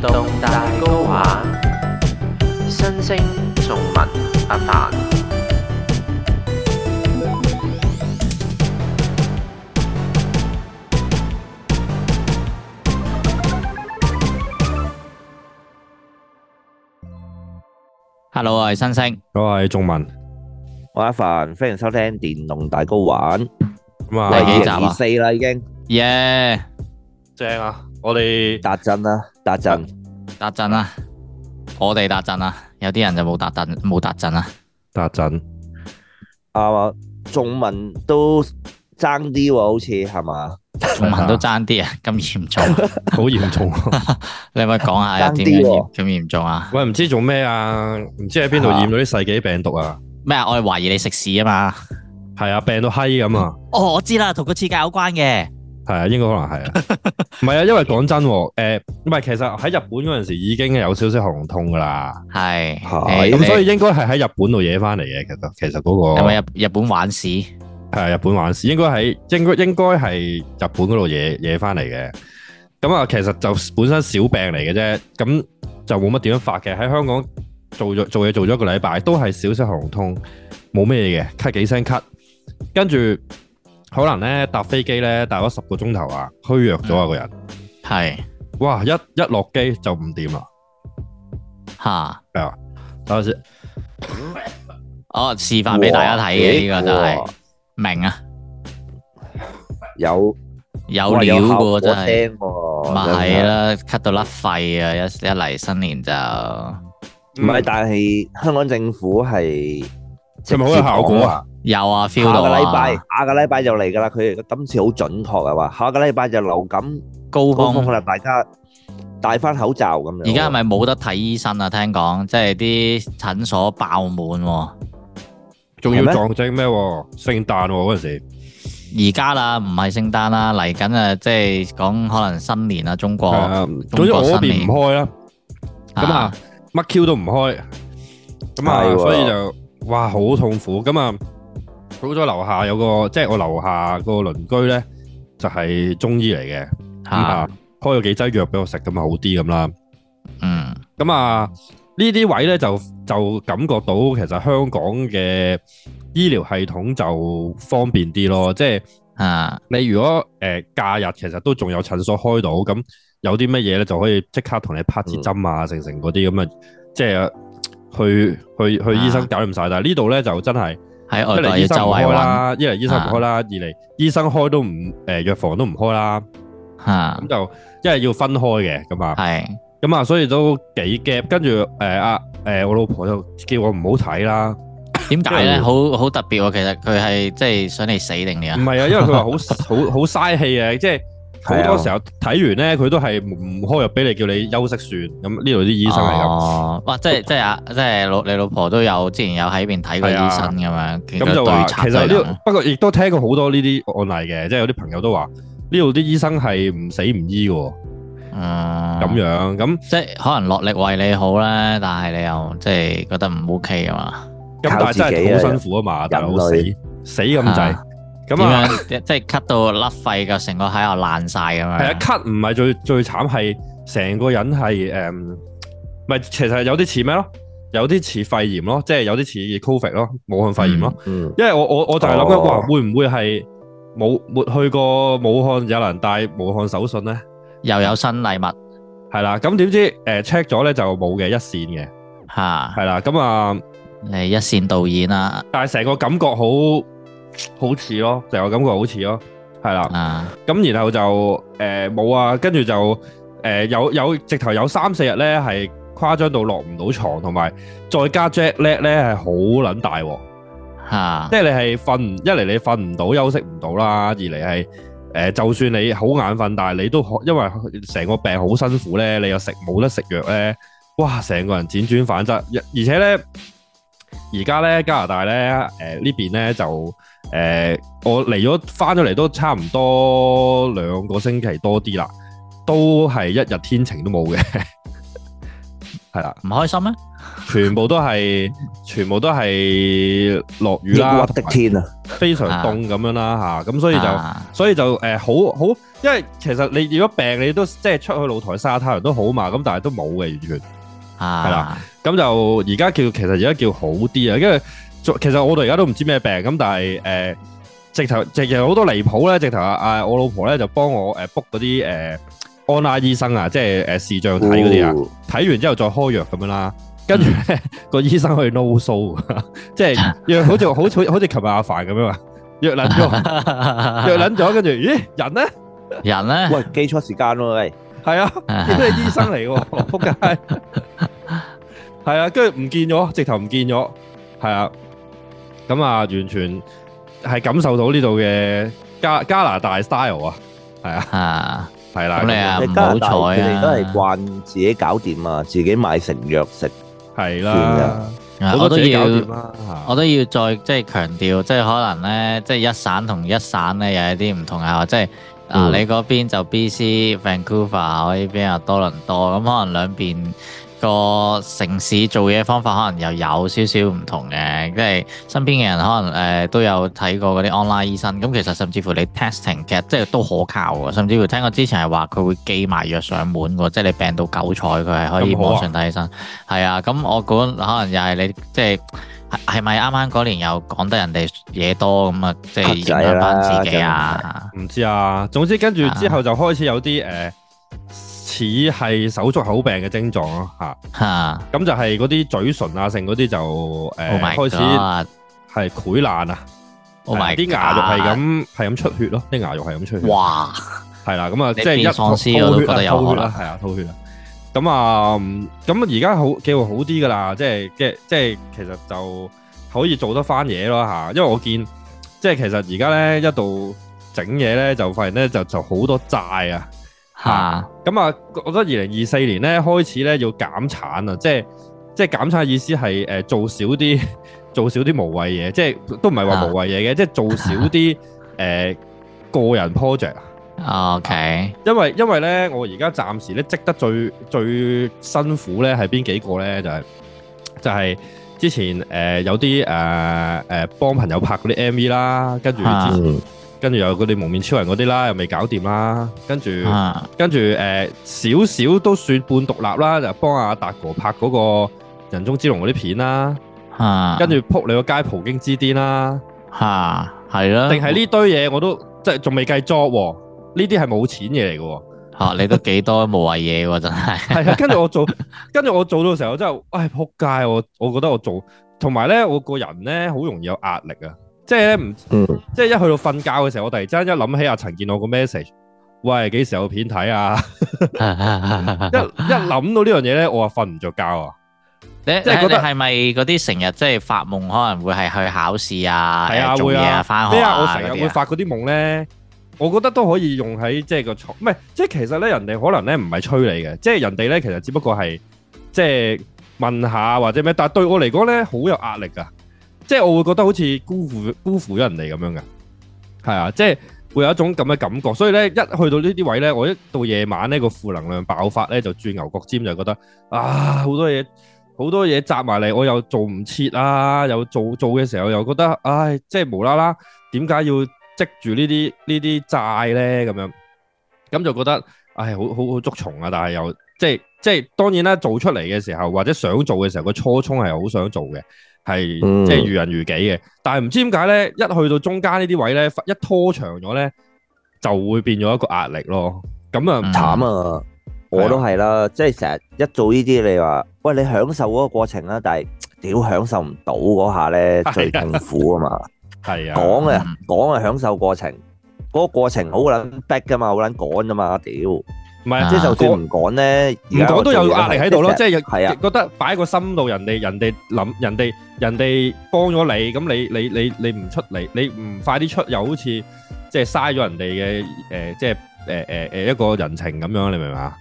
電動大 GO 玩，新星仲文阿凡。Hello，我係新星，我係仲文，我係阿凡，歡迎收聽電動大 GO 玩。咁啊，第幾集啊？四啦，已經。Yeah，正啊！我哋達陣啦，達陣，達陣啦，我哋達陣啦，有啲人就冇達陣，冇達陣啊，達陣陣啊，仲文都爭啲、哦，好似係嘛？仲文都爭啲啊，咁嚴重，好嚴重，你可講下一點咁、哦、嚴重啊？喂，唔知做咩啊？唔知喺邊度染到啲世紀病毒啊？咩啊？我係懷疑你食屎啊嘛？係啊，病到嗨咁啊！哦，我知啦，同個設計有關嘅。係啊，應該可能係啊，唔係啊，因為講真，誒，唔係，其實喺日本嗰陣時已經有少少喉嚨痛噶啦，係，咁所以應該係喺日本度惹翻嚟嘅，其實其實嗰個係咪日日本玩屎？係啊，日本玩屎，應該係，應該應該係日本嗰度惹惹翻嚟嘅，咁啊，其實就本身小病嚟嘅啫，咁就冇乜點樣發嘅，喺香港做做做嘢做咗一個禮拜，都係少少喉嚨痛，冇咩嘢嘅，咳幾聲咳，跟住。可能咧，搭飛機咧，搭咗十個鐘頭啊，虛弱咗啊個人。係，哇！一一落機就唔掂啦。吓，等下先，哦，示範俾大家睇嘅呢個就係明啊，有有料噶真係。咪係啦，咳到甩肺啊！一一嚟新年就唔係，但係香港政府係係咪好有效果啊？有啊，feel 到下個禮拜下個禮拜就嚟㗎喇。佢今次好準確啊，話下個禮拜就流感高高峰啦。大家戴翻口罩咁樣。而家係咪冇得睇醫生啊？聽講即係啲診所爆滿，仲要撞正咩聖誕嗰陣時。而家啦，唔係聖誕啦，嚟緊啊，即係講可能新年啊，中國。總之我變唔開啦，咁啊乜 Q 都唔開，咁啊所以就哇好痛苦咁啊。好咗樓下有個即係我樓下個鄰居咧，就係、是、中醫嚟嘅，啊啊，開咗幾劑藥俾我食，咁咪好啲咁啦。嗯，咁啊呢啲位咧就就感覺到其實香港嘅醫療系統就方便啲咯，即係啊你如果誒、呃、假日其實都仲有診所開到，咁有啲乜嘢咧就可以即刻同你拍支針、嗯、啊，成成嗰啲咁啊，嗯、即係去去去，去，去醫生搞掂晒。但係呢度咧就真係。喺外地就開啦，一嚟醫生唔開啦，二嚟醫，是的 醫生開都唔誒藥房都唔開啦，吓咁是的 就一係要分開嘅咁啊，係咁啊，所以都幾夾。跟住誒阿誒我老婆就叫我唔 後好睇啦，點解咧？好好特別喎、啊，其實佢係即係想你死定點啊？唔係啊，因為佢話 好好好嘥氣啊，即係。好多時候睇完咧，佢都係唔開藥俾你，叫你休息算。咁呢度啲醫生係咁、哦，哇！即係即係啊，即係老你老婆都有之前有喺邊睇過醫生咁樣。咁、啊、就其實呢，嗯、不過亦都聽過好多呢啲案例嘅，即係有啲朋友都話呢度啲醫生係唔死唔醫嘅。嗯，咁樣咁即係可能落力為你好咧，但係你又即係覺得唔 OK 啊嘛？咁、啊、但係真係好辛苦啊嘛，類大佬死死咁滯。咁啊，即係咳到甩肺噶，成個喺度爛晒咁嘛。係啊 ，咳唔係最最慘係成個人係誒，唔、嗯、其實有啲似咩咯，有啲似肺炎咯，即、就、係、是、有啲似 COVID 咯，武漢肺炎咯。嗯嗯、因為我我我就係諗緊，話、哦，會唔會係冇沒，沒去過武漢有人帶武漢手信咧？又有新禮物，係啦。咁點知誒 check 咗咧就冇嘅，一線嘅吓係啦。咁啊哈，誒、嗯、一線導演啦、啊，但係成個感覺好。好似咯，就有感覺好似咯，係啦。咁然後就誒冇啊，跟住就誒有有直頭有三四日咧係誇張到落唔到床，同埋再加 jetlag 咧係好撚大吓，即係你係瞓一嚟你瞓唔到休息唔到啦，二嚟係誒就算你好眼瞓，但係你都因為成個病好辛苦咧，你又食冇得食藥咧，哇成個人輾轉反側，而而且咧而家咧加拿大咧誒呢邊咧就。誒、呃，我嚟咗，翻咗嚟都差唔多兩個星期多啲啦，都係一日天晴都冇嘅，係 啦的，唔開心咩？ 全部都係， 全部都係落雨啦，陰鬱的天啊，非常凍咁、啊啊、樣啦吓，咁所以就，所以就誒、啊，好好，因為其實你如果病，你都即係出去露台曬下太陽都好嘛，咁但係都冇嘅，完全係啦，咁就而家叫，其實而家叫好啲啊，因為。其實我到而家都唔知咩病咁，但係誒，直頭直頭好多離譜咧。直頭阿阿我老婆咧就幫我誒 book 嗰啲誒 online 醫生啊，即係誒視像睇嗰啲啊，睇完之後再開藥咁樣啦。跟住咧個醫生去 no show，即係約好似好似好似琴日阿凡咁樣啊，約捻咗，約捻咗，跟住咦人咧人咧？喂，記錯時間咯，喂，係啊，都係醫生嚟嘅，撲街，係啊，跟住唔見咗，直頭唔見咗，係啊。咁啊，完全係感受到呢度嘅加加拿大 style 啊，係啊，係啦，咁你啊唔好彩啊，都係慣自己搞掂啊，自己買成藥食，係啦，我都要，我都要再即係強調，即係可能咧，即係一省同一省咧，又有啲唔同係啊，即係啊，你嗰邊就 B.C.Vancouver，我呢邊啊多倫多，咁可能兩邊，個城市做嘢方法可能又有少少唔同嘅，即係身邊嘅人可能誒、呃、都有睇過嗰啲 online 醫生。咁其實甚至乎你 testing 其實即係都可靠嘅，甚至乎聽過之前係話佢會寄埋藥上門喎，即係你病到九彩佢係可以網上睇醫生。係啊，咁、啊、我估可能又係你即係係咪啱啱嗰年又講得人哋嘢多咁啊？即係影響翻自己啊！唔、啊就是、知啊，總之跟住之後就開始有啲誒。呃似係手足口病嘅症狀咯，吓、啊、吓，咁 就係嗰啲嘴唇啊，性嗰啲就誒、呃 oh、開始係潰爛啊，啲牙肉係咁係咁出血咯，啲牙肉係咁出血。哇，係啦、嗯，咁、嗯、啊、嗯嗯，即係一吐血，係啊，吐血啊，咁啊，咁而家好機會好啲噶啦，即係即係即係其實就可以做得翻嘢咯，吓、啊，因為我見即係其實而家咧一度整嘢咧，就發現咧就就好多債啊。吓，咁啊，啊我覺得二零二四年咧開始咧要減產，減產、呃、啊，即係即係減產意思係誒做少啲做少啲無謂嘢，即係都唔係話無謂嘢嘅，即係做少啲誒個人 project 啊。OK，因為因為咧我而家暫時咧積得最最辛苦咧係邊幾個咧就係、是、就係、是、之前誒、呃、有啲誒誒幫朋友拍嗰啲 MV 啦，跟住、啊。啊跟住又有啲蒙面超人嗰啲啦，又未搞掂啦。跟住，啊、跟住，誒、呃，少少都算半獨立啦，就幫阿達哥拍嗰個人中之龍嗰啲片啦。啊，跟住撲你個街葡京之巔啦。吓、啊，係啦。定係呢堆嘢我都即係仲未計作呢啲係冇錢嘢嚟嘅。吓、啊，你都幾多無謂嘢嘅真係。係 啊， 跟住我做，跟住我做到時候，我真係，唉，撲街！我我覺得我做，同埋咧，我個人咧，好容易有壓力啊。即係咧，唔即係一去到瞓覺嘅時候，我突然之間一諗起阿陳建朗個 message，喂，幾時有片睇啊？一一諗到呢樣嘢咧，我就瞓唔着覺啊！你即係覺得係咪嗰啲成日即係發夢可能會係去考試啊，做嘢啊，翻學啊嗰啲啊？我成日會發嗰啲夢咧，我覺得都可以用喺即係個床，唔係即係其實咧，人哋可能咧唔係催你嘅，即係人哋咧其實只不過係即係問下或者咩，但係對我嚟講咧好有壓力噶。即係我會覺得好似辜負辜負咗人哋咁樣嘅，係啊，即係會有一種咁嘅感覺。所以咧，一去到呢啲位咧，我一到夜晚咧個負能量爆發咧，就鑽牛角尖，就覺得啊，好多嘢好多嘢集埋嚟，我又做唔切啊，又做做嘅時候又覺得，唉、哎，即係無啦啦，點解要積住呢啲呢啲債咧？咁樣咁就覺得，唉、哎，好好好，好捉蟲啊！但係又即係即係當然啦，做出嚟嘅時候或者想做嘅時候，個初衷係好想做嘅。係即係如人如己嘅，但係唔知點解咧，一去到中間呢啲位咧，一拖長咗咧，就會變咗一個壓力咯。咁啊唔慘啊！我都係啦，即係成日一做呢啲，你話喂，你享受嗰個過程啦，但係屌享受唔到嗰下咧，最痛苦啊嘛。係啊，講啊講啊享受過程，嗰個過程好撚逼㗎嘛，好撚趕㗎嘛，屌！唔係即係就算唔講咧，唔講都有壓力喺度咯。即係又覺得擺個心度，人哋人哋諗，人哋人哋幫咗你，咁你你你你唔出嚟，你唔快啲出，又好似即係嘥咗人哋嘅誒，即係誒誒誒一個人情咁樣。你明唔明啊？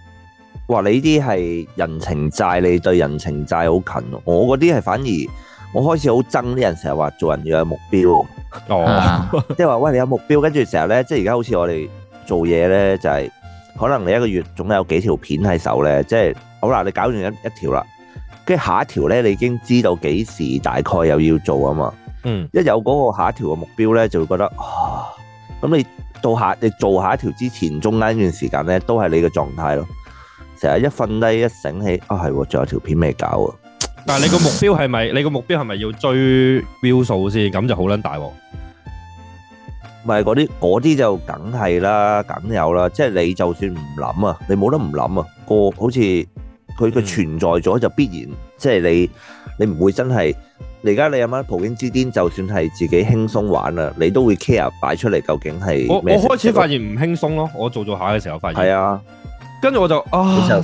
哇，你呢啲係人情債，你對人情債好近。我嗰啲係反而我開始好憎啲人，成日話做人要有目標。哦，即係話喂，你有目標，跟住成日咧，即係而家好似我哋做嘢咧，就係。可能你一個月總有幾條片喺手咧，即係好啦，你搞完一一條啦，跟住下一條咧，你已經知道幾時大概又要做啊嘛。嗯，一有嗰個下一條嘅目標咧，就會覺得，啊、咁你到下你做下一條之前中間段時間咧，都係你嘅狀態咯。成日一瞓低一醒起，啊係，仲有條片未搞啊。但係你個目標係咪？你個目標係咪要追標數先？咁就好撚大鑊。咪嗰啲嗰啲就梗係啦，梗有啦。即係你就算唔諗啊，你冇得唔諗啊。個好似佢嘅存在咗就必然，即係你你唔會真係。你而家你有乜普京之巔，就算係自己輕鬆玩啦，你都會 care 擺出嚟究竟係。我我開始發現唔輕鬆咯。我做做下嘅時候發現係啊，跟住我就啊，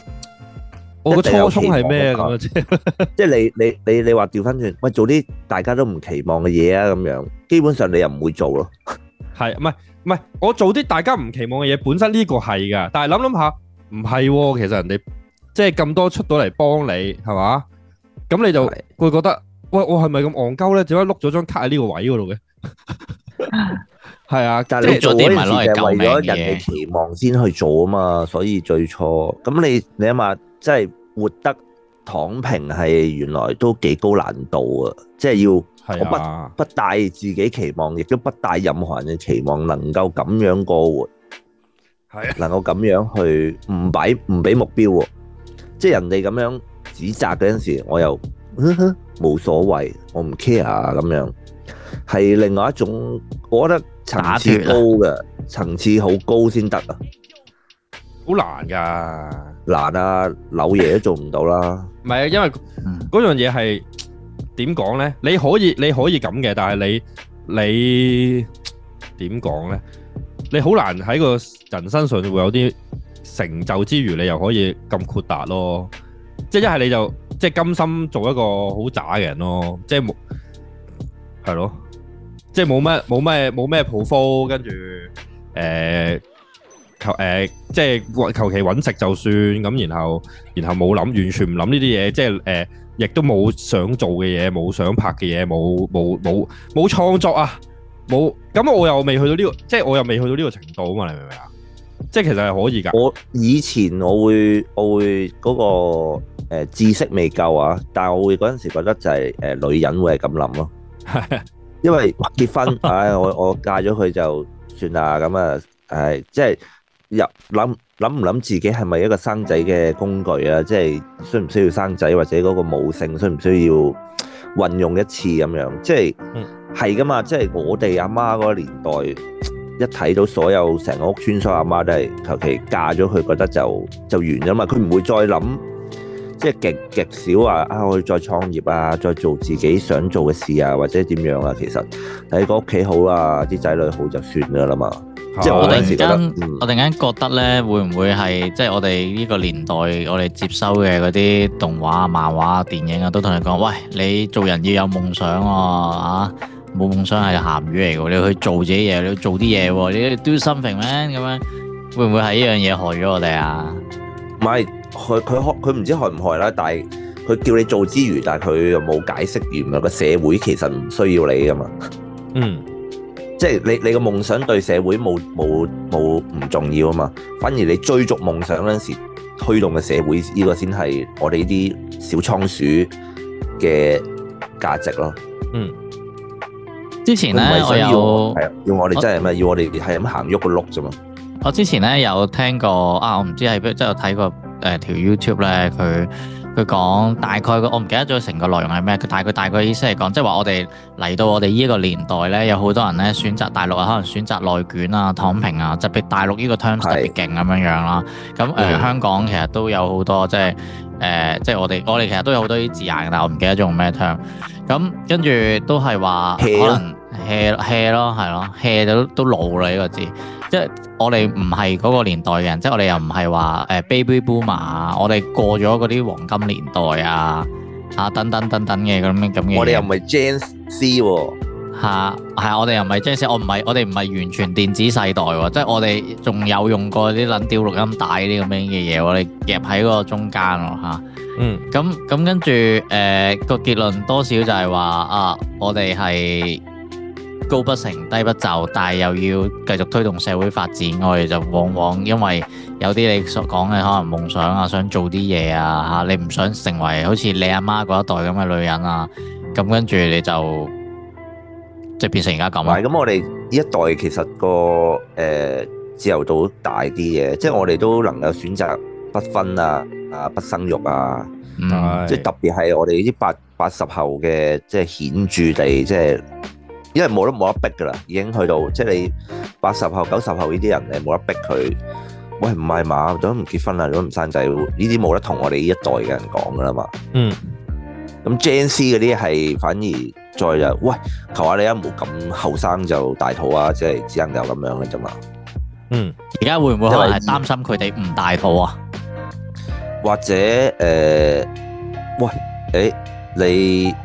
我個初衷係咩咁啊？即係即係你你你你話調翻轉，喂做啲大家都唔期望嘅嘢啊咁樣，基本上你又唔會做咯。係唔係唔係？我做啲大家唔期望嘅嘢，本身呢個係噶。但係諗諗下，唔係，啊，其實人哋即係咁多出到嚟幫你，係嘛？咁你就會覺得，的喂，我係咪咁戇鳩咧？點解碌咗張卡喺呢個位嗰度嘅？係 啊，即你做呢件事為咗人哋期望先去做啊嘛。所以最初咁你你諗下，即係活得躺平係原來都幾高難度啊！即係要。我不不帶自己期望，亦都不帶任何人嘅期望，能夠咁樣過活，係能夠咁樣去唔俾唔俾目標喎。即係人哋咁樣指責嗰陣時，我又呵呵冇所謂，我唔 care 咁樣，係另外一種，我覺得層次高嘅層次好高先得啊，好難㗎難啊，柳爺都做唔到啦。唔係啊，因為嗰樣嘢係。點講呢？你可以你可以咁嘅，但係你你點講呢？你好難喺個人身上會有啲成就之餘，你又可以咁豁達咯。即係一係你就即係甘心做一個好渣嘅人咯。即係冇係咯，即係冇咩冇咩冇咩抱負，跟住誒求誒即係求其搵食就算咁，然後然後冇諗，完全唔諗呢啲嘢，即係誒。亦都冇想做嘅嘢，冇想拍嘅嘢，冇冇冇冇創作啊！冇，咁我又未去到呢個，即係我又未去到呢個程度啊嘛，你明唔明啊？即係其實係可以㗎。我以前我會我會嗰個誒知識未夠啊，但係我會嗰陣時覺得就係誒女人會係咁諗咯，因為結婚唉，我我嫁咗佢就算啦，咁啊誒即係。入諗諗唔諗自己係咪一個生仔嘅工具啊？即係需唔需要生仔，或者嗰個母性需唔需要運用一次咁樣？即係係㗎嘛？即係我哋阿媽嗰個年代，一睇到所有成個屋村所有阿媽都係求其嫁咗佢，覺得就就完咗嘛。佢唔會再諗，即係極極少話啊，啊，我再創業啊，再做自己想做嘅事啊，或者點樣啊？其實睇個屋企好啊，啲仔女好就算㗎啦嘛。即係我突然間，我突然間覺得咧，會唔會係即係我哋呢個年代，我哋接收嘅嗰啲動畫、漫畫、電影啊，都同你講，喂，你做人要有夢想啊，嚇，冇夢想係鹹魚嚟嘅，你要去做自己嘢，你要做啲嘢喎，你要 do something 咧，咁樣會唔會係呢樣嘢害咗我哋啊？唔係，佢佢學佢唔知害唔害啦，但係佢叫你做之餘，但係佢又冇解釋，原來，個社會其實唔需要你㗎嘛。嗯。即係你你個夢想對社會冇冇冇唔重要啊嘛，反而你追逐夢想嗰陣時推動嘅社會呢個先係我哋呢啲小倉鼠嘅價值咯。嗯，之前咧我有，要我哋真係咩？我要我哋係咁行喐個碌啫嘛。我之前咧有聽過啊，我唔知係邊，即係有睇過誒條 YouTube 咧佢。呃佢講大概我唔記得咗成個內容係咩，但係佢大概意思嚟講，即係話我哋嚟到我哋呢一個年代呢，有好多人呢選擇大陸啊，可能選擇內卷啊、躺平啊，陸特別大陸呢個 term 特別勁咁樣樣啦。咁誒香港其實都有好多即係誒、呃、即係我哋我哋其實都有好多啲字眼，但我唔記得咗用咩 term。咁跟住都係話吧可能 hea hea 咯，係咯 hea 都都老啦呢個字。即係我哋唔係嗰個年代嘅人，即係我哋又唔係話誒 baby boomer 啊，我哋過咗嗰啲黃金年代啊啊等等等等嘅咁嘅咁嘅。我哋又唔係 Gen C 喎吓，係啊，我哋又唔係 Gen C，我唔係，我哋唔係完全電子世代喎，啊，即係我哋仲有用過啲捻吊錄音帶呢啲咁樣嘅嘢，我哋夾喺個中間咯吓。啊、嗯。咁咁跟住誒個結論多少就係話啊，我哋係。高不成低不就，但係又要繼續推動社會發展，我哋就往往因為有啲你所講嘅可能夢想啊，想做啲嘢啊，吓、啊、你唔想成為好似你阿媽嗰一代咁嘅女人啊，咁跟住你就即係變成而家咁咯。咁我哋呢一代其實、那個誒、呃、自由度大啲嘅，即係、嗯、我哋都能夠選擇不婚啊，啊不生育啊，即係是、嗯、特別係我哋呢啲八八十後嘅，即係顯著地即係。就是因為冇得冇得逼噶啦，已經去到即係你八十後、九十後呢啲人你冇得逼佢。喂，唔係嘛，都唔結婚啦，都唔生仔，呢啲冇得同我哋呢一代嘅人講噶啦嘛。嗯。咁 Gen Z 嗰啲係反而再就，喂，求下你一冇咁後生就大肚啊，即係只能夠咁樣嘅啫嘛。嗯。而家會唔會係擔心佢哋唔大肚啊？或者誒，喂，誒你？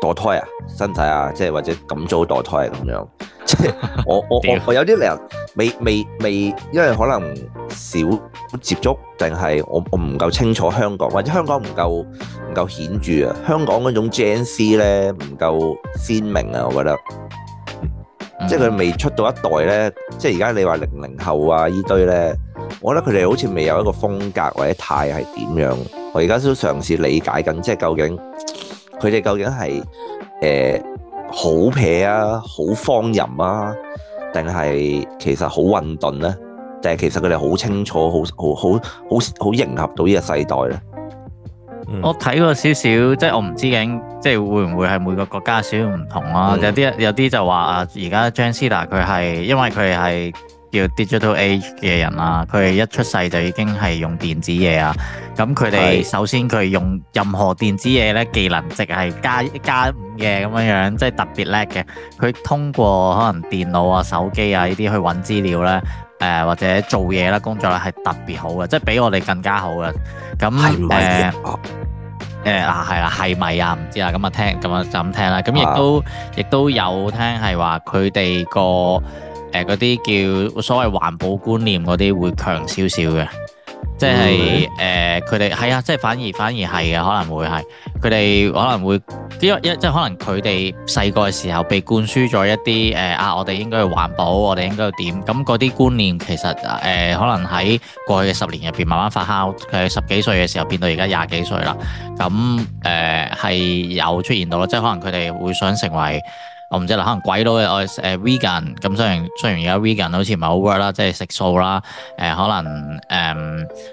墮胎啊，身體啊，即係或者敢早墮胎咁、啊、樣，即 係我我我，我有啲靚，未未未，因為可能少接觸，定係我我唔夠清楚香港，或者香港唔夠唔夠顯著啊，香港嗰種 GNC 咧唔夠鮮明啊，我覺得，嗯、即係佢未出到一代咧，即係而家你話零零後啊依堆咧，我覺得佢哋好似未有一個風格或者態係點樣，我而家都嘗試理解緊，即係究竟。佢哋究竟係誒好撇啊，好荒淫啊，定係其實好混沌咧？定係其實佢哋好清楚，好好好好好迎合到呢個世代咧？嗯、我睇過少少，即係我唔知影，即係會唔會係每個國家少少唔同啦、啊嗯？有啲有啲就話啊，而家張詩娜佢係因為佢係。嗯叫 digital age 嘅人啦，佢哋一出世就已經係用電子嘢啊。咁佢哋首先佢用任何電子嘢呢技能值係加加五嘅咁樣樣，即係特別叻嘅。佢通過可能電腦啊、手機啊呢啲去揾資料呢，誒、呃、或者做嘢啦、工作啦係特別好嘅，即係比我哋更加好嘅。咁誒誒啊，係啦，係咪啊？唔知啊。咁啊聽，咁啊咁聽啦。咁亦都亦都有聽係話佢哋個。誒嗰啲叫所謂環保觀念嗰啲會強少少嘅，即係誒佢哋係啊，即係反而反而係嘅，可能會係佢哋可能會因為一即係可能佢哋細個嘅時候被灌輸咗一啲誒啊，我哋應該去環保，我哋應該要點咁嗰啲觀念其實誒、呃、可能喺過去嘅十年入邊慢慢發酵，佢係十幾歲嘅時候變到而家廿幾歲啦，咁誒係有出現到咯，即係可能佢哋會想成為。我唔知啦，可能鬼佬嘅我係 vegan，咁雖然雖然而家 vegan 好似唔係好 work 啦，即係食素啦，誒、呃、可能誒、呃、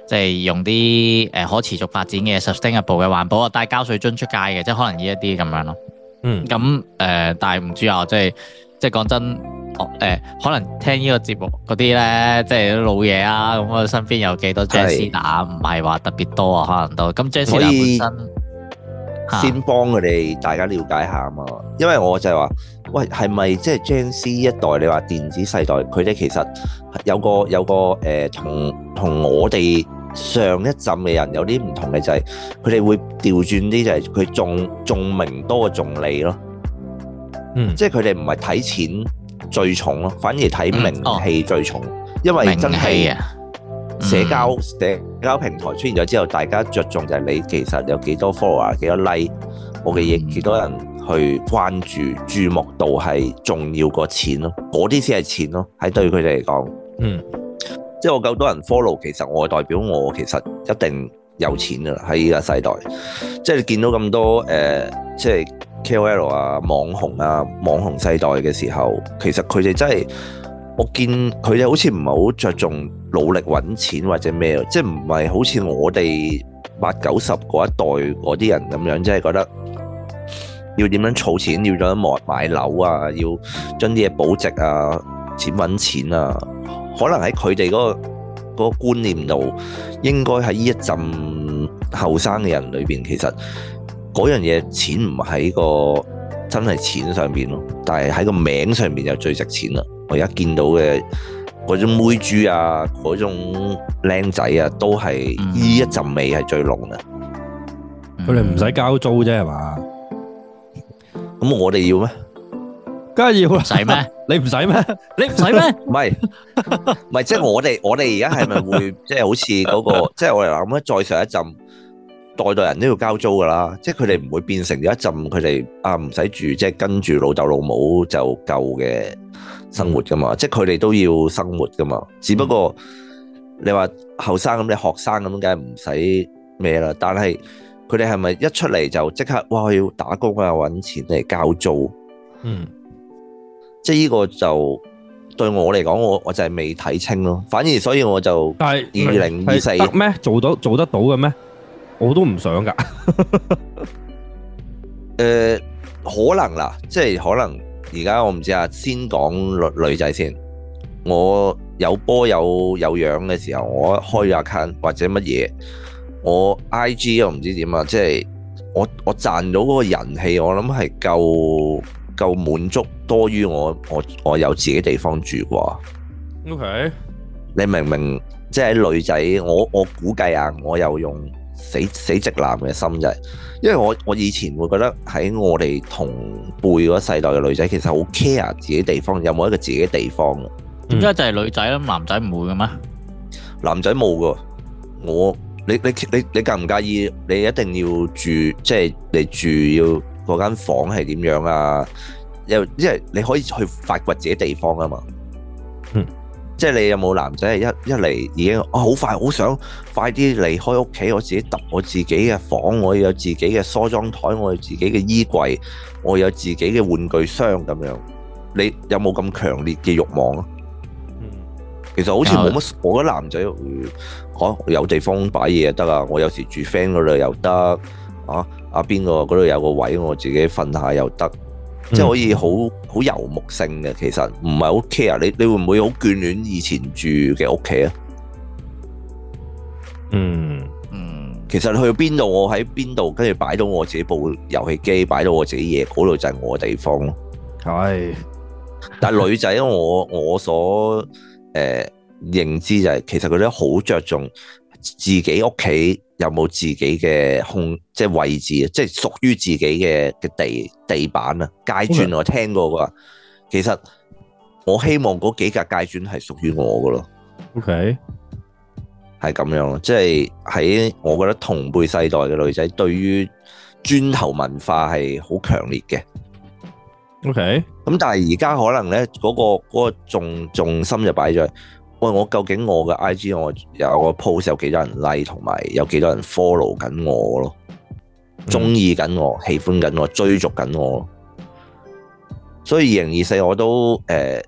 即係用啲誒可持續發展嘅 sustainable 嘅環保啊，帶膠水樽出街嘅，即係可能呢一啲咁樣咯。嗯，咁誒、呃，但係唔知啊，即係即係講真，誒、呃、可能聽呢個節目嗰啲咧，即係老嘢啊，咁我身邊有幾多 Jessica 啊？唔係話特別多啊，可能都咁 Jessica 本身。先幫佢哋大家了解下啊嘛，因為我就係話，喂，係咪即係 Gen C 一代？你話電子世代，佢哋其實有個有個誒、呃，同同我哋上一陣嘅人有啲唔同嘅就係、是，佢哋會調轉啲就係佢仲重名多過重利咯。嗯，即係佢哋唔係睇錢最重咯，反而睇名氣最重，嗯哦、因為真係社交社交平台出現咗之後，大家着重就係你其實有幾多 follow 啊，幾多 like，我嘅嘢幾多人去關注，注目度係重要過錢咯，嗰啲先係錢咯，喺對佢哋嚟講，嗯，即係我夠多人 follow，其實我代表我其實一定有錢噶啦，喺呢個世代，即係你見到咁多誒、呃，即係 KOL 啊、網紅啊、網紅世代嘅時候，其實佢哋真係。我見佢哋好似唔係好着重努力揾錢或者咩，即係唔係好似我哋八九十嗰一代嗰啲人咁樣，即係覺得要點樣儲錢，要點樣買樓啊，要將啲嘢保值啊，錢揾錢啊。可能喺佢哋嗰個嗰個觀念度，應該喺呢一陣後生嘅人裏邊，其實嗰樣嘢錢唔喺個真係錢上邊咯，但係喺個名上面，就最值錢啦。我而家見到嘅嗰種妹豬啊，嗰種靚仔啊，都係依一陣味係最濃嘅。佢哋唔使交租啫，係嘛？咁我哋要咩？梗係要啦，使咩？你唔使咩？你唔使咩？唔係唔係，即係我哋我哋而家係咪會即係好似嗰個即係我哋諗咧再上一陣代代人都要交租噶啦？即係佢哋唔會變成咗一陣佢哋啊唔使住，即係跟住老竇老母就夠嘅。生活噶嘛，即係佢哋都要生活噶嘛。只不過你話後生咁，你學生咁，梗係唔使咩啦。但係佢哋係咪一出嚟就即刻哇要打工啊，搵錢嚟交租？嗯，即係呢個就對我嚟講，我我就係未睇清咯。反而所以我就，但係二零二四得咩？做到做得到嘅咩？我都唔想噶。誒，可能啦，即係可能。而家我唔知啊，先講女女仔先。我有波有有樣嘅時候，我開下 account 或者乜嘢，我 I G 我唔知點啊，即係我我賺到嗰個人氣我，我諗係夠夠滿足多於我我我有自己地方住啩。OK，你明唔明即係女仔？我我估計啊，我又用。死死直男嘅心就係，因為我我以前會覺得喺我哋同輩嗰世代嘅女仔其實好 care 自己地方，有冇一個自己地方？點解就係女仔啦，男仔唔會嘅咩？男仔冇噶，我你你你你介唔介意？你一定要住即係你住要嗰間房係點樣啊？又因為你可以去發掘自己地方啊嘛。嗯。即係你有冇男仔係一一嚟，已經啊好快好想快啲離開屋企，我自己揼我自己嘅房，我有自己嘅梳妝台，我有自己嘅衣櫃，我有自己嘅玩具箱咁樣。你有冇咁強烈嘅慾望啊？嗯，其實好似冇乜，我覺得男仔，我有地方擺嘢就得啦。我有時住 friend 嗰度又得，啊啊邊個嗰度有個位，我自己瞓下又得。即係可以好好遊牧性嘅，其實唔係好 care 你，你會唔會好眷戀以前住嘅屋企啊？嗯嗯，其實去邊度我喺邊度，跟住擺到我自己部遊戲機，擺到我自己嘢嗰度就係我嘅地方咯，係、哎。但係女仔我我所誒、呃、認知就係、是、其實佢哋好着重。自己屋企有冇自己嘅空，即係位置，即係屬於自己嘅嘅地地板啊？階磚 Okay. 我聽過噶，其實我希望嗰幾格階磚係屬於我噶咯。OK，係咁樣咯，即係喺我覺得同輩世代嘅女仔對於磚頭文化係好強烈嘅。OK，咁但係而家可能咧、嗰、嗰個、嗰個重重心就擺咗。喂、哎，我究竟我嘅 IG 我有個 post 有幾多人 like，同埋有幾多人 follow 緊我咯，鍾意緊我，喜歡緊我，追逐緊我。所以二零二四我都誒、欸、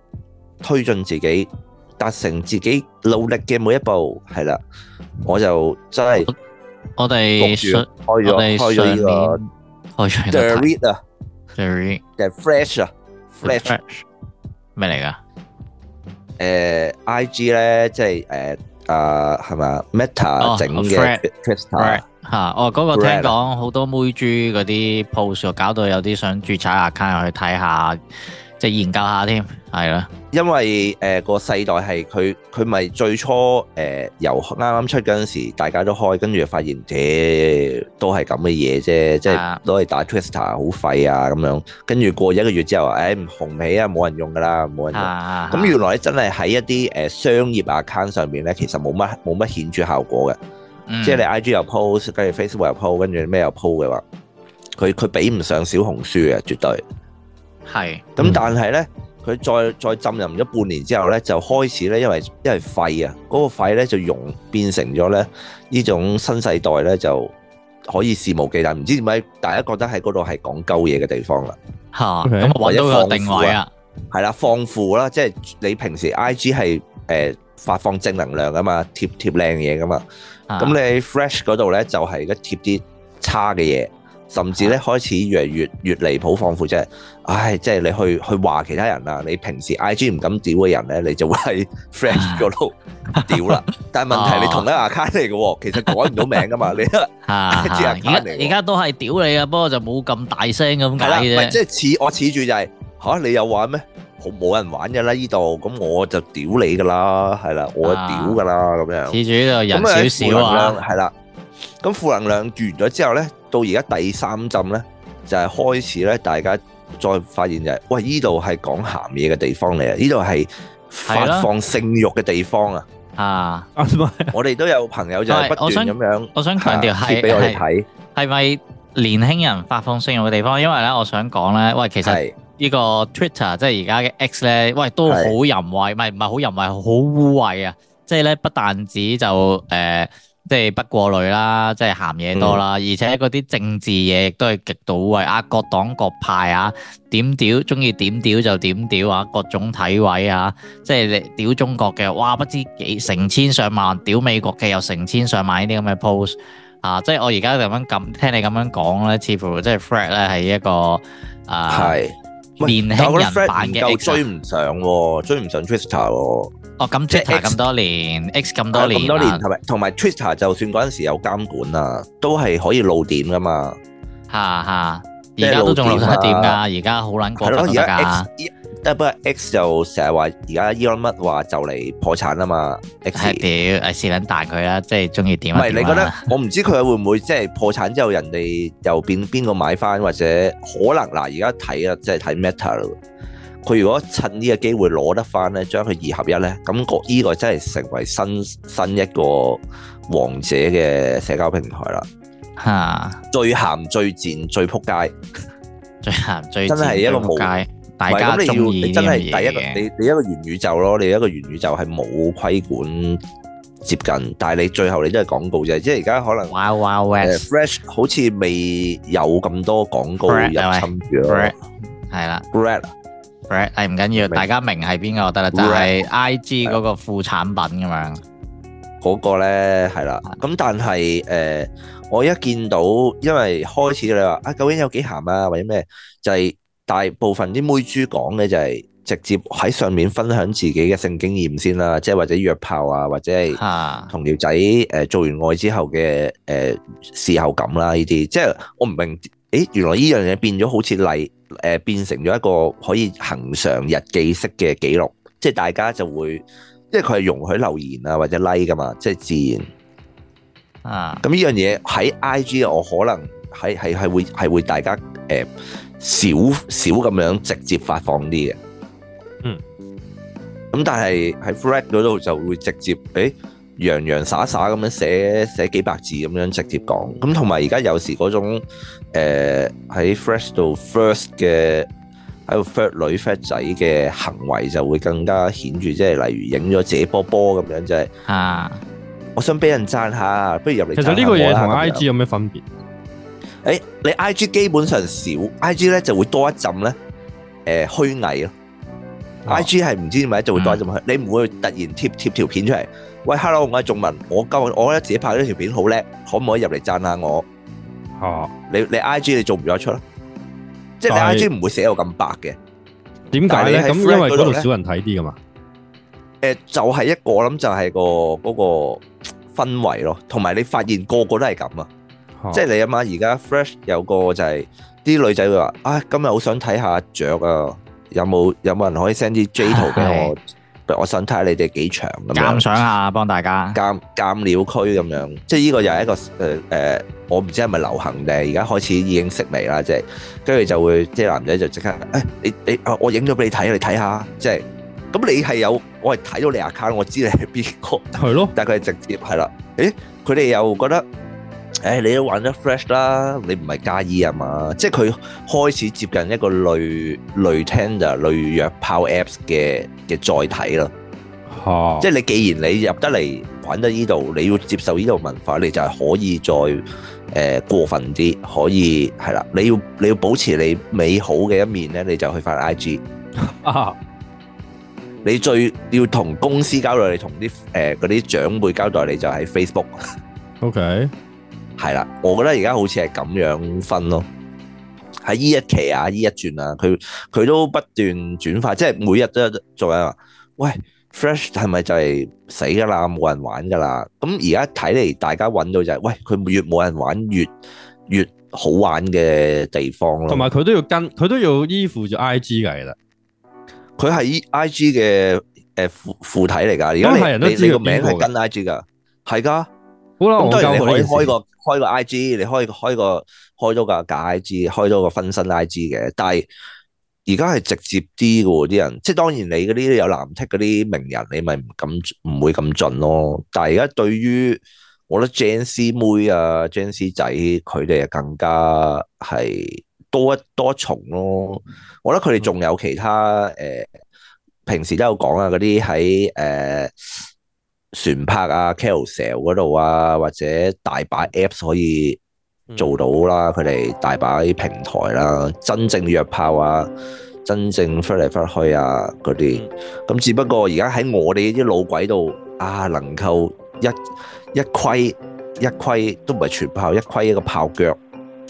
推進自己，達成自己努力嘅每一步，係啦，我就真係我哋開咗開咗開咗個開咗個。個個 Thread 啊，Thread，the fresh 啊，fresh，咩嚟㗎？誒 I G 咧，即係誒、呃、啊，係咪 Meta 整嘅嚇？哦、那、嗰個聽講好多妹豬嗰啲 post，搞到有啲想註冊 account 去睇下。就研究下添，係啦，因為誒個世代係佢佢咪最初誒由啱啱出嗰陣時，大家都開，跟住發現嘅都係咁嘅嘢啫，即係都係打 Twitter 好廢啊咁樣，跟住過一個月之後，誒唔紅起啊，冇人用噶啦，冇人用，咁原來真係喺一啲誒商業 account 上面咧，其實冇乜冇乜顯著效果嘅，即係你 IG 又 post，跟住 Facebook 又 post，跟住咩又 post 嘅話，佢佢比唔上小紅書嘅，絕對。係咁，是嗯、但係咧，佢再再浸入咗半年之後咧，就開始咧，因為因為廢啊，嗰、那個肺咧就融變成咗咧呢種新世代咧就可以肆無忌憚，唔知點解大家覺得喺嗰度係講鳩嘢嘅地方啦。吓 Okay,，咁我揾到個定位啊，係啦，放負啦，即係你平時 I G 係誒、呃、發放正能量噶嘛，貼貼靚嘢噶嘛，咁、啊、你 Threads 嗰度咧就係、是、而家貼啲差嘅嘢。甚至咧開始越嚟越越離譜，放負，即係，唉，即係你去去話其他人啊，你平時 IG 唔敢屌嘅人咧，你就會係 friend 度屌啦。但係問題你同一 account 嚟嘅喎，其實改唔到名噶嘛，你啊，隻 account 嚟嘅。而家而家都係屌你啊，不過就冇咁大聲咁解啫。係啦，即係似我似住就係嚇你有玩咩？冇人玩㗎啦呢度，咁我就屌你噶啦，係啦，我屌㗎啦咁樣。似住呢個人少少啊，係啦。咁負能量完咗之後咧，到而家第三陣咧，就係、是、開始咧，大家再發現就係、是，喂，依度係講鹹嘢嘅地方嚟啊！依度係發放性欲嘅地方啊！啊了，我哋都有朋友就不斷咁樣，我想強調畀我哋睇，係咪、啊、年輕人發放性欲嘅地方？因為咧，我想講咧，喂，其實呢個 Twitter 即係而家嘅 X 咧，喂，都好淫穢，唔係唔係好淫穢，好污穢啊！即係咧，不、就是、不但止就誒。呃即係不過濾啦，即係鹹嘢多啦，嗯、而且嗰啲政治嘢亦都係極到位各黨各派啊點屌，中意點屌就點屌啊，各種體位啊，即係你屌中國嘅，哇，不知幾成千上萬，屌美國嘅又成千上萬，呢啲咁嘅 pose 啊，即係我而家咁樣咁聽你咁樣講呢，似乎即係 Fred 咧係一個啊年輕人版嘅 a 追唔上、啊，追唔上 Twister 喎、啊。哦，咁 Twitter 咁多年，X 咁多年，係咪即 X,？同埋 Twitter 就算嗰陣時有監管啊，都係可以露點噶嘛。吓吓、啊，而家都仲露一點噶，而家好難講而家即係不過 X 就成日話，而家 Elon Musk 話就嚟破產啦嘛。X 屌，蝕捻大佢啦，即係中意點啊唔係，你覺得、啊、我唔知佢會唔會即係破產之後，人哋又變邊個買翻，或者可能嗱？而家睇啊，即係睇 Meta 咯。佢如果趁呢個機會攞得翻咧，將佢二合一咧，感覺依個真係成為新新一個王者嘅社交平台啦！嚇，最鹹最賤最撲街，最鹹最真係一個無街大家中意啲嘢嘅。你你一個元宇宙咯，你一個元宇宙係冇規管接近，但係你最後你都係廣告啫。即係而家可能 Wild Wild West，fresh 好似未有咁多廣告入侵住咯，係啦。係唔緊要，大家明係邊個得啦，就係 IG 嗰個副產品咁樣。嗰個咧係啦。咁但係誒，我一見到，因為開始你話啊，究竟有幾鹹啊，或者咩？就係大部分啲妹豬講嘅就係直接喺上面分享自己嘅性經驗先啦，即係或者約炮啊，或者係同條仔誒做完愛之後嘅誒事後感啦呢啲。即係我唔明。誒原來呢樣嘢變咗好似例，誒變成咗一個可以恆常日記式嘅記錄，即係大家就會，因為佢係容許留言啊或者 like 噶嘛，即係自然啊。咁呢樣嘢喺 IG 我可能係係係會係會大家誒少少咁樣直接發放啲嘅，嗯。咁但係喺 Thread 嗰度就會直接誒。洋洋灑灑咁樣寫寫幾百字，咁樣直接講，咁同埋而家有時嗰種喺 fresh 度 first 嘅喺度 fat 女 fat 仔嘅行為就會更加顯著，即係例如影咗自己波波咁樣就係、是、啊，我想俾人讚下，不如入嚟。其實呢個嘢同 I G 有咩分別？誒、欸，你 I G 基本上少，I G 咧就會多一浸咧，誒、呃、虛偽咯。I G 係唔知點解就會多一浸，去、嗯，你唔會突然貼貼條片出嚟。喂，hello，我係仲文，我今我覺得自己拍呢條片好叻，可唔可以入嚟讚下我？哦，你你 I G 你做唔作出啦？即係 I G 唔會寫到咁白嘅，點解咧？咁因為嗰度少人睇啲噶嘛？誒，就係一個，我諗就係個嗰個氛圍咯，同埋你發現個個都係咁啊！即係你阿媽而家 Threads 有個就係啲女仔會話啊，今日好想睇下雀啊，有冇有冇人可以 send 啲 J 圖俾我？我想睇下你哋幾長咁樣，鑑賞下幫大家。鑑鑑料區咁樣，即係呢個又係一個誒誒、呃，我唔知係咪流行定而家開始已經識微啦，即係跟住就會，即係男仔就即刻，誒、哎、你你啊，我影咗俾你睇，你睇下，即係咁你係有，我係睇到你 account，我知你係邊個，係咯的， 但係佢係直接係啦，誒佢哋又覺得。誒、哎，你都玩得 Threads 啦，你唔係介意啊嘛，即係佢開始接近一個類類 tender、類約炮 apps 嘅嘅載體咯。哈即係你既然你入得嚟玩得呢度，你要接受呢度文化，你就係可以再誒、呃、過分啲，可以係啦。你要你要保持你美好嘅一面咧，你就去發 IG、啊、你最要同公司交代，你同啲誒嗰啲長輩交代，你就喺 Facebook。OK。係啦，我覺得而家好似係咁樣分咯。喺呢一期啊，呢一轉啊，佢佢都不斷轉化，即係每日都有做緊話。喂，Fresh 係咪就係死㗎啦？冇人玩㗎啦。咁而家睇嚟，大家揾到就係、是、喂，佢越冇人玩，越越好玩嘅地方咯。同埋佢都要跟，佢都要依附住 IG 嚟啦。佢係 IG 嘅誒、呃、附附體嚟㗎。而家你都人都知你個名係跟 IG 㗎，係㗎。咁都係你可以開個開個 I G，你開開個開咗個假 I G，開咗個分身 I G 嘅。但係而家係直接啲嘅喎，啲人即係、就是、當然你嗰啲有藍剔嗰啲名人，你咪唔敢唔會咁盡咯。但係而家對於我覺得 J C 妹啊，J C 仔佢哋更加係多一多一重咯。我覺得佢哋仲有其他誒、呃，平時都有講啊，嗰啲喺誒。船泊啊 Carousel 嗰度啊，或者大把 Apps 可以做到啦，佢哋、嗯、大把啲平台啦，真正約炮啊，真正翻嚟翻去啊嗰啲，咁、嗯、只不過而家喺我哋呢啲老鬼度啊，能夠一一虧一虧都唔係全炮，一虧一個炮腳，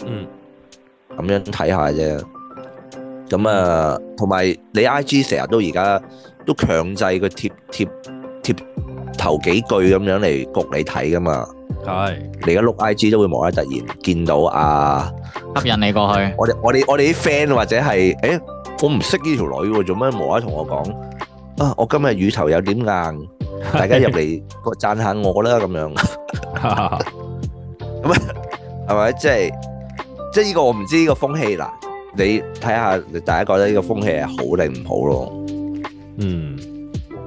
嗯，咁樣睇下啫，咁啊，同埋、嗯、你 IG 成日都而家都強制個貼貼。頭幾句咁樣嚟，焗你睇噶嘛？係你而家碌 IG 都會無啦啦突然見到啊，吸引你過去。我哋我哋我哋啲 friend 或者係，誒我唔識呢條女，做咩無啦啦同我講啊？我今日乳頭有點硬，大家入嚟讚下我啦咁樣。咁啊，係咪即係即係呢個我唔知呢個風氣啦？你睇下，大家覺得呢個風氣係好定唔好咯？嗯。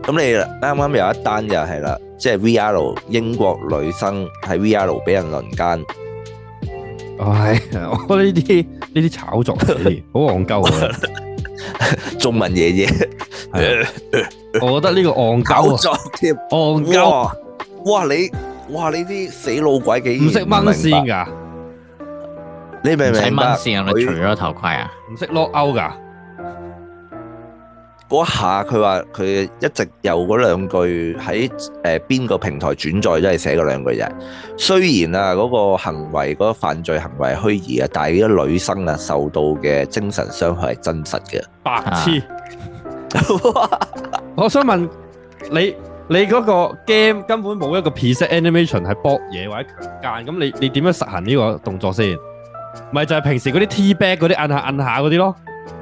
咁你啱啱有一單就係啦，即係 VR 英國女生喺 VR 俾人輪姦。唉呀，我覺得呢啲呢啲炒作，好戇鳩啊！中文爺爺，我覺得呢個戇鳩啊，戇鳩啊！哇你哇你啲死老鬼幾唔識掹線㗎？你明唔明？唔識掹線啊？除咗頭盔啊？唔識 lock out 㗎？嗰下佢話佢一直有嗰兩句，喺誒邊個平台轉載都係寫嗰兩句啫。雖然啊嗰個行為嗰個犯罪行為虛擬啊，但係呢個女生啊受到嘅精神傷害係真實嘅。白痴！我想問你，你嗰個 game 根本冇一個 preset animation 係搏嘢或者強姦，咁你你點樣實行呢個動作先？咪就係平時嗰啲 T back 嗰啲摁下摁下嗰啲咯。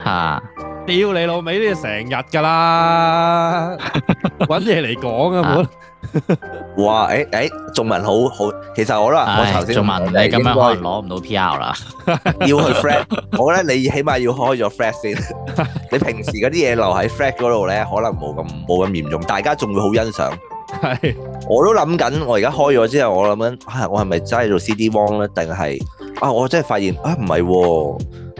嚇！屌你老味都要成日噶啦，搵嘢嚟講啊！哇，誒誒，仲文好好，其實我啦，我頭先仲問，你咁樣攞唔到 P.R. 啦，要去 Thread，我覺得你起碼要開咗 Thread 先。你平時嗰啲嘢留喺 Thread 嗰度咧，可能冇咁冇咁嚴重，大家仲會好欣賞。係，我都諗緊，我而家開咗之後，我諗緊，我係咪真係做 CD One 咧，定係啊？我真係發現啊，唔係，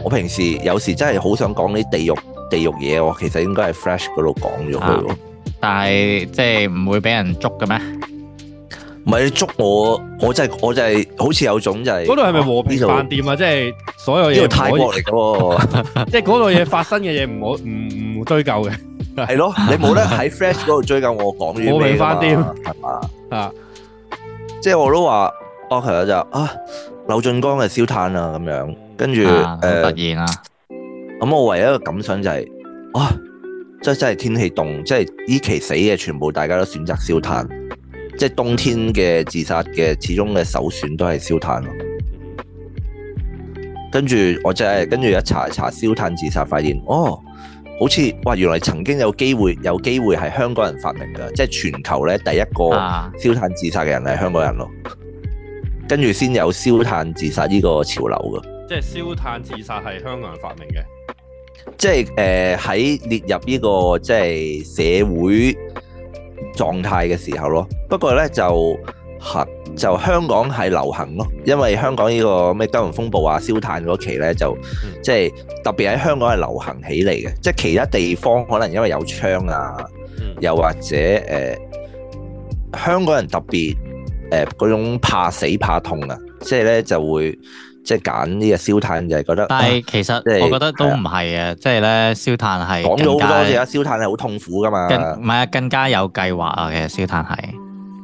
我平時有時真係好想講啲地獄。地獄嘢我其實應該係 Flash 嗰度講咗佢，但係即係唔會俾人捉嘅咩？唔係你捉我，我真係我真係好似有種，就係嗰度係咪和平飯店啊？即係所有嘢，因為泰國嚟噶，即係嗰度嘢發生嘅嘢唔好唔唔追究嘅，係咯？你冇得喺 Flash 嗰度追究我講完，我尾翻啲係嘛啊？即係我都話，我朋友就啊劉俊江係燒炭啊咁樣，跟住突然啊！咁我唯一嘅感想就係，哇、啊，即係真係天氣凍，即係呢期死嘅全部大家都選擇燒炭，即係冬天嘅自殺嘅始終嘅首選都係燒炭咯。跟住我就係跟住一查一查燒炭自殺，發現哦，好似哇，原來曾經有機會有機會係香港人發明噶，即係全球咧第一個燒炭自殺嘅人係香港人咯。跟住先有燒炭自殺呢個潮流噶，即係燒炭自殺係香港人發明嘅。即係誒喺列入呢、這個即係社會狀態嘅時候咯，不過咧就核、啊、就香港係流行咯，因為香港呢個咩金融風暴啊、燒炭嗰期咧就即係特別喺香港係流行起嚟嘅，即係其他地方可能因為有槍啊，又或者誒、呃、香港人特別誒嗰、呃、種怕死怕痛啊，即係咧就會。即係揀呢個燒炭就係、是、覺得，但係其實我覺得都唔係啊！即係咧燒炭係講到好多嘢啦，燒炭係好痛苦噶嘛。唔係啊，更加有計劃啊嘅燒炭係，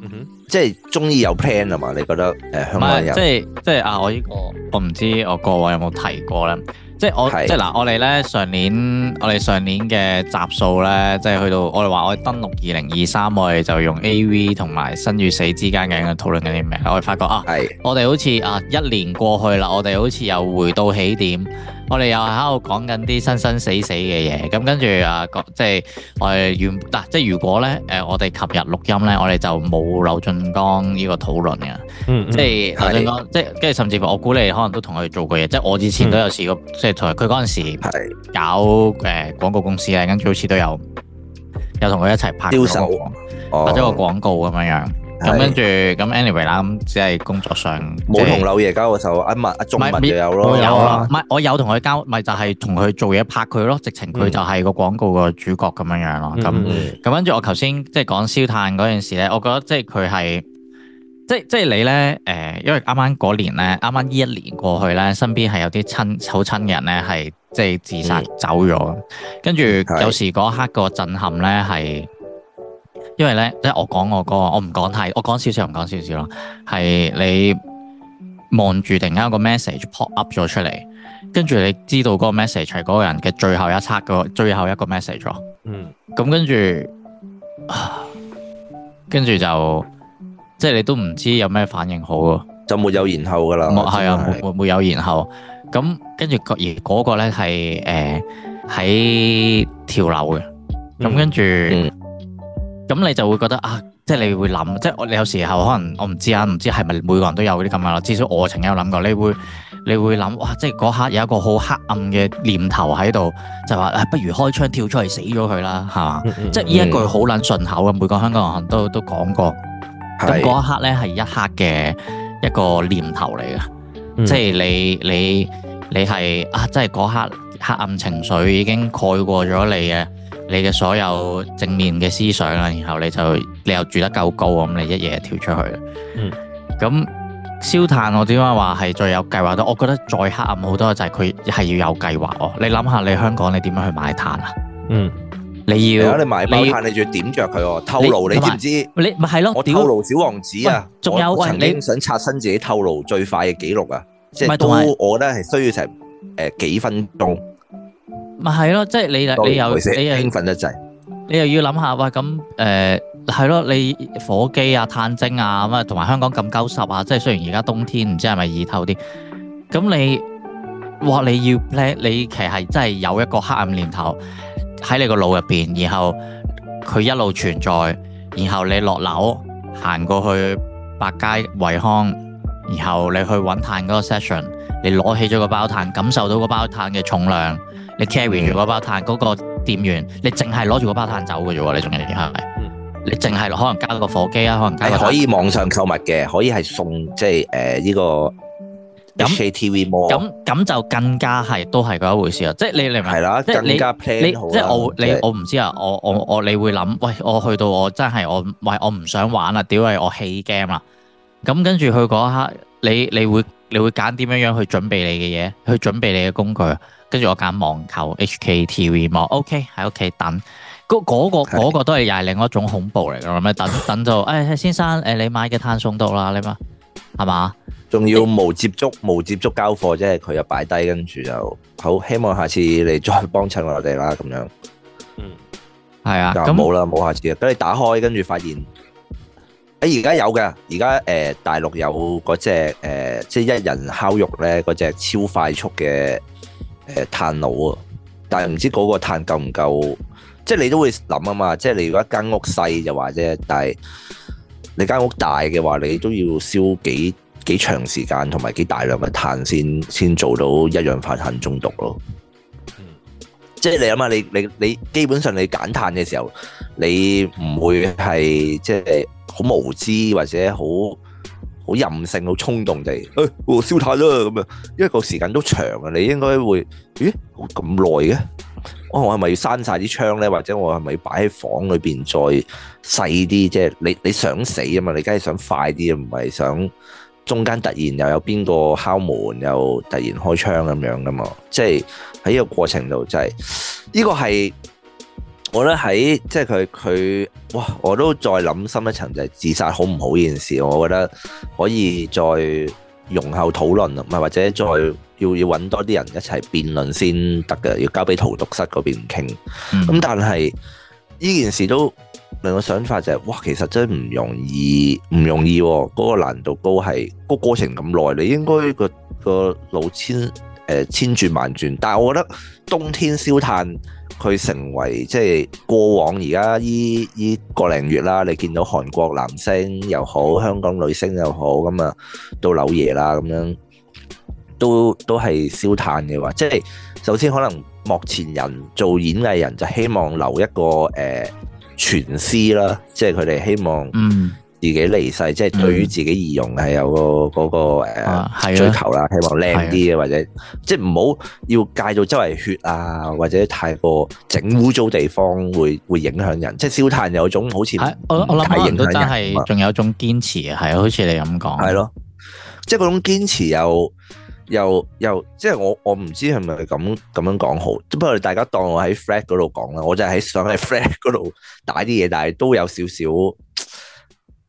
嗯、哼，即係鍾意有 plan 啊嘛？你覺得誒、嗯、香港人，即係即係啊！我呢、這個我唔知我各位有冇提過啦。即係我是即係嗱，我哋咧上年，我哋上年嘅集數咧，即係去到我哋話我哋登錄二零二三，我哋就用 AV 同埋生與死之間嘅討論緊啲咩？我哋發覺啊，係是我哋好似啊一年過去啦，我哋好似又回到起點。我哋又喺度講緊啲生生死死嘅嘢，咁跟住啊，即係我哋原嗱、啊，即係如果咧，誒、呃、我哋琴日錄音咧，我哋就冇柳俊江呢個討論嘅，嗯嗯、即係柳俊江，是即係跟住甚至乎我估你可能都同佢做過嘢，是即係我之前都有試過，嗯、即係同佢佢嗰陣時搞誒是、呃、廣告公司咧，跟住好似都有有同佢一齊拍一，哦、拍咗個廣告咁樣樣。咁跟住，咁 anyway 啦，咁只係工作上冇同柳爺交過手，阿文阿中文就有咯，有啦，咪我有同佢、啊、交，咪就係同佢做嘢拍佢咯，直情佢就係個廣告個主角咁樣樣咯。咁咁跟住我頭先即係講燒炭嗰件事咧，我覺得即係佢係，即即係你咧，誒、呃，因為啱啱嗰年咧，啱啱呢一年過去咧，身邊係有啲親好親人咧，係即係自殺走咗，跟住、嗯、有時嗰刻個震撼咧係。因為咧，即係我講我個，我唔講太，我講少少唔講少少咯。係你望住，突然間個 message pop up 咗出嚟，跟住你知道嗰個 message 係嗰個人嘅最後一測個最後一個 message 咯。嗯。咁跟住，呃，跟住就，即係你都唔知有咩反應好咯。就沒有然後噶啦，係啊，沒有然後。咁跟住而嗰個咧係誒喺跳樓嘅。咁跟住。咁你就會覺得啊，即係你會諗，即係我你有時候可能我唔知啊，唔知係咪每個人都有啲咁樣咯。至少我曾經有諗過，你會你會諗哇，即係嗰刻有一個好黑暗嘅念頭喺度，就話、啊、不如開窗跳出嚟死咗佢啦，係嘛？ 即係呢一句好撚順口嘅，每個香港人都都講過。咁嗰一刻呢係一刻嘅一個念頭嚟嘅， 即係你你你係啊，即係嗰刻黑暗情緒已經蓋過咗你嘅。你嘅所有正面嘅思想啊，然後你就你又住得夠高，咁你一夜跳出去。嗯。咁燒炭我點解話係最有計劃咧？我覺得再黑暗好多就係佢係要有計劃喎。你諗下，你香港你點樣去買炭啊？嗯。你要。而家你買炭，你仲要點著佢喎？透爐你知唔知？你咪係咯。我透爐小王子啊。仲有我曾經想刷新自己透爐最快嘅記錄啊，即係都我覺得係需要成誒幾分鐘。咪係咯，即係你又你又興奮得滯，你又要諗下哇咁誒係咯，你火機啊、碳精啊咁啊，同埋香港咁鳩濕啊，即係雖然而家冬天唔知係咪熱透啲，咁你哇你要 plan，你，你其實係真係有一個黑暗念頭喺你個腦入邊，然後佢一路存在，然後你落樓行過去百佳維康，然後你去揾碳嗰個 session，你攞起咗個包碳，感受到個包碳嘅重量。你 carry 住個包炭嗰個店員，你淨係攞住個包炭走嘅啫喎。你仲要係咪？你淨係可能加個火機啊，可能加個。係可以網上購物嘅，可以係送即係誒呢個 HKTV Mall。咁咁就更加係都係嗰一回事咯。即係你明唔明？係啦，更加 plan 好。即係我你我唔知啊。我我我你會諗喂，我去到我真係我喂我唔想玩啦，屌係我棄 game 啦。咁跟住去嗰一刻，你你會你會揀點樣樣去準備你嘅嘢，去準備你嘅工具。跟住我揀網購 HKTV 網，OK 喺屋企等嗰嗰、嗰個、嗰個都係又係另一種恐怖嚟噶，咁樣等等到誒、哎、先生誒你買嘅炭送到啦，你嘛係嘛？仲要冇接觸、冇接觸交貨，即係佢又擺低，跟住就好。希望下次你再幫襯我哋啦，咁樣。嗯，係啊，咁冇啦，冇下次啊！等你打開，跟住發現誒，而家有嘅，而家誒大陸有嗰隻誒，即係一人烤肉咧，嗰隻超快速嘅。誒炭爐啊，但係唔知嗰個炭夠唔夠，即係你都會諗啊嘛，即係你如果一間屋細就話啫，但係你間屋大嘅話，你都要燒幾幾長時間同埋幾大量嘅炭先先做到一氧化碳中毒咯。嗯、即係你諗下，你你你，你基本上你揀炭嘅時候，你唔會係即係好無知或者好。好任性，好衝動地，誒、哎，我燒炭啦咁樣！因為個時間都長啊，你應該會，咦，咁耐嘅，我係咪要閂晒啲窗咧？或者我係咪擺喺房裏邊再細啲？即係你你想死啊嘛，你梗係想快啲啊，唔係想中間突然又有邊個敲門，又突然開窗咁樣噶嘛？即係喺呢個過程度，就係呢個係。我覺得喺即係佢佢哇！我都再諗深一層，就係自殺好唔好呢件事，我覺得可以再容後討論啦，唔係或者再要要揾多啲人一齊辯論先得嘅，要交俾屠毒室嗰邊傾。咁、嗯嗯、但係呢件事都令我想法就係、是、哇，其實真係唔容易，唔容易、啊。嗰、那個難度高係、那個過程咁耐，你應該個個腦千誒千轉萬轉。但係我覺得冬天燒炭。佢成為即係過往而家依依個零月啦，你見到韓國男星又好，香港女星又好，咁啊到柳爺啦咁樣，都都係燒炭嘅話，即係首先可能目前人做演藝人就希望留一個誒、呃、傳師啦，即係佢哋希望、嗯。自己離世，即係對於自己儀容係、嗯、有、嗰個嗰、嗰個誒、呃、追求啦，希望靚啲啊，的或者即係唔好要介到周圍血啊，或者太過整污糟地方會、嗯、會影響人，即係燒炭有種好似、哎、我我諗埋都真係仲有一種堅持啊，好似你咁講，係咯，即係嗰種堅持又又又，又即係我我唔知係咪咁咁樣講好，不過大家當我喺 Thread 嗰度講啦，我真係想喺 Thread 嗰度打啲嘢，但係都有少少。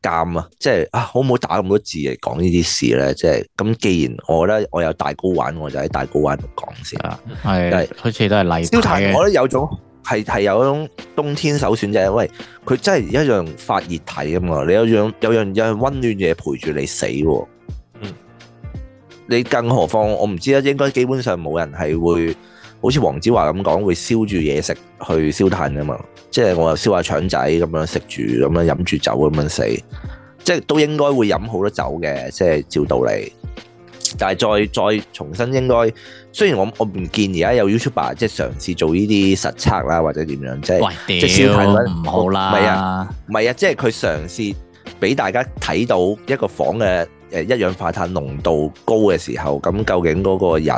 監、就是、啊，即係啊，好唔好打咁多字嚟講呢啲事咧？即係咁，既然我覺得我有大 GO 玩，我就喺大 GO 玩度講先講。係、啊，係，為好似都係例。燒炭，我覺得有種係係有一種冬天首選啫。喂，佢真係一樣發熱體㗎嘛。你有樣有樣有樣溫暖嘢陪住你死、啊。嗯。你更何況我唔知啦，應該基本上冇人係會，好似黃子華咁講，會燒住嘢食去燒炭噶嘛。即係我又燒下腸仔咁樣食住，咁樣飲住酒咁樣死，即係都應該會飲好多酒嘅，即係照道理。但係再再重新應該，雖然我我唔見而家有 YouTuber 即係嘗試做呢啲實測啦，或者點樣即係即係燒太溫唔好啦，唔係啊，唔係啊，即係佢嘗試俾大家睇到一個房嘅誒一氧化碳濃度高嘅時候，咁究竟嗰個人。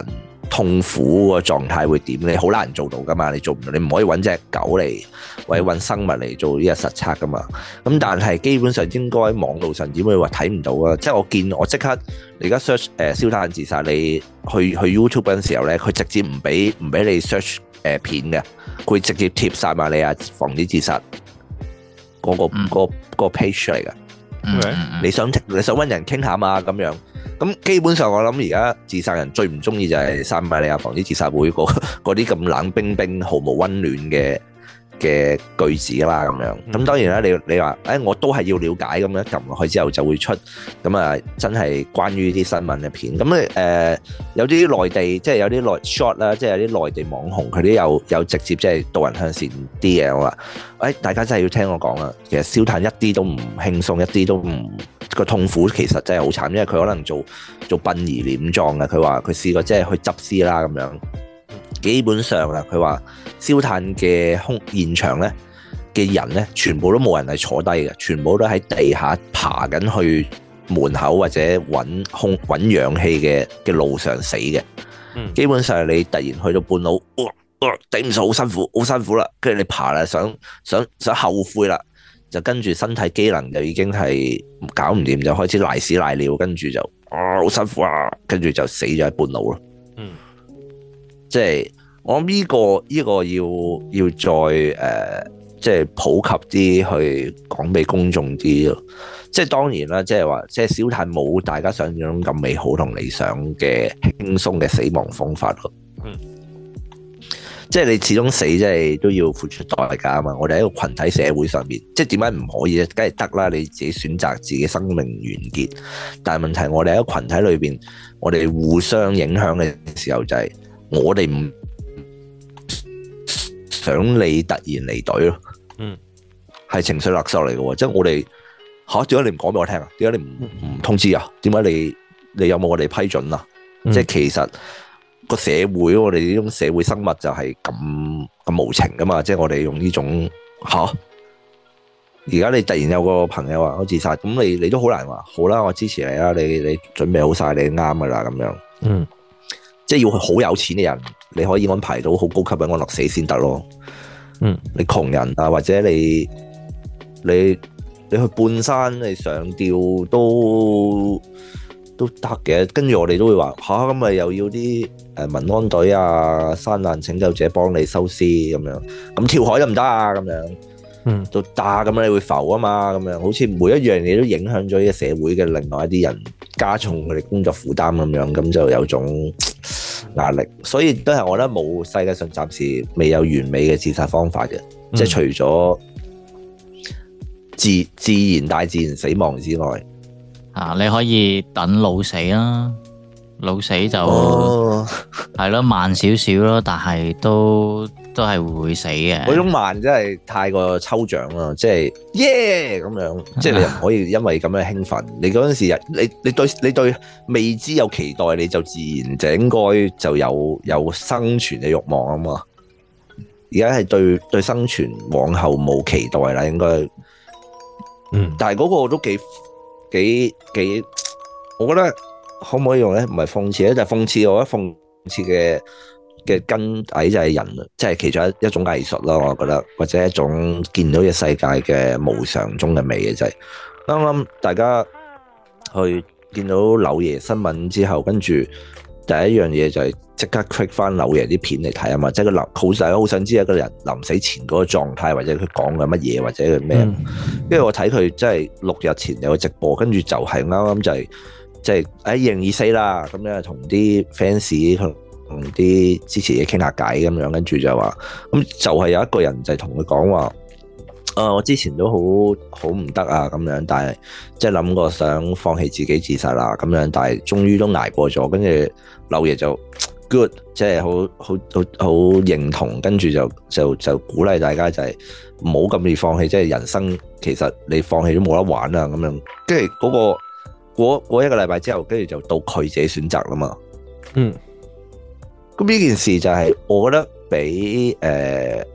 痛苦個狀態會點？你好難做到噶嘛，你做唔到，你唔可以揾隻狗嚟，或者揾生物嚟做呢個實測噶嘛。咁、嗯、但係基本上應該網度上點會話睇唔到啊？即係我見我即刻而家 search 誒燒炭自殺，你去去 YouTube 嗰陣時候咧，佢直接唔俾唔俾你 search 誒、呃、片嘅，佢直接貼晒埋你啊，防止自殺嗰、嗰個嗰、嗰個嗰個、page 嚟嘅 Okay.。你想你想揾人傾下嘛？咁樣。基本上我諗而家自殺人最唔中意就係《三拜兩訪之自殺會那》個嗰啲咁冷冰冰、毫無温暖嘅。嘅句子啦，咁樣咁當然啦，你你話誒、哎，我都係要了解咁樣撳落去之後就會出咁啊，真係關於啲新聞嘅片咁誒、呃、有啲內地即係有啲內 shot 啦，即係有啲內地網紅佢都有有直接即係導人向善啲嘢我話、哎、大家真係要聽我講啦，其實燒炭一啲都唔輕鬆，一啲都唔個，痛苦其實真係好慘，因為佢可能做做殯儀殮葬嘅，佢話佢試過即係去執屍啦咁樣。基本上啊，佢話燒炭嘅空現場咧嘅人咧，全部都冇人係坐低嘅，全部都喺地下爬緊去門口或者揾空揾氧氣嘅嘅路上死嘅。嗯，基本上你突然去到半路，頂唔順，好、呃、辛苦，好辛苦啦，跟住你爬啦，想想想後悔啦，就跟住身體機能就已經係搞唔掂，就開始瀨屎瀨尿，跟住就啊好、呃、辛苦啊，跟住就死咗喺半路咯。即係、就是、我諗呢、這個呢、這個要要再誒、呃就是，即係普及啲去講俾公眾啲咯。即係當然啦，即係話即係小太冇大家想像咁美好同理想嘅輕鬆嘅死亡方法咯。嗯、即係你始終死即係都要付出代價啊嘛。我哋喺個群體社會上面，即係點解唔可以咧？梗係得啦，你自己選擇自己生命完結，但係問題我哋喺個羣體裏邊，我哋互相影響嘅時候就係、是。我哋唔想你突然離隊咯，嗯，係情緒勒索嚟嘅喎，即係我哋吓，點解你唔講俾我聽啊？點解你唔唔通知啊？點解你你有冇我哋批准啊？即係其實個社會，我哋呢種社會生物就係咁咁無情噶嘛，即係我哋用呢種吓，而家你突然有個朋友啊，話我自殺咁，你你都好難話，好啦，我支持你啦，你你準備好晒你啱噶啦，咁樣，嗯。即係要佢好有錢嘅人，你可以安排到好高級嘅安樂死先得咯。嗯，你窮人啊，或者你你你去半山你上吊都都得嘅。跟住我哋都會話嚇咁咪又要啲誒民安隊啊、山難拯救者幫你收屍咁樣。咁跳海得唔得啊？咁樣嗯都打咁樣，樣樣樣樣你會浮啊嘛，咁樣好似每一樣嘢都影響咗呢個社會嘅另外一啲人，加重佢哋工作負擔咁樣，咁就有種。壓力，所以都係我覺得冇世界上暫時未有完美嘅自殺方法嘅，嗯、即係除咗自自然大自然死亡之外，啊，你可以等老死啦。老死就係咯，哦， 慢少少咯，但係都都係會死嘅。嗰種慢真係太過抽象啦，即係耶，咁樣，即係你又唔可以因為咁樣興奮， 你嗰陣時又你你對你對，你對未知有期待，你就自然就應該就有有生存嘅慾望啊嘛。而家係對對生存往後冇期待啦，應該，嗯，但係嗰個都幾幾幾，幾，我覺得。可唔可以用咧？唔係諷刺咧，就係諷刺。我覺得諷刺嘅嘅根底就係人，即係其中一一種藝術咯。我覺得，或者一種見到嘅世界嘅無常中嘅美嘅就係啱啱大家去見到柳爺新聞之後，跟住第一樣嘢就係即刻 click 翻柳爺啲片嚟睇啊嘛！即係佢大家好想知一個人臨死前嗰個狀態，或者佢講緊乜嘢，或者佢咩？因為、嗯、我睇佢即係六日前有個直播，跟住就係啱啱就係、是。即係誒2024啦，咁樣同啲 fans 同同啲支持嘢傾下偈咁樣，跟住就話，咁就係有一個人就同佢講話，誒、啊、我之前都好好唔得啊，咁樣，但係即係諗過想放棄自己自殺啦、啊，咁樣，但係終於都捱過咗，跟住柳爺就 good，即係好好好好認同，跟住就就就，就鼓勵大家就係唔好咁易放棄，即係人生其實你放棄都冇得玩啊，咁樣，即係嗰個。過過一個禮拜之後，跟住就到佢自己選擇啦嘛。嗯，咁呢件事就係，我覺得比誒、呃，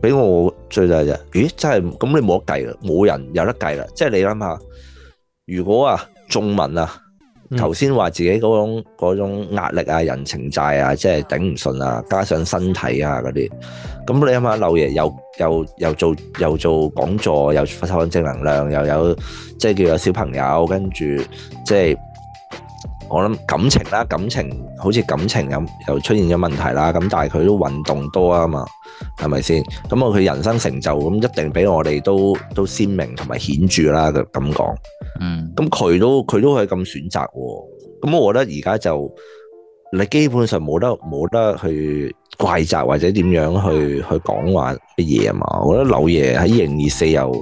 比我最大嘅。咦，真係咁你冇得計啦，冇人有得計啦。即係你諗下，如果啊，仲文啊。頭先話自己嗰種嗰種壓力啊、人情債啊，即係頂唔順啊，加上身體啊嗰啲，咁你諗下，柳爺又又又做又做講座，又發放正能量，又有即係叫有小朋友跟住即係。我諗感情啦，感情好似感情咁又出現咗問題啦，咁但係佢都運動多啊嘛，係咪先？咁啊佢人生成就咁一定比我哋都都鮮明同埋顯著啦，咁講。嗯。咁佢都佢都可以咁選擇喎，哦，咁我覺得而家就你基本上冇得冇得去怪責或者點樣去去講話乜嘢啊嘛。我覺得柳爺喺二零二四又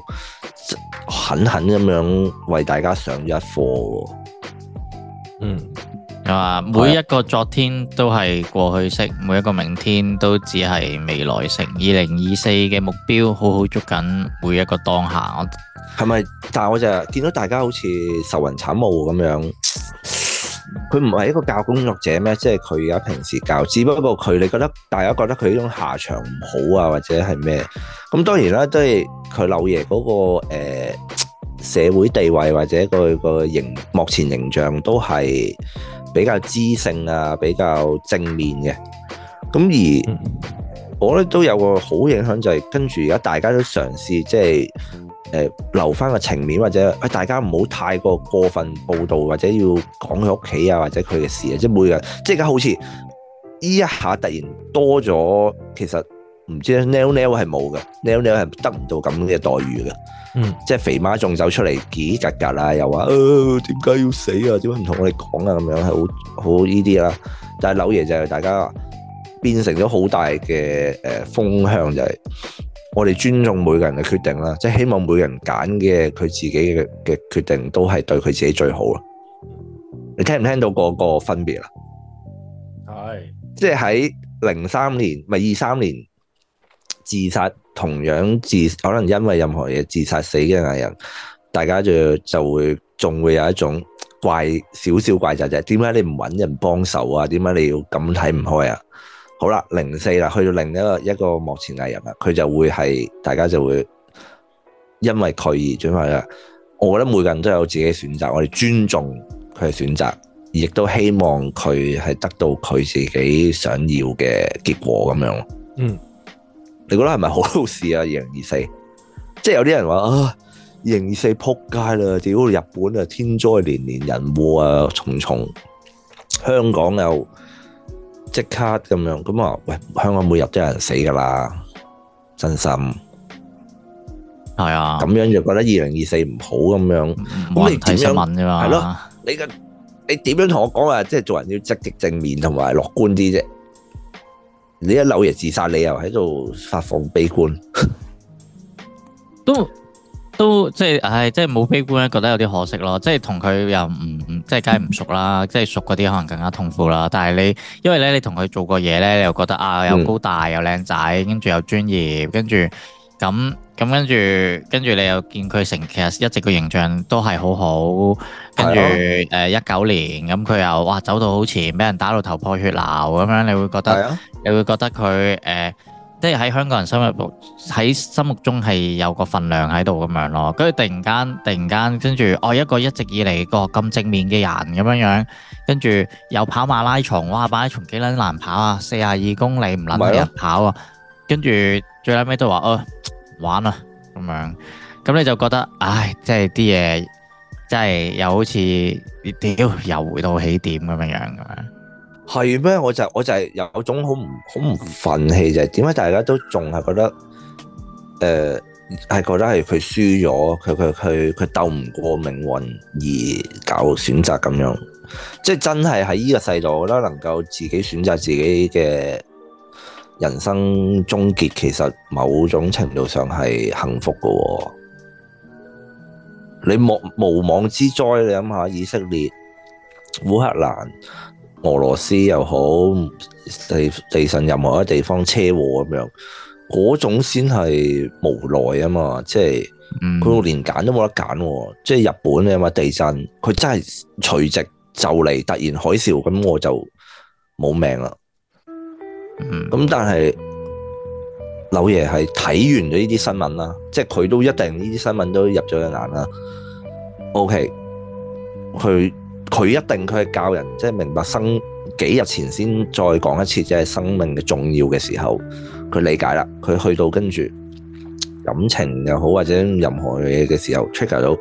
狠狠咁樣為大家上一課。嗯，係話每一個昨天都係過去式，嗯、每一個明天都只係未來式。二零二四嘅目標，好好捉緊每一個當下。係咪？但係我就見到大家好似愁雲慘霧咁樣。佢唔係一個教工作者咩？即係佢而家平時教，只不過佢你覺得大家覺得佢呢種下場唔好啊，或者係咩？咁當然啦，都係佢柳爺嗰個誒。欸社會地位或者佢個形目前形象都係比較知性啊，比較正面嘅。咁而我覺得都有個好影響，就是，就係跟住而家大家都嘗試即係誒、呃、留翻個情面，或者誒大家唔好太過過分報導，或者要講佢屋企啊或者佢嘅事啊。即係每日即係而家好似依一下突然多咗，其實。唔知 n 咧，僆 l 係冇嘅，僆 l 係得唔到咁嘅待遇嘅，嗯，即係肥媽仲走出嚟幾格格啦，又話，誒、呃，點解要死啊？點解唔同我哋講啊？咁樣係好好呢啲啦。但係柳爺就係大家變成咗好大嘅誒、呃、風向，就係我哋尊重每個人嘅決定啦，即係希望每個人揀嘅佢自己嘅嘅決定都係對佢自己最好啦、啊。你聽唔聽到、嗰個、嗰個分別啊？係是，即係喺零三年咪二三年。自殺同樣自可能因為任何嘢自殺死嘅藝人，大家就就會仲會有一種怪少少怪，怪就係點解你唔揾人幫手啊？點解你要咁睇唔開啊？好啦，零四啦，去到另一個一個幕前藝人啦，佢就會係大家就會因為佢而轉換啦。我覺得每個人都有自己嘅選擇，我哋尊重佢嘅選擇，亦都希望佢係得到佢自己想要嘅結果咁樣。嗯。你覺得係咪好事啊？二零二四，即係有啲人話啊，二零二四扑街啦！屌日本啊，天災連連人禍啊，重重。香港又即刻咁樣，咁啊，喂，香港每日都有人死噶啦，真心係啊。咁樣就覺得二零二四唔好咁樣。咁你想問？係咯，你嘅你點樣同我講啊？即係做人要積極正面同埋樂觀啲啫。你一柳爺自殺，你又喺度發放悲觀， 都都即係，唉，即係冇、哎、悲觀，覺得有啲可惜咯。即係同佢又唔即係，梗係唔熟啦。即係熟嗰啲可能更加痛苦啦。但係你因為咧，你同佢做過嘢咧，你又覺得啊，又高大又靚仔，跟住又專業，跟住咁。咁跟住，跟住你又見佢成，其實一直個形象都係好好。跟住誒一九年，咁、嗯、佢又哇走到好前，俾人打到頭破血流咁樣，你會覺得、啊、你會覺得佢誒，即係喺香港人心目喺心目中係有個份量喺度咁樣咯。跟住突然間，突然間跟住，哦一個一直以嚟個咁正面嘅人咁樣樣，跟住又跑馬拉松，哇馬拉松幾撚難跑啊，四廿二公里唔能日、啊、跑啊，跟住最後尾都話哦。哦玩啦、啊、咁樣，咁你就覺得，唉，即係啲嘢，即係又好似又回到起點咁樣樣咁啊？係咩？我就係、我就係有種好唔好唔忿氣就係點解大家都仲係覺得，誒、呃，係覺得係佢輸咗，佢佢佢佢鬥唔過命運而搞選擇咁樣，即、就、係、是、真係喺呢個世代，我覺得能夠自己選擇自己嘅。人生終結其實某種程度上係幸福嘅喎，你無無妄之災，你諗下以色列、烏克蘭、俄羅斯又好，地地震、任何一個地方車禍咁樣，嗰種先係無奈啊嘛！即係佢、嗯、連揀都冇得揀，即係日本你啊嘛地震，佢真係隨直就嚟突然海嘯，咁我就冇命啦。咁、嗯、但係柳爺係睇完咗呢啲新聞啦，即係佢都一定呢啲新聞都入咗眼啦。OK，佢佢一定佢係教人，即係明白生幾日前先再講一次，即係生命嘅重要嘅時候，佢理解啦。佢去到跟住感情又好或者任何嘢嘅時候，trigger 到，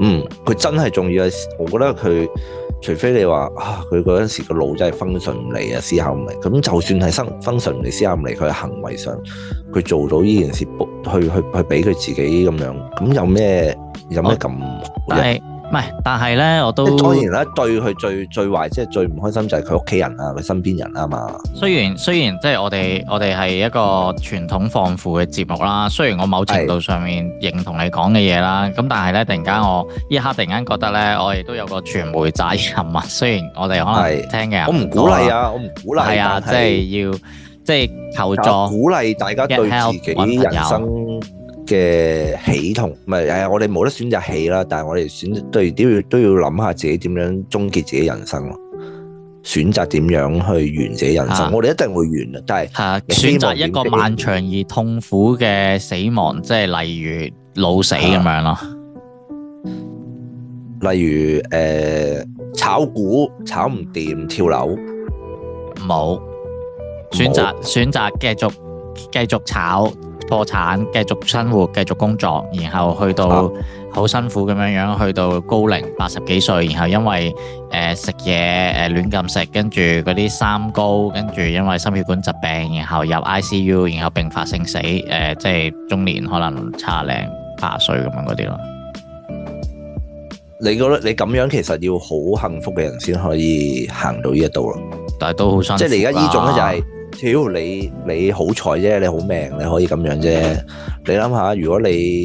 嗯，佢真係重要嘅。我覺得佢。除非你話啊，佢嗰陣時個腦真係 f u n 嚟啊，思考唔嚟，咁就算係分 f u n c t 嚟，思考唔嚟，佢行為上佢做到依件事，去去去俾佢自己咁樣，咁有咩有咩咁？唔係，但係咧，我都當然啦。對佢最最壞，即係最唔開心就係佢屋企人啊，佢身邊人啊嘛雖。雖然雖然即係我哋我哋係一個傳統放負嘅節目啦，雖然我某程度上面認同你講嘅嘢啦，咁是但係咧，突然間我呢、嗯、一刻突然間覺得咧，我亦都有個傳媒責任啊。雖然我哋可能係聽嘅，我唔鼓勵啊，我唔鼓勵係啊，即係是要即係、就是、求助求鼓勵大家 get help 對自己人生嘅起痛，唔係誒？我哋冇得選擇起啦，但係我哋選對都要都要諗下自己點樣終結自己人生咯，選擇點樣去完自己人生？啊、我哋一定會完啦，但係、啊、希選擇一個漫長而痛苦嘅死亡，即係例如老死咁樣咯，啊，例如誒、呃、炒股炒唔掂跳樓冇選擇有選擇繼續繼續炒。破產，繼續生活，繼續工作，然後去到好辛苦咁樣樣，去到高齡八十幾歲，然後因為誒食嘢誒亂咁食，跟住嗰啲三高，跟住因為心血管疾病，然後入 ICU，然後病發性死誒，即係中年可能差零八歲咁樣嗰啲咯。你覺得你咁樣其實要好幸福嘅人先可以行到呢一度咯。但係都好辛苦。即係你而家呢種咧就係。屌你你好彩啫，你好命你可以咁樣啫。你諗下，如果你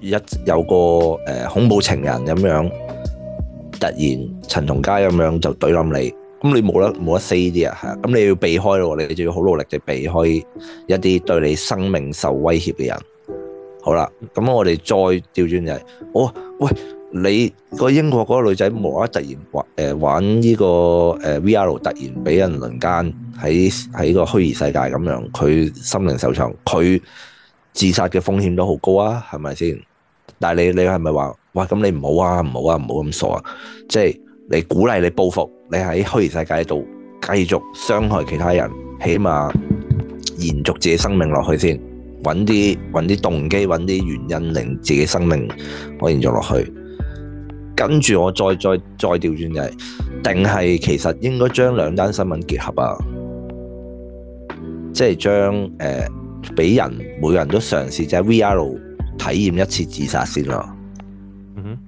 一有個誒、呃、恐怖情人咁樣，突然陳同佳咁樣就懟冧你，咁你冇得冇得 say 啲啊吓？咁你要避開咯，你就要好努力地避開一啲對你生命受威脅嘅人。好啦，咁我哋再調轉就係，我、哦、喂。你、嗰個英國嗰個女仔無啦啦突然玩誒、呃、玩呢、呢個誒、呃、VR，突然俾人輪奸喺喺個虛擬世界咁樣，佢心靈受創，佢自殺嘅風險都好高啊，係咪先？但係你你係咪話哇，咁你唔好啊，唔好啊，唔好咁傻啊？即係你鼓勵你報復，你喺虛擬世界度繼續傷害其他人，起碼延續自己生命落去先，揾啲揾啲動機揾啲原因令自己生命可以延續落去。跟住我再再再調轉就係，定係其實應該將兩單新聞結合啊，即係將誒俾、呃、人每人都嘗試就係 VR 體驗一次自殺先咯、啊。嗯、哼，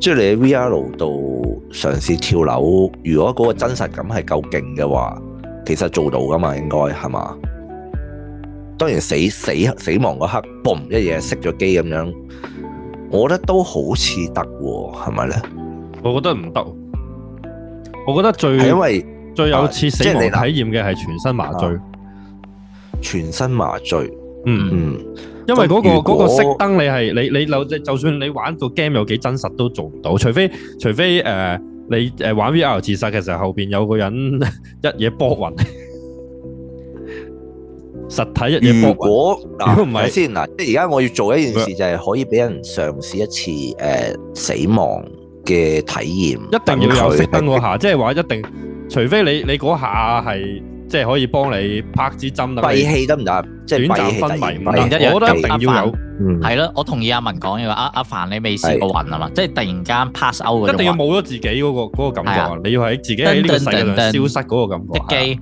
即係你喺 VR 度嘗試跳樓，如果嗰個真實感係夠勁嘅話，其實做到噶嘛，應該係嘛？當然死死死亡嗰刻，嘣一嘢熄咗機咁樣。我覺得都好似得喎，係咪咧？我覺得唔得。我覺得最因為最有似死亡體驗嘅係全身麻醉、啊。全身麻醉，嗯嗯。嗯因為嗰、那個熄果燈你，你係你你就算你玩個 game 有幾真實都做唔到，除非除非誒、uh, 你誒玩 VR 自殺嘅時候後邊有個人一嘢波暈。 實體一嘢，如果嗱，唔係先嗱？即係而家我要做一件事，就係可以俾人嘗試一次誒死亡嘅體驗。一定要有熄燈嗰下，即係話一定，除非你你嗰下係即係可以幫你拍支針。閉氣得唔得？即係短暫昏迷，我覺得一定要有。係咯，我同意阿文講嘅話，阿阿凡你未試過暈啊嘛？即係突然間 pass out 嗰種。一定要冇咗自己嗰個嗰個感覺啊！你要喺自己喺呢個世界上消失嗰個感覺。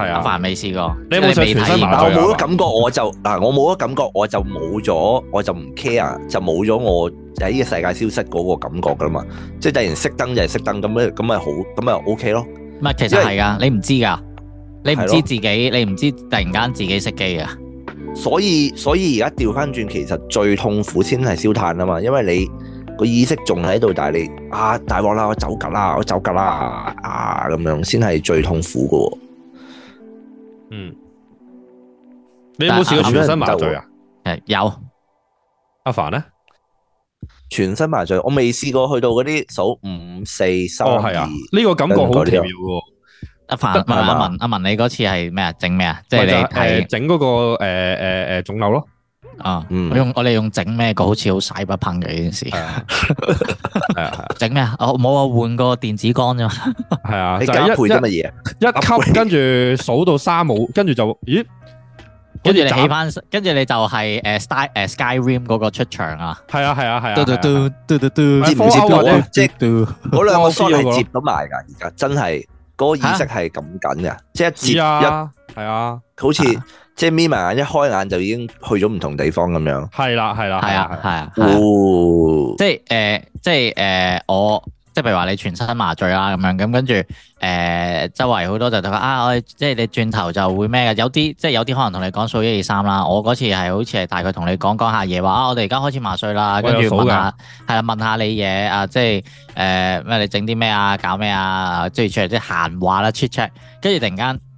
係啊，凡未試過，你試過即係未睇，但我冇咗感覺，我就嗱，就我冇咗感覺，我就冇咗，我就唔 care，就冇咗我喺呢個世界消失嗰個感覺噶啦嘛，即係突然熄燈就係熄燈，咁咧咁咪好，咁咪 OK 咯。咪其實係噶為，你唔知噶，的你唔知自己，你唔知突然間自己熄機啊。所以所以而家調翻轉，其實最痛苦先係燒炭啊嘛，因為你個意識仲喺度，但係你啊大鑊啦，我走㗎啦，我走㗎啦啊咁樣，先係最痛苦噶喎。嗯，你有冇試過全身麻醉啊？誒，有。阿凡咧，全身麻醉我未試過，去到嗰啲數五、四、三、二。哦，係啊，呢個感覺好奇妙喎。阿凡，阿文，阿文，你嗰次係咩啊？整咩啊？即係你誒整嗰個誒誒誒腫瘤咯。啊，我用我哋用整咩個好似好洗不噴嘅呢件事，係啊，整咩啊？我冇啊，換個電子缸啫嘛。係啊，就一配啫乜嘢。一級跟住數到三五，跟住就咦？跟住你起返，跟住你就係誒 sky 誒 skyrim 嗰個出場啊？係啊係啊係啊！嘟嘟嘟嘟嘟嘟，接唔接？即係嗰兩個鎖係接到埋噶，而家真係嗰個意識係咁緊嘅，即係接一係啊，好似。即係眯埋眼，一開眼就已經去咗唔同地方咁樣。係啦，係啦，係啊，係啊。啊哦、即係誒、呃，即係誒、呃，我即係譬如話你全身麻醉啦咁樣，咁、呃啊、跟住誒周圍好多就同佢啊，我即係你轉頭就會咩嘅？有啲即係有啲可能同你講數一二三啦。我嗰次係好似係大概同你講講下嘢，話啊我哋而家開始麻醉啦，跟住哇問下係啦、啊，問下你嘢啊，即係誒咩？你整啲咩啊？搞咩啊？出嚟即係閒話啦，check check，跟住突然間。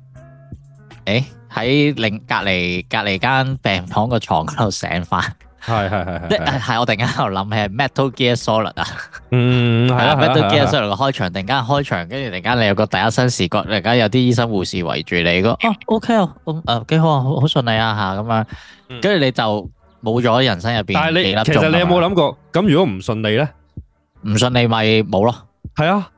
誒，喺另隔籬隔籬間病房個床嗰度醒翻，係係係係，係我突然間喺度諗起 Metal Gear Solid 啊，嗯係啦，Metal Gear Solid 個開場，突然間開場，跟住突然間你有個第一身視覺，突然間有啲醫生護士圍住你個，哦，OK 啊，咁誒幾好啊，好順利啊吓，咁樣，跟住你就冇咗人生入邊，但係你其實你有冇諗過，咁如果唔順利咧，唔順利咪冇咯，係啊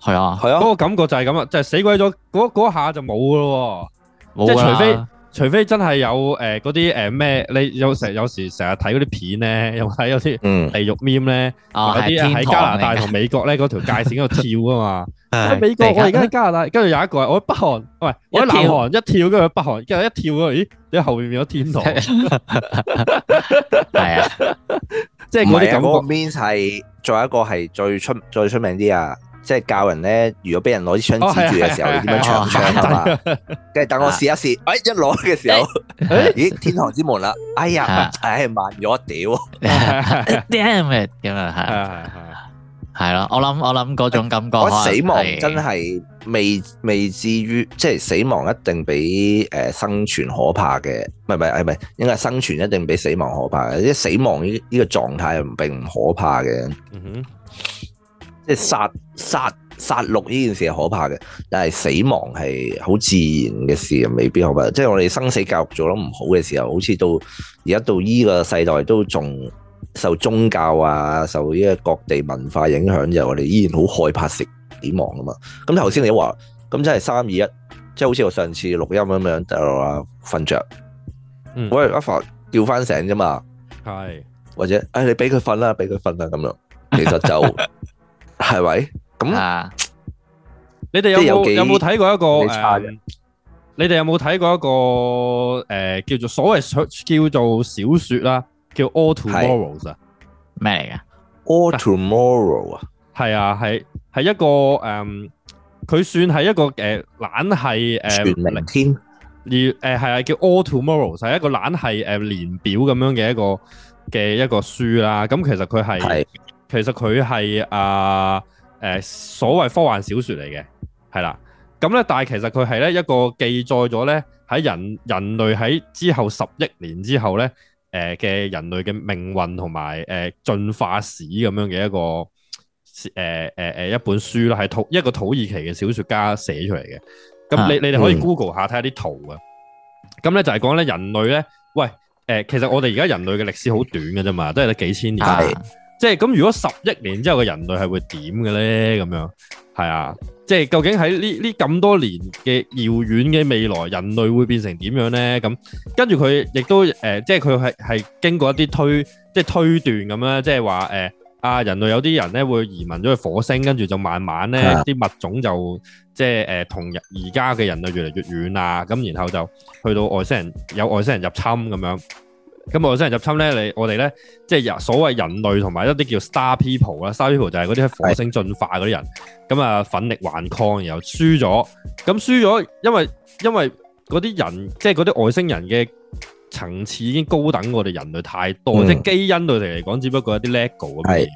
係啊係啊，嗰個感覺就係咁啊，就係死鬼咗，嗰嗰下就冇㗎咯。即係除非除非真係有誒嗰啲誒咩？你有成有時成日睇嗰啲片咧，有睇有啲地獄 meme 咧，嗰啲喺加拿大同美國咧，嗰條界線嗰度跳啊嘛，喺美國我而家喺加拿大，跟住有一個我喺北韓，喂，我喺南韓一跳，跟住喺北韓跟住一跳，咦？你後面變咗天堂係啊，即係嗰啲感覺。mean 係仲有一個係最出最出名啲啊！即係教人咧，如果俾人攞支槍指住嘅時候，你點樣搶槍係嘛？跟住等我試一試，哎，一攞嘅時候，咦，天堂之門啦！哎呀，哎，慢咗屌！Damn it！咁啊係，係咯，我諗我諗嗰種感覺，死亡真係未未至於，即係死亡一定比誒生存可怕嘅，唔係唔係唔係，應該係生存一定比死亡可怕嘅，即死亡呢呢個狀態並唔可怕嘅。嗯哼。即係殺殺殺戮呢件事係可怕嘅，但係死亡係好自然嘅事，又未必可怕。即係我哋生死教育做得唔好嘅時候，好似到而家到呢個世代都仲受宗教啊、受呢個各地文化影響，就我哋依然好害怕死死亡啊嘛。咁頭先你都話，咁真係三二一，即係好似我上次錄音咁樣，掉啊瞓着，嗯、喂，阿叫翻醒啫嘛，係是，或者誒、哎，你俾佢瞓啦，俾佢瞓啦，咁樣，其實就。 係咪？咁啊！你哋有冇有冇睇過一個？你哋有冇睇過一個？誒，叫做所謂小叫做小說啦，叫 All Tomorrow's 啊？咩嚟噶？All Tomorrow 啊？係啊，係係一個誒，佢算係一個誒懶係誒，玄靈天而誒係啊，叫 All Tomorrow's 係一個懶係誒年表咁樣嘅一個嘅一個書啦。咁其實佢係。其實佢係啊誒所謂科幻小説嚟嘅，係啦。咁咧，但係其實佢係咧一個記載咗咧喺人人類喺之後十億年之後咧誒嘅人類嘅命運同埋誒進化史咁樣嘅一個誒誒誒一本書啦，係土一個土耳其嘅小説家寫出嚟嘅。咁你、啊、你哋可以 Google 下睇下啲圖啊。咁咧就係講咧人類咧，喂誒、呃，其實我哋而家人類嘅歷史好短嘅啫嘛，都係得幾千年。啊啊即係咁，如果十億年之後嘅人類係會點嘅咧？咁樣係啊，即係究竟喺呢呢咁多年嘅遙遠嘅未來，人類會變成點樣咧？咁跟住佢亦都誒，即係佢係係經過一啲推，即係推斷咁樣，即係話誒啊人類有啲人咧會移民咗去火星，跟住就慢慢咧啲是、啊、物種就即係誒同而家嘅人類越嚟越遠啦，咁然後就去到外星人有外星人入侵咁樣。咁外星人入侵咧，你我哋咧，即係人所謂人類同埋一啲叫 Star People 啦，Star People 就係嗰啲喺火星進化嗰啲人，咁啊是，奮力頑抗，然後輸咗。咁輸咗，因為因為嗰啲人，即係嗰啲外星人嘅層次已經高等過我哋人類太多，嗯、即係基因對我哋嚟講，只不過一啲 lego 咁。係。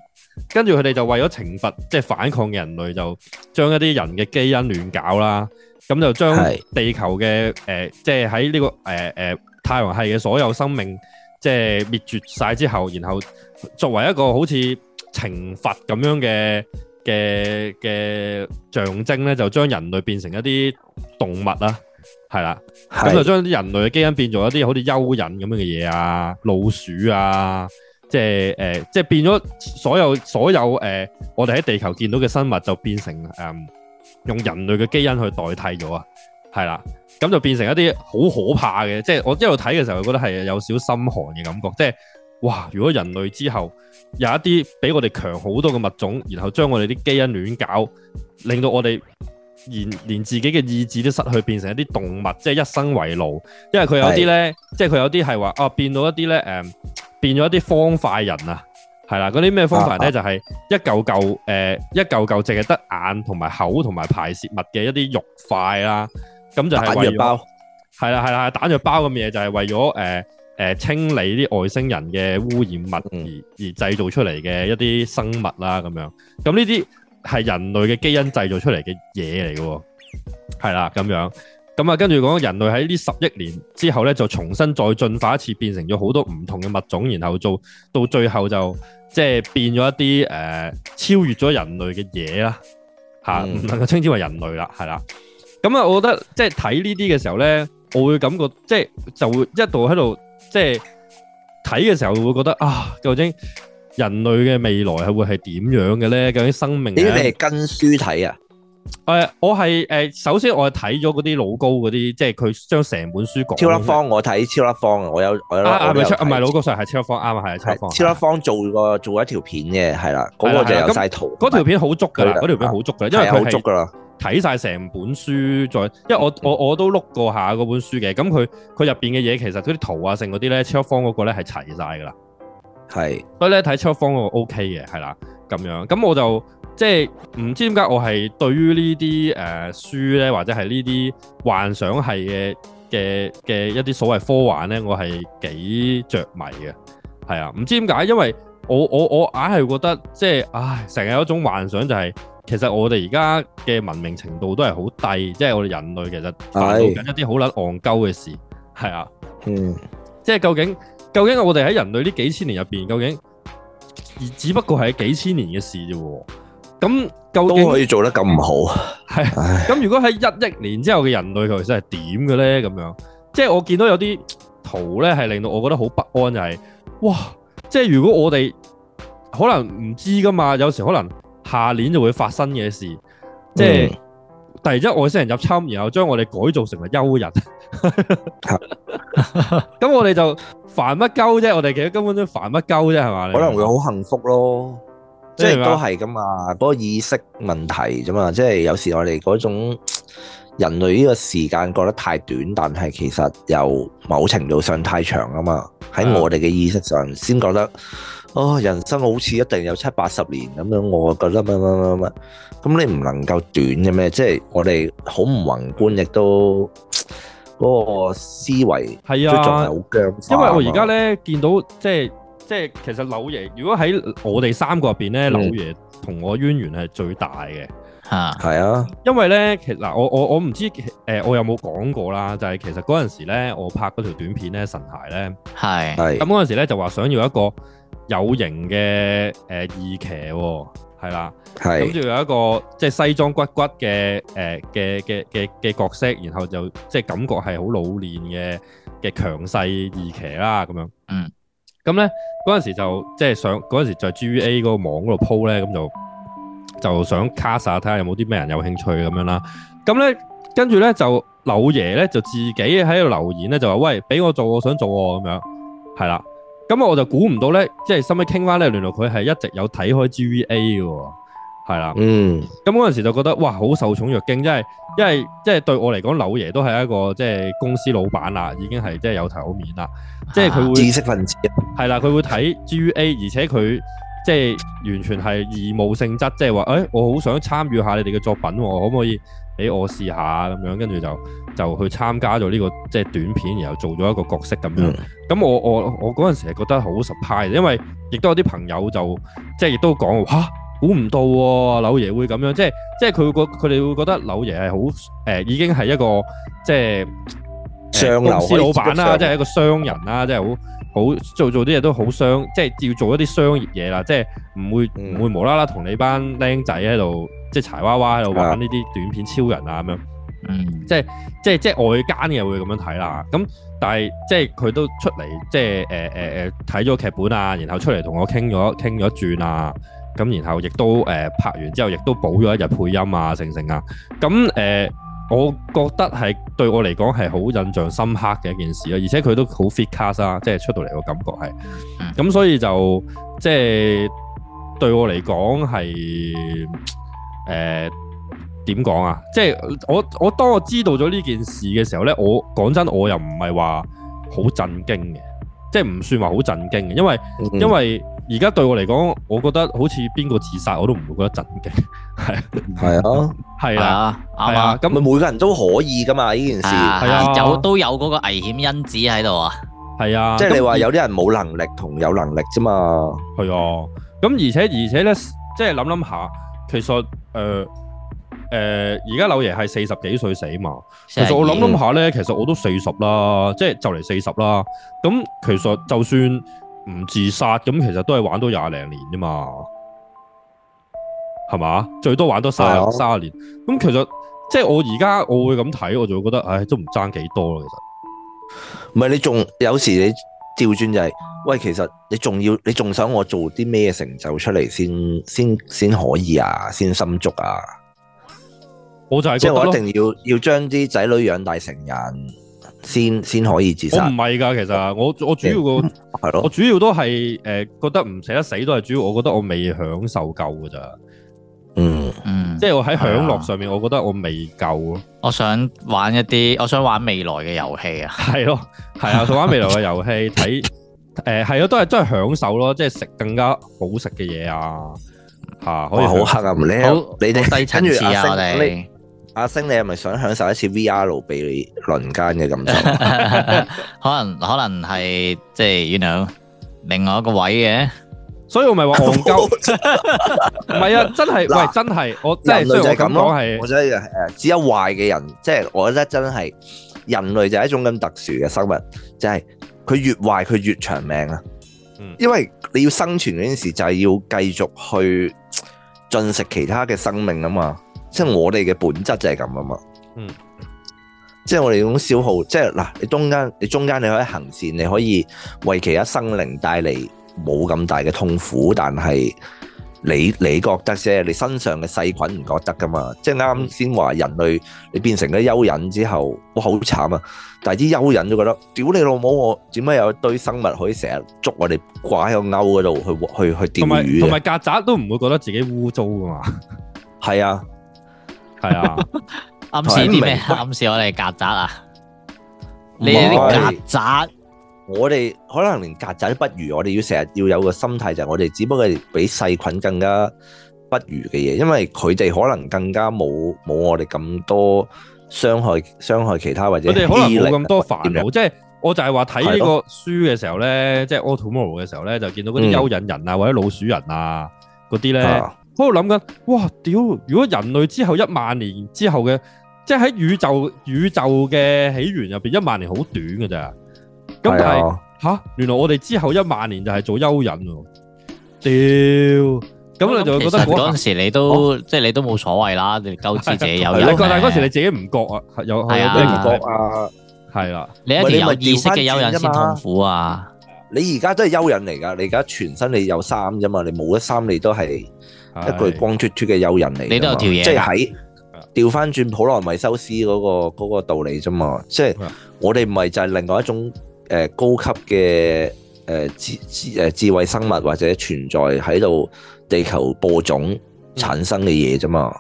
跟住佢哋就為咗懲罰，即係反抗嘅人類，就將一啲人嘅基因亂搞啦。咁就將地球嘅誒是、呃，即、這個呃呃呃、係喺呢個誒誒太陽系嘅所有生命。即係滅絕晒之後，然後作為一個好似懲罰咁樣嘅嘅嘅象徵咧，就將人類變成一啲動物啦，係啦，咁的就將啲人類嘅基因變做一啲好似蚯蚓咁樣嘅嘢啊，老鼠啊，即係誒，即係變咗所有所有誒，我哋喺地球見到嘅生物就變成誒，用人類嘅基因去代替咗啊，係啦。咁就變成一啲好可怕嘅，即係我一路睇嘅時候，覺得係有少少心寒嘅感覺。即係哇，如果人類之後有一啲比我哋強好多嘅物種，然後將我哋啲基因亂搞，令到我哋連連自己嘅意志都失去，變成一啲動物，即係一生為奴。因為佢有啲呢，是即係佢有啲係話啊，變到一啲呢，誒、呃，變咗一啲方塊人啊，係啦，嗰啲咩方塊呢？啊啊就係一嚿嚿誒一嚿嚿淨係得眼同埋口同埋排泄物嘅一啲肉塊啦。咁就係打藥包，係啦，係啦，係打藥包咁嘅嘢就係為咗誒誒清理啲外星人嘅污染物而而製造出嚟嘅一啲生物啦咁樣，咁呢啲係人類嘅基因製造出嚟嘅嘢嚟嘅，係啦咁樣，咁啊跟住講人類喺呢十億年之後咧就重新再進化一次，變成咗好多唔同嘅物種，然後做到最後就即係變咗一啲誒、呃、超越咗人類嘅嘢啦，吓、嗯、唔能夠稱之為人類啦，係啦。咁啊，我覺得即係睇呢啲嘅時候咧，我會感覺即係就會一度喺度即係睇嘅時候，會覺得啊，究竟人類嘅未來係會係點樣嘅咧？究竟生命？你哋係跟書睇啊？誒，我係誒，首先我係睇咗嗰啲老高嗰啲，即係佢將成本書講。超粒方，我睇超粒方我有我有。啊啊，唔係，唔係老高，實係超粒方，啱啊，係超粒方。超粒方做過做一條片嘅，係啦，嗰個就有晒圖。嗰條片好足噶啦，嗰條片好足噶，因為好足噶啦。睇晒成本書再，因為我我我都碌過下嗰本書嘅，咁佢佢入邊嘅嘢其實嗰啲圖啊，性嗰啲咧，超方嗰個咧係齊晒噶啦，係，所以咧睇超方嗰個 OK 嘅，係啦，咁樣，咁我就即係唔知點解我係對於、呃、呢啲誒書咧，或者係呢啲幻想係嘅嘅嘅一啲所謂科幻咧，我係幾着迷嘅，係啊，唔知點解，因為我我我硬係覺得即係，唉，成日有一種幻想就係。其實我哋而家嘅文明程度都係好低，即係我哋人類其實做緊一啲好撚戇鳩嘅事，係啊，嗯，即係究竟究竟我哋喺人類呢幾千年入邊究,究竟，而只不過係幾千年嘅事啫，咁究竟可以做得咁好，係、啊，咁唉 如果喺一億年之後嘅人類其實係點嘅咧？咁樣，即係我見到有啲圖咧，係令到我覺得好不安，就係、是，哇，即係如果我哋可能唔知噶嘛，有時可能。下年就會發生嘅事，即係突然之間外星人入侵，然後將我哋改造成為幽人。咁我哋就煩乜鳩啫？我哋其實根本都煩乜鳩啫，係嘛？可能會好幸福咯，即係都係噶嘛，多、嗰個、意識問題啫嘛。即係有時我哋嗰種人類呢個時間過得太短，但係其實又某程度上太長啊嘛。喺我哋嘅意識上先覺得。嗯哦，人生好似一定有七八十年咁樣，我覺得乜乜乜乜，咁你唔能夠短嘅咩？即係我哋好唔宏觀，亦都嗰個思維，即係仲係好僵化。因為我而家咧見到，即係即係其實柳爺，如果喺我哋三個入邊咧，啊、柳爺同我淵源係最大嘅。嚇，係啊，因為咧，其嗱，我我我唔知誒、呃，我有冇講過啦？就係、是、其實嗰陣時咧，我拍嗰條短片咧，神鞋咧，係係咁嗰陣時咧，時就話想要一個。有型嘅誒、呃、二騎喎、哦，係啦，咁仲的有一個即係、就是、西裝骨骨嘅誒嘅嘅嘅嘅角色，然後就即係、就是、感覺係好老練嘅嘅強勢二騎啦咁樣。嗯，咁咧嗰陣時就即係上嗰陣時在 G A 嗰個網嗰度鋪咧，咁就就想卡晒，睇下有冇啲咩人有興趣咁樣啦。咁咧跟住咧就柳爺咧就自己喺度留言咧就話：喂，俾我做，我想做咁樣，係啦。咁我我就估唔到咧，即係收尾傾翻咧，原來佢係一直有睇開 GVA 嘅喎，係啦。嗯，咁嗰陣時就覺得哇，好受寵若驚，即係因為即係對我嚟講，柳爺都係一個即係公司老闆啦，已經係即係有頭有面啦，啊、即係佢會知識分子，係啦，佢會睇 GVA，而且佢即係完全係義務性質，即係話，誒、欸，我好想參與下你哋嘅作品，可唔可以？誒，我試下咁樣，跟住就就去參加咗呢、這個即係短片，然後做咗一個角色咁、mm. 樣。咁我我我嗰陣時係覺得好 surprise，因為亦都有啲朋友就即係亦都講，哇、啊，估唔到、啊、柳爺會咁樣，即係即係佢會佢哋會覺得柳爺係好誒，已經係一個即係上市公司老闆啦，像即係一個商人啦，即係好。好做做啲嘢都好商，即係要做一啲商業嘢啦，即係唔會唔會無啦啦同你班僆仔喺度即係柴娃娃喺度玩呢啲短片超人啊咁樣，即係即係即係外間嘅會咁樣睇啦。咁但係即係佢都出嚟，即係誒誒誒睇咗劇本啊，然後出嚟同我傾咗傾咗轉啊，咁然後亦都誒拍完之後亦都補咗一日配音啊，成成啊，咁誒。我覺得係對我嚟講係好印象深刻嘅一件事咯，而且佢都好 fitcast 啊，即係出到嚟個感覺係，咁所以就即係對我嚟講係誒點講啊？即係我我當我知道咗呢件事嘅時候呢，我講真我又唔係話好震驚嘅，即係唔算話好震驚嘅，因為、嗯、哼因為。而家對我嚟講，我覺得好似邊個自殺我都唔會覺得震驚，係啊，係啊，係啊，係嘛，咁每個人都可以噶嘛？呢件事，而就都有嗰個危險因子喺度啊，係啊，即係你話有啲人冇能力同有能力啫嘛，係啊，咁而且而且咧，即係諗諗下，其實誒誒，而家柳爺係四十幾歲死嘛，其實我諗諗下咧，其實我都四十啦，即係就嚟四十啦，咁其實就算。唔自殺咁，其實都係玩多廿零年啫嘛，係嘛？最多玩多三三年。咁、啊、其實即係我而家我會咁睇，我就會覺得，唉，都唔爭幾多咯。其實唔係你仲有，有時你調轉就係、是，喂，其實你仲要你仲想我做啲咩成就出嚟，先先先可以啊，先心足啊。我就係即係我一定要咯要將啲仔女養大成人。先先可以接受。我唔係噶，其實我我主要個係咯，我主要都係誒覺得唔捨得死都係主要，我覺得我未享受夠噶咋。嗯嗯，即係我喺享樂上面，我覺得我未夠，嗯。我想玩一啲，我想玩未來嘅遊戲啊。係咯，係啊，想玩未來嘅遊戲，睇誒係咯，都係真係享受咯，即係食更加好食嘅嘢啊，吓可以好黑啊，唔叻，好你哋，跟住我哋。阿星，你係咪想享受一次 VR 俾你輪姦嘅感受？可能可能係即係，你諗另外一個位嘅，所以我咪話戇鳩。唔係啊，真係喂，真係我真係雖然我咁講係，我真係覺得，只有壞嘅人，即係我覺得真係人類就係一種咁特殊嘅生物，就係佢越壞佢越長命啊。因為你要生存嗰陣時就係要繼續去進食其他嘅生命啊嘛。即係我哋嘅本質就係咁啊嘛，嗯，即係我哋嗰種消耗，即係嗱，你中間你中間你可以行善，你可以為其他生靈帶嚟冇咁大嘅痛苦，但係你你覺得啫，你身上嘅細菌唔覺得噶嘛？即係啱先話人類你變成咗蚯蚓之後，哇好慘啊！但係啲蚯蚓都覺得屌你老母，我點解有一堆生物可以成日捉我哋掛喺個勾嗰度去去去釣魚，同埋同埋曱甴都唔會覺得自己污糟噶嘛？係 啊。係啊， 暗示啲咩？暗示我哋曱甴啊！是你啲曱甴，我哋可能連曱甴都不如。我哋要成日要有個心態，就係我哋只不過係比細菌更加不如嘅嘢，因為佢哋可能更加冇冇我哋咁多傷害傷害其他，或者我哋可能冇咁多煩惱。樣即係我就係話睇呢個書嘅時候咧，的即係《All Tomorrows》嘅時候咧，就見到嗰啲蚯蚓人啊，嗯、或者老鼠人啊，嗰啲咧。嗯喺度諗緊，哇屌！如果人類之後一萬年之後嘅，即係喺宇宙宇宙嘅起源入邊，一萬年好短㗎咋。咁但係嚇、啊啊，原來我哋之後一萬年就係做蚯蚓喎。屌，咁你就會覺得嗰陣時你都、啊、即係你都冇所謂啦，你夠自己有。 但係嗰時你自己唔覺啊，有有唔覺啊，係啦、啊。啊、你一定有意識嘅蚯蚓先痛苦啊。你而家都係蚯蚓嚟㗎，你而家全身你有衫啫嘛，你冇咗衫你都係。一句光禿禿嘅幽人嚟,你都有條嘢，即係喺掉返轉普羅米修斯嗰、嗰個、嗰個道理啫嘛，即係我哋唔係就係另外一種誒、呃、高級嘅誒、呃、智智誒智慧生物或者存在喺度地球播種產生嘅嘢啫嘛，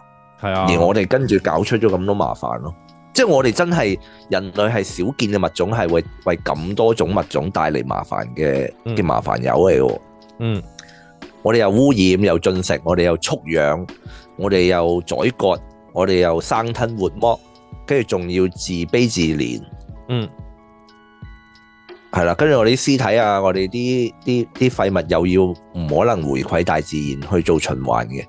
係啊、嗯，而我哋跟住搞出咗咁多麻煩咯，嗯、即係我哋真係人類係少見嘅物種，係為為咁多種物種帶嚟麻煩嘅嘅麻煩友嚟喎，嗯。我哋又污染又進食，我哋又畜養，我哋又宰割，我哋又生吞活剝，跟住仲要自卑自憐，嗯，係啦，跟住我哋啲屍體啊，我哋啲啲啲廢物又要唔可能回饋大自然去做循環嘅，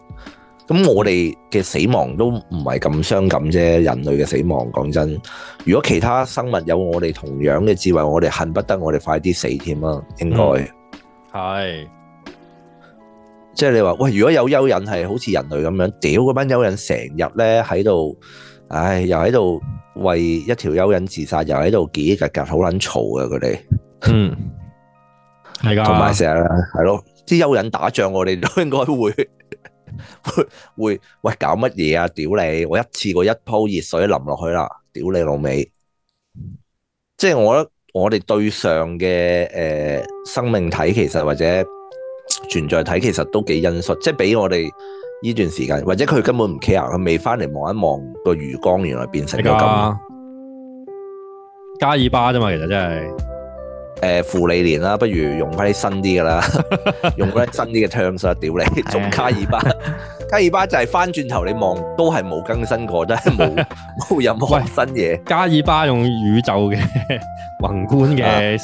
咁我哋嘅死亡都唔係咁傷感啫，人類嘅死亡講真，如果其他生物有我哋同樣嘅智慧，我哋恨不得我哋快啲死添啊，應該係。即係你話喂，如果有蚯蚓係好似人類咁樣，屌個班蚯蚓成日咧喺度，唉，又喺度為一條蚯蚓自殺，又喺度嘰嘰嘎嘎，好撚嘈噶佢哋。嗯，係噶，同埋成日係咯，啲蚯蚓打仗我哋都應該會會會喂搞乜嘢啊？屌你！我一次過一泡熱水淋落去啦，屌你老味！即係我覺得我哋對上嘅誒生命體，其實或者。存在體其實都幾因素，即係俾我哋呢段時間，或者佢根本唔 care，佢未翻嚟望一望個魚缸，原來變成咗咁加爾巴啫嘛。其實真係誒，負曆年啦，不如用翻啲新啲噶啦， 用翻啲新啲嘅 tangent 仲加爾巴。 加爾巴就係翻轉頭你望都係冇更新過，真係冇冇任何新嘢。加爾巴用宇宙嘅宏觀嘅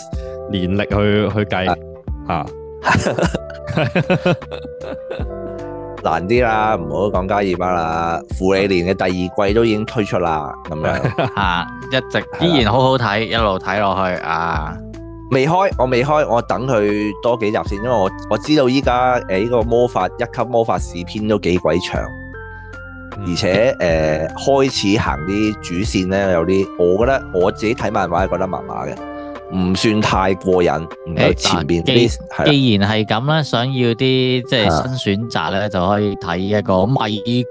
年曆去去計吓。啊啊啊 難啲啦，唔好講加爾巴啦，芙莉蓮嘅第二季都已經推出啦，咁樣啊， 一直依然好好睇，的一路睇落去啊，未開我未開，我等佢多幾集先，因為我我知道依家誒呢個魔法一級魔法師篇都幾鬼長，而且誒、嗯呃、開始行啲主線咧有啲，我覺得我自己睇漫畫係覺得麻麻嘅。唔算太過癮，誒前邊啲既然係咁啦，想要啲即係新選擇咧，啊、就可以睇一個迷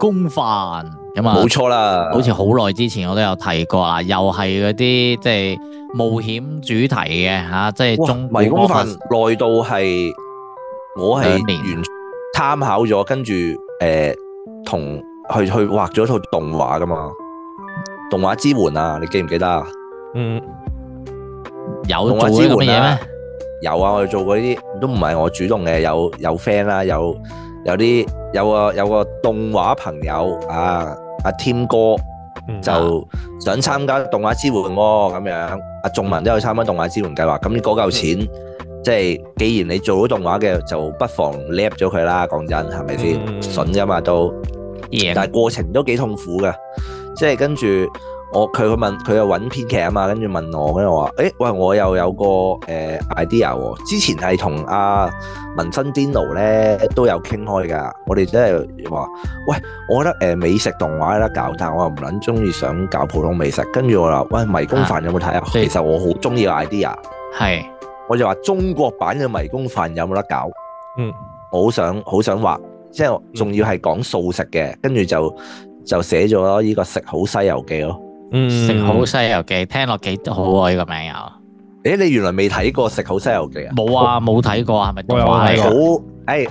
宮飯咁啊，冇錯啦，好似好耐之前我都有提過啊，又係嗰啲即係冒險主題嘅嚇、啊，即係迷宮飯來到係我係年完全參考咗，跟住誒同去去，去，去畫咗套動畫噶嘛，動畫之門啊，你記唔記得啊？嗯。有動畫支援、啊、做啲乜嘢咩？有啊，我哋做嗰啲都唔係我主動嘅，有有 friend 啦，有有啲有個有個動畫朋友啊，阿添、啊啊、哥就想參加動畫支援喎、啊，咁樣阿、啊、仲文都有參加動畫支援計劃，咁嗰嚿錢即係、嗯、既然你做咗動畫嘅，就不妨 lap 咗佢啦，講真係咪先？筍噶、嗯、嘛都，嗯、但係過程都幾痛苦噶，即、就、係、是、跟住。我佢佢問佢又揾編劇啊嘛，跟住問我，跟住我話、欸，喂，我又有個誒、呃、idea 喎。之前係同阿文森天奴咧都有傾開㗎。我哋都係話，喂，我覺得誒、呃、美食動畫有得搞，但係我又唔撚中意想搞普通美食。跟住我話，喂，迷宮飯有冇睇啊？其實我好中意 idea，係是我就話中國版嘅迷宮飯有冇得搞？嗯，我好想好想畫，即係仲要係講素食嘅，跟住就就寫咗呢、這個食好西遊記咯。嗯，食好西遊記聽落幾好啊呢、這個名又，誒、欸、你原來未睇過食好西遊記啊？冇啊，冇睇過啊，係咪動畫？好，誒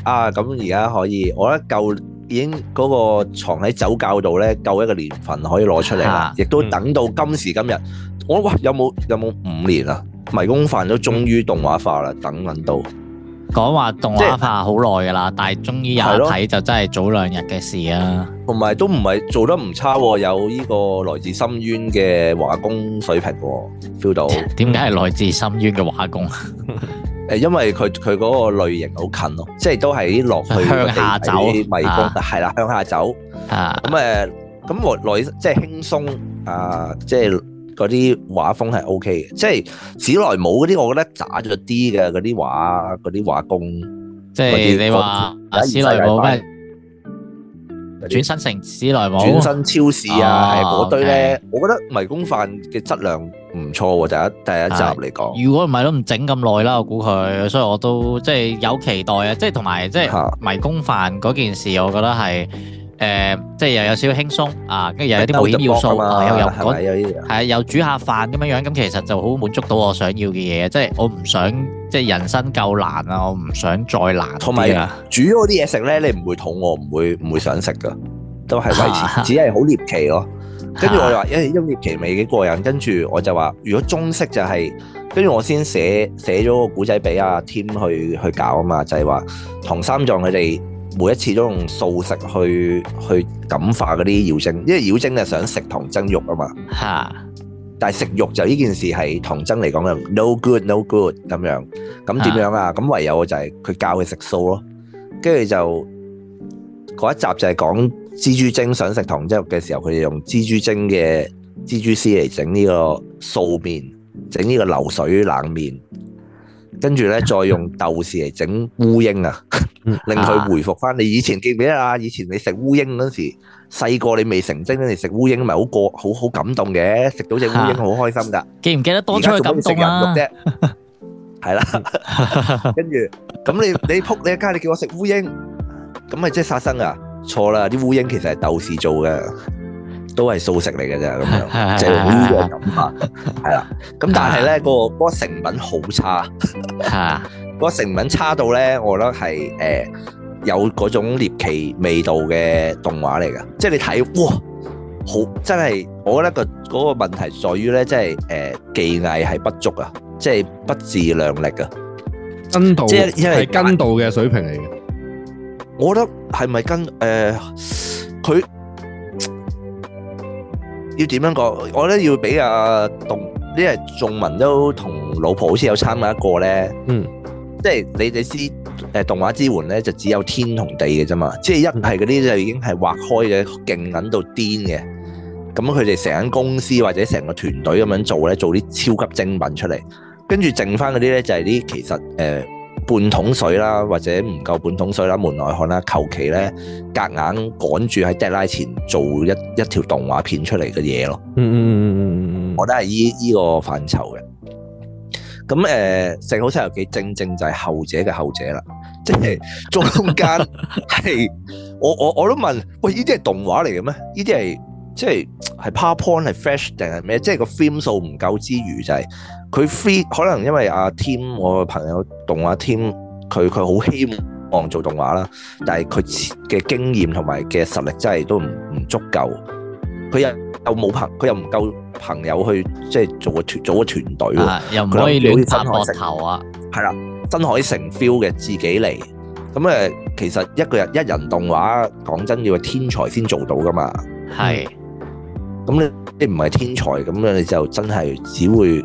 啊，咁而家可以，我咧舊已經嗰個藏喺酒窖度咧，夠一個年份可以攞出嚟啦，亦、啊、都等到今時今日，我哇，哇有冇有冇五年啊？迷宮飯都終於動畫化啦，等緊到。講話動畫拍好耐噶啦，但係終於有得睇就真係早兩日嘅事啊！同埋都唔係做得唔差，有呢個來自深淵嘅畫工水平嘅 feel 到。點解係來自深淵嘅畫工？誒，因為佢佢嗰個類型好近咯，即係都係啲落去向下走，係啦向下走。啊，咁誒，咁我即係輕鬆啊，即係。嗰啲畫風係 OK 嘅，即係史萊姆嗰啲，我覺得渣咗啲嘅嗰啲畫，嗰啲畫工，即係你話啊史萊姆咩轉生成史萊姆，轉生超市啊，嗰堆咧，我覺得迷宮飯嘅質量唔錯喎，第一第一集嚟講。如果唔係都唔整咁耐啦，我估佢，所以我都即係有期待啊！即係同埋即係迷宮飯嗰件事，我覺得係。誒，即係又有少少輕鬆啊，跟住又有啲冒險要素啊，又又講係啊，又煮下飯咁樣樣，咁其實就好滿足到我想要嘅嘢，即係我唔想即係人生夠難啦，我唔想再難。同埋煮嗰啲嘢食咧，你唔會肚餓，唔會唔會想食噶，都係為止，只係好獵奇咯。跟住我又話，因為因為獵奇味幾過癮，跟住我就話，如果中式就係，跟住我先寫寫咗個古仔俾阿 Tim 去去搞啊嘛，就係話同三藏佢哋。每一次都用素食去去感化嗰啲妖精，因為妖精就想食唐僧肉啊嘛。吓，但係食肉就呢件事係唐僧嚟講嘅，no good no good 咁樣，咁點樣啊？咁唯有就係佢教佢食素咯。跟住就嗰一集就係講蜘蛛精想食唐僧肉嘅時候，佢哋用蜘蛛精嘅蜘蛛絲嚟整呢個素麵，整呢個流水冷麵，跟住咧，再用豆豉嚟整烏蠅啊！ 令佢回復翻，你以前記唔記得啊？以前你食烏蠅嗰陣時，細個你未成精，你食烏蠅咪好過好好感動嘅，食到隻烏蠅好開心㗎。記唔記得當初感動啊？而家仲可以食人肉啫，係啦。跟住咁你你撲你家，你叫我食烏蠅，咁咪即係殺生啊？錯啦，啲烏蠅其實係豆豉做嘅，都係素食嚟嘅啫，咁樣就係烏蠅咁啊，係啦。咁但係咧，嗰個嗰個成品好差。係啊。個成品差到咧，我覺得係誒、呃、有嗰種獵奇味道嘅動畫嚟噶，即、就、係、是、你睇，哇，好真係，我覺得個嗰個問題在於咧、呃，即係誒技藝係不足啊，即係不自量力啊，根度跟道，係根度嘅水平嚟嘅。我覺得係咪根誒佢要點樣講？我覺得要俾阿、啊、動，因為仲文都同老婆好似有參與一個咧，嗯。即係你哋知，誒動畫支援咧就只有天同地嘅啫嘛。即係一唔係嗰啲就已經係畫開嘅勁撚到癲嘅。咁佢哋成間公司或者成個團隊咁樣做咧，做啲超級精品出嚟。跟住剩翻嗰啲咧就係啲其實誒、呃、半桶水啦，或者唔夠半桶水啦，門外漢啦，求其咧夾硬趕住喺 deadline 前做一一條動畫片出嚟嘅嘢咯。嗯嗯嗯嗯嗯嗯，我覺得係依依個範疇嘅。咁誒《食、呃、好西遊記》正正就係後者嘅後者啦，即係中間係我我我都問，喂呢啲係動畫嚟嘅咩？呢啲係即係係 PowerPoint 係 Flash 定係咩？即係個 frame 數唔夠之餘就係佢非可能因為阿、啊、Tim 我朋友動畫 Tim 佢佢好希望做動畫啦，但係佢嘅經驗同埋嘅實力真係都唔唔足夠，佢阿。又冇朋，佢又唔夠朋友去即係做個組個團隊咯，又唔可以亂拍膊頭啊！係啦，真海城 feel 嘅自己嚟，咁誒其實一個人一人動畫，講真要係天才先做到㗎嘛。係，咁你你唔係天才，咁樣你就真係只會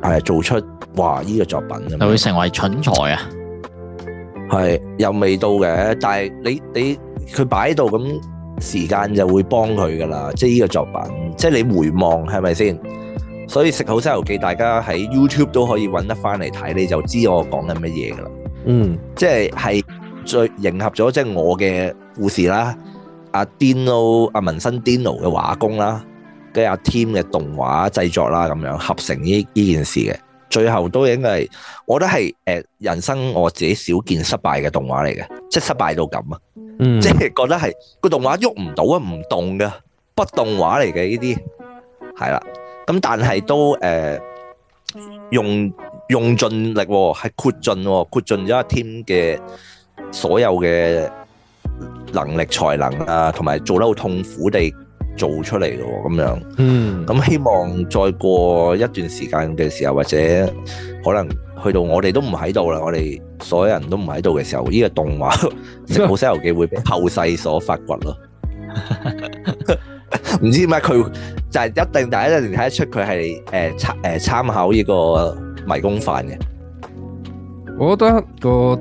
係做出哇呢個作品咁。就會成為蠢材啊！係又未到嘅，但係你你佢擺喺度咁。時間就會幫佢噶啦，即係呢個作品，即係你回望係咪先？所以食好《西遊記》，大家喺 YouTube 都可以揾得返嚟睇你就知我講緊乜嘢噶啦。嗯，即係係最迎合咗即係我嘅故事啦。阿、啊、Dino，阿、啊、文森 Dino 嘅畫工啦，跟、啊、阿 Tim 嘅動畫製作啦，咁樣合成呢呢件事嘅，最後都應該係，我覺得係誒人生我自己少見失敗嘅動畫嚟嘅，即係失敗到咁啊！嗯、即係覺得係個動畫喐唔到啊，唔動嘅不動畫嚟嘅呢啲係啦。咁但係都誒、呃、用用盡力、哦哦、力，係擴盡擴盡咗一 team 嘅所有嘅能力才能啊，同埋做得好痛苦地。做出嚟嘅喎，咁樣，咁希望再過一段時間嘅時候，或者可能去到我哋都唔喺度啦，我哋所有人都唔喺度嘅時候，呢個動畫《西遊記》會俾後世所發掘咯。唔知點解佢就係一定，第一陣睇得出佢係誒參誒參考呢個迷宮飯嘅。我覺得個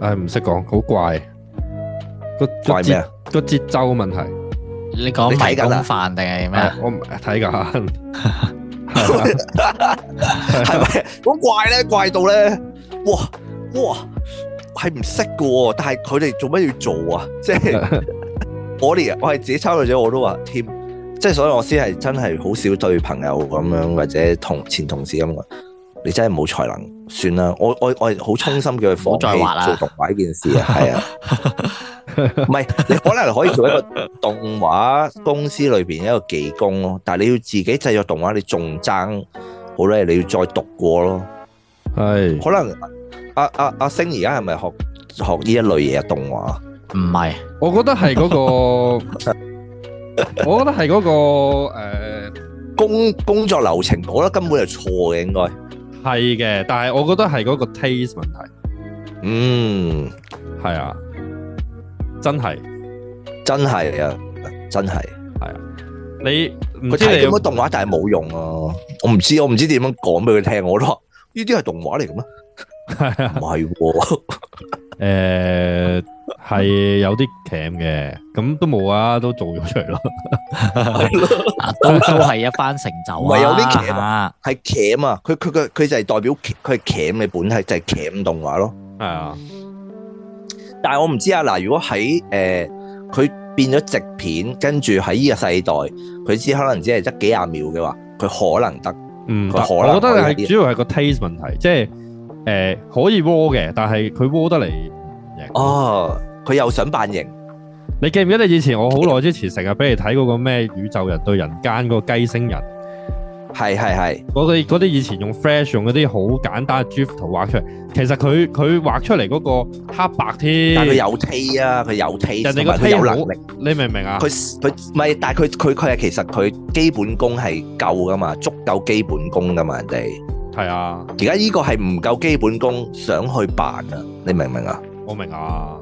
誒唔識講，好怪個節個節奏問題。你講米工飯定係咩？我唔睇㗎，係咪？好 怪咧，怪到咧，哇哇，係唔識嘅喎！但係佢哋做咩要做啊？即係我哋，我係自己抄嘅啫，我都話添。即係所以我先係真係好少對朋友咁樣，或者同前同事咁。你真係冇才能，算啦！我我我係好衷心叫佢放棄，唔好再畫啦，做動畫呢件事啊，係啊，唔係，你可能可以做一個動畫公司裏邊一個技工咯，但係你要自己製作動畫，你仲爭好遠，你要再讀過咯。係，可能阿阿阿星而家係咪學學呢一類嘢動畫？唔係，我覺得係嗰個，我覺得係嗰個誒工工作流程，我覺得根本係錯嘅，應該。係嘅，但係我覺得係嗰個 taste 問題。嗯，係啊，真係，真係啊，真係，係啊，你佢睇咗動畫，不但係冇用啊！我唔知，我唔知點樣講俾佢聽。我都話呢啲係動畫嚟嘅咩？唔係喎。 uh 係有啲鉗嘅，咁都冇啊，都做咗出嚟咯，都 係 一番成就啊！唔係 有啲鉗啊，係鉗啊，佢佢個佢就係代表佢係鉗嘅本體，就係、是、鉗動畫咯。係啊、嗯，但係我唔知啊，嗱，如果喺誒佢變咗直片，跟住喺呢個世代，佢只可能只係得幾廿秒嘅話，佢可能得。嗯，我覺得係主要係個 taste 問題，即係誒可以 w 嘅，但係佢 w 得嚟唔贏哦。啊。佢又想扮型，你記唔記得？以前我好耐之前成日俾你睇嗰個咩宇宙人對人間嗰個雞星人，係係係，嗰啲以前用 Flash 用嗰啲好簡單嘅 GIF 圖畫出嚟，其實佢佢畫出嚟嗰個黑白添，但佢有 taste 啊，佢有 taste，人哋個 taste 好，你明唔明啊？佢佢係，但係佢佢佢係其實佢基本功係夠噶嘛，足夠基本功噶嘛，人哋係啊。而家呢個係唔夠基本功，想去扮啊，你明唔明啊？我明啊。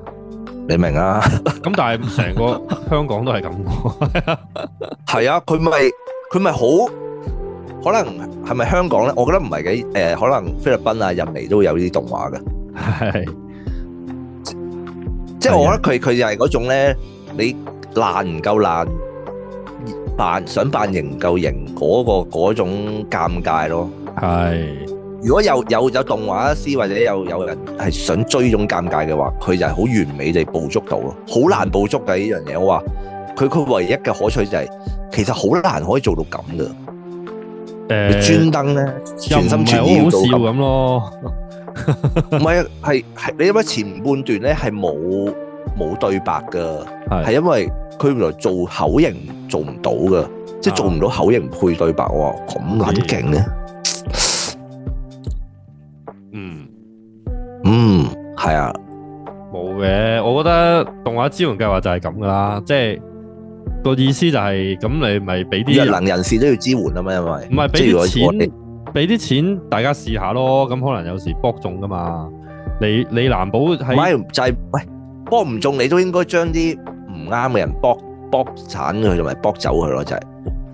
你明啊？咁但係成個香港都係咁喎。係啊，佢咪佢咪好可能係咪香港咧？我覺得唔係嘅，誒，可能菲律賓啊、印尼都有啲動畫㗎。係，即係我覺得，佢佢就係嗰種咧，你爛唔夠爛扮，想扮型唔夠型，嗰個嗰種尷尬咯。係。如果有有有動畫師或者有有人係想追呢種尷尬嘅話，佢就係好完美地捕捉到咯，好難捕捉嘅呢樣嘢。我話佢佢唯一嘅可取就係其實好難可以做到咁嘅，誒專登咧全心全意做到咁咯。唔係啊，係係你因為前半段咧係冇冇對白㗎，係因為佢原來做口型做唔到嘅，即係做唔到口型配對白喎，咁撚勁咧？嗯，係啊，冇嘅。我覺得動畫支援計劃就係咁噶啦，即係個意思就係咁，你咪俾啲有能力人士都要支援啊嘛，因為唔係俾啲錢，俾啲錢大家試下咯。咁可能有時博中噶嘛，你你難保係唔係就係喂，博唔中你都應該將啲唔啱嘅人博博鏟佢，同埋博走佢咯，就係。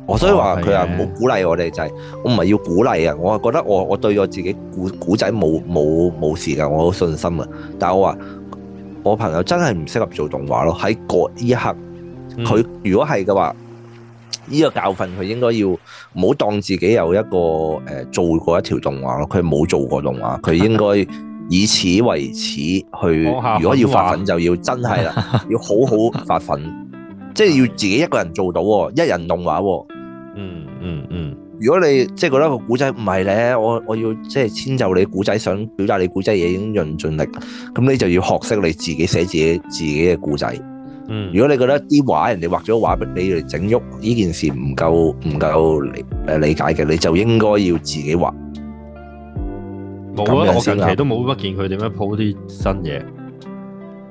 我所以話佢話冇鼓勵我哋就係，我唔係要鼓勵啊，我係覺得我我對我自己古古仔冇冇冇事㗎，我好信心啊。但係我話我朋友真係唔適合做動畫咯。喺嗰一刻，佢如果係嘅話，呢、嗯、個教訓佢應該要唔好當自己有一個誒、呃、做過一條動畫咯。佢冇做過動畫，佢應該以此為恥去。 如果要發奮就要真係啦，要好好發奮， 即係要自己一個人做到，一人動畫。嗯嗯，嗯如果你即係覺得個古仔唔係咧，我我要即係遷就你古仔，想表達你古仔嘢，已經用盡力，咁你就要學識你自己寫自己自己嘅古仔。嗯，如果你覺得啲畫人哋畫咗畫俾你嚟整喐，呢件事唔夠唔夠理誒理解嘅，你就應該要自己畫。冇有我，我近期都冇乜見佢點樣鋪啲新嘢。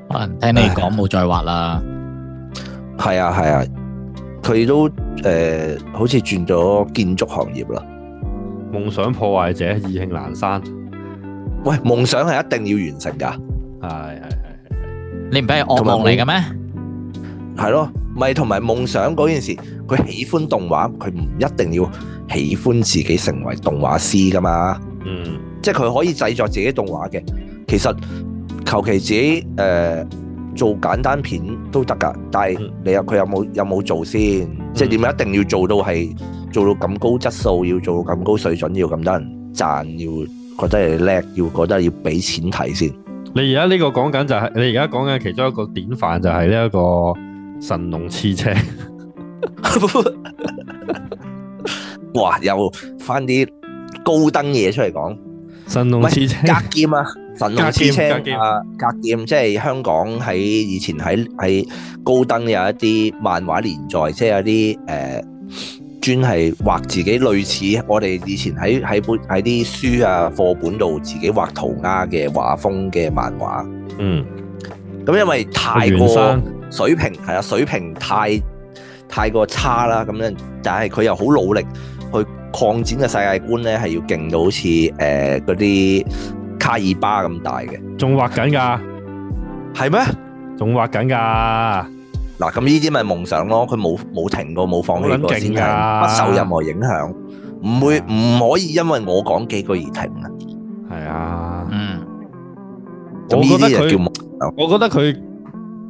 可能聽你講冇唉再畫啦。係啊係啊。佢都誒、呃，好似轉咗建築行業啦。夢想破壞者，意興闌珊。喂，夢想係一定要完成㗎。係係係係。你唔係惡夢嚟嘅咩？係囉，咪同埋夢想嗰件事，佢喜歡動畫，佢唔一定要喜歡自己成為動畫師㗎嘛。嗯。即係佢可以製作自己動畫嘅。其實求其自己誒。呃做簡單片都得㗎，但係你有佢有冇有冇做先？即係點樣一定要做到係做到咁高質素，要做咁高水準，要咁多人讚，要覺得你叻，要覺得要俾錢睇先。你而家呢個講緊就係你而家講緊其中一個典範，就係呢一個神龍刺青。哇！又翻啲高登嘅嘢出嚟講，神龍刺青加劍啊！神龍刺青啊！格店，即係香港喺以前喺喺高登有一啲漫畫連載，即、就、係、是、有啲誒、呃、專係畫自己類似我哋以前喺喺本喺啲書啊課本度自己畫塗鴉嘅畫風嘅漫畫。嗯，咁因為太過水平係啊生，水平太太過差啦。咁樣，但係佢又好努力去擴展嘅世界觀咧，係要勁到好似誒嗰啲。卡爾巴咁大嘅，仲畫緊噶，係咩？仲畫緊噶？嗱，咁呢啲咪夢想咯？佢冇冇停過，冇放棄過，先係唔受任何影響，唔會唔可以因為我講幾句而停啊？係啊，嗯，我覺得佢，我覺得佢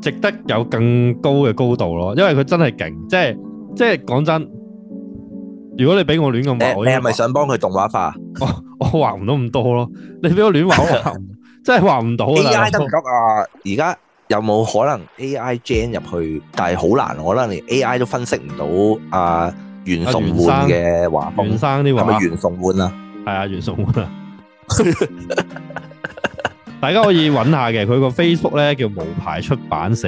值得有更高嘅高度咯，因為佢真係勁，即係即係講真，如果你俾我亂咁畫，你係咪想幫佢動畫化？我畫唔到咁多咯，你俾我亂畫啦， 真係畫唔到啊！A I 得唔得啊？而家 AI 有冇可能 A I Gen 入去，但係好難，可能連 A I 都分析唔到啊，袁崇煥嘅話風，袁生啲話係咪袁崇煥啊？係啊，袁崇煥啊！是是啊啊大家可以揾下嘅，佢個 Facebook 咧叫無牌出版社。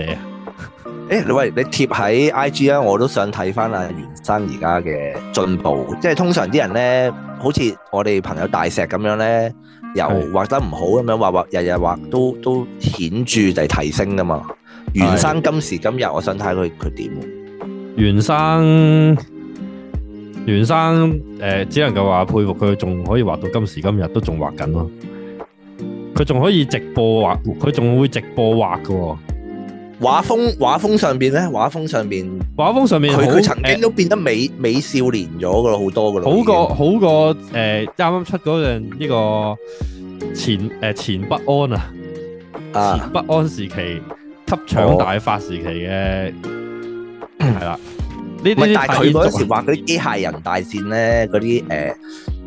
誒，你、欸，喂，你貼喺 IG 啊，我都想睇翻阿袁生而家嘅進步。即係通常啲人咧，好似我哋朋友大石咁樣咧，又畫得唔好咁樣畫畫，日日畫都都顯著地提升噶嘛。袁生今時今日，我想睇佢佢點。袁生，袁生，誒、呃，只能夠話佩服佢，仲可以畫到今時今日，都仲畫緊咯。佢仲可以直播畫，佢仲會直播畫噶。畫風畫風上邊咧，畫風上邊，畫風上邊佢佢曾經都變得美、呃、美少年咗噶咯，多好多噶咯，好過好過誒啱啱出嗰陣呢個前誒、呃、前不安啊，啊前不安時期吸搶大法時期嘅係啦，呢啲但係佢嗰時話嗰啲機械人大戰咧，嗰啲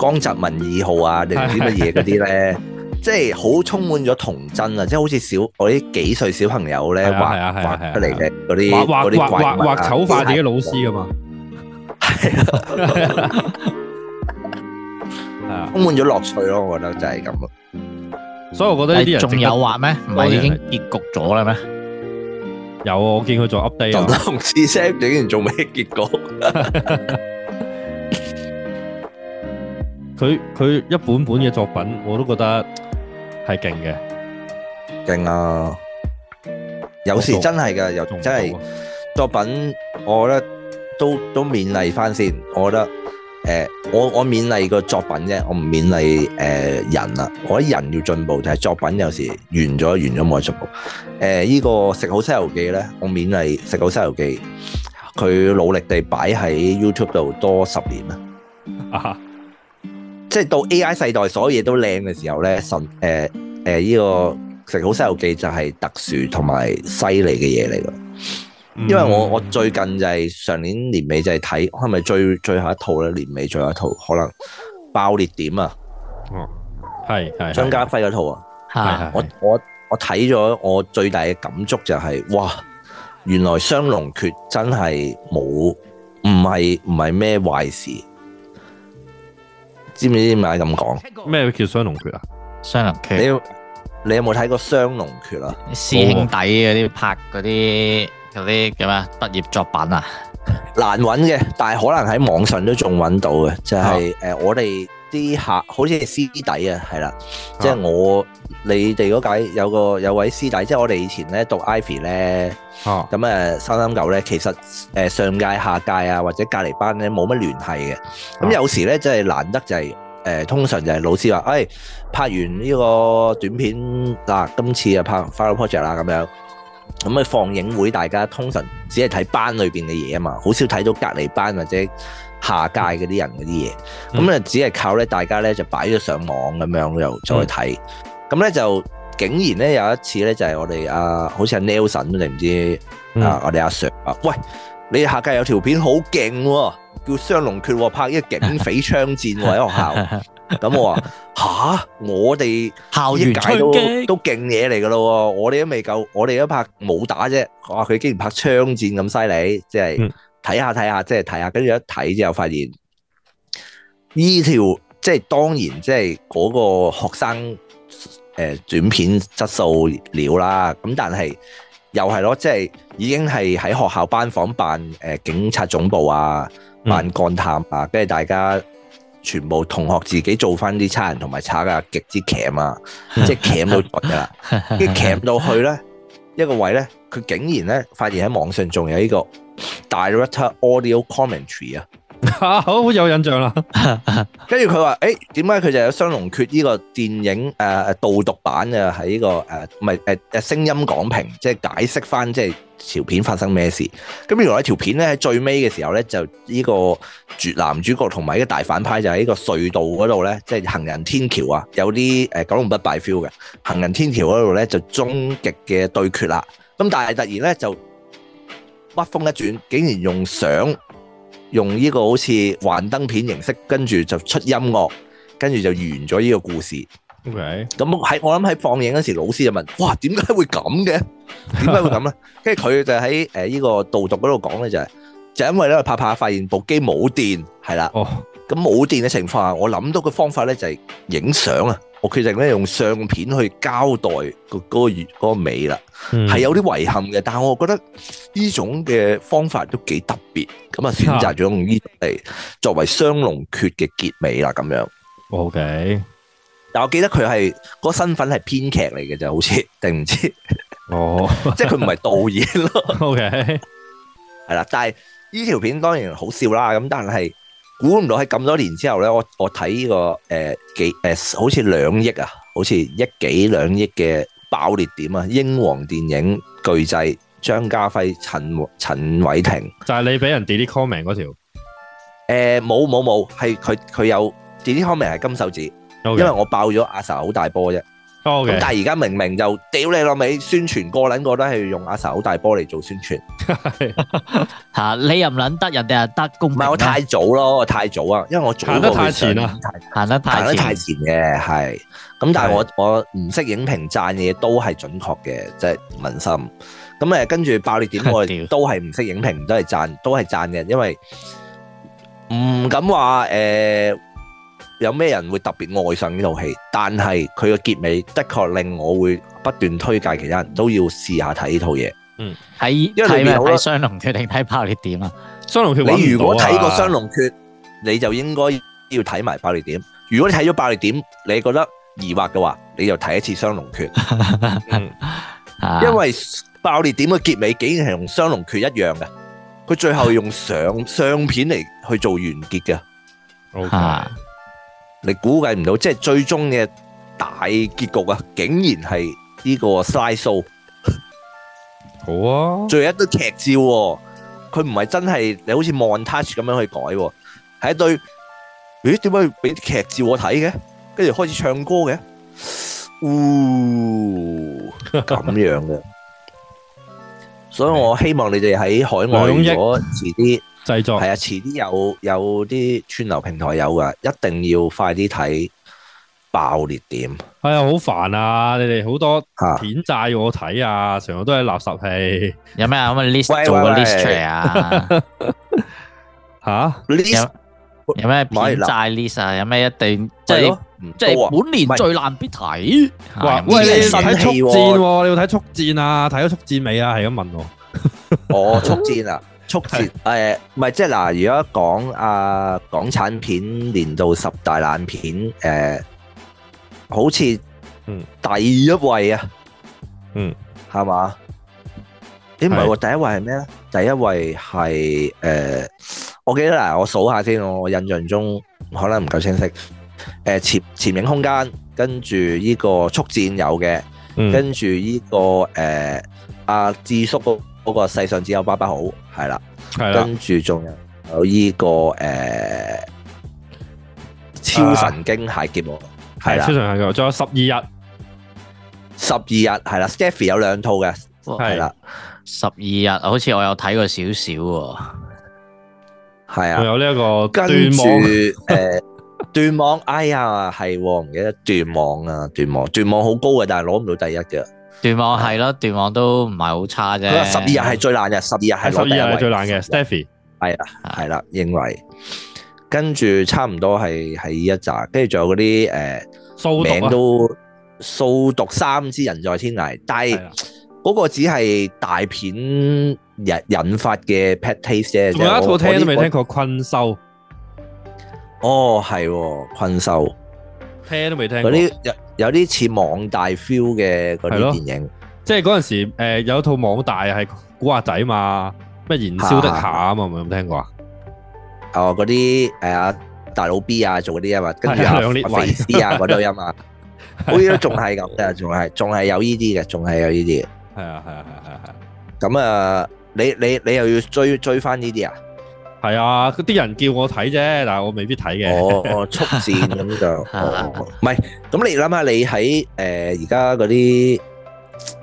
誒江澤民二號啊定唔知乜嘢嗰啲咧。 即係好充滿咗童真啊！即係好似小嗰啲幾歲小朋友咧畫畫出嚟嘅，嗰啲嗰啲怪物啊，畫醜化自己老師噶嘛，係啊，係啊，充滿咗樂趣咯，我覺得就係咁咯。所以我覺得呢啲人仲有畫咩？唔係已經結局咗啦咩？有啊，我見佢仲 update 啊，同 Sam 竟然仲未結局。佢佢一本本嘅作品，我都覺得。係勁嘅，勁啊！有時真係㗎，同，多真係作品我覺得，我咧都都勉勵翻先。我覺得，誒、呃，我我勉勵個作品啫，我唔勉勵誒、呃、人啦。我啲人要進步，就係作品有時完咗，完咗冇得進步。誒、呃，呢、這個食好西遊記咧，我勉勵食好西遊記，佢努力地擺喺 YouTube 度多十年啦。啊！ 即係到 AI 世代，所有嘢都靚嘅時候咧，神誒誒呢個食好《西遊記》就係特殊同埋犀利嘅嘢嚟噶。因為我我最近就係、是、上年年尾就係睇，係咪最最後一套咧？年尾最後一套可能爆裂點啊！哦，係係張家輝嗰套啊，係我我我睇咗，我最大嘅感觸就係、是、哇，原來雙龍缺真係冇唔係唔係咩壞事。知唔知點解咁講？咩叫雙龍決啊？雙龍你，你有冇睇過雙龍決啊？師兄弟嗰啲拍嗰啲啲叫咩？畢業作品啊？難揾嘅，但係可能喺網上都仲揾到嘅，就係、是、誒、啊呃、我哋。啲客好似師弟啊，係啦，即係我你哋嗰屆有個有位師弟，即係我哋以前咧讀 Ivy 咧、啊，咁誒三三九咧，其實誒上屆下屆啊，或者隔離班咧冇乜聯繫嘅，咁、啊、有時咧真係難得就係、是、誒，通常就係老師話，誒、哎、拍完呢個短片嗱、啊，今次啊拍 Final Project 啦，咁樣咁去放映會，大家通常只係睇班裏邊嘅嘢啊嘛，好少睇到隔離班或者。下屆嗰啲人嗰啲嘢，咁咧、嗯、只係靠咧大家咧就擺咗上網咁樣又再睇，咁咧、嗯、就竟然咧有一次咧就係我哋啊，好似係 Nelson 定唔知啊我哋阿 Sir 啊，啊 Sir 喂你下屆有條片好勁喎，叫雙龍決拍一個警匪槍戰喎喺 學校，咁 我話吓，我哋校園槍擊都勁嘢嚟噶咯，我哋都未夠，我哋都拍武打啫，哇佢竟然拍槍戰咁犀利，即係。 睇下睇下，即係睇下，跟住一睇之後就發現呢條即係當然即係嗰個學生誒、呃、短片質素料啦。咁但係又係咯，即係已經係喺學校班房扮誒警察總部啊，扮幹探啊，跟住、嗯、大家全部同學自己做翻啲差人同埋差噶極之鉛啊，即係鉛到噶啦，跟住鉛到去咧一個位咧。佢竟然咧，發現喺網上仲有呢個 director audio commentary 啊！ 好有印象啦。跟住佢話：誒點解佢就有《雙龍缺》呢個電影誒導、呃、讀版嘅喺呢個誒唔係誒誒聲音講評，即係解釋翻即係條片發生咩事。咁原來條片咧喺最尾嘅時候咧，就呢個主男主角同埋呢個大反派就喺呢個隧道嗰度咧，即係行人天橋啊，有啲誒、呃、九龍不敗 feel 嘅行人天橋嗰度咧，就終極嘅對決啦。咁但係突然咧就畫風一轉，竟然用相用呢個好似幻燈片形式，跟住就出音樂，跟住就完咗呢個故事。OK。咁喺我諗喺放映嗰時，老師就問：哇，點解會咁嘅？點解會咁咧？跟住佢就喺誒呢個導讀嗰度講咧，就係就因為咧，拍拍發現部機冇電，係啦。咁冇電嘅情況下，我諗到個方法咧就係影相啊！我決定咧用相片去交代個嗰個嗰個尾啦，係有啲遺憾嘅，但係我覺得呢種嘅方法都幾特別，咁啊選擇咗用呢嚟作為雙龍缺嘅結尾啦，咁樣。O K，但係我記得佢係個身份係編劇嚟嘅啫，好似定唔知？哦，即係佢唔係導演咯。O K，係啦，但係呢條片當然好笑啦，咁但係。估唔到喺咁多年之後咧，我我睇呢個誒幾誒好似兩億啊，好似一幾兩億嘅爆裂點啊！英皇電影巨製，張家輝、陳陳偉霆，就係你俾人 delete comment 嗰條。誒冇冇冇，係佢佢有 delete comment 係金手指，因為我爆咗阿 Sa 好大波啫。多嘅，咁但係而家明明就屌你老味，你宣傳過捻個都係用阿 Sa 好大波嚟做宣傳。吓，你又唔捻得，人哋又得公平。唔係我太早咯，我太早啊，因為我早一步上。行得太前啦，行得行得太前嘅係，咁但係我我唔識影評讚嘢都係準確嘅，即係民心。咁誒，跟住爆裂點我哋都係唔識影評，都係讚，都係讚嘅，因為唔敢話誒。有咩人會特別愛上呢套戲？但係佢嘅結尾，的確令我會不斷推介其他人都要試下睇呢套嘢。嗯，睇，因為你睇咩咧？雙龍決定睇爆裂點啊！雙龍決你如果睇過雙龍決，你就應該要睇埋爆裂點。如果你睇咗爆裂點，你覺得疑惑嘅話，你就睇一次雙龍決。嗯，因為爆裂點嘅結尾竟然係同雙龍決一樣嘅，佢最後用相相片嚟去做完結嘅。O K。你估計唔到，即係最終嘅大結局啊！竟然係呢個 slide show，好啊！最後一堆劇照喎，佢唔係真係你好似 montage 咁樣去改喎，係一堆。咦？點解俾啲劇照我睇嘅？跟住開始唱歌嘅，哦，咁樣嘅，所以我希望你哋喺海外如果遲啲。製作係啊，遲啲有有啲串流平台有噶，一定要快啲睇爆裂點。哎呀，好煩啊！你哋好多片債我睇啊，成日都係垃圾戲。有咩啊？咁嘅 list 做個 list 啊？吓，有有咩片債 list 啊？有咩一定即係即係本年最難必睇？喂，你睇速戰，你要睇速戰啊？睇咗速戰未啊？係咁問我，我速戰啊！速戰誒，唔係即係嗱，如果講啊港產片年度十大爛片誒，好似嗯第一位啊，嗯係嘛？咦唔係喎，第一位係咩咧？第一位係誒，我記得嗱，我數下先，我印象中可能唔夠清晰。誒潛潛影空間，跟住呢個速戰有嘅，跟住呢個誒阿智叔個。嗰個世上只有爸爸好，係啦，的跟住仲有呢、這、依個、呃、超神經械結網，係啦、啊，的超神經蟹仲的有十二日，十二日係啦。Stephy 有兩套嘅，係啦的，十二日，好似我有睇過少少喎，係啊的，仲有呢一個跟住着，誒、 呃、斷網，哎呀，係喎，唔記得斷網啊，斷網，斷網好高嘅，但係攞唔到第一嘅。斷網係咯，斷網都唔係好差啫。十二、嗯、日係最爛嘅，十二日係十二日最我最爛嘅。Stephy 係、呃、啊，係啦，認為跟住差唔多係喺一集，跟住仲有嗰啲誒，名都掃毒三之人在天涯，但係嗰的個只係大片引引發嘅 pet taste 啫。仲有一套聽都未聽過困獸？哦，係困獸。聽都未聽過，嗰啲有有啲似網大 feel 嘅嗰啲電影，即係嗰陣時誒有套網大係古惑仔嘛，咩燃燒的夏啊嘛，有冇聽過啊？哦，嗰啲誒大佬 B 啊，做嗰啲啊嘛，跟住又肥屍啊嗰啲啊嘛，好似都仲係咁嘅，仲係仲係有呢啲嘅，仲係有呢啲嘅。係啊係啊係啊係啊，咁啊你你你又要追追翻呢啲啊？係啊，嗰啲人叫我睇啫，但係我未必睇嘅、哦。哦，速戰咁就，唔係。咁你諗下，你喺誒而家嗰啲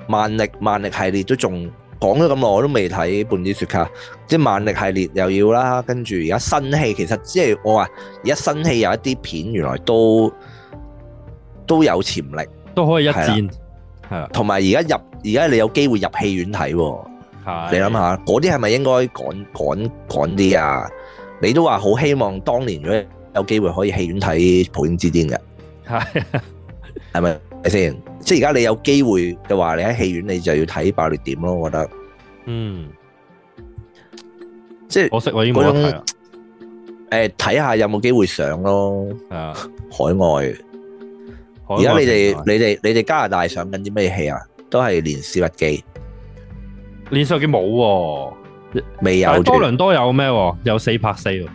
萬力萬力系列都仲講咗咁耐，我都未睇半支雪卡。即係萬力系列又要啦，跟住而家新戲其實即係我話，而家新戲有一啲片原來都都有潛力，都可以一戰。係啊，同埋而家入而家你有機會入戲院睇喎、啊。你諗下，嗰啲係咪應該趕趕趕啲啊？你都話好希望當年如果有機會可以戲院睇《普天之巔》嘅，係係咪係先？即係而家你有機會就話你喺戲院，你就要睇《爆裂點》咯。我覺得，嗯，即係我識我應該會睇誒，睇下有冇機會上咯。啊，海外。而家你哋你哋你哋加拿大上緊啲咩戲啊？都係《連史密基》。連上幾冇喎，未有。但多倫多有咩？有四拍四喎，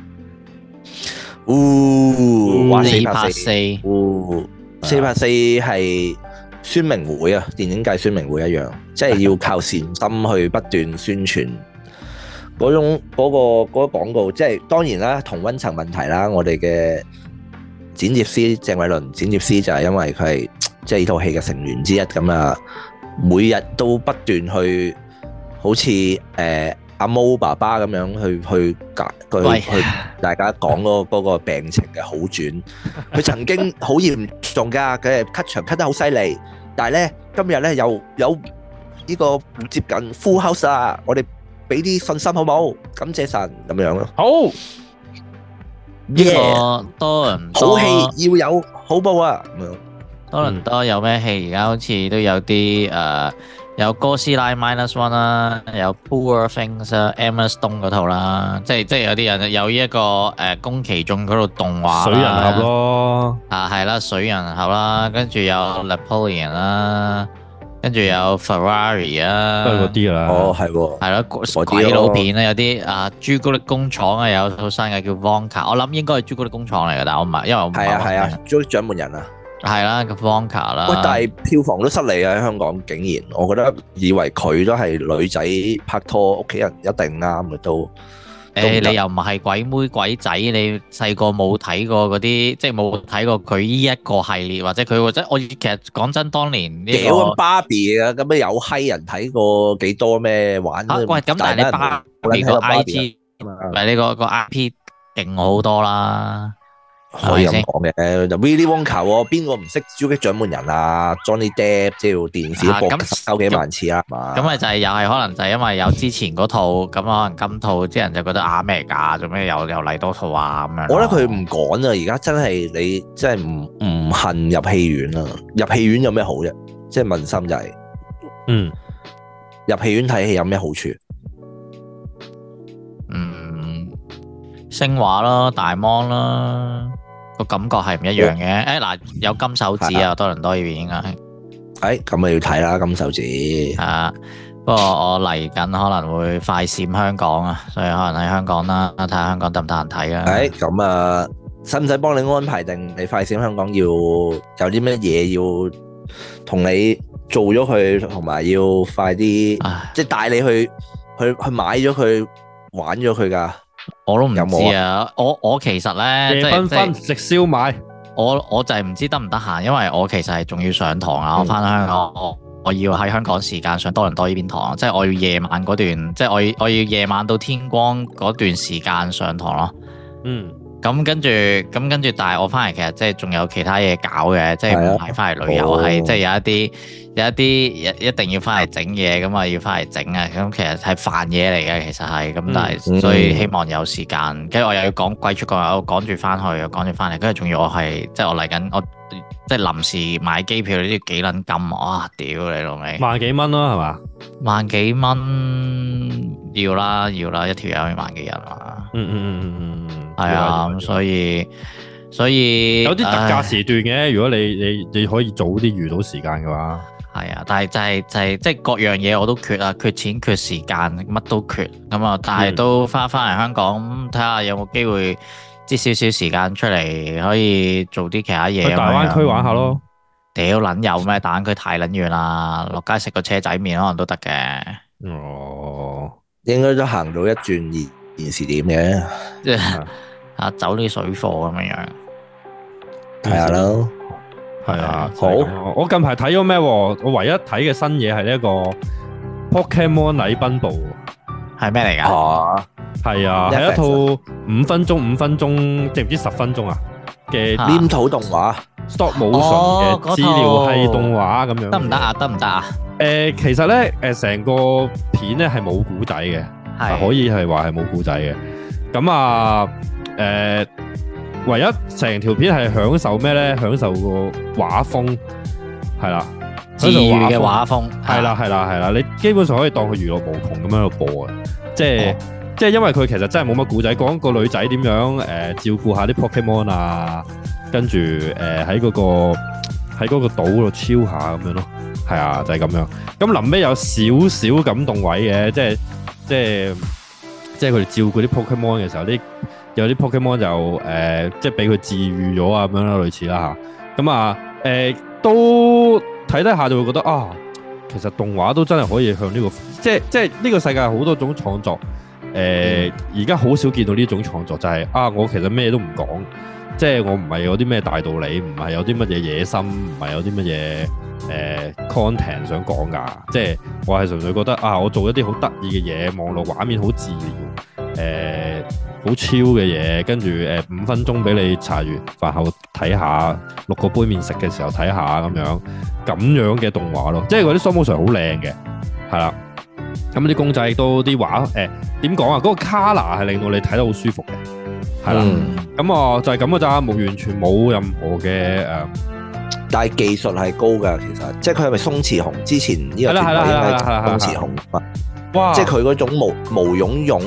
四拍四，四拍四係宣明會啊！電影界宣明會一樣，即係要靠善心去不斷宣傳嗰 種嗰、嗰個嗰個廣告。即係當然啦，同温層問題啦，我哋嘅剪接師鄭偉倫，剪接師就係因為佢係即係呢套戲嘅成員之一咁啊，每日都不斷去。好似誒阿毛爸爸咁樣去去解佢去大家講嗰個嗰個病情嘅好轉，佢曾經好嚴重㗎，佢係咳長咳得好犀利，但係咧今日咧又有呢個接近 full house 啦，我哋俾啲信心好冇？感謝神咁樣咯。好，多倫多好戲要有好報啊！咁樣多倫多有咩戲？而家好似都有啲誒。有哥斯拉 Minus One、這個呃、啦，有 Poor Things 啊，Emma Stone 嗰套啦，即係即係有啲人有呢一個誒宮崎駿嗰套動畫水人俠咯，啊係啦水人俠啦，跟住有 Napoleon 啦，跟住有 Ferrari 啊，嗰啲啊，哦係，係咯鬼佬片啦，有啲啊朱古力工廠啊有套新嘅叫 Wonka，我諗應該係朱古力工廠嚟噶，但係我唔係，因為我唔係啊係啊，追掌門人啊。係啦，個方卡啦。喂，但係票房都失利啊！喺香港竟然，我覺得以為佢都係女仔拍拖，屋企人一定啱嘅都。誒，你又唔係鬼妹鬼仔，你細個冇睇過嗰啲，即係冇睇過佢依一個系列，或者佢或者我其實講真，當年呢芭比啊，咁樣有閪人睇過幾多咩玩？咁但係你芭比個 IP 啊，嗱，你個個 IP 勁好多啦。可以咁講嘅，就 Really One 球喎，邊個唔識招級掌門人啊？Johnny Depp 即係電視播咁收幾萬次啦，咁咪就係又係可能就係因為有之前嗰套，咁可能今套啲人就覺得啱咩架，做咩又又嚟多套啊咁樣。我覺得佢唔講啊，而家真係你真係唔唔行入戲院啊？入戲院有咩好啫？即係問心仔，嗯，入戲院睇戲有咩好處？嗯，昇、嗯、華啦，大芒啦。個感覺係唔一樣嘅，誒嗱，有金手指啊，多倫多呢邊應該，誒，咁啊要睇啦，金手指，啊，不過我嚟緊可能會快閃香港啊，所以可能喺香港啦，睇下香港得唔得人睇啦，誒，咁啊，使唔使幫你安排定？你快閃香港要有啲咩嘢要同你做咗佢，同埋要快啲，即係帶你去去去買咗佢玩咗佢噶。我都唔知啊，有有我我其實呢，夜繽紛食燒賣，我我就係唔知得唔得閒，因為我其實係仲要上堂啊，我翻香港，我，我要喺香港時間上多倫多呢邊堂，即係我要夜晚嗰段，即係我我要夜晚到天光嗰段時間上堂咯，嗯。咁跟住，咁跟住，但係我翻嚟其實即係仲有其他嘢搞嘅，即係唔係翻嚟旅遊，係即係有一啲，哦、有一啲一一定要翻嚟整嘢咁啊，要翻嚟整啊，咁其實係煩嘢嚟嘅，其實係咁，但係、嗯、所以希望有時間。跟住我又要趕住出國，我趕住翻去，趕住翻嚟。跟住仲要、就是、我係即係我嚟緊我。即係臨時買機票，你都要幾撚金啊？屌你老味，萬幾蚊咯，係嘛？萬幾蚊要啦，要啦，一條友要萬幾人啊？嗯嗯嗯嗯嗯嗯，係、嗯、啊，咁、嗯嗯、所以所以有啲特價時段嘅，唉如果你你你可以早啲預到時間嘅話，係啊、嗯，嗯、但係就係、是、就係即係各樣嘢我都缺啊，缺錢缺時間，乜都缺，咁啊，但係都翻翻嚟香港睇下有冇機會。借少少時間出嚟可以做啲其他嘢。去大灣區玩下咯。屌撚、嗯、有咩？大灣區太撚遠啦，落街食個車仔麵可能都得嘅。哦，應該都行到一轉延延時點嘅。即係啊，走啲水貨咁樣。係啊，係啊。好，我近排睇咗咩？我唯一睇嘅新嘢係呢一個 Pokemon 禮賓部，係咩嚟噶？啊係啊，係一套五分鐘、五分鐘定唔知十分鐘啊嘅黏土動畫，stop motion 嘅治愈系動畫咁樣，得唔得啊？得唔得啊？誒，其實咧，誒，成個片咧係冇故仔嘅，可以係話係冇故仔嘅。咁啊，誒，唯一成條片係享受咩咧？享受個畫風係啦，治愈嘅畫風係啦，係啦，係啦。你基本上可以當佢娛樂無窮咁樣度播啊，即係。即係因為佢其實真係冇乜故仔，講個女仔點樣誒、呃、照顧下啲 Pokemon 啊，跟住誒喺嗰個喺嗰個島度超下咁樣咯，係啊就係、係、咁樣。咁臨尾有少少感動位嘅，即係即係即係佢哋照顧啲 Pokemon 嘅時候，啲有啲 Pokemon 就誒、呃、即係俾佢治愈咗啊咁樣類似啦吓。咁啊誒、呃、都睇得下就會覺得啊，其實動畫都真係可以向呢、呢個即係即係呢個世界好多種創作。誒而家好少見到呢種創作，就係啊，我其實咩都唔講，即係我唔係有啲咩大道理，唔係有啲乜嘢野心，唔係有啲乜嘢誒 content 想講噶，即係我係純粹覺得啊，我做一啲好得意嘅嘢，網絡畫面好自然，誒好 chill 嘅嘢，跟住誒五分鐘俾你查完，飯後睇下，六個杯麪食嘅時候睇下咁樣，咁樣嘅動畫咯，即係嗰啲 slow motion 好靚嘅，係啦。咁啲公仔都啲畫誒，點講啊？嗰、欸那個 colour 係令到你睇得好舒服嘅，係啦、嗯。咁啊，就係咁嘅咋，冇完全冇任何嘅誒，嗯、但係技術係高噶。其實即係佢係咪鬆弛熊？之前呢個定位應該係鬆弛熊、啊。哇！即係佢嗰種毛毛茸茸，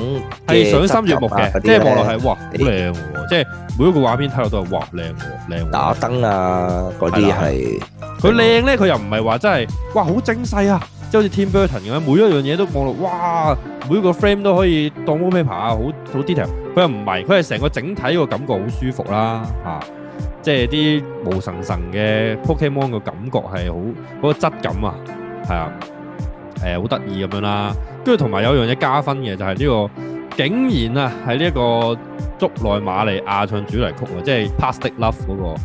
係賞心悅目嘅。即係望落係哇，好靚嘅。即係每一個畫片睇落都係哇，靚靚打燈啊，嗰啲係。佢靚咧，佢又唔係話真係哇，好精細啊！即係好似 Tim Burton 咁樣，每一樣嘢都望落，哇！每個 frame 都可以當 movie 拍啊，好好 detail。佢又唔係，佢係成個整體個感覺好舒服啦，嚇、啊！即係啲毛神神嘅 Pokemon 嘅感覺係好嗰個質感啊，係啊，誒好得意咁樣啦。跟住同埋有樣嘢加分嘅就係呢、這個，竟然啊喺呢一個竹內瑪利亞唱主題曲、就是那個、啊，即係 Plastic Love 嗰個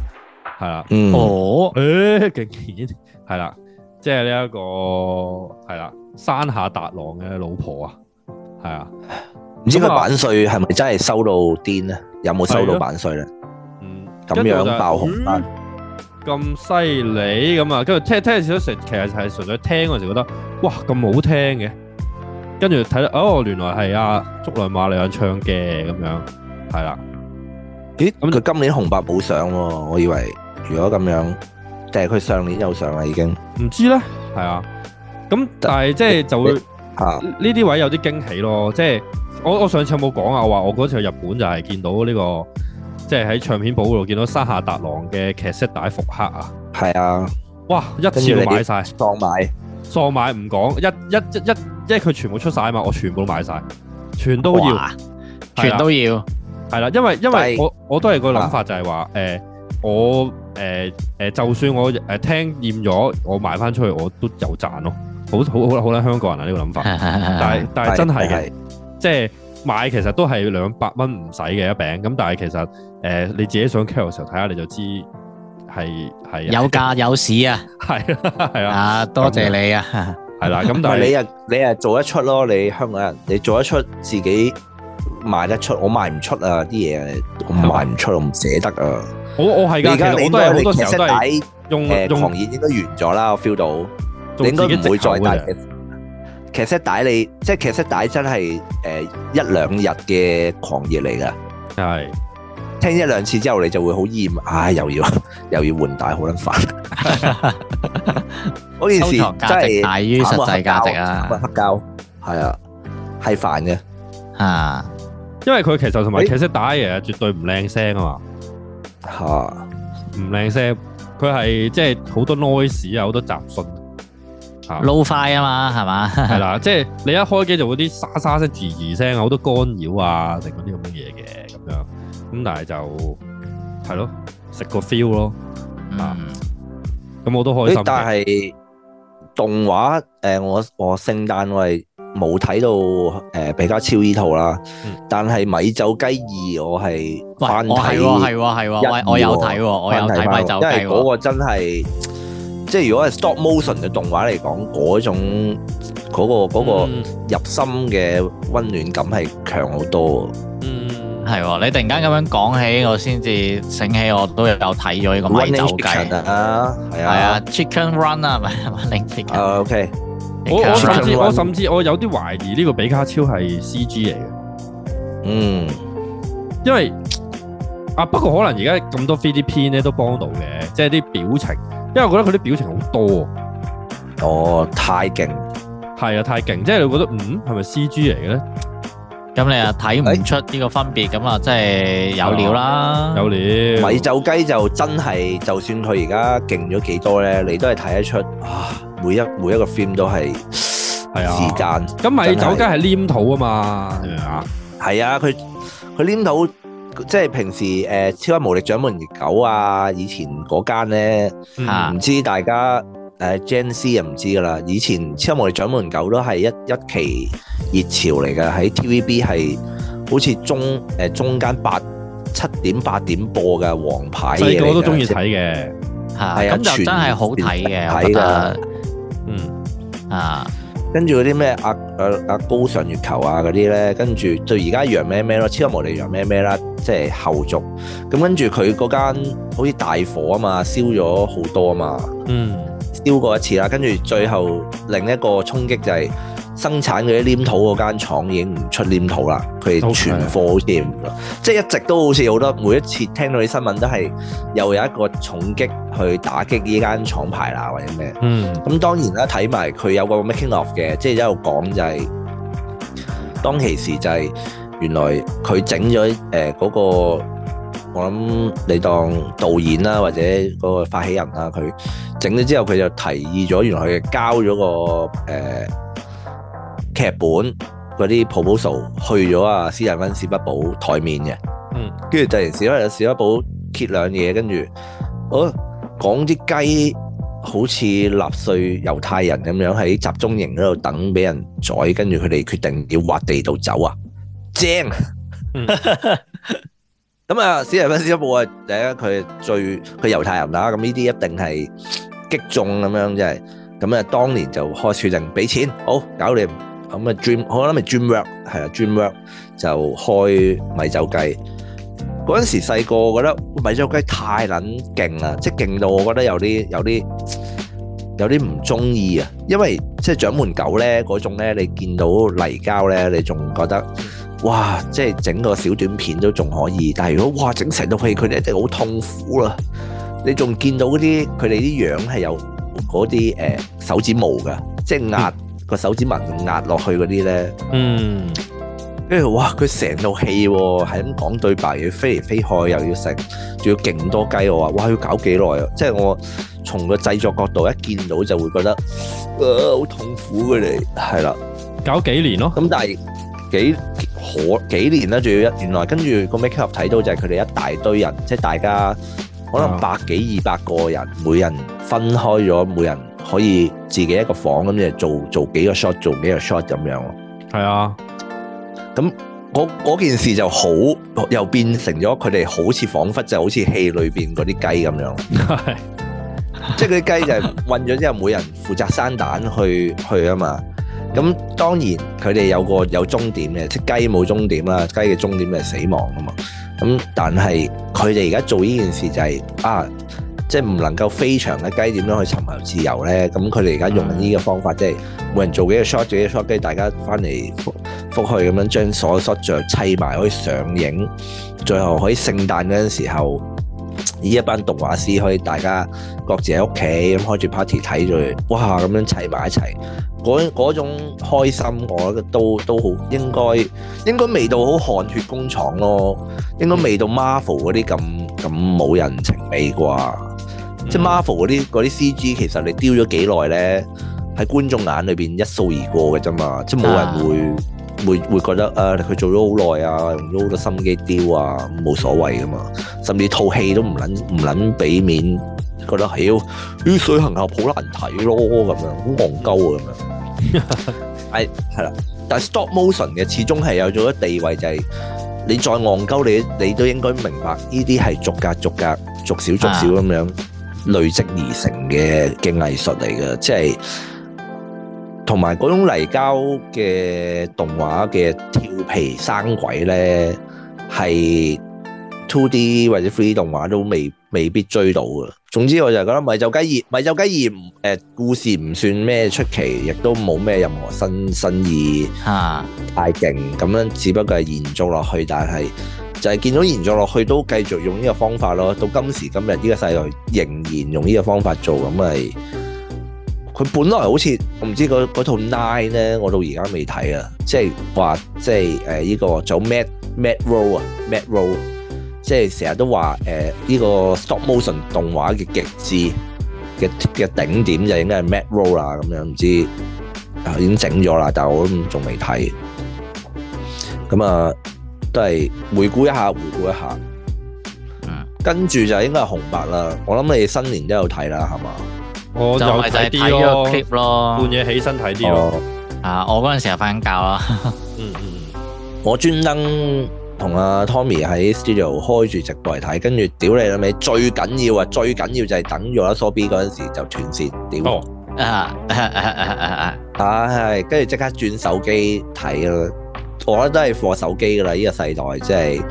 係啦。哦，誒、欸，竟然係啦。即係呢一個係啦，山下達郎嘅老婆啊，係啊，唔知佢版稅係咪真係收到癲咧？有冇收到版稅咧？嗯，咁樣爆紅啦，咁犀利咁啊！跟住聽聽少少時，其實係純粹聽嗰時覺得，哇咁好聽嘅，跟住睇到哦，原來係阿竹內瑪利亞唱嘅咁樣，係啦。咦？咁佢今年紅白冇上喎，我以為如果咁樣。定佢上年又上啦，已經唔知咧，係啊，咁但係即係就會呢啲 位有啲驚喜咯，即係我我上次有冇講啊，話我嗰次去日本就係見到呢、這個即係喺唱片鋪度見到山下達郎嘅劇色帶復刻啊，係啊，哇！一次買晒，喪買喪買唔講，一一一一，因為佢全部出晒啊嘛，我全部都買晒，全都要，哇啊、全都要，係啦、啊，因為因為第我我都係個諗法就係話誒。呃我誒誒，就算我誒聽厭咗，我賣翻出去我都有賺咯，好好好啦，香港人啊呢個諗法。但係但係真係嘅，即係買其實都係兩百蚊唔使嘅一餅，咁但係其實誒你自己想 call 嘅時候睇下你就知係係有價有市啊，係啊係啊，多謝你啊，係啦，咁但係你啊你啊做得出咯，你香港人，你做得出自己賣得出，我賣唔出啊啲嘢，我賣唔出，我唔捨得啊。我我係噶你都係好多時候都係用，誒，狂熱，應該完咗啦。我 feel 到，你應該唔會再帶。其實帶你即係其實帶真係誒一兩日嘅狂熱嚟噶係聽一兩次之後，你就會好厭。唉，又要又要換帶，好撚煩。嗰件事真係大於實際價值啊！黑膠，係啊，係煩嘅吓，因為佢其實同埋其實帶嘢絕對唔靚聲啊嘛。吓，唔靚聲，佢係即係好多 noise 多啊，好多雜訊啊，Lo-fi 啊嘛，係嘛？係 啦，即係你一開機就嗰啲沙沙聲、吱吱聲啊，好多干擾啊，定嗰啲咁嘅嘢嘅咁樣，咁但係就係咯，食個 feel 咯，嗯，咁我都開心。但係動畫誒、呃，我我聖誕我係。冇睇到誒比較超呢套啦，但係咪走雞二我係番睇，係喎係喎係喎，我有睇喎，我有睇咪走雞，因為嗰個真係即係如果係 stop motion 嘅動畫嚟講，嗰種嗰個嗰個入心嘅温暖感係強好多。嗯，係喎，你突然間咁樣講起，我先至醒起，我都有睇咗呢個咪走雞啊，係啊，Chicken Run 啊，係咪？Running Chicken？O K。我我甚至我甚至我有啲懷疑呢個比卡超係 C G 嚟嘅，嗯，因為啊，不過可能而家咁多3 D P 呢都幫到嘅，即係啲表情，因為我覺得佢啲表情好多，哦太勁，係啊太勁，即係你覺得嗯係咪 C G 嚟嘅咧？咁你又睇唔出呢個分別咁啊，即係、哎、有料啦，有料，咪走雞就真係就算佢而家勁咗幾多咧，你都係睇得出啊。每一每一個 film 都係係啊時間，咁咪嗰間係黏土啊嘛，啊？係啊，佢佢黏土即係、就是、平時誒、呃《超級無敵獎門狗》啊，以前嗰間咧，唔、啊、知大家誒 Gen Z 又唔知噶啦。以前超《超級無敵獎門狗》都係一一期熱潮嚟嘅，喺 TVB 係好似中誒、呃、中間八七點八點播嘅黃牌。細個我都中意睇嘅，係咁、啊啊、就真係好睇嘅。啊啊！跟住嗰啲咩阿阿阿高上月球啊嗰啲咧，跟住就而家羊咩咩咯，超模利羊咩咩啦，即係後續。咁跟住佢嗰間好似大火啊嘛，燒咗好多啊嘛，嗯，燒過一次啦。跟住最後另一個衝擊就係、是。生產嗰啲黏土嗰間廠已經唔出黏土啦，佢係全貨添咯，Okay. 即係一直都好似好多，每一次聽到啲新聞都係又有一個重擊去打擊呢間廠牌啦或者咩。咁、嗯、當然啦，睇埋佢有個 making of 嘅，即係一路講就係、是、當其時就係原來佢整咗誒嗰個，我諗你當導演啦或者嗰個發起人啦，佢整咗之後佢就提議咗，原來佢交咗個誒。呃劇本嗰啲 proposal 去咗啊！史提芬史匹堡台面嘅，嗯，跟住突然時，因為史提芬史匹堡揭兩嘢，跟住哦講啲雞好似納粹猶太人咁樣喺集中營嗰度等俾人宰，跟住佢哋決定要挖地道走啊，正，咁啊，史提芬史匹堡啊，第一佢最佢猶太人啦，咁呢啲一定係擊中咁樣，即係咁啊，當年就開始定俾錢，好，搞掂。咁啊，dream 我諗咪 dream work 係啊，dream work 就開咪走雞。嗰陣時細個覺得咪走雞太撚勁啊，即係勁到我覺得有啲有啲有啲唔中意啊。因為即係掌門狗咧嗰種咧，你見到泥膠咧，你仲覺得哇，即係整個小短片都仲可以。但係如果哇整成套戲，佢哋一定好痛苦啊。你仲見到嗰啲佢哋啲樣係有嗰啲誒手指毛㗎，即係壓。手指紋壓落去嗰啲咧，嗯，跟住哇，佢成套戲喎，係咁講對白，要飛嚟飛去，又要食，仲要勁多雞，我話，哇，要搞幾耐啊？即係我從個製作角度一見到就會覺得，啊、呃，好痛苦佢哋，係啦，搞幾年咯，咁、嗯、但係幾，幾可幾年啦，仲要一原來跟住個 makeup 睇到就係佢哋一大堆人，即係大家可能百幾二百個人，啊、每人分開咗，每人。可以自己一個房咁就做做幾個 shot，做幾個 shot 咁樣咯。係啊， 咁嗰件事就好，又變成咗佢哋好似彷彿就好似戲裏邊嗰啲雞咁樣。係， 即係嗰啲雞就係韞咗之後，每人負責生蛋去去啊嘛。咁當然佢哋有個有終點嘅，即雞冇終點啦，雞嘅終點就係死亡啊嘛。咁但係佢哋而家做呢件事就係、是、啊。即係唔能夠飛翔嘅雞點樣去尋求自由咧？咁佢哋而家用緊呢個方法，mm hmm. 即係每人做幾個 shot，做幾個 shot，跟大家翻嚟覆去咁樣將所有 shot 再砌埋，可以上映。最後喺聖誕嗰陣時候，呢一班動畫師可以大家各自喺屋企咁開住 party 睇住，哇咁樣砌埋一齊，嗰嗰種開心，我覺得都都好應該應該未到好汗血工廠咯，應該未到 Marvel 嗰啲咁咁冇人情味啩。即係 Marvel 嗰啲嗰啲 CG，其實你雕咗幾耐咧？喺觀眾眼裏邊一掃而過嘅啫嘛，即係冇人會會會覺得啊，佢做咗好耐啊，用咗好多心機雕啊，冇所謂噶嘛。甚至套戲都唔撚唔撚俾面，覺得屌呢水行後好難睇咯，咁樣好戇鳩啊咁樣。係係啦，但係 stop motion 嘅始終係有咗個地位，就係你再戇鳩，你你都應該明白呢啲係逐格逐格逐少逐少咁樣。累積而成嘅嘅藝術嚟嘅，即係同埋嗰種泥膠嘅動畫嘅調皮生鬼呢，係 two D 或者 three D 動畫都未未必追到嘅。總之我就係覺得，咪走雞2，咪走雞2，誒、呃、故事唔算咩出奇，亦都冇咩任何新新意嚇，太勁咁樣，只不過係延續落去，但係，就係見到延續落去都繼續用呢個方法咯，到今時今日呢個細路仍然用呢個方法做，咁係，佢本來好似我唔知嗰嗰套 nine 咧，我到而家未睇啊，即係話即係誒，呢個做 mad mad roll 啊 mad roll，即係成日都話誒，呢個 stop motion 動畫嘅極致嘅嘅頂點就應該係 mad roll 啦咁樣，唔知已經整咗啦，但係我都仲未睇，咁啊。都係回顧一下，回顧一下。嗯，跟住就應該係紅白啦。我諗你新年都有睇啦，係嘛？我就有睇啲個 keep 咯，哦、半夜起身睇啲咯。哦、啊，我嗰陣時候瞓緊覺啊、嗯。嗯嗯， 我專登同阿 Tommy 喺 studio 開住直播嚟睇，跟住屌你老味，最緊要啊，最緊要就係等咗縮 B 嗰陣時就斷線，屌、哦、 啊係，跟住即刻轉手機睇啦。我覺得都係 for 手機㗎啦，呢、這個世代即係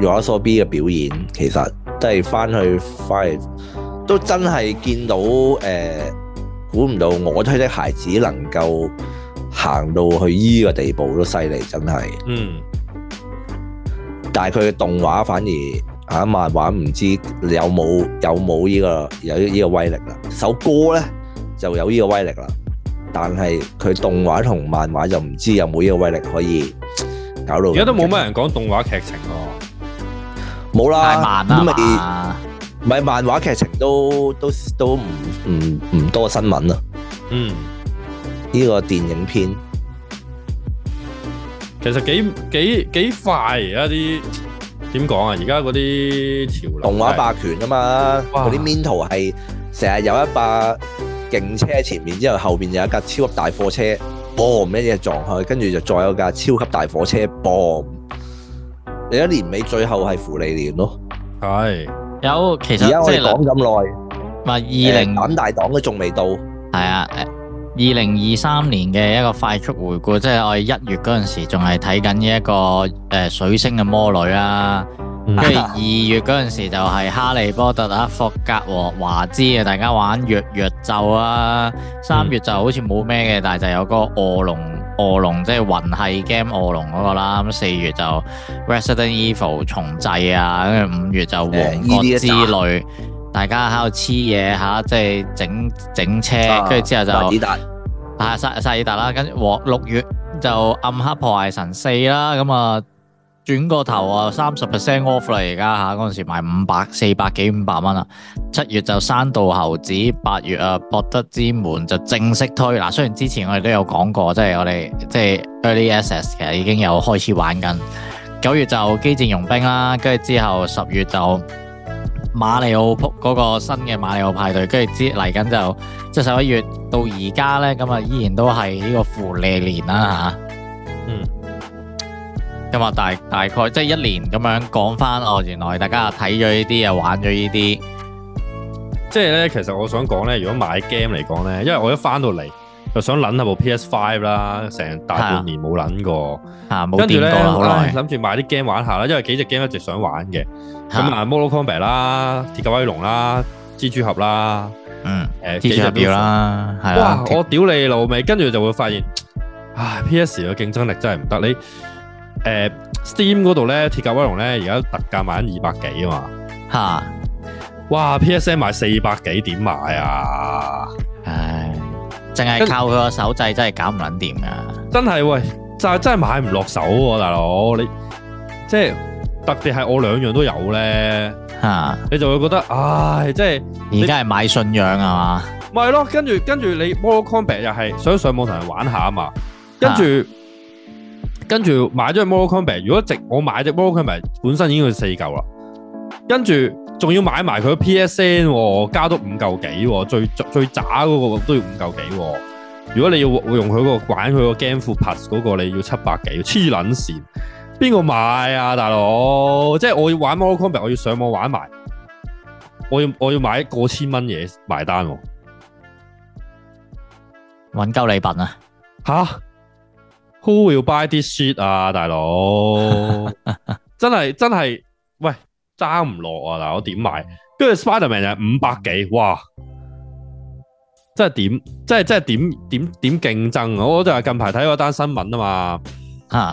RAB 嘅表演，其實都係翻去翻去，都真係見到誒，估、呃、唔到我哋啲孩子能夠行到去依個地步都犀利，真係。嗯。但係佢嘅動畫反而嚇漫畫，唔知有冇有冇呢、這個有依個威力啦？首歌咧就有呢個威力啦。但係佢動畫同漫畫就唔知有冇呢個威力可以搞到。而家都冇乜人講動畫劇情哦，冇啦，太慢啊嘛，唔係漫畫劇情都都都唔唔唔多新聞啊。嗯，呢個電影片其實幾幾幾快啊！而家啲點講啊？而家嗰啲潮流動畫霸權啊嘛，嗰啲 meme 圖係成日有一百。勁車前面之後，後邊有一架超級大貨車，boom 咩嘢撞去，跟住就再有架超級大貨車，boom。你一年尾最後係芙莉蓮年咯，係有其實而家我哋講咁耐，唔係二零膽大黨都仲未到，係啊，二零二三年嘅一個快速回顧，即係我哋一月嗰陣時仲係睇緊呢一個誒水星嘅魔女啊。跟住二月嗰陣時就係《哈利波特》啊， 《霍格和華茲》啊，大家玩、啊《若弱咒》啊。三月就好似冇咩嘅，但係就有個《臥龍》，《臥龍》即係魂系 game《臥龍》嗰個啦。咁四月就《Resident Evil》重製啊，跟住五月就《王國之淚》，大家喺度黐嘢吓，即係整整車，跟住、啊、之後就薩薩爾達啦。跟住六月就《暗黑破壞神四》啦，咁啊。轉個頭啊，三十 percent off 啦，而家吓，嗰陣時賣五百四百幾五百蚊啦。七月就山道猴子，八月啊博德之門就正式推嗱。雖然之前我哋都有講過，即係我哋即係 early access 其實已經有開始玩緊。九月就機戰傭兵啦，跟住之後十月就馬里奧撲嗰個新嘅馬里奧派對，跟住之嚟緊就即係十一月到而家呢，咁啊依然都係呢個芙莉蓮啦吓。啊、嗯。咁啊，大大概即係一年咁樣講翻哦，原來大家睇咗呢啲啊，玩咗呢啲，即係咧，其實我想講咧，如果買 game 嚟講咧，因為我一翻到嚟就想撚下部 PS Five 啦，成大半年冇撚過，吓冇掂過啦，好耐，諗住買啲 game 玩下啦，因為幾隻 game 一直想玩嘅，咁啊，《Mortal Kombat》啦，《鐵甲威龍》啦，《蜘蛛俠》啦，嗯，誒，《蜘蛛俠》表啦，哇，我屌你老味，跟住就會發現，唉，PS 嘅競爭力真係唔得你。誒，Steam 嗰度咧，鐵甲威龍咧，而家特價賣緊二百幾啊嘛，吓，哇，PSN 賣四百幾，點買啊？唉，淨係靠佢個手掣真係搞唔捻掂噶，真係喂，就真係買唔落手，大佬你即係特別係我兩樣都有咧，吓，你就會覺得，唉，即係而家係買信仰啊嘛，咪咯，跟住跟住你《Mortal Kombat》又係想上網同人玩下啊嘛，跟住。跟住買咗個 Mortal Kombat，如果直我買隻 Mortal Kombat 本身已經係四舊啦，跟住仲要買埋佢 PSN，、哦、加多五舊幾、哦，最最渣嗰個都要五舊幾、哦。如果你要用佢、那個玩佢個 Game Pass 嗰、那個，你要七百幾，黐捻線，邊個買啊，大佬？即係我要玩 Mortal Kombat，我要上網玩埋，我要我要買過千蚊嘢埋單、哦，揾夠禮品啊，吓？Who will buy 啲 shit 啊，大佬？ 真係真係，喂，爭唔落啊！嗱，我點買？跟住 Spiderman 就五百幾，哇！真係點，真係真係點點點競爭啊！我就係近排睇嗰單新聞啊嘛，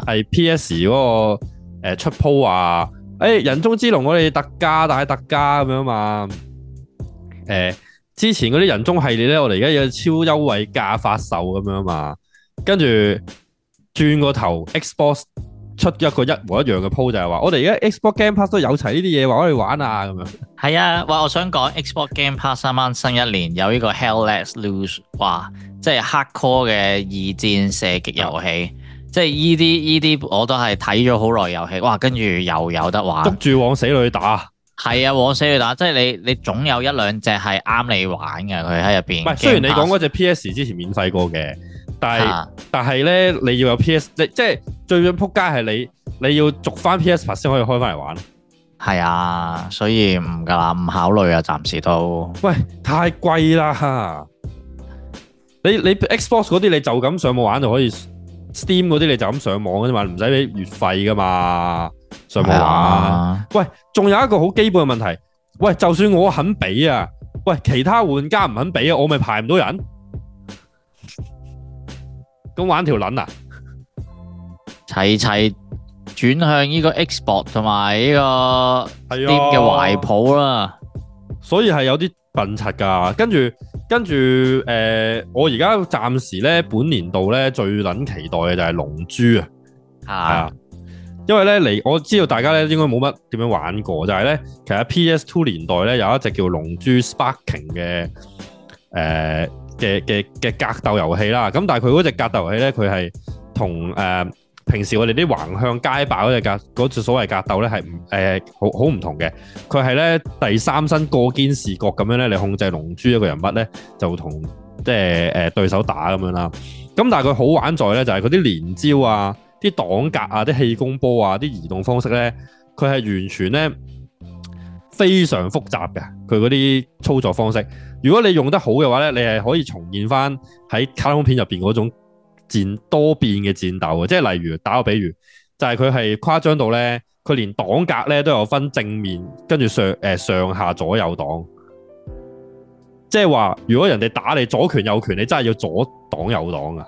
係 PS 嗰、那個誒、呃、出鋪啊，誒、哎、人中之龍我哋特價，但係特價咁樣嘛。誒、呃，之前嗰啲人中系列咧，我哋而家有超優惠價發售咁樣嘛，跟住。轉個頭，Xbox 出一個一模一樣嘅鋪就係話，我哋而家 Xbox Game Pass 都有齊呢啲嘢，話可以玩啊咁樣。係啊，哇！我想講 Xbox Game Pass 啱啱新一年有呢個 Hell Let Loose，哇！即係 hardcore 嘅二戰射擊遊戲，嗯、即係呢啲呢啲我都係睇咗好耐遊戲，哇！跟住又有得玩。捉住往死裏打。係啊，往死裏打，即係你你總有一兩隻係啱你玩嘅，佢喺入邊。唔係 Game Pass，雖然你講嗰隻 PS 之前免費過嘅。但係，但係咧，你要有 PS 你、啊、即係最緊扑街係你，你要續翻 PS 先可以開翻嚟玩。係啊，所以唔噶啦，唔考慮啊，暫時都。喂，太貴啦！你你 Xbox 嗰啲你就咁上網玩就可以，Steam 嗰啲你就咁上網嘅啫嘛，唔使俾月費噶嘛，上網玩。啊、喂，仲有一個好基本嘅問題，喂，就算我肯俾啊，喂，其他玩家唔肯俾啊，我咪排唔到人。咁玩條撚啊！齊齊轉向呢個 Xbox 同埋、這、呢個 Steam 嘅、哎、呦懷抱啦，所以係有啲笨柒噶。跟住跟住，誒、呃，我而家暫時咧，本年度咧最撚期待嘅就係龍珠啊！嚇、啊，因為咧嚟我知道大家咧應該冇乜點樣玩過，就係、是、咧其實 PS Two 年代咧有一隻叫龍珠 Sparking 嘅誒。呃嘅嘅嘅格鬥遊戲啦，咁但係佢嗰隻格鬥遊戲咧，佢係同誒平時我哋啲橫向街霸嗰隻格隻、那個、所謂格鬥咧係誒好好唔同嘅，佢係咧第三身過肩視角咁樣咧，嚟控制龍珠一個人物咧就同即係誒對手打咁樣啦，咁但係佢好玩在咧就係佢啲連招啊、啲擋格啊、啲氣功波啊、啲移動方式咧，佢係完全咧。非常複雜嘅佢嗰啲操作方式，如果你用得好嘅話咧，你係可以重現翻喺卡通片入邊嗰種戰多變嘅戰鬥嘅，即係例如打個比喻，就係佢係誇張到咧，佢連擋格咧都有分正面跟住上誒、呃、上下左右擋，即係話如果人哋打你左拳右拳，你真係要左擋右擋啊，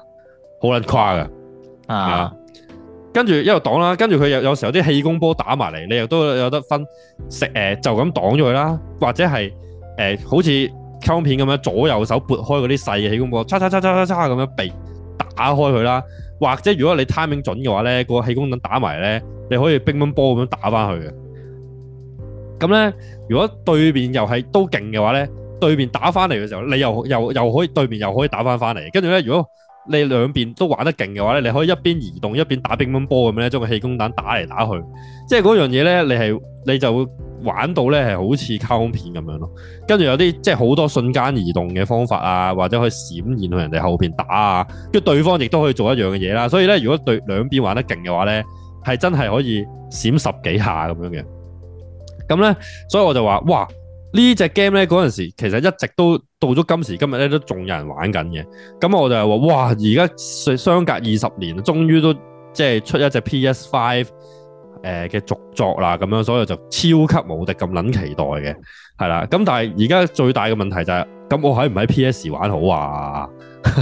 好撚誇噶啊！跟住一路擋啦，跟住佢有有時候有啲氣功波打埋嚟，你又都有得分食誒，就咁擋咗佢啦。或者係誒，好似卡通片咁樣，左右手撥開嗰啲細嘅氣功波，叉叉叉叉叉叉咁樣被打開佢啦。或者如果你 timing 準嘅話咧，個氣功等打埋咧，你可以乒乓波咁樣打翻佢嘅。咁咧，如果對面又係都勁嘅話咧，對面打翻嚟嘅時候，你又又又可以對面又可以打翻翻嚟。跟住咧，如果你兩邊都玩得勁嘅話咧，你可以一邊移動一邊打乒乓波咁樣咧，將個氣功彈打嚟打去，即係嗰樣嘢咧，你係你就會玩到咧係好似卡通片咁樣咯。跟住有啲即係好多瞬間移動嘅方法啊，或者可以閃現去人哋後邊打啊，跟住對方亦都可以做一樣嘅嘢啦。所以咧，如果對兩邊玩得勁嘅話咧，係真係可以閃十幾下咁樣嘅。咁咧，所以我就話哇！嘩呢隻 game 咧嗰陣時，其實一直都到咗今時今日咧，都仲有人玩緊嘅。咁我就係話，哇！而家相隔二十年，終於都即係出一隻 PS5 誒嘅續作啦，咁樣，所以就超級無敵咁捻期待嘅，係啦。咁但係而家最大嘅問題就係，咁我喺唔喺 PS 玩好啊？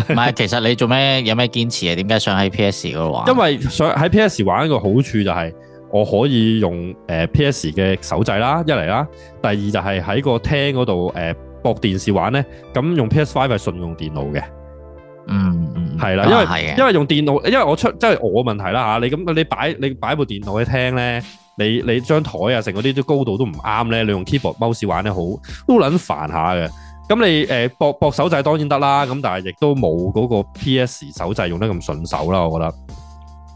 唔係，其實你做咩有咩堅持啊？點解想喺 PS 度玩？因為想喺 PS 玩一個好處就係。我可以用誒 PS 嘅手掣啦，一嚟啦，第二就係喺個廳嗰度誒駁電視玩咧，咁用 PS Five 係順用電腦嘅，嗯，係啦，因為、啊、因為用電腦，因為我出即係我嘅問題啦嚇、啊，你咁你擺你擺部電腦去廳咧，你你張台啊成嗰啲都高度都唔啱咧，你用 keyboard mouse 玩咧好都撚煩下嘅，咁你誒駁駁手掣當然得啦，咁但係亦都冇嗰個 PS 手掣用得咁順手啦，我覺得。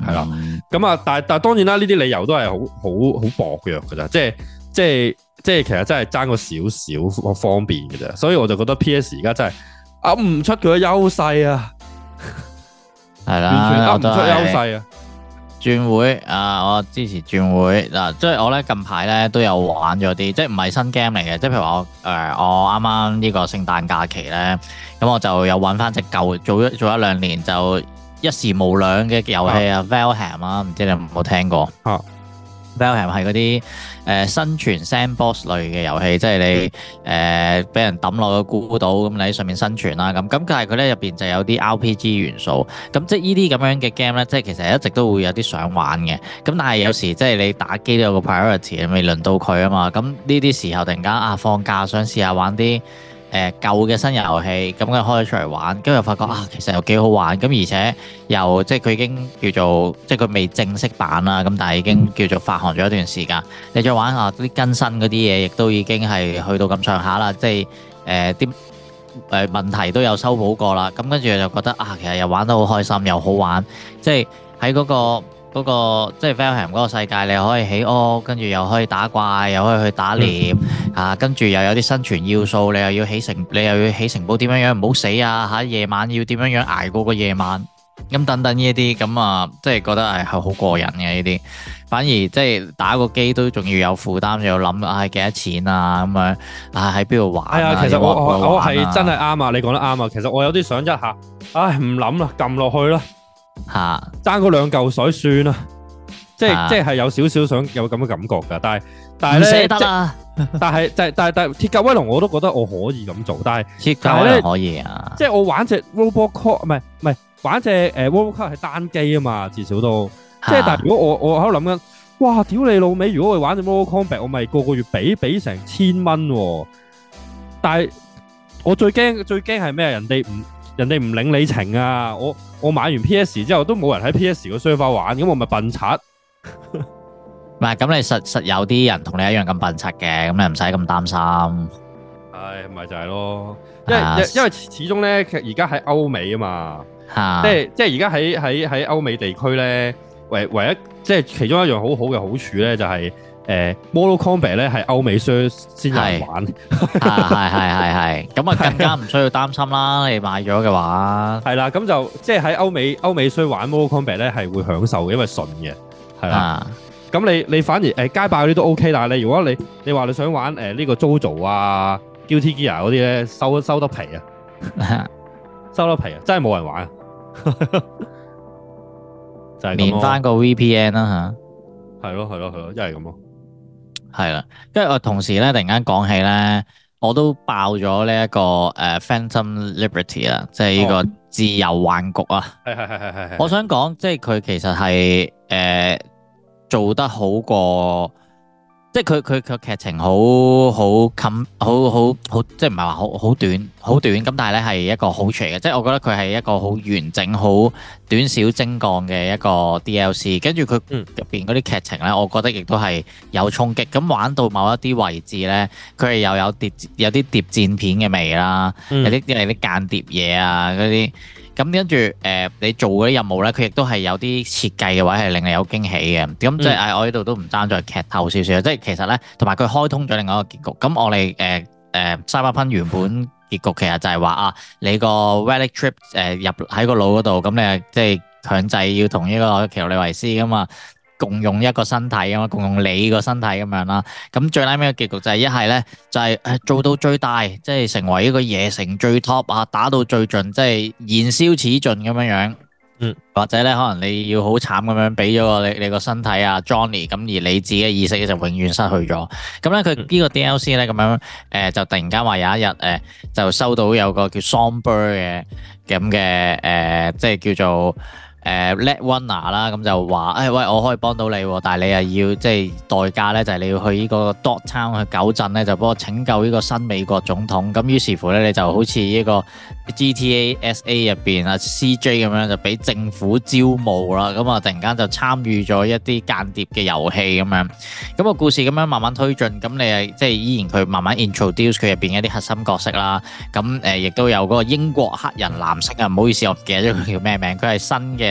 係啦，咁啊，但係但係當然啦，呢啲理由都係好好好薄弱噶咋，即係即係即係，其實真係爭個少少方便嘅咋，所以我就覺得 PS 而家真係噏唔出佢嘅優勢啊，係啦，完全噏唔出優勢啊，轉的、啊啊、會啊，我支持轉會嗱、啊，即係我咧近排咧都有玩咗啲，即係唔係新 game 嚟嘅，即係譬如話我誒、呃，我啱啱呢個聖誕假期咧，咁我就有揾翻隻舊做一做一兩年就。一時無兩嘅遊戲啊 Valheim 啊，唔知你有冇聽過？Valheim 係嗰啲誒生存 sandbox 類嘅遊戲，即係你誒俾、嗯呃、人抌落個孤島，咁你喺上面生存啦。咁咁，但係佢咧入邊就有啲 RPG 元素。咁即係呢啲咁樣嘅 game 咧，即係其實一直都會有啲想玩嘅。咁但係有時即係你打機都有個 priority，未輪到佢啊嘛。咁呢啲時候突然間啊，放假想試下玩啲。誒、呃、舊嘅新遊戲咁佢、嗯、開咗出嚟玩，跟住又發覺啊，其實又幾好玩，咁而且又即係佢已經叫做即係佢未正式版啦，咁但係已經叫做發行咗一段時間。你再玩下啲更新嗰啲嘢，亦都已經係去到咁上下啦，即係誒啲誒問題都有修補過啦。咁跟住就覺得啊，其實又玩得好開心，又好玩，即係喺嗰個。嗰、那個即係《Valheim》嗰個世界，你又可以起屋，跟、oh, 住又可以打怪，又可以去打獵， 啊，跟住又有啲生存要素，你又要起城，你又要起城堡，點樣樣唔好死啊！嚇，夜晚要點樣樣捱過個夜晚，咁等等呢一啲，咁啊，即係覺得係好過癮嘅呢啲，反而即係打個機都仲要有負擔，又諗啊，係幾多錢啊咁樣啊，喺邊度玩、啊？係啊、哎，其實我要我我係真係啱啊，你講得啱啊，其實我有啲想一下，唉，唔諗啦，撳落去啦。吓，爭嗰兩嚿水算啦，即係、啊、即係係有少少想有咁嘅感覺噶，但係但係咧，但係但係但係鐵甲威龍我都覺得我可以咁做，但係鐵甲咧是可以啊，即係我玩隻 Robo Call 唔係唔係玩隻誒 Robo Call 係單機啊嘛，至少都、啊、即係但係如果我我喺度諗緊，哇屌你老味，如果我玩隻 Robo Combat 我咪個個月俾俾成千蚊、啊，但係我最驚最驚係咩？人哋唔。人哋唔領你情啊！我我買完 PS 之後都冇人喺 PS 個沙發玩，咁我咪笨柒。嗱，咁你實實有啲人同你一樣咁笨柒嘅，咁你唔使咁擔心。係，咪就係、是、咯？因為因為始終咧，其實而家喺歐美啊嘛，啊即係即係而家喺喺喺歐美地區咧，唯唯一即係其中一樣好好嘅好處咧、就是，就係。誒 Mortal Kombat 咧係歐美 server 先有人玩，啊，係係係係，咁啊更加唔需要擔心啦。你買咗嘅話，係啦，咁就即係喺歐美歐美 server 玩 Mortal Kombat 咧係會享受嘅，因為順嘅，係啦。咁你你反而誒街霸嗰啲都 OK，但係你如果你你話你想玩誒呢個 JoJo 啊、Guilty Gear 嗰啲咧，收收得皮啊，收得皮啊，真係冇人玩，啊。就係連翻個 VPN 啦嚇，係咯係咯係咯，一係咁咯。係啦，因為我同時咧，突然間講起咧，我都爆咗呢一個誒《uh, Phantom Liberty》啊，即係呢個自由幻局啊。係係係係係。我想講，即係佢其實係誒、呃、做得好過。即係佢佢佢劇情好好好好，即係唔係話好好短好短咁，但係咧係一個好長嘅，即係我覺得佢係一個好完整、好短小精幹嘅一個 DLC。跟住佢入邊嗰啲劇情咧，我覺得亦都係有衝擊。咁玩到某一啲位置咧，佢係又有諜有啲諜戰片嘅味啦，有啲啲係啲間諜嘢啊啲。咁跟住誒，你做嗰啲任務咧，佢亦都係有啲設計嘅話，係令你有驚喜嘅。咁即係誒，我呢度都唔爭再劇透少少，即係其實咧，同埋佢開通咗另外一個結局。咁我哋誒誒《Cyberpunk》呃、原本結局其實就係話啊，你個 Valley Trip 誒入喺個腦嗰度，咁、呃、你係即係強制要同呢個奇洛李維斯噶嘛。共用一個身體啊嘛，共用你個身體咁樣啦。咁最拉尾嘅結局就係一係呢，就係、誒、做到最大，即係成為一個夜城最 top 啊，打到最盡，即係燃燒此盡咁樣樣。或者呢，可能你要好慘咁樣俾咗個你你個身體啊，Johnny。咁 John 而你自己嘅意識咧就永遠失去咗。咁呢，佢呢個 DLC 呢，咁樣誒、呃，就突然間話有一日誒、呃，就收到有個叫 Songbird 嘅咁嘅誒，即係叫做。誒 letwinner 啦，咁、uh, 就話，誒、哎、喂，我可以幫到你，但係你又要即係代價咧，就係、是就是、你要去呢個 Dogtown 去狗鎮咧，就幫我拯救呢個新美國總統，咁於是乎咧，你就好似依個 GTA SA 入邊啊 CJ 咁樣就俾政府招募啦。咁啊，突然間就參與咗一啲間諜嘅遊戲咁樣，咁、那個故事咁樣慢慢推進，咁你係即係依然佢慢慢 introduce 佢入邊一啲核心角色啦。咁誒亦都有個英國黑人男性啊，唔好意思，我唔記得咗佢叫咩名，佢係新嘅。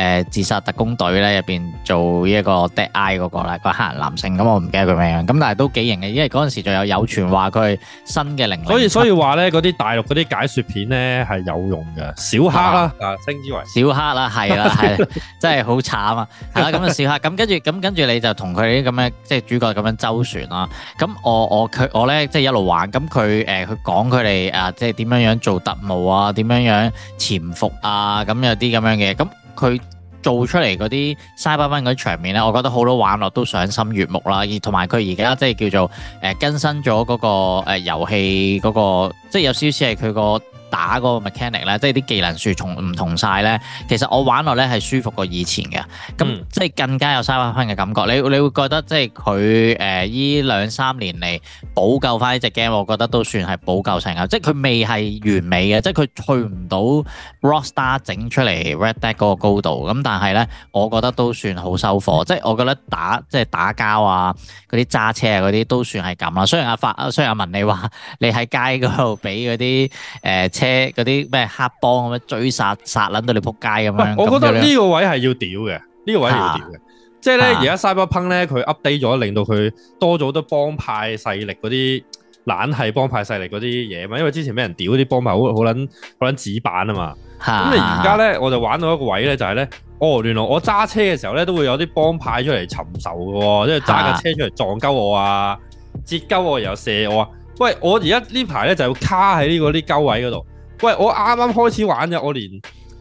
誒，自殺特攻隊咧，入邊做呢一個 dead eye 嗰個啦，個黑人男性咁，我唔記得佢咩樣咁，但係都幾型嘅，因為嗰陣時仲有有傳話佢係新嘅007，所以所以話咧嗰啲大陸嗰啲解說片咧係有用嘅，小黑啦，啊稱之為小黑啦，係啦係，真係好慘啊，係啦咁就小黑咁跟住咁跟住你就同佢啲咁樣即係主角咁樣周旋啦。咁我我佢我咧即係一路玩咁佢誒佢講佢哋啊，即係點樣樣做特務啊，點樣樣潛伏啊，咁有啲咁樣嘅咁。佢做出嚟嗰啲沙巴兵嗰啲場面咧，我覺得好多玩樂都賞心悅目啦，而同埋佢而家即係叫做誒、呃、更新咗嗰個誒、呃、遊戲嗰個，即係有少少係佢個。打個 mechanic 咧，即係啲技能樹從唔同晒咧。其實我玩落咧係舒服過以前嘅，咁即係更加有嘥翻分嘅感覺。你你會覺得即係佢誒依兩三年嚟補救翻呢隻 game，我覺得都算係補救成啊。即係佢未係完美嘅，即係佢追唔到 Rockstar 整出嚟 Red Dead 嗰個高度。咁但係咧，我覺得都算好收貨，即係我、嗯、我覺得打即係打交啊，啲揸車啊啲都算係咁啦。雖然阿發雖然阿文你話你喺街度俾嗰啲誒。呃車嗰啲咩黑幫咁樣追殺殺捻到你仆街咁樣，我覺得呢個位係要屌嘅，呢個位要屌嘅，即係咧而家 Cyberpunk 咧，佢 update 咗，令到佢多咗好多幫派勢力嗰啲，懶係幫派勢力嗰啲嘢嘛，因為之前俾人屌啲幫派好好捻好捻紙板啊嘛，咁你而家咧我就玩到一個位咧，就係咧，哦，原來我揸車嘅時候咧都會有啲幫派出嚟尋仇嘅，即係揸架車出嚟撞鳩我啊，截鳩我又射我啊。喂，我而家呢排咧就要卡喺呢個啲鳩位嗰度。喂，我啱啱開始玩咋，我連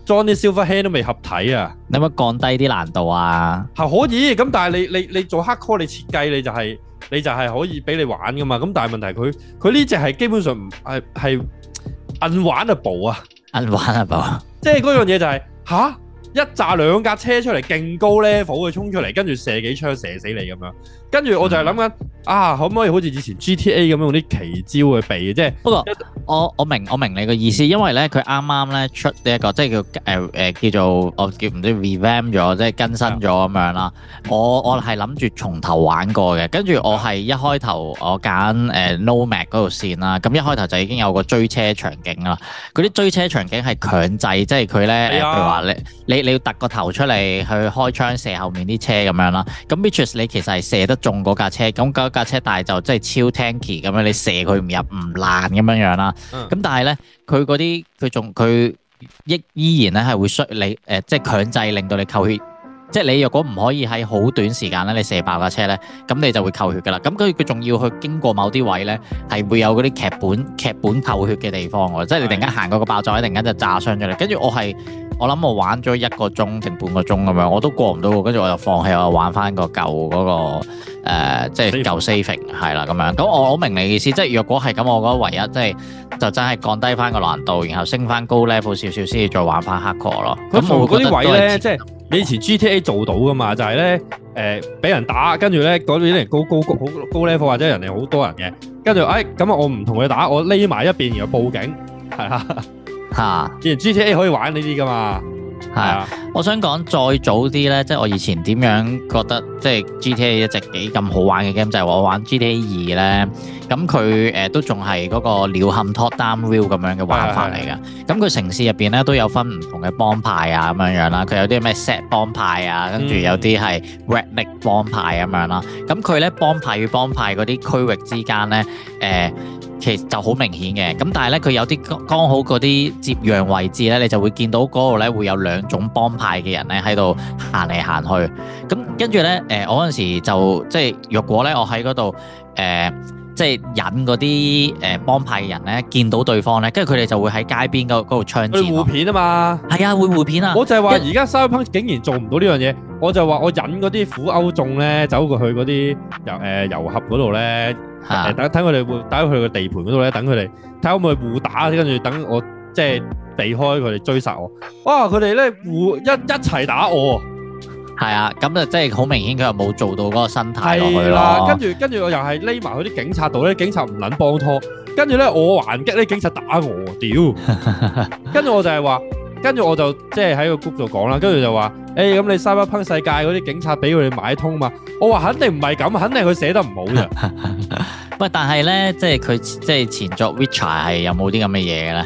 裝啲 silver hand 都未合體啊！你可唔可以降低啲難度啊？係、嗯、可以，咁但係你你你做黑 call，你設計你就係、是、你就係可以俾你玩噶嘛。咁但係問題佢佢呢隻係基本上唔係係硬玩啊步啊，硬玩啊步啊。即係嗰樣嘢就係吓，一炸兩架車出嚟，勁高咧，火佢衝出嚟，跟住射幾槍射死你咁樣。跟住我就係諗緊啊，可唔可以好似以前 GTA 咁樣用啲奇招去避？嘅啫不過我我明我明你個意思，因為咧佢啱啱咧出呢、這、一個即係叫誒誒、呃呃、叫做我叫唔知 revamp 咗，即係更新咗咁樣啦。我我係諗住從頭玩過嘅。跟住我係一開頭我揀誒 Nomad 嗰條線啦。咁、呃、一開頭就已經有個追車場景啦。嗰啲追車場景係強制，即係佢咧譬如話你你你要凸個頭出嚟去開槍射後面啲車咁樣啦。咁 w h i c e 你其實係射得中嗰架車，咁嗰架車大就真係超 tanky 咁樣，你射佢唔入唔爛咁樣樣啦。咁、嗯、但係呢，佢嗰啲佢仲佢依依然咧係會衰你誒，即係強制令到你扣血，即係你若果唔可以喺好短時間咧，你射爆架車呢，咁你就會扣血噶啦。咁跟住佢仲要去經過某啲位呢，係會有嗰啲劇本劇本扣血嘅地方喎，即係你突然間行過個爆炸，突然間就炸傷咗你。跟住我係。我諗我玩咗一個鐘定半個鐘咁樣，我都過唔到，跟住我就放棄，我就玩翻個舊嗰、嗰個、呃、即係舊 saving 係啦咁 樣。咁我好明你意思，即係若果係咁，我覺得唯一即、就、係、是、就真係降低翻個難度，然後升翻高 level 少少先至再玩翻 hardcore 咯。咁我會覺得啲位咧，即、就、係、是、你以前 GTA 做到噶嘛，就係咧誒俾人打，跟住咧嗰啲人高高高高 level 或者人哋好多人嘅，哎、跟住哎咁我唔同佢打，我匿埋一邊然後報警，係啊。 吓！既然 GTA 可以玩呢啲噶嘛，係啊，啊我想講再早啲咧，即係我以前點樣覺得，即係 GTA 一直幾咁好玩嘅 game，就係我玩 GTA 二咧，咁佢誒都仲係嗰個鳥瞰 Top Down View 咁樣嘅玩法嚟噶。咁佢城市入邊咧都有分唔同嘅幫派啊咁樣樣啦，佢有啲咩 set 幫派啊，跟住有啲係 redneck 幫派咁樣啦。咁佢咧幫派與幫派嗰啲區域之間咧，誒。其實就好明顯嘅，咁但係呢，佢有啲剛剛好嗰啲接壤位置呢，你就會見到嗰度呢，會有兩種幫派嘅人呢喺度行嚟行去，咁跟住呢，誒我嗰陣時就即係若果呢，我喺嗰度誒。即係引嗰啲誒幫派嘅人咧，見到對方咧，跟住佢哋就會喺街邊嗰嗰度槍戰。會互片啊嘛，係啊，會互片啊我！我就係話，而家沙威潘竟然做唔到呢樣嘢，我就話我引嗰啲苦歐眾咧走過去嗰啲、呃、遊誒遊俠嗰度咧，等等佢哋會，等佢哋去個地盤嗰度咧，等佢哋睇下可唔可以互打，跟住等我即係避開佢哋追殺我。哇、啊！佢哋咧互一一齊打我。係啊，咁就即係好明顯佢又冇做到嗰個心態落去咯。跟住跟住我又係匿埋去啲警察度咧，警察唔捻幫拖，跟住咧我還激啲警察打我，屌！跟住 我就係話，跟住我就即係喺個 group 度講啦，跟住就話，誒、欸、咁你三一崩世界嗰啲警察俾佢哋買通嘛？我話肯定唔係咁，肯定佢寫得唔好咋。唔係，但係咧，即係佢即係前作 Witcher 係有冇啲咁嘅嘢咧？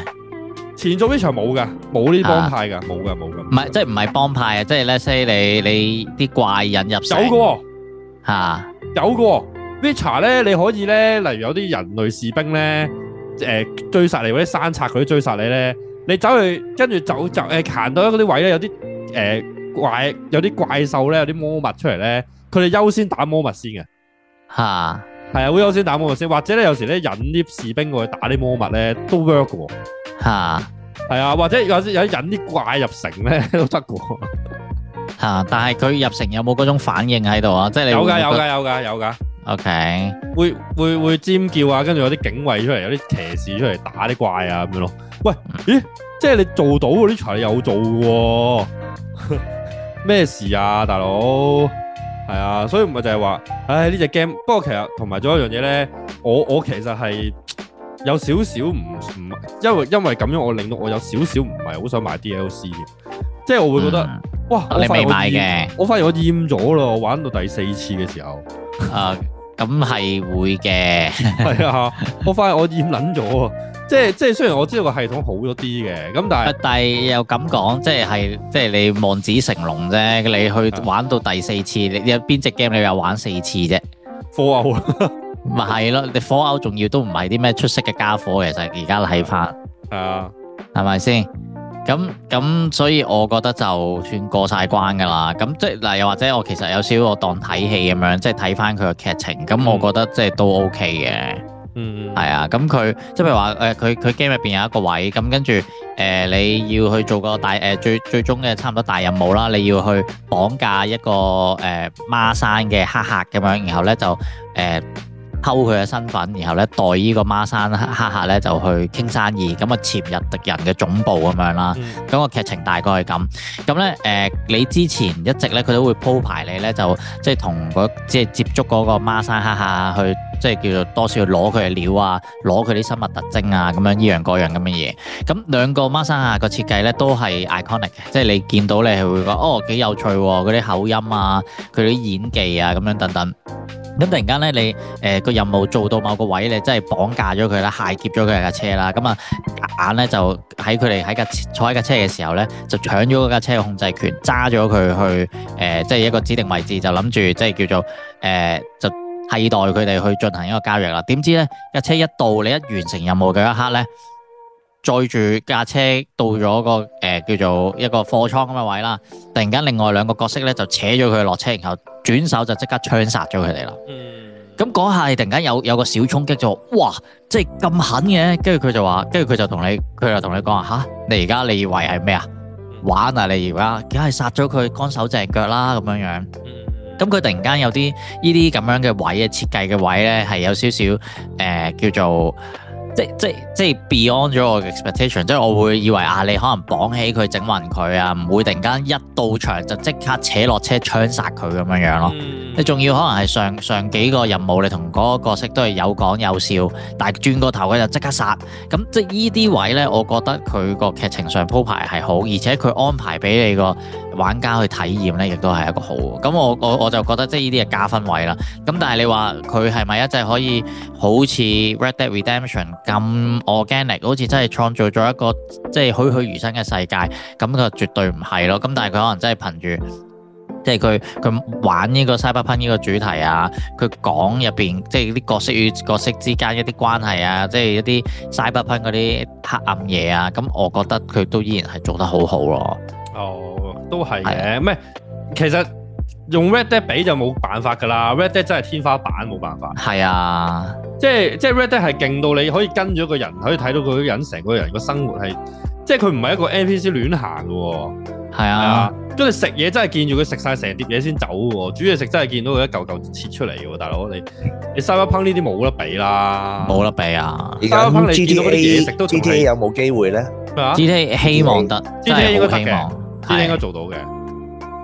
前做 Vita 冇嘅，冇呢啲幫派㗎，冇嘅冇嘅。唔係，即係唔係幫派啊，即係咧，所以你你啲怪引入手嘅喎嚇，有嘅喎。Vita 咧你可以咧，例如有啲人類士兵咧，誒追殺你嗰啲山賊，佢都追殺你咧。你走去跟住走走誒，行到一嗰啲位咧，有啲誒怪，有啲怪獸咧，有啲魔物出嚟咧，佢哋優先打魔物先嘅嚇，係啊，會優先打魔物先，或者咧有時咧引啲士兵過去打啲魔物咧都 work 嘅喎嚇。係啊，或者或者有啲引啲怪入城咧都得嘅吓，但係佢入城有冇嗰種反應喺度啊？即係你有噶有噶有噶有噶，OK，會會會尖叫啊，跟住有啲警衛出嚟，有啲騎士出嚟打啲怪啊咁樣咯。喂，咦，即係你做到啲嘢，你有做嘅咩事啊，大佬？係啊，所以唔係就係話，唉，呢隻 game。不過其實同埋仲有一樣嘢咧，我我其實係。有少少唔唔，因為因為咁樣我令到我有少少唔係好想買 DLC，即係我會覺得、嗯、哇，你未買嘅，我發現我厭咗咯，玩到第四次嘅時候，誒、啊，咁係會嘅，係 啊，我發現我厭捻咗啊，即係即係雖然我知道個系統好咗啲嘅，咁但係但係又咁講，即係係即係你望子成龍啫，你去玩到第四次，的你有邊隻 game 你又玩四次啫？Four 咪係咯，你火鷹仲要都唔係啲咩出色嘅傢伙，其實而家睇翻，係、嗯、啊，係咪先？咁咁，所以我覺得就算過晒關㗎啦。咁即係嗱，又或者我其實有少我當睇戲咁樣，嗯、即係睇翻佢嘅劇情。咁我覺得即係都 OK 嘅。嗯，嗯，係啊。咁佢即係譬如話誒、佢佢 game 入邊有一個位，咁跟住誒、呃、你要去做個大誒、呃、最最終嘅差唔多大任務啦。你要去綁架一個誒、呃、孖生嘅黑客咁樣，然後咧就誒。呃呃嗯呃偷佢嘅身份，然後咧代依個孖生黑客咧就去傾生意，咁啊，潛入敵人嘅總部咁樣啦。咁、嗯個劇情大概係咁。咁咧誒，你之前一直咧佢都會鋪排你咧就即係同嗰即係接觸嗰個孖生黑客去，即係叫做多少要攞佢嘅料啊，攞佢啲生物特徵啊，咁樣依樣嗰樣咁嘅嘢。咁兩個孖生黑客個設計咧都係 iconic 嘅，即係你見到你係會覺得哦，幾有趣喎，嗰啲口音啊，佢啲演技啊，咁、啊、樣等等。咁突然間咧你誒。呃呃任務做到某個位，你真係綁架咗佢啦，械劫咗佢架車啦。咁啊，眼咧就喺佢哋喺架坐喺架車嘅時候咧，就搶咗嗰架車嘅控制權，揸咗佢去誒、呃，即係一個指定位置，就諗住即係叫做誒、呃，就替代佢哋去進行一個交易啦。點知咧架車一到你一完成任務嘅一刻咧，載住架車到咗個誒、呃、叫做一個貨倉咁嘅位啦，突然間另外兩個角色咧就扯咗佢落車，然後轉手就即刻槍殺咗佢哋啦。咁嗰下突然間有有個小衝擊，就哇，即係咁狠嘅，跟住佢就話，跟住佢就同你佢就同你講話嚇，你而家你以為係咩啊？玩啊！你而家梗係殺咗佢乾手淨腳啦咁樣樣。咁佢突然間有啲呢啲咁樣嘅位啊，設計嘅位咧係有少少誒叫做。即即即 beyond 咗我嘅 expectation，即係我會以為啊，你可能綁起佢整暈佢啊，唔會突然間一到場就即刻扯落車槍殺佢咁樣樣咯。你仲、mm. 要可能係上上幾個任務，你同嗰個角色都係有講有笑，但係轉個頭佢就即刻殺。咁即係呢啲位呢，我覺得佢個劇情上鋪排係好，而且佢安排俾你個玩家去體驗呢，亦都係一個好。咁我我我就覺得即係呢啲係加分位啦。咁但係你話佢係咪一直可以好似 Red Dead Redemption？咁 organic 好似真係創造咗一個即係栩栩如生嘅世界，咁佢絕對唔係咯。咁但係佢可能真係憑住即係佢佢玩呢個 Cyberpunk 呢個主題啊，佢講入邊即係啲角色與角色之間一啲關係啊，即係一啲 Cyberpunk 嗰啲黑暗嘢啊，咁我覺得佢都依然係做得好好咯。哦，都係嘅，咩的？其實。用 Red Dead 比就冇辦法噶啦，Red Dead 真係天花板，冇辦法。係啊，即係即係 Red Dead 係勁到你可以跟住一個人，可以睇到佢人成個人個生活係，即係佢唔係一個 NPC 亂行嘅。係啊，跟住食嘢真係見住佢食晒成碟嘢先走喎，煮嘢食真係見到佢一嚿嚿切出嚟嘅，大佬你你 Cyberpunk 呢啲冇得比啦，冇得比啊！Cyberpunk 你見到嗰啲嘢食都睇有冇機會咧？咩啊？GTA 希望得，GTA 應該得嘅，GTA 應該做到嘅，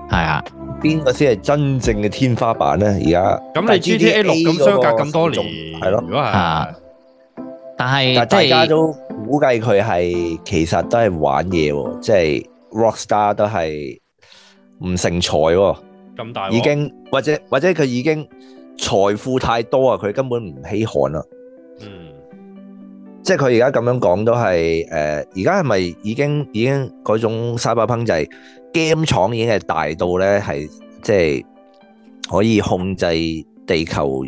係啊。邊個先係真正嘅天花板咧？而家咁你 GTA 六咁相隔咁多年，係咯？如果係，但係大家都估計佢係其實都係玩嘢，即係 Rockstar 都係唔成才喎。咁大已經或者或者佢已經財富太多啊，佢根本唔稀罕啦。嗯，即係佢而家咁樣講都係誒，而家係咪已經已經嗰種沙巴烹製？game 廠已經係大到咧，係即係可以控制地球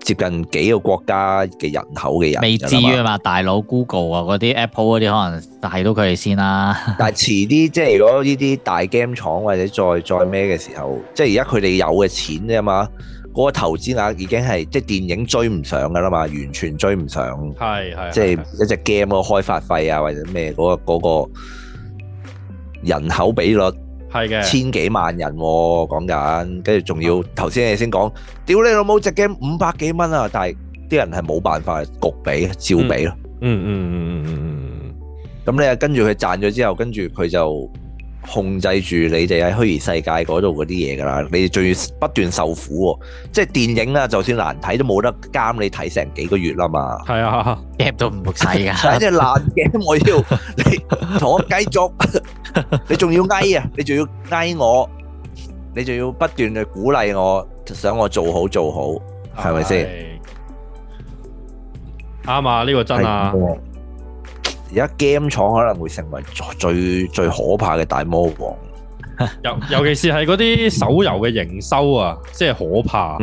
接近幾個國家嘅人口嘅人，未至於啊嘛，大佬 Google 啊，嗰啲 Apple 嗰啲，可能大到佢哋先啦。 但係遲啲，即係如果呢啲大 game 廠或者再再咩嘅時候，即係而家佢哋有嘅錢啫嘛，嗰、嗰個投資額已經係即係電影追唔上㗎喇嘛，完全追唔上。係係，即係一隻 game 個開發費啊，或者咩嗰個個。那個人口比率係嘅，千幾萬人喎，講緊，跟住仲要頭先你先講，屌你老母隻 game 五百幾蚊啊，但係啲人係冇辦法局畀，照畀咯，嗯嗯嗯嗯嗯嗯，咁你呀跟住佢賺咗之後，跟住佢就，控制住你哋喺虛擬世界嗰度嗰啲嘢噶啦，你哋仲要不斷受苦，哦，即係電影啦，啊，就算難睇都冇得監你睇成幾個月啦嘛。係啊，夾都唔使啊，即係爛鏡，我要 你同我繼續，你仲要挨啊，你仲要挨我，你仲要，要不斷去鼓勵我，想我做好做好，係咪先？啱啊，呢、這個真啊。而家 game 廠可能會成為最最可怕嘅大魔王，尤尤其是係嗰啲手遊嘅營收啊，即係可怕。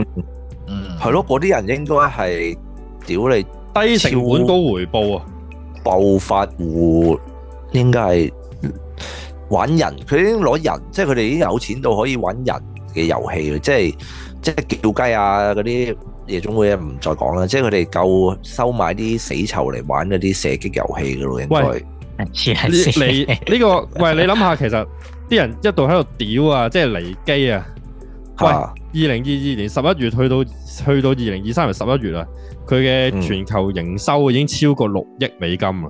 嗯，係咯，嗰啲人應該係屌你低成本高回報啊，暴發戶應該係揾人，佢已經攞人，即係佢哋已經有錢到可以揾人嘅遊戲咧，即係即係叫雞啊嗰啲。夜總會啊唔再講啦，即係佢哋夠收買啲死囚嚟玩嗰啲射擊遊戲噶咯，應該。你呢個喂，你諗下，其實啲人一度喺度屌啊，即係離機啊。喂，二零二二年十一月去到去到二零二三年十一月啊，佢嘅全球營收已經超過六億美金啊！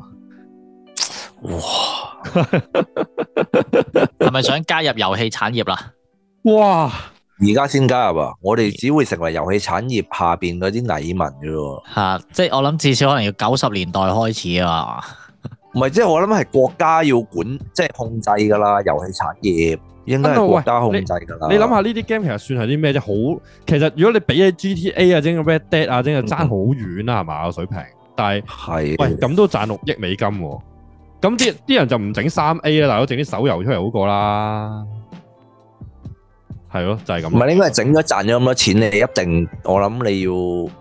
哇，係咪想加入遊戲產業啦？哇！而家先加入啊！我哋只會成為遊戲產業下邊嗰啲蟻民嘅咯。吓、啊，即係我諗至少可能要九十年代開始啊嘛。唔係， 即係我諗係國家要管，即係控制噶啦。遊戲產業應該係國家控制噶啦。你諗下呢啲 game 其實算係啲咩啫？好，其實如果你比起 GTA 啊，整個 Red Dead 啊，整個爭好遠啦，係嘛個水平。但係，係是喂咁都賺六億美金、啊，咁啲啲人就唔整三 A 啦，大佬整啲手遊出嚟好過啦。係咯，就係咁。唔係應該係整咗賺咗咁多錢，你一定我諗你要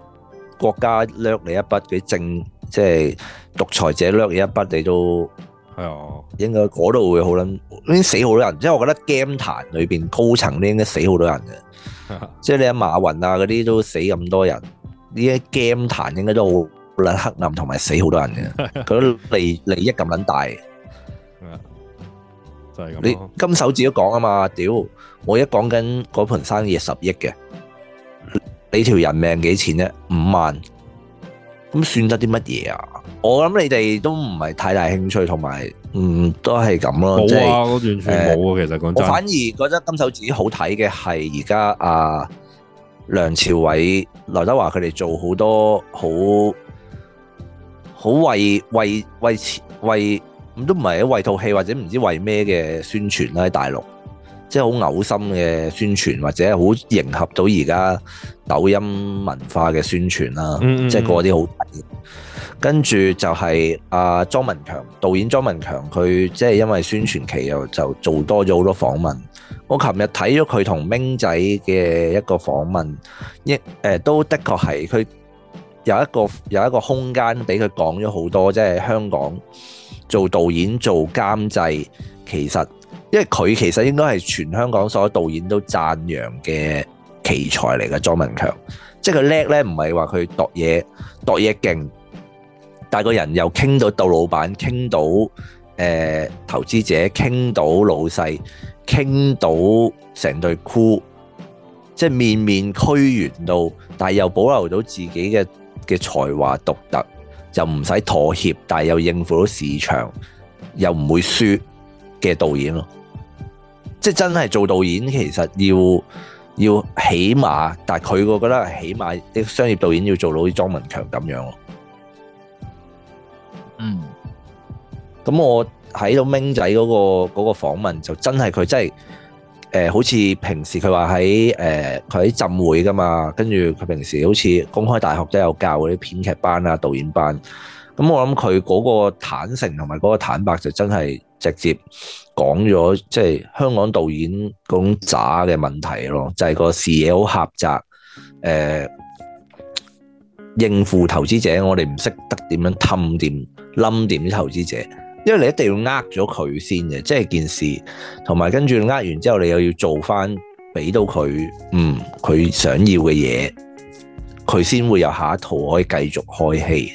國家掠你一筆嘅政，即係獨裁者掠你一筆，你都係啊。應該嗰度會好撚，已經死好多人。即係我覺得 game 壇裏邊高層咧應該死好多人嘅。即係你阿馬雲啊嗰啲都死咁多人，呢啲 game 壇應該都好撚黑暗同埋死好多人嘅。佢都利利益咁撚大。你金手指都講啊嘛，屌！我一講緊嗰盤生意十億嘅，你條人命幾錢呢？五萬，咁算得啲乜嘢啊？我諗你哋都唔係太大興趣，同埋嗯都係咁咯，即係冇啊！我完全冇啊！其實講真，我反而覺得金手指好睇嘅係而家啊梁朝偉、劉德華佢哋做好多好好為為為為。為為為咁都唔係為套戲或者唔知為咩嘅宣傳啦，喺大陸即係好嘔心嘅宣傳，或者好迎合到而家抖音文化嘅宣傳啦，mm hmm。即係嗰啲好抵。跟住就係阿莊文強導演，莊文強佢即係因為宣傳期又就做多咗好多訪問。我琴日睇咗佢同明仔嘅一個訪問，一誒、呃、都的確係佢有一個有一個空間俾佢講咗好多，即係香港。做導演做監製，其實因為佢其實應該係全香港所有導演都讚揚嘅奇才嚟嘅莊文強，即係佢叻咧，唔係話佢度嘢度嘢勁，但係個人又傾到杜老闆，傾到誒、呃、投資者，傾到老細，傾到成隊 crew，即係面面俱圓到，但係又保留到自己嘅嘅才華獨特。就唔使妥協，但係又應付到市場，又唔會輸嘅導演咯。即係真係做導演，其實要要起碼，但係佢個覺得起碼商業導演要做到莊文強咁樣咯。嗯，咁我喺到明仔嗰個嗰個訪問就真係佢真係。誒、呃、好似平時佢話喺誒佢喺浸會㗎嘛，跟住佢平時好似公開大學都有教嗰啲編劇班啊、導演班。咁、嗯、我諗佢嗰個坦誠同埋嗰個坦白就真係直接講咗，即、就、係、是、香港導演嗰種渣嘅問題咯，就係、是、個視野好狹窄。誒、呃、應付投資者，者，我哋唔識得點樣氹掂冧掂啲投資者。因為你一定要呃咗佢先嘅，即係件事，同埋跟住呃完之後，你又要做翻俾到佢，嗯，佢想要嘅嘢，佢先會有下一套可以繼續開戲。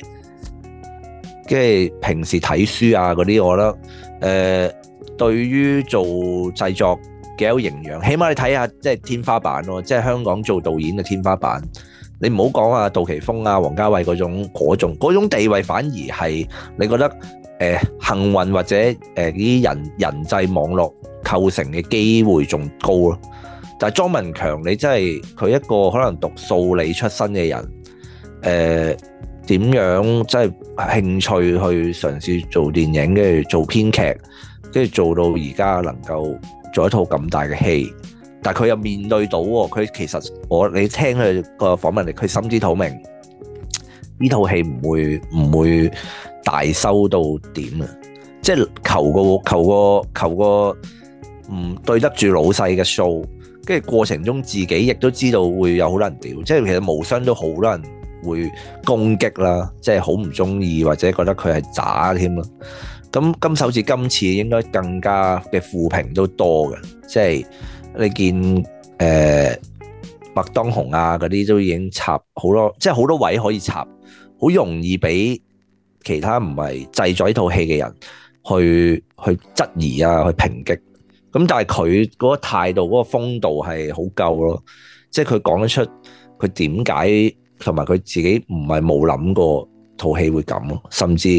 即係平時睇書啊嗰啲，我覺得誒、呃，對於做製作幾有營養，起碼你睇下即係、就是、天花板咯，即係香港做導演嘅天花板。你唔好講啊，杜琪峯啊、王家衞嗰種嗰種嗰種地位，反而係你覺得。呃、幸運或者誒啲、呃、人人際網絡構成嘅機會仲高咯，但係莊文強你真係佢一個可能讀數理出身嘅人，誒、呃、點樣即係興趣去嘗試做電影，跟住做編劇，跟住做到而家能夠做一套咁大嘅戲，但係佢又面對到喎，佢其實我你聽佢個訪問，佢心知肚明，呢套戲唔會唔會。大收到點啊！即係求個求個求個唔對得住老細嘅數，跟住過程中自己亦都知道會有好多人屌，即係其實無傷都好多人會攻擊啦，即係好唔中意或者覺得佢係渣添咯。咁金手指今次應該更加嘅負評都多嘅，即係你見誒麥、呃、當雄啊嗰啲都已經插好多，即係好多位可以插，好容易俾其他唔係製作呢套戲嘅人去去質疑啊，去抨擊，咁但係佢嗰個態度、嗰個風度係好夠咯，即係佢講得出佢點解同埋佢自己唔係冇諗過套戲會咁咯，甚至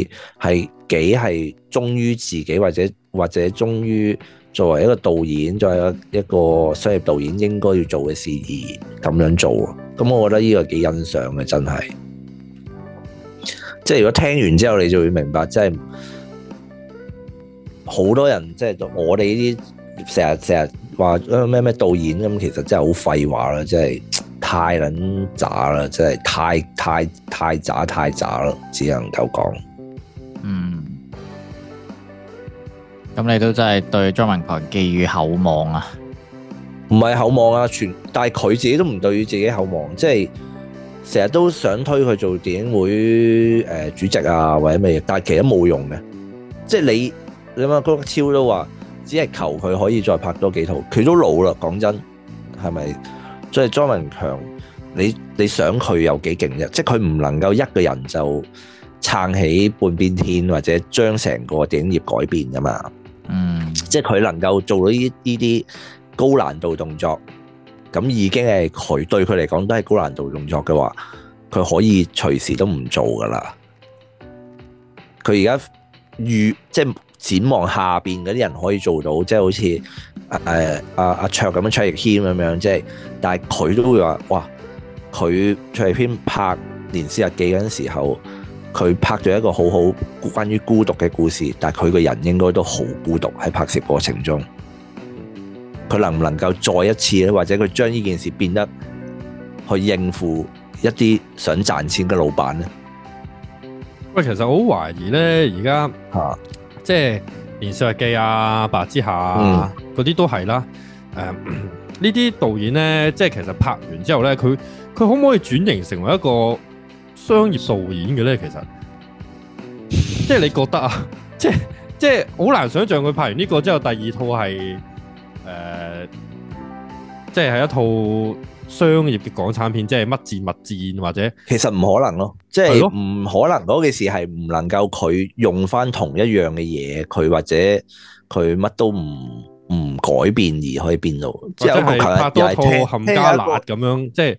係幾係忠於自己或者或者忠於作為一個導演，作為一個商業導演應該要做嘅事而咁樣做，咁我覺得呢個幾欣賞嘅，真係。即係如果聽完之後，你就會明白，即係好多人，即係我哋呢啲成日成日話咩咩導演咁，其實真係好廢話啦，真係太撚渣啦，真係太太太渣太渣啦，只能夠講。嗯。咁你都真係對張文強寄予厚望啊？唔係厚望啊，全但係佢自己都唔對於自己厚望，即係。成日都想推佢做電影會誒主席啊，或者咩嘢，但係其實冇用嘅。即係你諗下，郭德超都話，只係求佢可以再拍多幾套。佢都老啦，講真，係咪？所以莊文強，你你想佢有幾勁啫？即係佢唔能夠一個人就撐起半邊天，或者將成個電影業改變噶嘛？嗯，即係佢能夠做到呢呢啲高難度動作。咁已經係佢對佢嚟講都係高難度動作嘅話，佢可以隨時都唔做㗎喇。佢而家預即係展望下邊嗰啲人可以做到，即係好似誒阿阿卓咁樣，卓亦謙咁樣，即係但係佢都會話：哇！佢卓亦謙拍《年少日記》嗰陣時候，佢拍咗一個好好關於孤獨嘅故事，但係佢個人應該都好孤獨喺拍攝過程中。佢能唔能夠再一次咧，或者佢將呢件事變得去應付一啲想賺錢嘅老闆咧？喂，其實我好懷疑咧，而家、啊、即係《年少日記》啊、《白日之下、啊》嗰啲、嗯、都係啦。誒、呃，呢啲導演咧，即係其實拍完之後咧，佢佢可唔可以轉型成為一個商業導演嘅咧？其實，即、就、係、是、你覺得啊，即即係好難想象佢拍完呢個之後，第二套係。誒、呃，即係係一套商業嘅港產片，即係乜戰乜戰，或者其實唔可能咯，即係唔可能嗰件事係唔能夠佢用翻同一樣嘅嘢，佢或者佢乜都唔唔改變而可以變到，即係拍多套冚家辣咁樣，即係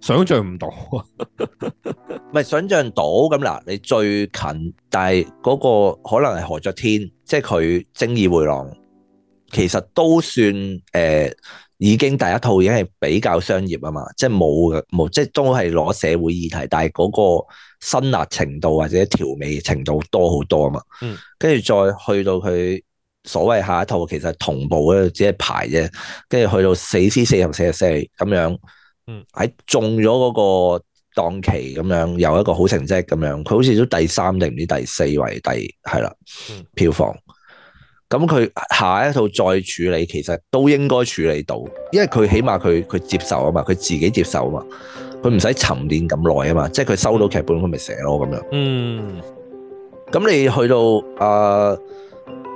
想象唔到，唔係想象到咁。嗱，你最近但係嗰個可能係何爵天，即係佢《正義回廊》。其實都算誒，呃，已經第一套已經係比較商業啊嘛，即係冇嘅冇，即係都係攞社會議題，但係嗰個辛辣程度或者調味程度多好多啊嘛。嗯，跟住再去到佢所謂下一套，其實同步咧只係排啫，跟住去到四 C 四十四十四咁樣，嗯，喺中咗嗰個檔期咁樣有一個好成績咁樣，佢好似都第三定唔知第四位，第係啦，嗯，票房。咁佢下一套再處理，其實都應該處理到，因為佢起碼佢佢接受啊嘛，佢自己接受啊嘛，佢唔使沉澱咁耐啊嘛，即係佢收到劇本佢咪寫咯咁樣。嗯，咁你去到阿、啊、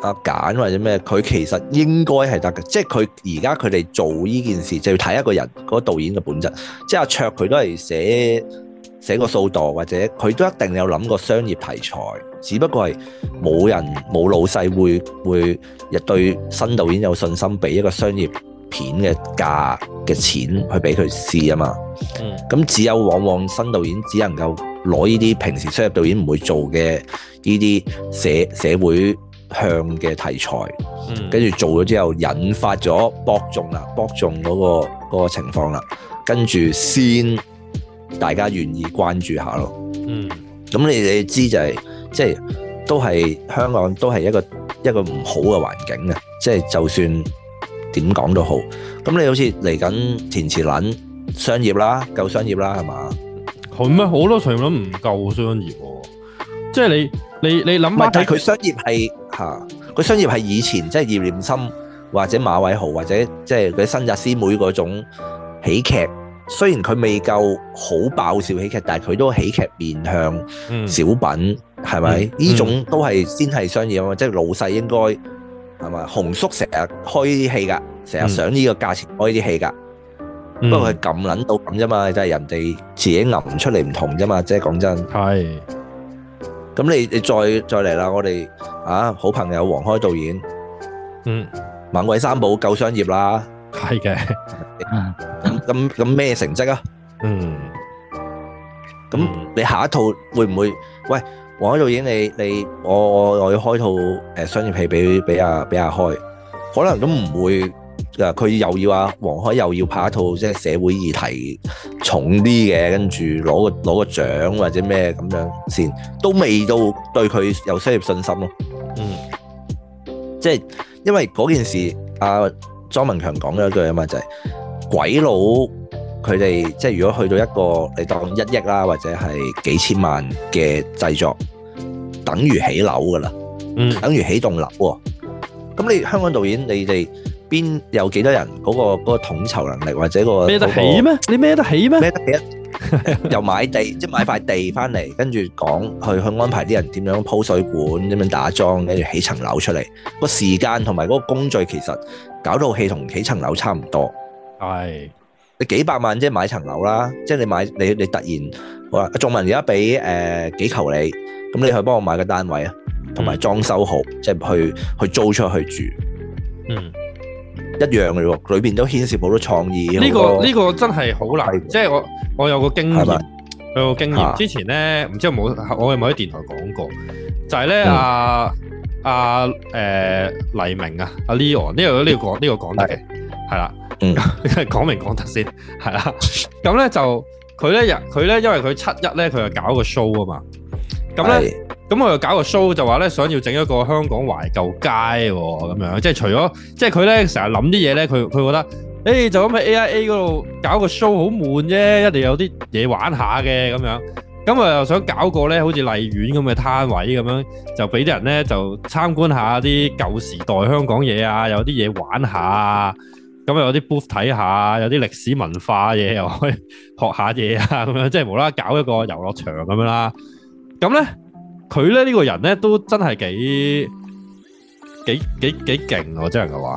阿、啊、簡或者咩，佢其實應該係得嘅，即係佢而家佢哋做呢件事就要睇一個人嗰、嗰個導演嘅本質，即係阿卓佢都係寫。寫個數度或者佢都一定有諗過商業題材，只不過係冇人冇老細會會日對新導演有信心，俾一個商業片嘅價嘅錢去俾佢試啊嘛。咁、嗯、只有往往新導演只能夠攞呢啲平時商業導演唔會做嘅呢啲社社會向嘅題材，跟住、嗯、做咗之後引發咗博眾啦，博眾嗰、嗰個那個情況啦，跟住先。大家願意關注下咯，嗯，咁你你知就係、是，即係都係香港都係一個一個唔好嘅環境啊！即係就算點講都好，咁你好似嚟緊田詞論商業啦，夠商業啦，係嘛？係咩？好多場論唔夠商業喎，即係你你你諗下，但佢商業係嚇，佢商業係以前即係葉念琛或者馬偉豪或者即係佢新紮師妹嗰種喜劇。雖然佢未夠好爆笑喜劇，但係佢都喜劇面向小品，係咪？呢種都係先係商業啊嘛！即係老細應該係嘛？紅叔成日開呢啲戲㗎，成日想呢個價錢開呢啲戲㗎。不過佢撳撚到咁啫嘛，就係人哋自己揞出嚟唔同啫嘛，即係講真。係。咁你你再再嚟啦！我哋啊，好朋友黃開導演，嗯，猛鬼三寶夠商業啦。係嘅，咁咁咁咩成績啊？嗯，咁你下一套會唔會？喂，黃海導演，你你我我我要開套誒商業戲俾俾阿俾阿開，可能都唔會。佢又要阿黃海又要拍一套即係社會議題重啲嘅，跟住攞個攞個獎或者咩咁樣先，都未到對佢有商業信心咯。嗯，即係因為嗰件事阿。莊文強講咗一句啊、就、嘛、是，就係鬼佬佢哋即係如果去到一個你當一億啦，或者係幾千萬嘅製作，等於起樓㗎喇，嗯，等於起棟樓喎、哦。咁你香港導演，你哋邊有幾多人嗰、那個嗰、那個統籌能力，或、那、者個孭、那個、得起咩？你孭得起咩？孭得起？ 又買地即係、就是、買塊地返嚟，跟住講去去安排啲人點樣鋪水管，點樣打樁，跟住起層樓出嚟。嗰個時間同埋嗰個工序其實。搞套戲同起層樓差唔多，係你幾百萬即係買層樓啦，即係你買你你突然話啊，仲文而家俾誒幾球你，咁你去幫我買個單位啊，同埋裝修好，即係去去租出去住，嗯，一樣嘅喎，裏邊都牽涉好多創意。呢個呢個真係好難，即係我我有個經驗，有個經驗之前咧，唔知我冇我有冇喺電台講過，就係咧啊。阿誒、啊呃、黎明啊，阿 Leon 呢、這個你要講，呢、這個講、這個這個這個、得嘅，係啦的，嗯，講 明講得先，係啦，咁咧就佢咧日佢咧，因為佢七一咧，佢又搞個 show 啊嘛，咁咧，咁我又搞個 show 就話咧，想要整一個香港懷舊街喎、哦，咁樣，即係除咗，即係佢咧成日諗啲嘢咧，佢佢覺得，誒、哎、就咁喺 AIA 嗰度搞個 show 好悶啫，一定有啲嘢玩下嘅咁樣。咁啊又想搞個咧，好似荔園咁嘅攤位咁樣，就俾啲人咧就參觀一下啲舊時代香港嘢啊，有啲嘢玩下咁，啊有啲 booth 睇下，有啲歷史文化嘢又可以學下嘢啊，咁樣即係無啦啦搞一個遊樂場咁樣啦。咁咧佢咧呢，呢、這個人咧都真係幾幾幾幾勁喎，我真係話。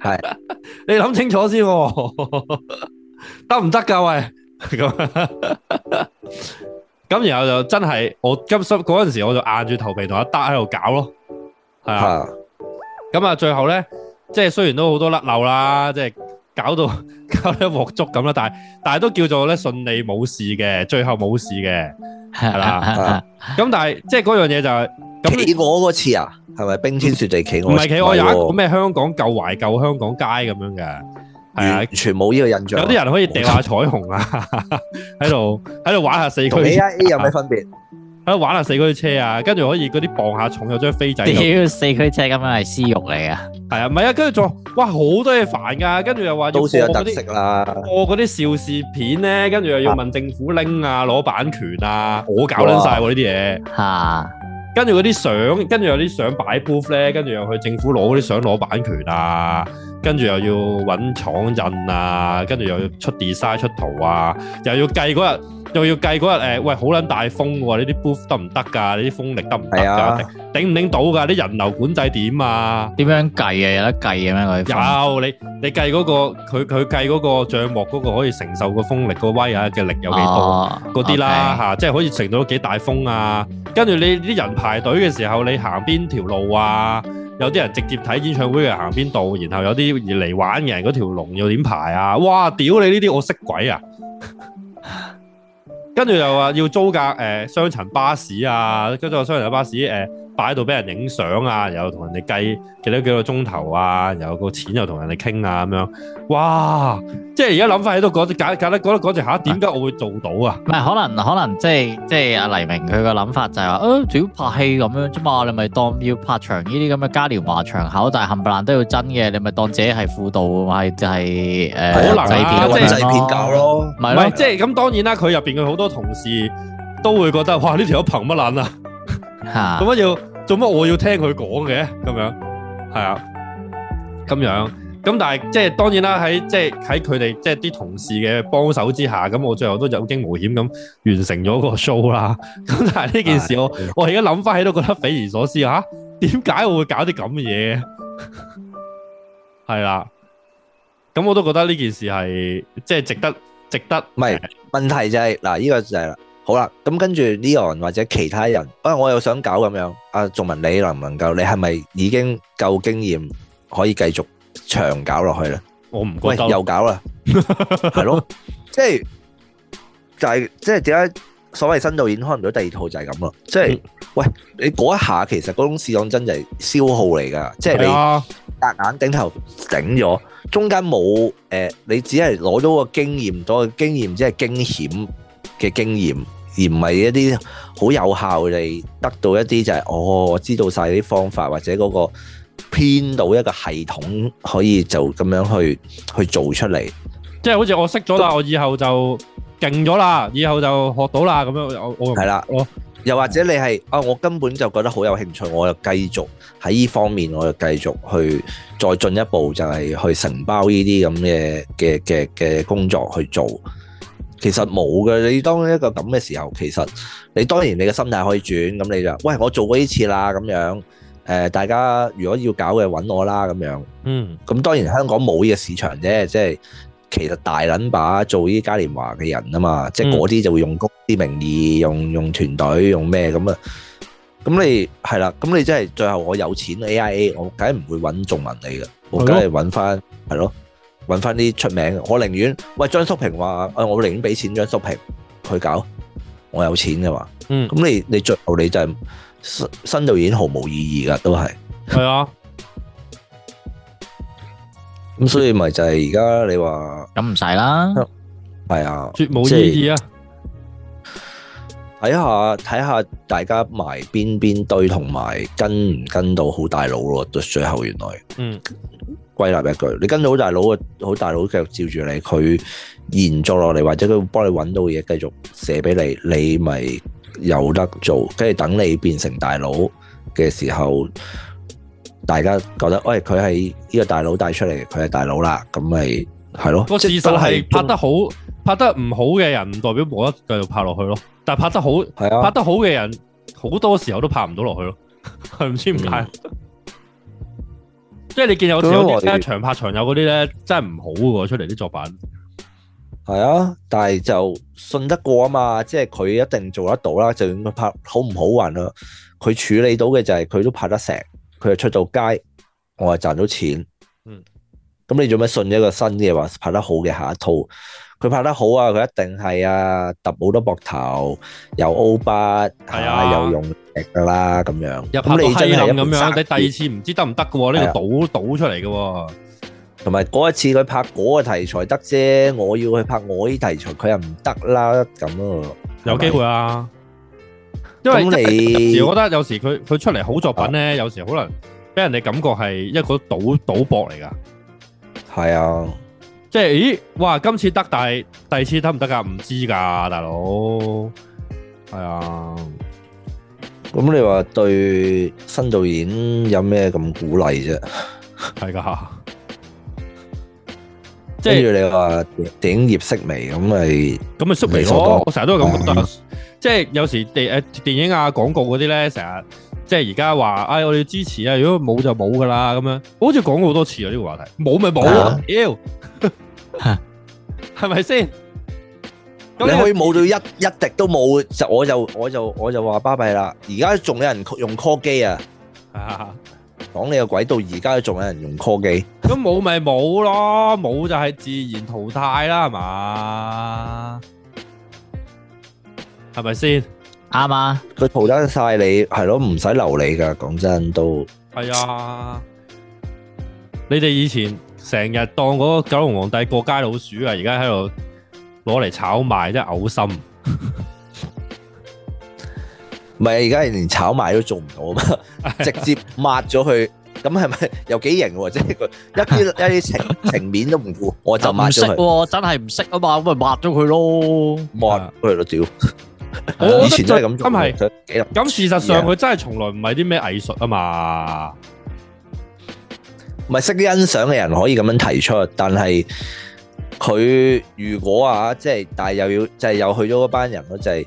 係，是 你諗清楚先，得唔得噶？喂，咁，咁然後就真係，我今叔嗰陣時，我就硬住頭皮同阿德喺度搞咯，係是的 啊，咁啊，最後咧，即係雖然都好多甩漏啦，即係搞到搞到一鑊粥咁啦，但係但係都叫做咧順利冇事嘅，最後冇事嘅，係啦，咁但係即係嗰樣嘢就係，咁。我嗰次啊。係咪冰天雪地企鵝？唔係企鵝，我有一個咩香港舊懷舊香港街咁樣嘅，啊，全冇呢個印象。有啲人可以掉下彩虹啊，喺度喺度玩下四驅。AIA 有咩分別？喺度玩下四驅車啊，跟住可以嗰啲磅下重有張飛仔。屌，四驅車咁係私欲嚟啊？係啊，唔係啊，跟住仲哇好多嘢煩噶，跟住又話要過嗰啲邵氏片咧，跟住又要問政府拎啊，攞版權啊，啊我搞捻晒喎呢啲嘢。吓、啊。跟住嗰啲相，跟住有啲相擺 proof 咧，跟住又去政府攞啲相攞版權啊，跟住又要揾廠印啊，跟住又要出 design 出圖啊，又要計嗰日。又要計嗰日，誒，喂好撚大風喎、啊，呢啲 booth 得唔得噶？你啲風力得唔得噶？啊、頂唔頂到噶？啲人流管制點啊？點樣計啊？有得計嘅咩？有你你計嗰、嗰個佢佢計嗰個帳幕嗰個可以承受個風力、個威啊嘅力有幾多？嗰啲、啊、啦嚇 Okay.、啊，即係可以承到幾大風啊？跟住你啲人排隊嘅時候，你行邊條路啊？有啲人直接睇演唱會嘅行邊度，然後有啲嚟玩嘅人嗰條龍又點排啊？哇！屌你呢啲我識鬼啊！ 跟住又話要租架誒、呃、雙層巴士啊，跟住個雙層巴士誒。呃擺喺度俾人影相啊，然後同人哋計幾多幾個鐘頭啊，然後個錢又同人哋傾啊咁樣，哇！即係而家諗翻喺度覺得，覺得得覺得嗰只吓，點解我會做到啊？唔係可能可能即係即係阿黎明佢個諗法就係話，哦，主要拍戲咁樣啫嘛，你咪當要拍場呢啲咁嘅加料麻場口，但係冚唪唥都要真嘅，你咪當自己係輔導，係就係誒，可能啊，即係製片教咯，唔係即係咁當然啦，佢入邊嘅好多同事都會覺得，哇！呢條友憑乜爛啊？吓咁樣要。做乜我要聽佢講嘅咁樣，係啊，咁樣咁但係即係當然啦，喺即係喺佢哋即係啲同事嘅幫手之下，咁我最後都有驚無險咁完成咗個 show 啦。咁 但係呢件事我我而家諗翻起都覺得匪夷所思啊！點解我會搞啲咁嘅嘢？係 啦，咁我都覺得呢件事係即係值得，值得。唔係問題就係嗱，呢個就係啦。好啦，咁跟住呢個人或者其他人啊，我又想搞咁樣。阿仲文，你能唔能夠？你係咪已經夠經驗可以繼續長搞落去咧？我唔覺得，又搞啦，係咯，即係就係即係點解所謂新導演開唔到第二套就係咁咯？即係喂，你嗰一下其實嗰種試講真就係消耗嚟噶，即係你夾硬頂頭頂咗，中間冇誒，你只係攞到個經驗，多個經驗即係驚險嘅經驗。而唔係一啲好有效地得到一啲就係，哦，我知道晒啲方法，或者嗰個編到一個系統可以就咁樣去去做出嚟。即係好似我識咗啦，我以後就勁咗啦，以後就學到啦咁樣。我係啦，又或者你係啊，我根本就覺得好有興趣，我又繼續喺呢方面，我又繼續去再進一步就係去承包呢啲咁嘅嘅嘅嘅工作去做，其實冇嘅，你當一個咁嘅時候，其實你當然你嘅心態可以轉，咁你就，喂，我做過呢次啦，咁樣，誒、呃，大家如果要搞嘅揾我啦，咁樣，嗯，咁、嗯、當然香港冇呢個市場啫，即係其實大撚把做呢啲嘉年華嘅人啊嘛，即係嗰啲就會用公司名義，用用團隊，用咩咁啊，咁你係啦，咁你即係最後我有錢 AIA，我梗係唔會揾仲文你嘅，我梗係揾翻，係的咯。揾翻啲出名我寧願喂張淑平話，誒，我寧願俾錢張淑平去搞，我有錢嘅話。嗯，咁你你最後你就係新導演毫無意義噶，都係。係啊。咁 所以咪就係而家你話，咁唔使啦，係 啊，絕無意義啊。睇下睇下，下大家埋邊邊堆同埋跟唔跟到好大佬咯，最後原來，嗯。歸納一句，你跟到好大佬嘅好大佬，大佬繼續照住你，佢延續落嚟，或者佢幫你揾到嘢，繼續寫俾你，你咪有得做。跟住等你變成大佬嘅時候，大家覺得，喂、哎，佢係呢個大佬帶出嚟，佢係大佬啦，咁咪係咯。個事實係是拍得好，拍得唔好嘅人唔代表冇得繼續拍落去咯。但係拍得好，是啊、拍得好嘅人好多時候都拍唔到落去咯，係唔知點解。即係你見有時有啲街長拍長有嗰啲咧，嗯、真係唔好噶出嚟啲作品。係啊，但係就信得過啊嘛，即係佢一定做得到啦。就算拍好唔好玩啦，佢處理到嘅就係佢都拍得成，佢係出到街，我係賺到錢。嗯，咁你做咩信一個新嘅話拍得好嘅下一套？佢拍得好啊！佢一定係啊，揼好多膊頭，又歐巴吓，又、啊啊、用力噶啦咁樣。咁拍你真係暗一個，你第二次唔知得唔得嘅喎？呢、啊、個賭賭出嚟嘅、啊，同埋嗰一次佢拍嗰個題材得啫，我要去拍我啲題材，佢又唔得啦咁咯。樣啊、有機會啊，因為有我你覺得有時佢佢出嚟好作品咧，啊、有時可能俾人哋感覺係一個賭賭博嚟噶，係啊。即係，咦？哇！今次得，但係第二次得唔得噶？唔知噶，大佬。係、哎、啊。咁、嗯、你話對新導演有咩咁鼓勵啫？係噶是的。即 係。跟住你話電影業色微咁咪？咁咪縮微咯。我成日都係咁覺得，即係有時電誒電影啊廣告嗰啲咧，成日。即係而家話，唉、哎，我哋要支持啊！如果冇就冇噶啦，咁樣，好似講過好多次啊呢、呢個話題，冇咪冇，妖、啊，係咪先？你可以冇到一一滴都冇，就我就我就我就話巴閉啦。而家仲有人用 call 機啊？講 你個鬼到而家都仲有人用 call 機，咁冇咪冇咯，冇就係自然淘汰啦，係嘛？係咪先？啱啊！佢嘈得晒你，係咯，唔使留你噶。講真都係啊！你哋以前成日當嗰個九龍皇帝過街老鼠啊，而家喺度攞嚟炒賣，真係嘔心。唔係，而家人連炒賣都做唔到啊嘛！直接抹咗佢，咁係咪又幾型？即係佢一啲一啲情情面都唔顧，我就唔識，真係唔識啊嘛！咁咪抹咗佢咯，抹佢咯，屌！以前真係咁，做，咁事實上佢真係從來唔係啲咩藝術啊嘛，唔係識啲欣賞嘅人可以咁樣提出，但係佢如果啊，即係但係又要即係又去咗嗰班人咯，就係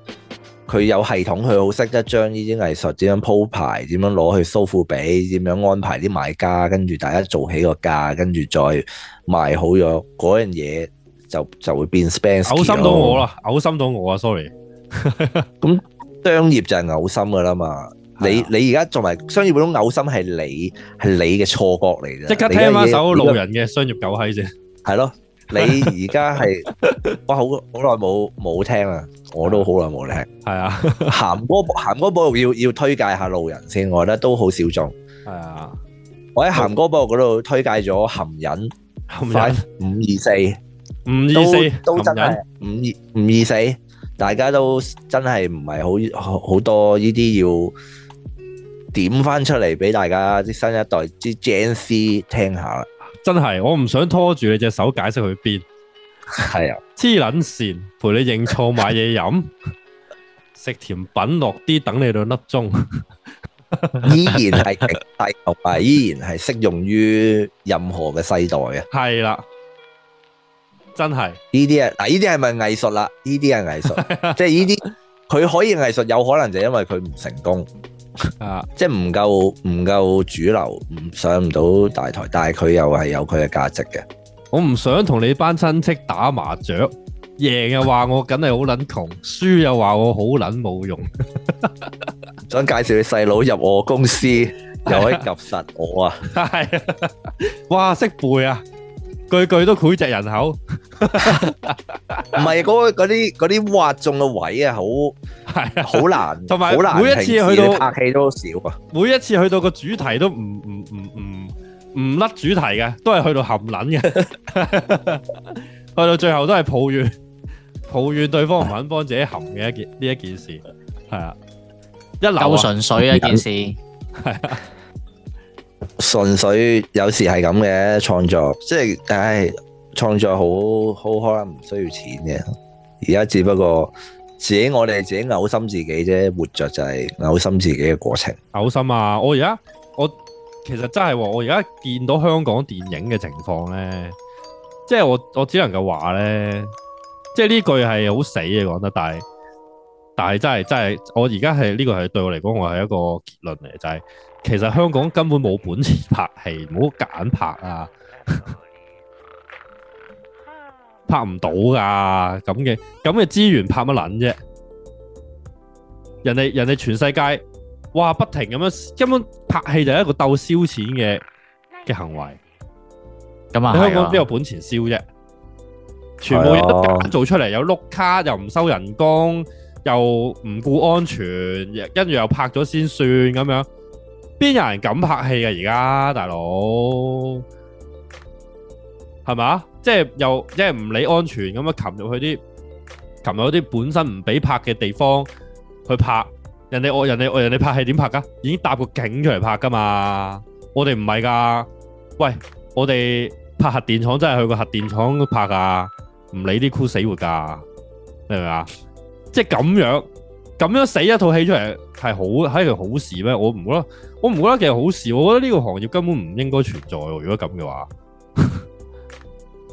佢有系統，佢好識得將呢啲藝術點樣鋪排，點樣攞去蘇富比，點樣安排啲買家，跟住大家做起個價，跟住再賣好咗嗰樣嘢，就就會變。嘔心到我啦，嘔心到我啊，sorry。咁商業就係嘔心噶啦嘛，你你而家作為商業股東嘔心係你係你嘅錯覺嚟啫，即刻聽返首路人嘅商業狗閪啫，係咯，你而家係，哇，好好耐冇冇聽啦，我都好耐冇聽，係啊，咸哥咸哥寶要要推介下路人先，我覺得都好少眾，係啊，我喺咸哥寶嗰度推介咗含忍，咸忍五二四，五二四，都真嘅，五二五二四。大家都真係唔係好好多呢啲要點翻出嚟俾大家啲新一代啲 Gen C 聽下啦。真係我唔想拖住你隻手解釋去邊。係啊，黐撚線，陪你認錯買嘢飲，食甜品落啲等你兩粒鐘。依然係極大學霸，依然係適用於任何嘅世代啊。係啦。真係呢啲啊，嗱呢啲係咪藝術啦？呢啲係藝術， 即係呢啲佢可以藝術，有可能就因為佢唔成功啊， 即係唔夠唔夠主流，唔上唔到大台，但係佢又係有佢嘅價值嘅。我唔想同你班親戚打麻雀，贏又話我梗係好撚窮，輸又話我好撚冇用。 想介紹你細佬入我公司，又 可以及實我啊！啊， 哇，識背啊！句句都膾炙人口，唔係嗰啲嗰啲挖中嘅位啊，好係好難，同埋 每一次去到拍戲都少啊， 每一次去到個主題都唔唔唔唔唔甩主題嘅，都係去到含撚嘅， 去到最後都係抱怨抱怨對方唔肯幫自己含嘅一件呢一 件事，係啊，一嚿純、啊、粹一、啊、件事。 純粹有時係咁嘅創作，即係唉，創作好好開，唔需要錢嘅。而家只不過自己，我哋自己嘔心自己啫，活着就係嘔心自己嘅過程。嘔心啊！我而家我其實真係我而家見到香港電影嘅情況呢，即係我我只能夠話呢，即係呢句係好死嘅講得，但係但係真係真係，我而家係呢個係對我嚟講，我係一個結論嚟，就係。其實香港根本冇本錢拍戲，冇夾硬拍啊， 拍唔到噶，咁嘅咁嘅資源拍乜撚啫？人哋人哋全世界哇不停咁樣，根本拍戲就係一個鬥燒錢嘅嘅行為。咁啊，你香港邊有本錢燒啫？全部都、啊、有得做出嚟，有碌卡又唔收人工，又唔顧安全，跟住又拍咗先算咁樣。邊有人咁拍戲啊而家，大佬係咪啊？即係又即係唔理安全咁啊，擒入去啲擒入嗰啲本身唔俾拍嘅地方去拍。人哋我人哋我人哋拍戲點拍噶？已經搭個景出嚟，拍噶嘛。我哋唔係噶。喂，我哋拍核電廠真係去個核電廠拍噶，唔理啲酷死活噶，明唔明啊？即係咁樣。咁樣死一套戲出嚟係好係件好事咩？我唔覺得，我唔覺得其實好事。我覺得呢個行業根本唔應該存在。如果咁嘅話，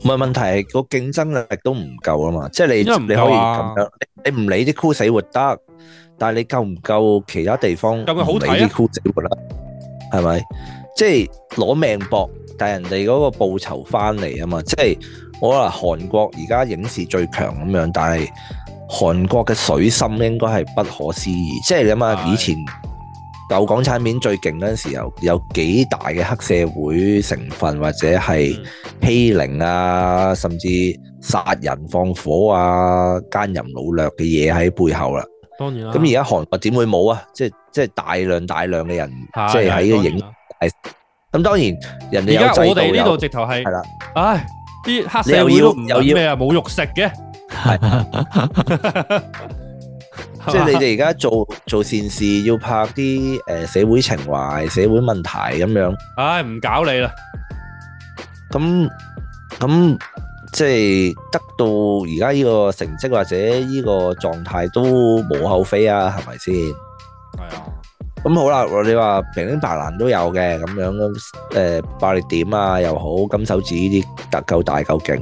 唔係 問題係、個競爭力都唔夠啊嘛。即係你、啊、你可以咁樣，你唔理啲酷死活得，但係你夠唔夠其他地方咁咪好睇啲死活得，係咪、啊、即係攞命搏，但係人哋嗰個報酬翻嚟啊嘛？即係我話韓國而家影視最強咁樣，但係。韓國嘅水深應該係不可思議，即係你諗下以前舊港產片最勁嗰陣時候，有幾大嘅黑社會成分或者係欺凌啊，甚至殺人放火啊、奸淫擄掠嘅嘢，喺背後啦。當然啦，咁而家韓國點會冇啊？即係即係大量大量嘅人，的即係喺個影。咁當，當然人哋而家有制度有，我哋呢度直頭係，係啦了，唉，啲黑社會都唔咩啊，冇肉食嘅。係，即係你哋而家做做善事，要拍啲誒社會情懷、社會問題咁樣。唉，唔搞你啦。咁咁即係得到而家呢個成績或者呢個狀態都無可厚非啊，係咪先？係啊。咁好啦，你話平平凡凡都有嘅咁樣，誒，暴力點啊又好，金手指呢啲大夠大夠勁。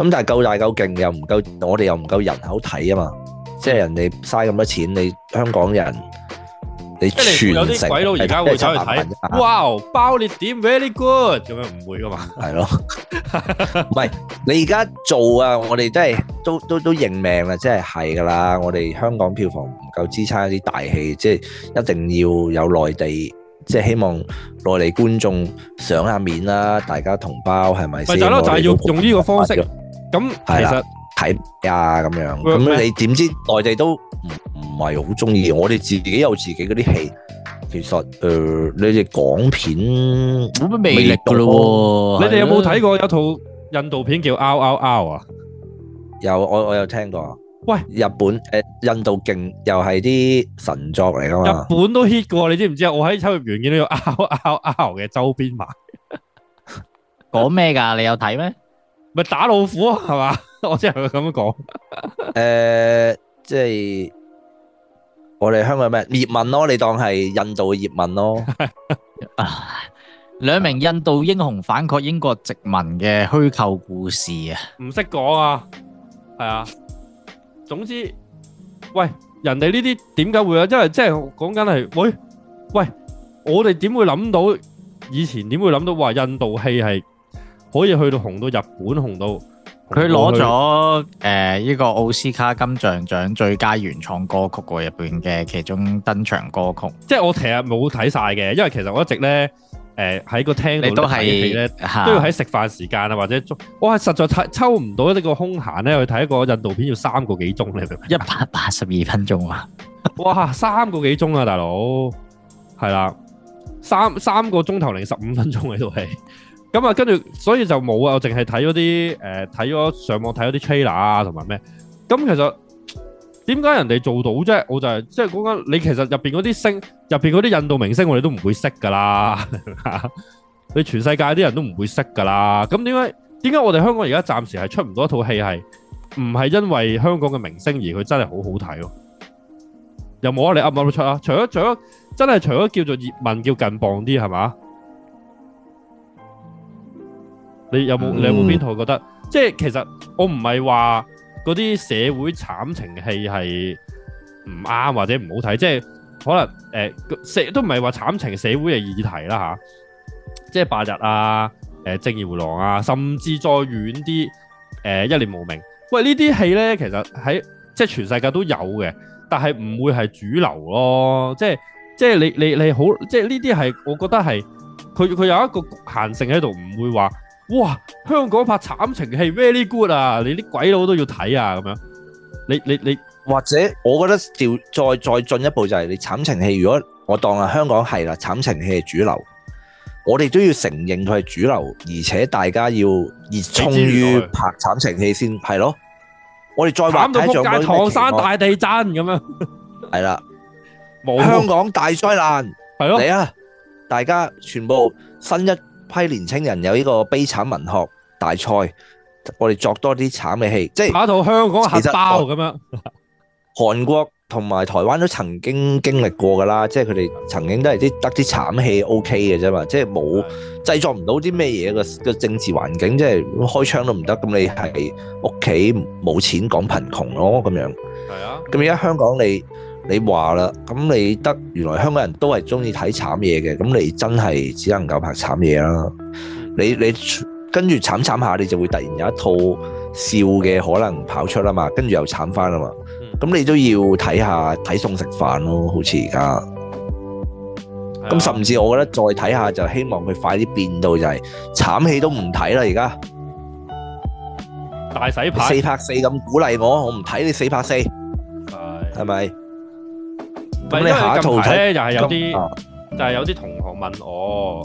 咁但係夠大夠勁又唔夠，我哋又唔夠人口睇啊嘛！即係人哋嘥咁多錢，你香港人你全有啲鬼佬而家會走去睇。哇！包你點？Very good！咁樣唔會噶嘛？係咯，唔係你而家做啊！我哋真係都都都認命啦，即係係噶啦！我哋香港票房唔夠支撐一啲大戲，即係一定要有內地，即係希望內地觀眾賞下面啦，大家同胞係咪先？咪就係咯，就係要用呢個方式。咁，係啦，睇啊咁樣，咁你點知內地都唔唔係好中意？我哋自己有自己嗰啲戲，其實誒，你哋港片冇乜魅力噶咯？你哋有冇睇過有套印度片叫 RRR 啊？有我我有聽過，喂，日本誒，印度勁又係啲神作嚟噶嘛？日本都 hit 過，你知唔知啊？我喺秋葉原見到 RRR 嘅周邊賣，講咩噶？你有睇咩？咪打老虎係嘛？我即係咁樣講。誒，即係我哋香港有咩？葉問咯，你當係印度嘅葉問咯。兩名印度英雄反抗英國殖民嘅虛構故事啊！唔識講啊，係啊。總之，喂，人哋呢啲點解會啊？因為即係講緊係，喂喂，我哋點會諗到以前點會諗到話印度戲係？可以去到紅到日本，紅到佢攞咗誒呢個奧斯卡金像獎最佳原創歌曲嗰入邊嘅其中登場歌曲。即係我其實冇睇晒嘅，因為其實我一直咧誒喺個廳度睇戲咧，都要喺食飯時間啊或者足。哇，實在睇抽唔到呢個空閒咧，去睇一個印度片要三個幾鐘咧，一百八十二分鐘啊！ 哇，三個幾鐘啊，大佬係啦，三三個鐘頭零十五分鐘喺度係。咁啊，嗯，跟住所以就冇啊，我淨係睇嗰啲誒，睇、呃、咗上網睇嗰啲 trailer 啊，同埋咩？咁其實點解人哋做到啫？我就係即係講緊你，其實入邊嗰啲星，入邊嗰啲印度明星我，我哋都唔會識噶啦，你全世界啲人都唔會識噶啦。咁點解？點解我哋香港而家暫時係出唔到一套戲？係唔係因為香港嘅明星而佢真係好好睇咯？又冇啊！你噏唔噏得出啊？除咗除咗真係除咗叫做葉問叫近磅啲係嘛？你有冇你有冇邊套覺得？即係其實我唔係話嗰啲社會慘情戲係唔啱或者唔好睇，即係可能誒社都唔係話慘情社會嘅議題啦吓、啊，即係白日啊、誒、呃、正義回廊啊，甚至再遠啲誒一念、呃、無明。喂，呢啲戲咧其實喺即係全世界都有嘅，但係唔會係主流咯。即係即係你你你好，即係呢啲係我覺得係佢佢有一個侷限性喺度，唔會話。哇！香港拍慘情戲 very good 啊！你啲鬼佬都要睇啊！咁樣，你你你，或者我覺得調再再進一步就係你慘情戲。如果我當係香港係啦，慘情戲係主流，我哋都要承認佢係主流，而且大家要熱衷於拍慘情戲先係咯。我哋再玩到《復界唐山大地震》咁樣，係啦，冇香港大災難係咯，嚟啊！大家全部新一。批年青人有呢個悲慘文學大賽，我哋作多啲慘嘅戲，即係拍一香港黑包咁樣。韓國同埋台灣都曾經經歷過㗎啦， 即係佢哋曾經都係啲得啲慘戲 OK 嘅啫嘛，即係冇製作唔到啲咩嘢嘅個政治環境，即係開槍都唔得。咁你係屋企冇錢講貧窮咯，咁樣。係啊。咁而家香港你？你話啦，咁你得原來香港人都係中意睇慘嘢嘅，咁你真係只能夠拍慘嘢啦。你你跟住慘，慘慘下，你就會突然有一套笑嘅可能跑出啦嘛，跟住又慘翻啦嘛。咁你都要睇下睇餸食飯咯，好似而家。咁甚至我覺得再睇下就希望佢快啲變到就係、是、慘戲都唔睇啦，而家大洗牌四拍四咁鼓勵我，我唔睇你四拍四，係係咪？唔係，因為近排咧又係有啲，啊、就係有啲同學問我，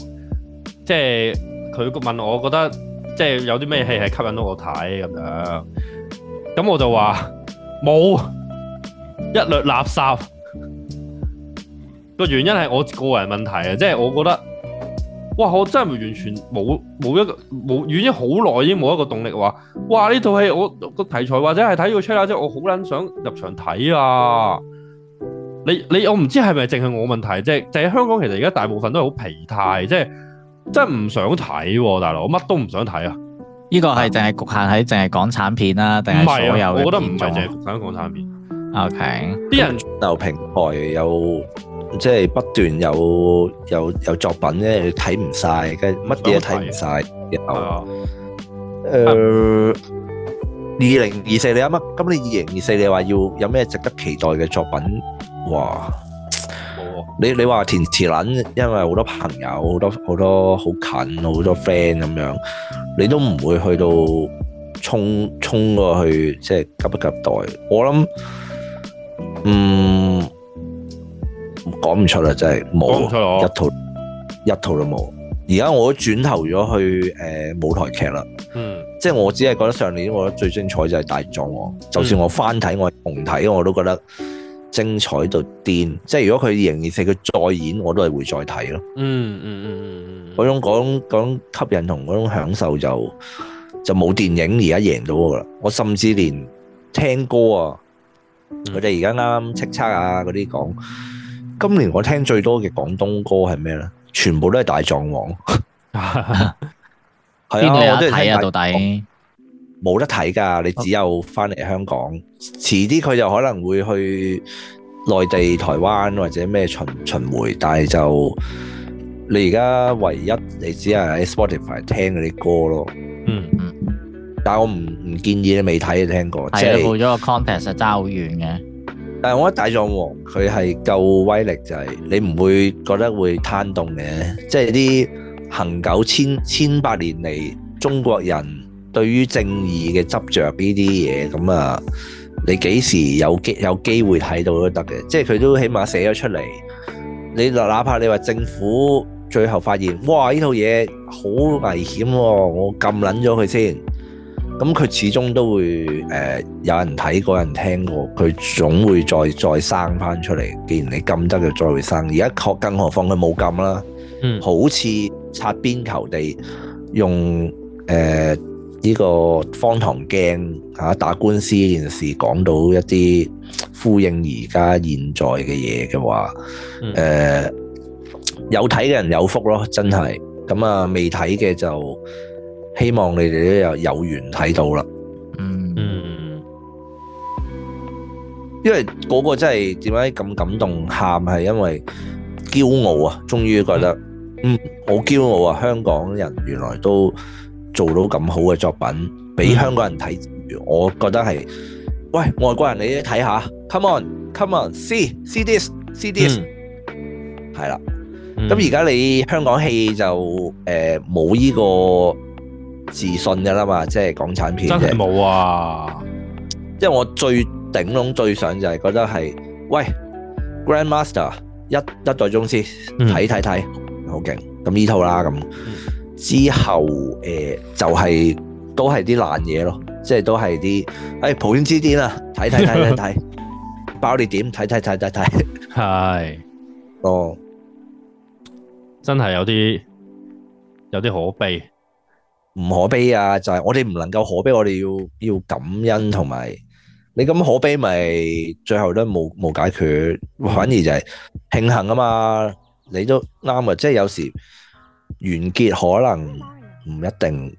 即係佢問我覺得，即係有啲咩戲係吸引到我睇咁樣，咁我就話冇，一律垃圾。個 原因係我個人問題啊，即係我覺得，哇！我真係完全冇冇一個冇，原已經好耐已經冇一個動力話，哇！呢套戲我個題材或者係睇佢出啊，即係我好撚想入場睇啊！嗯你你我唔知係咪淨係我問題，即係，喺香港其實而家大部分都係好疲態，即係，真係唔想睇啊，大佬，我乜都唔想睇啊。呢個係淨係局限喺淨係港產片啦，定係所有嘅片，我覺得唔係淨係限喺港產片。OK，啲人又平台有，即、就、係、是、不斷有有有，有作品咧，睇唔晒，跟住乜嘢都睇唔晒嘅。誒，二零二四你有乜？咁你二零二四你話要有咩值得期待嘅作品？哇！啊、你你話填詞捻，因為好多朋友、好多好多好近、好多 friend 咁樣，你都唔會去到衝衝過去，即係急不及待？我諗，嗯，講唔出啦，真係冇，一套我一套都冇。而家我都轉頭咗去誒、呃、舞台劇啦，嗯，即係我只係覺得上年我覺得最精彩就係《大狀王》，就算我翻睇、嗯、我重睇，我都覺得。精彩到癲，即係如果佢二零二四佢再演我都係會再睇咯、嗯。嗯嗯嗯嗯，嗰、嗯、種種吸引同嗰種享受就就冇電影而家贏到噶啦。我甚至連聽歌啊，佢哋而家啱啱叱咤啊嗰啲講，今年我聽最多嘅廣東歌係咩咧？全部都係大狀王。係 啊， 啊我都要睇啊到底。冇得睇㗎，你只有翻嚟香港，遲啲佢就可能會去內地、台灣或者咩巡巡迴，但係就你而家唯一你只係喺 Spotify 聽嗰啲歌咯。嗯嗯、mm。Hmm. 但係我唔唔建議你未睇就聽過，即係冇咗個 context 係差好遠嘅。但係我覺得《大狀王》佢係夠威力、就是，就係你唔會覺得會攤動嘅，即係啲恒久千千百年嚟中國人。對於正義嘅執着呢啲嘢，咁啊，你幾時有機有機會睇到都得嘅，即係佢都起碼寫咗出嚟。你哪怕你話政府最後發現，哇！呢套嘢好危險喎、哦，我撳撚咗佢先。咁佢始終都會誒、呃、有人睇過、有人聽過，佢總會再再生翻出嚟。既然你撳得，就再會生。而家確更何況佢冇撳啦，好似擦邊球地用誒。呃呢個方唐鏡吓打官司呢件事，講到一啲呼應而家現在嘅嘢嘅話，誒、嗯呃、有睇嘅人有福咯，真係咁啊！未睇嘅就希望你哋都有有緣睇到啦、嗯。嗯，因為嗰個真係點解咁感動喊係因為驕傲啊！終於覺得嗯好、嗯、驕傲啊！香港人原來都～做到咁好嘅作品俾香港人睇，我覺得係，喂外國人你睇下，come on come on see see this see this，係啦、嗯，咁而家你香港戲就誒冇呢個自信嘅啦嘛，即係港產片真係冇啊！即係我最頂籠最想就係覺得係，喂 Grandmaster 一一代宗師睇睇睇好勁，咁呢、嗯、套啦咁。之後，誒、呃、就係、是、都係啲爛嘢咯，即係都係啲誒抱怨之啲啦、啊，睇睇睇睇睇，看看 包你點睇睇睇睇睇，係 哦，真係有啲有啲可悲，唔可悲啊！就係、是、我哋唔能夠可悲，我哋要要感恩同埋你咁可悲，咪最後都冇冇解決，反而就係慶幸啊嘛！你都啱啊，即係有時。完結可能唔一定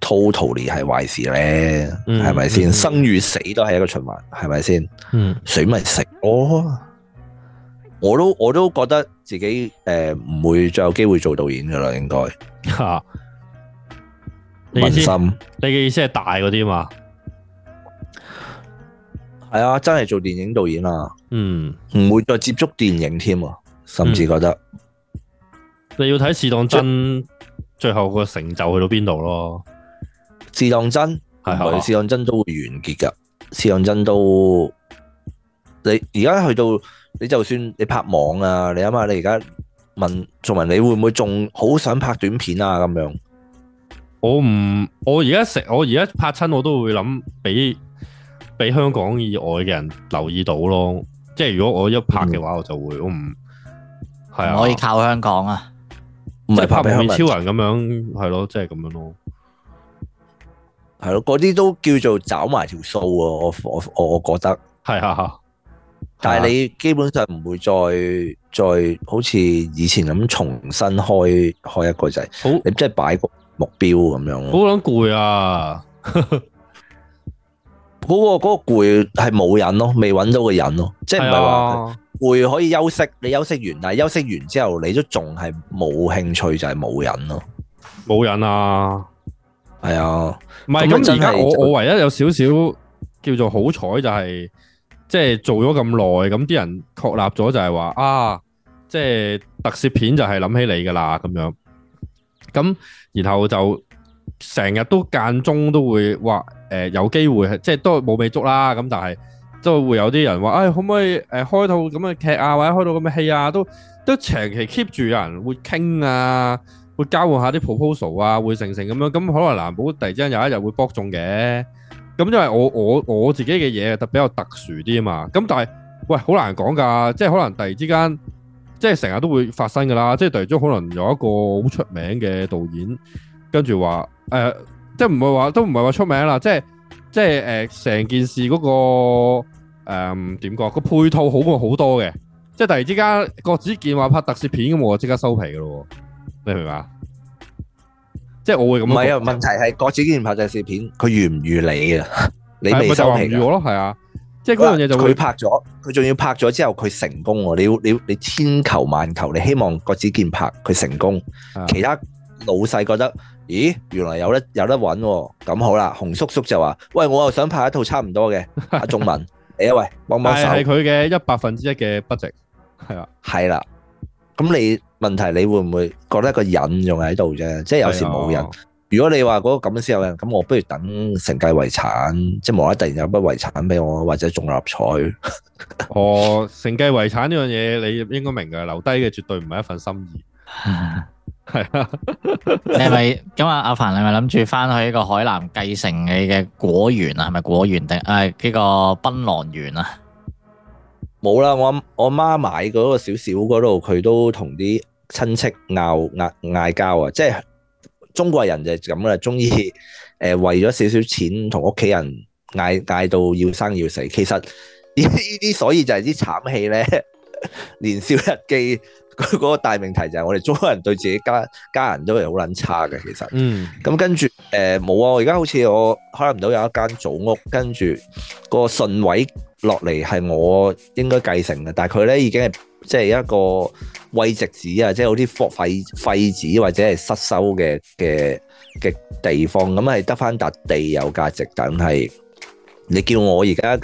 totally 係壞事咧，係咪先？嗯嗯、生與死都係一個循環，係咪先？嗯、水咪食哦，oh, 我都我都覺得自己誒唔、呃、會再有機會做導演噶啦，應該吓、啊。你意思？心，你嘅意思係大嗰啲嘛？係啊，真係做電影導演啊，嗯，唔會再接觸電影添，甚至覺得、嗯。你要睇試當真，最後個成就去到邊度咯？試當真係，試當真都會完結噶。試當真都，你而家去到你就算你拍網啊，你諗下，你而家問仲文，你會唔會仲好想拍短片啊？咁樣？我唔，我而家成，我而家拍親，我都會諗俾俾香港以外嘅人留意到咯。即係如果我一拍嘅話，我就會、嗯、我唔係啊，可以靠香港啊。唔係拍片超人咁的樣，係咯的，即係咁樣咯，係咯，嗰啲都叫做找埋條數啊。我我我覺得係啊，的但係你基本上唔會再的再好似以前咁重新開開一個仔，好你即係擺個目標咁樣。好撚攰啊！ 嗰個攰係冇人咯，未揾到個人咯，即係唔係話攰可以休息？你休息完但係，休息完之後你都仲係冇興趣，就係、是、冇人咯，冇人啊，係啊、哎呦，唔係咁而家我唯一有少少叫做好彩就係即係做咗咁耐，咁啲人確立咗就係話啊，即、就、係、是、特攝片就係諗起你噶啦咁樣，咁然後就。成日都間中都會話誒有機會係即係都冇未捉啦咁，但係都會有啲人話誒可唔可以誒開套咁嘅劇啊，或者開套咁嘅戲啊，都都長期 keep 住有人會傾啊，會交換下啲 proposal 啊，會成成咁樣咁，可能難保突然之間有一日會搏中嘅，咁因為我我我自己嘅嘢特比較特殊啲啊嘛，咁但係喂好難講㗎，即係可能突然之間即係成日都會發生㗎啦，即係突然之間可能有一個好出名嘅導演。跟住話誒，即係唔係話都唔係話出名啦，即係即係誒，成件事嗰個誒點講個配套好過好多嘅，即係突然之間郭子健話拍特攝片咁，我即刻收皮噶咯，明唔明啊？即係我會咁唔係啊？問題係郭子健拍特攝片，佢如唔如你啊？你未收皮啊？如我咯，係啊，即係嗰樣嘢就佢拍咗，佢仲要拍咗之後佢成功，你要你你千求萬求，你希望郭子健拍佢成功，其他老細覺得。咦，原來有得有得揾喎，咁好啦。洪叔叔就話：，喂，我又想拍一套差唔多嘅。阿仲文，誒喂，幫幫手。係係佢嘅一百分之一嘅估值，係啊，係啦。咁你問題，你會唔會覺得一個人仲喺度啫？即係有時冇人。如果你話嗰個咁嘅先有人，咁我不如等承繼遺產，即係無啦啦突然有筆遺產俾我，或者中六合彩。哦，承繼遺產呢樣嘢，你應該明嘅，留低嘅絕對唔係一份心意。係啊， 你係咪咁啊，阿凡你係咪諗住翻去呢個海南繼承你嘅果園啊？係咪果園定誒呢個檳榔園啊？冇啦，我我媽買嗰個少少嗰度，佢都同啲親戚拗嗌嗌交啊！即係中國人就係咁啦，中意誒為咗少少錢同屋企人嗌嗌到要生要死。其實呢呢啲所以就係啲慘戲咧， 年少日記。佢嗰 個大命題就係我哋中國人對自己家家人都係好撚差嘅，其實。嗯。咁跟住，誒、呃、冇啊！我而家好似我開唔到有一間祖屋，跟住個順位落嚟係我應該繼承嘅，但係佢咧已經係即係一個廢紙啊，即係好啲廢廢紙或者係失收嘅嘅嘅地方，咁係得返笪地有價值，但係你叫我而家，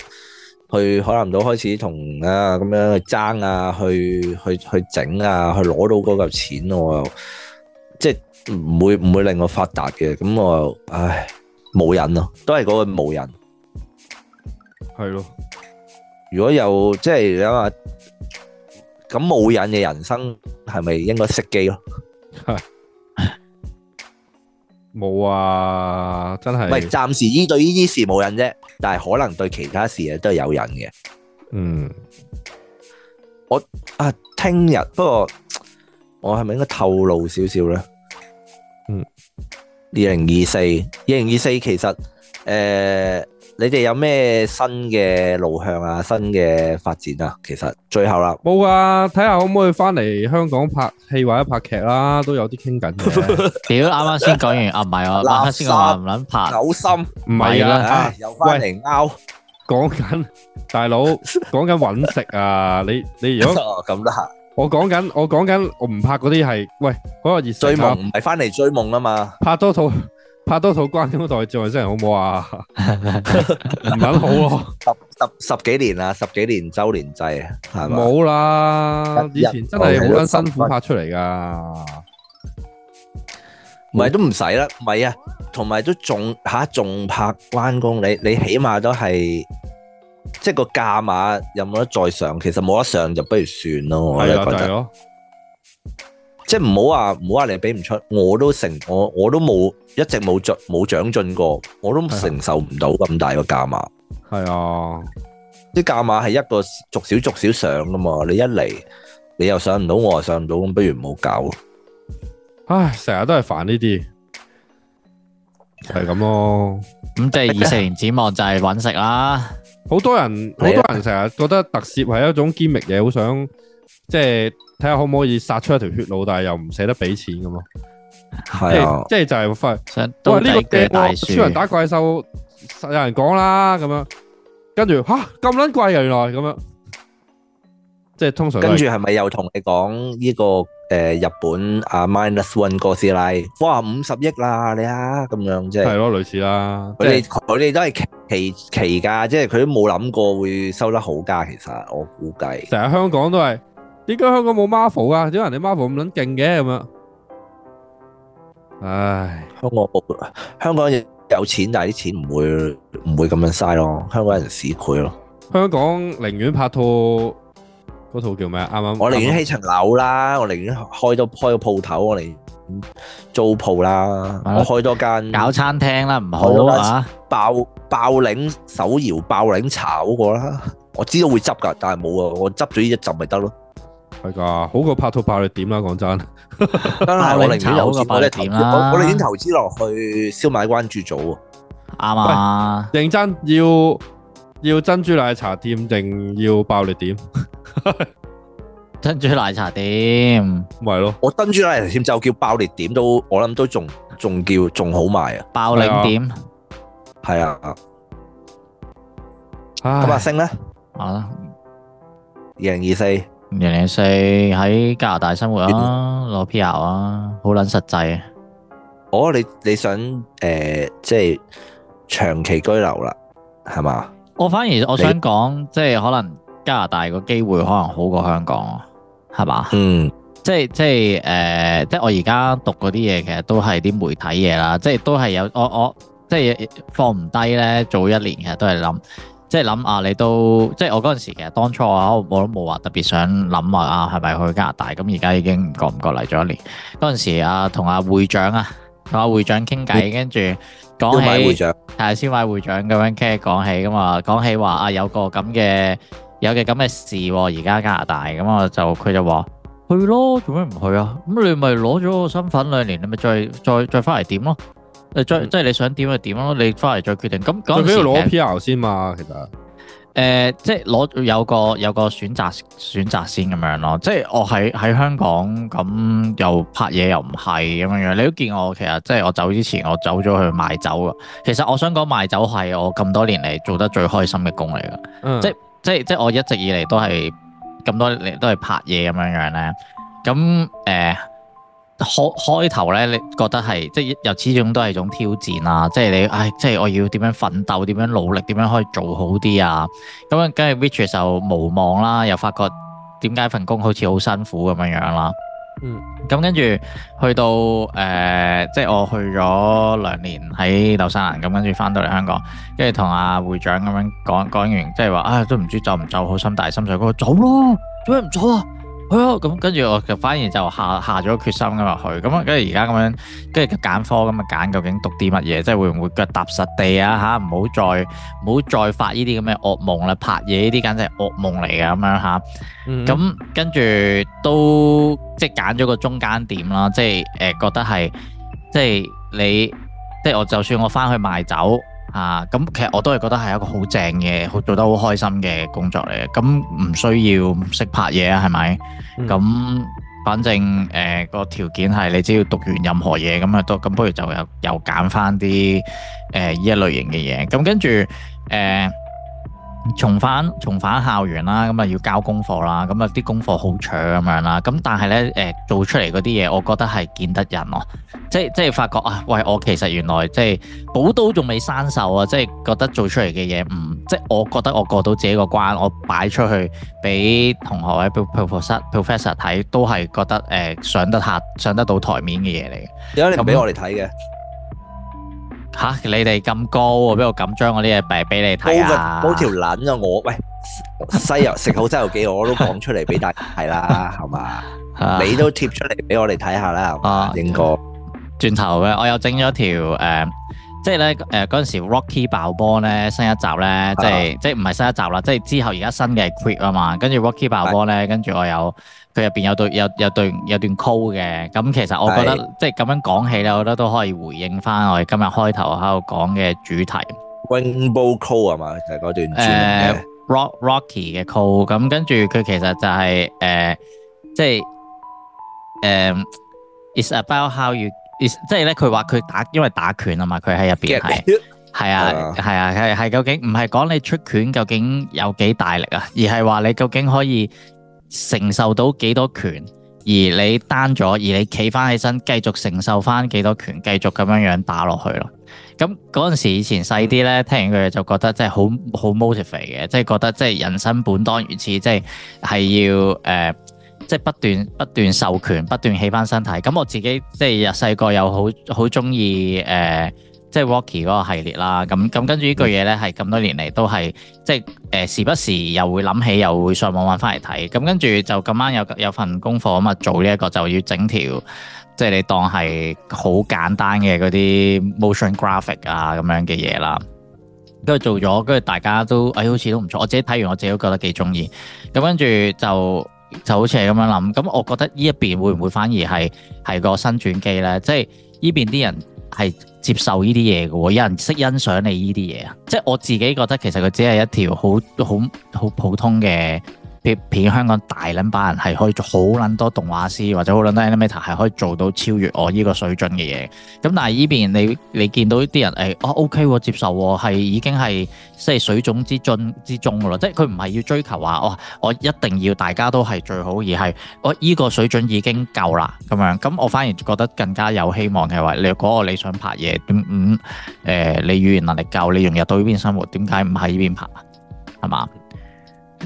去海南島開始同啊咁樣去爭啊，去去去整啊，去攞到嗰嚿錢咯，即係唔會唔會令我發達嘅，咁我又唉冇癮咯，都係嗰個冇癮，係咯。如果有即係啊，咁冇癮嘅人生係咪應該熄機咯？冇啊，真係，唔係暫時依對依啲事冇癮啫，但係可能對其他事嘢都係有癮嘅。嗯，我啊聽日，不過我係咪應該透露少少咧？嗯，二零二四，二零二四其實誒。呃你哋有咩新嘅路向啊？新嘅發展啊？其實最後啦，冇啊，睇下可唔可以翻嚟香港拍戲或者拍劇啦，都有啲傾緊。屌，啱啱先講完，啊，唔係啊，啱啱先講，唔撚拍，嘔心，唔係啊，又翻嚟勾，講緊大佬，講緊搵食啊，你你如果咁得閒，我講緊，我講緊，我唔拍嗰啲係，喂，嗰個追夢唔係翻嚟追夢啊嘛，拍多套。拍多套關公代志，係真係好唔好啊？唔咁好咯，十十十幾年啦，十幾年，年周年制。啊，係嘛？冇啦，以前真係好辛苦拍出嚟噶。唔係 都唔使啦，唔係啊，同埋都仲吓仲拍關公，你你起碼都係，即係個價碼有冇得再上？其實冇得上，就不如算咯。係咯。即係唔好話，唔好話你俾唔出，我都成我我都冇一直冇進冇長進過，我都承受唔到咁大個價碼。係啊，啲價碼係一個逐少逐少上噶嘛。你一嚟，你又上唔到，我又上唔到，咁不如唔好搞。唉，成日都係煩呢啲，係咁咯。咁即係二四年展望就係搵食啦。好多人好多人成日覺得特攝係一種揭秘嘢，好想即係。睇下可唔可以殺出一條血路，但係又唔捨得俾錢咁咯。係啊，即係就係費。哇，呢部嘅超人打怪獸，有人講啦，咁樣跟住吓咁撚貴啊，原來咁樣。即係通常。跟住係咪又同你講呢個誒日本阿 Minus One 哥斯拉？哇，五十億啦，你啊咁樣，即係。係咯，類似啦。佢哋佢哋都係期期期價，即係佢都冇諗過會收得好價。其實我估計，成日香港都係。點解香港冇 Marvel 啊？點解人哋 Marvel 咁撚勁嘅咁樣？唉，香港冇，香港有有錢，但係啲錢唔會唔會咁樣嘥咯。香港人市儈咯。香港寧願拍套嗰套叫咩？啱啱我寧願起層樓啦，我寧願開多開個鋪頭，我嚟租鋪啦。我開多間搞餐廳啦，唔好啊！爆爆檸手搖爆檸炒過啦，我知道會執噶，但係冇啊！我執咗呢一集咪得咯。係噶，好過拍套爆裂點啦，講真。我寧願投資，我寧願投資落去燒賣關注組。啱啊，認真要要珍珠奶茶店定要爆裂點？珍珠奶茶店，咪咯。我珍珠奶茶店就叫爆裂點都，我諗都仲仲叫仲好賣啊。爆裂點，係啊。咁阿星咧啊，二零二四。零零四喺加拿大生活啊，攞、嗯、PR 啊，好捻實際啊！哦，你你想誒、呃，即係長期居留啦，係嘛？我反而我想講，你即係可能加拿大個機會可能好過香港啊，係嘛？嗯，即係即係誒，即係、呃、我而家讀嗰啲嘢，其實都係啲媒體嘢啦，即係都係有我我即係放唔低咧，做一年其實都係諗。即係諗啊！你都即係我嗰陣時其實當初啊，我都冇話特別想諗啊，啊、係咪去加拿大？咁而家已經過唔過嚟咗一年。嗰陣時啊，同阿會長啊，同阿會長傾偈，跟住講起，係啊，先買會長咁樣傾，講起咁嘛，講起話啊，有個咁嘅有嘅咁嘅事喎、啊，而家加拿大咁啊，我就佢就話去咯，做咩唔去啊？咁你咪攞咗個身份兩年，你咪再再再翻嚟點咯？即係你想點就點咯，你翻嚟再決定。咁最緊要攞 PR 先嘛，其實誒、呃、即係攞有個有個選擇選擇先咁樣咯。即係我喺喺香港咁又拍嘢又唔係咁樣樣。你都見我其實即係我走之前我走咗去賣酒噶。其實我想講賣酒係我咁多年嚟做得最開心嘅工嚟噶。嗯即，即即即我一直以嚟都係咁多年都係拍嘢咁樣樣咧。咁誒。呃開開頭咧，你覺得係即係又始終都係種挑戰啊。即係你唉，即係我要點樣奮鬥，點樣努力，點樣可以做好啲啊？咁啊，跟住 which 就無望啦，又發覺點解份工好似好辛苦咁樣樣啊啦。嗯。咁跟住去到誒、呃，即係我去咗兩年喺紐西蘭，咁跟住返到嚟香港，跟住同阿會長咁樣講講完，即係話啊，都唔知走唔走好，心大心細哥走咯，做咩唔走啊？咁跟住我就反而就下下咗個決心咁落去，咁跟住而家咁樣，跟住揀科咁啊揀究竟讀啲乜嘢，即係會唔會腳踏實地啊？吓，唔好再唔好再發呢啲咁嘅惡夢啦，拍嘢呢啲簡直係惡夢嚟嘅咁樣吓，咁跟住都即係揀咗個中間點啦，即係誒覺得係即係你即係我就算我翻去賣酒。嗯 啊，咁其實我都係覺得係一個好正嘅，好做得好開心嘅工作嚟嘅。咁唔需要識拍嘢啊，係咪？咁、嗯、反正誒個、呃、條件係你只要讀完任何嘢咁啊都，咁不如就又又揀翻啲誒呢一類型嘅嘢。咁跟住誒。呃重返重返校園啦，咁啊要交功課啦，咁啊啲功課好長咁樣啦，咁但係呢，誒做出嚟嗰啲嘢，我覺得係見得人咯，即係即係發覺啊，喂、哎、我其實原來即係寶刀仲未生鏽啊，即係覺得做出嚟嘅嘢唔即係我覺得我過到自己個關，我擺出去俾同學或者 professor professor 睇都係覺得誒、呃、上得下上得到台面嘅嘢嚟嘅，有得你俾我嚟睇嘅。吓，你哋咁高，邊度敢將我啲嘢俾俾你睇啊？嗰嗰條捻啊，我喂西遊食好西遊記，我都講出嚟俾大家睇啦，係嘛？你都貼出嚟俾我哋睇下啦。啊，應哥，轉頭咧，我又整咗條誒，即係咧誒，嗰陣時 Rocky 爆波咧，新一集咧，即係即係唔係新一集啦，即係之後而家新嘅係 Clip 啊嘛，跟住 Rocky 爆波咧，跟住我又。佢入邊有段有有段有段 call 嘅，咁、嗯、其實我覺得是即係咁樣講起咧，我覺得都可以回應翻我哋今日開頭喺度講嘅主題。Rainbow call 啊嘛，就係、是、嗰段誒、呃、Rock Rocky 嘅 call、嗯。咁跟住佢其實就係、是、誒、呃、即係誒、呃、is about how you is 即係咧，佢話佢打因為打拳啊嘛，佢喺入邊係係啊係啊係係究竟唔係講你出拳究竟有幾大力啊，而係話你究竟可以。承受到幾多拳，而你單咗，而你企翻起身，繼續承受翻幾多拳，繼續咁樣樣打落去咯。咁嗰陣時以前細啲咧，聽完佢就覺得真係好好 motivate 嘅，即係覺得即係人生本當如此，即係係要誒、呃，即係不斷不斷受拳，不斷起翻身體。咁我自己即係日細個又好好中意誒。即係 Walkie 嗰個系列啦，咁咁跟住呢句嘢咧，係咁多年嚟都係，即係誒、呃、時不時又會諗起，又會上網揾翻嚟睇。咁跟住就咁啱有有份功課啊嘛，做呢、這、一個就要整條，即係你當係好簡單嘅嗰啲 motion graphic 啊咁樣嘅嘢啦。跟住做咗，跟住大家都誒、哎、好似都唔錯，我自己睇完我自己都覺得幾中意。咁跟住就就好似係咁樣諗，咁我覺得呢一邊會唔會反而係係個新轉機咧？即係呢邊啲人。係接受呢啲嘢嘅喎，有人識欣賞你呢啲嘢啊！即係我自己覺得，其實佢只係一條好好好普通嘅片香港大撚班人係可以做好撚多動畫師，或者好撚多 Animator 係可以做到超越我呢個水準嘅嘢。咁但係依邊你你見到呢啲人誒、哎、哦 OK 接受喎，係已經係即係水準之盡之中㗎啦。即係佢唔係要追求話哦，我一定要大家都係最好，而係我依個水準已經夠啦咁樣。咁我反而覺得更加有希望嘅話，你如果你想拍嘢咁，誒、嗯呃，你語言能力夠，你融入到呢邊生活，點解唔喺呢邊拍啊？係嘛？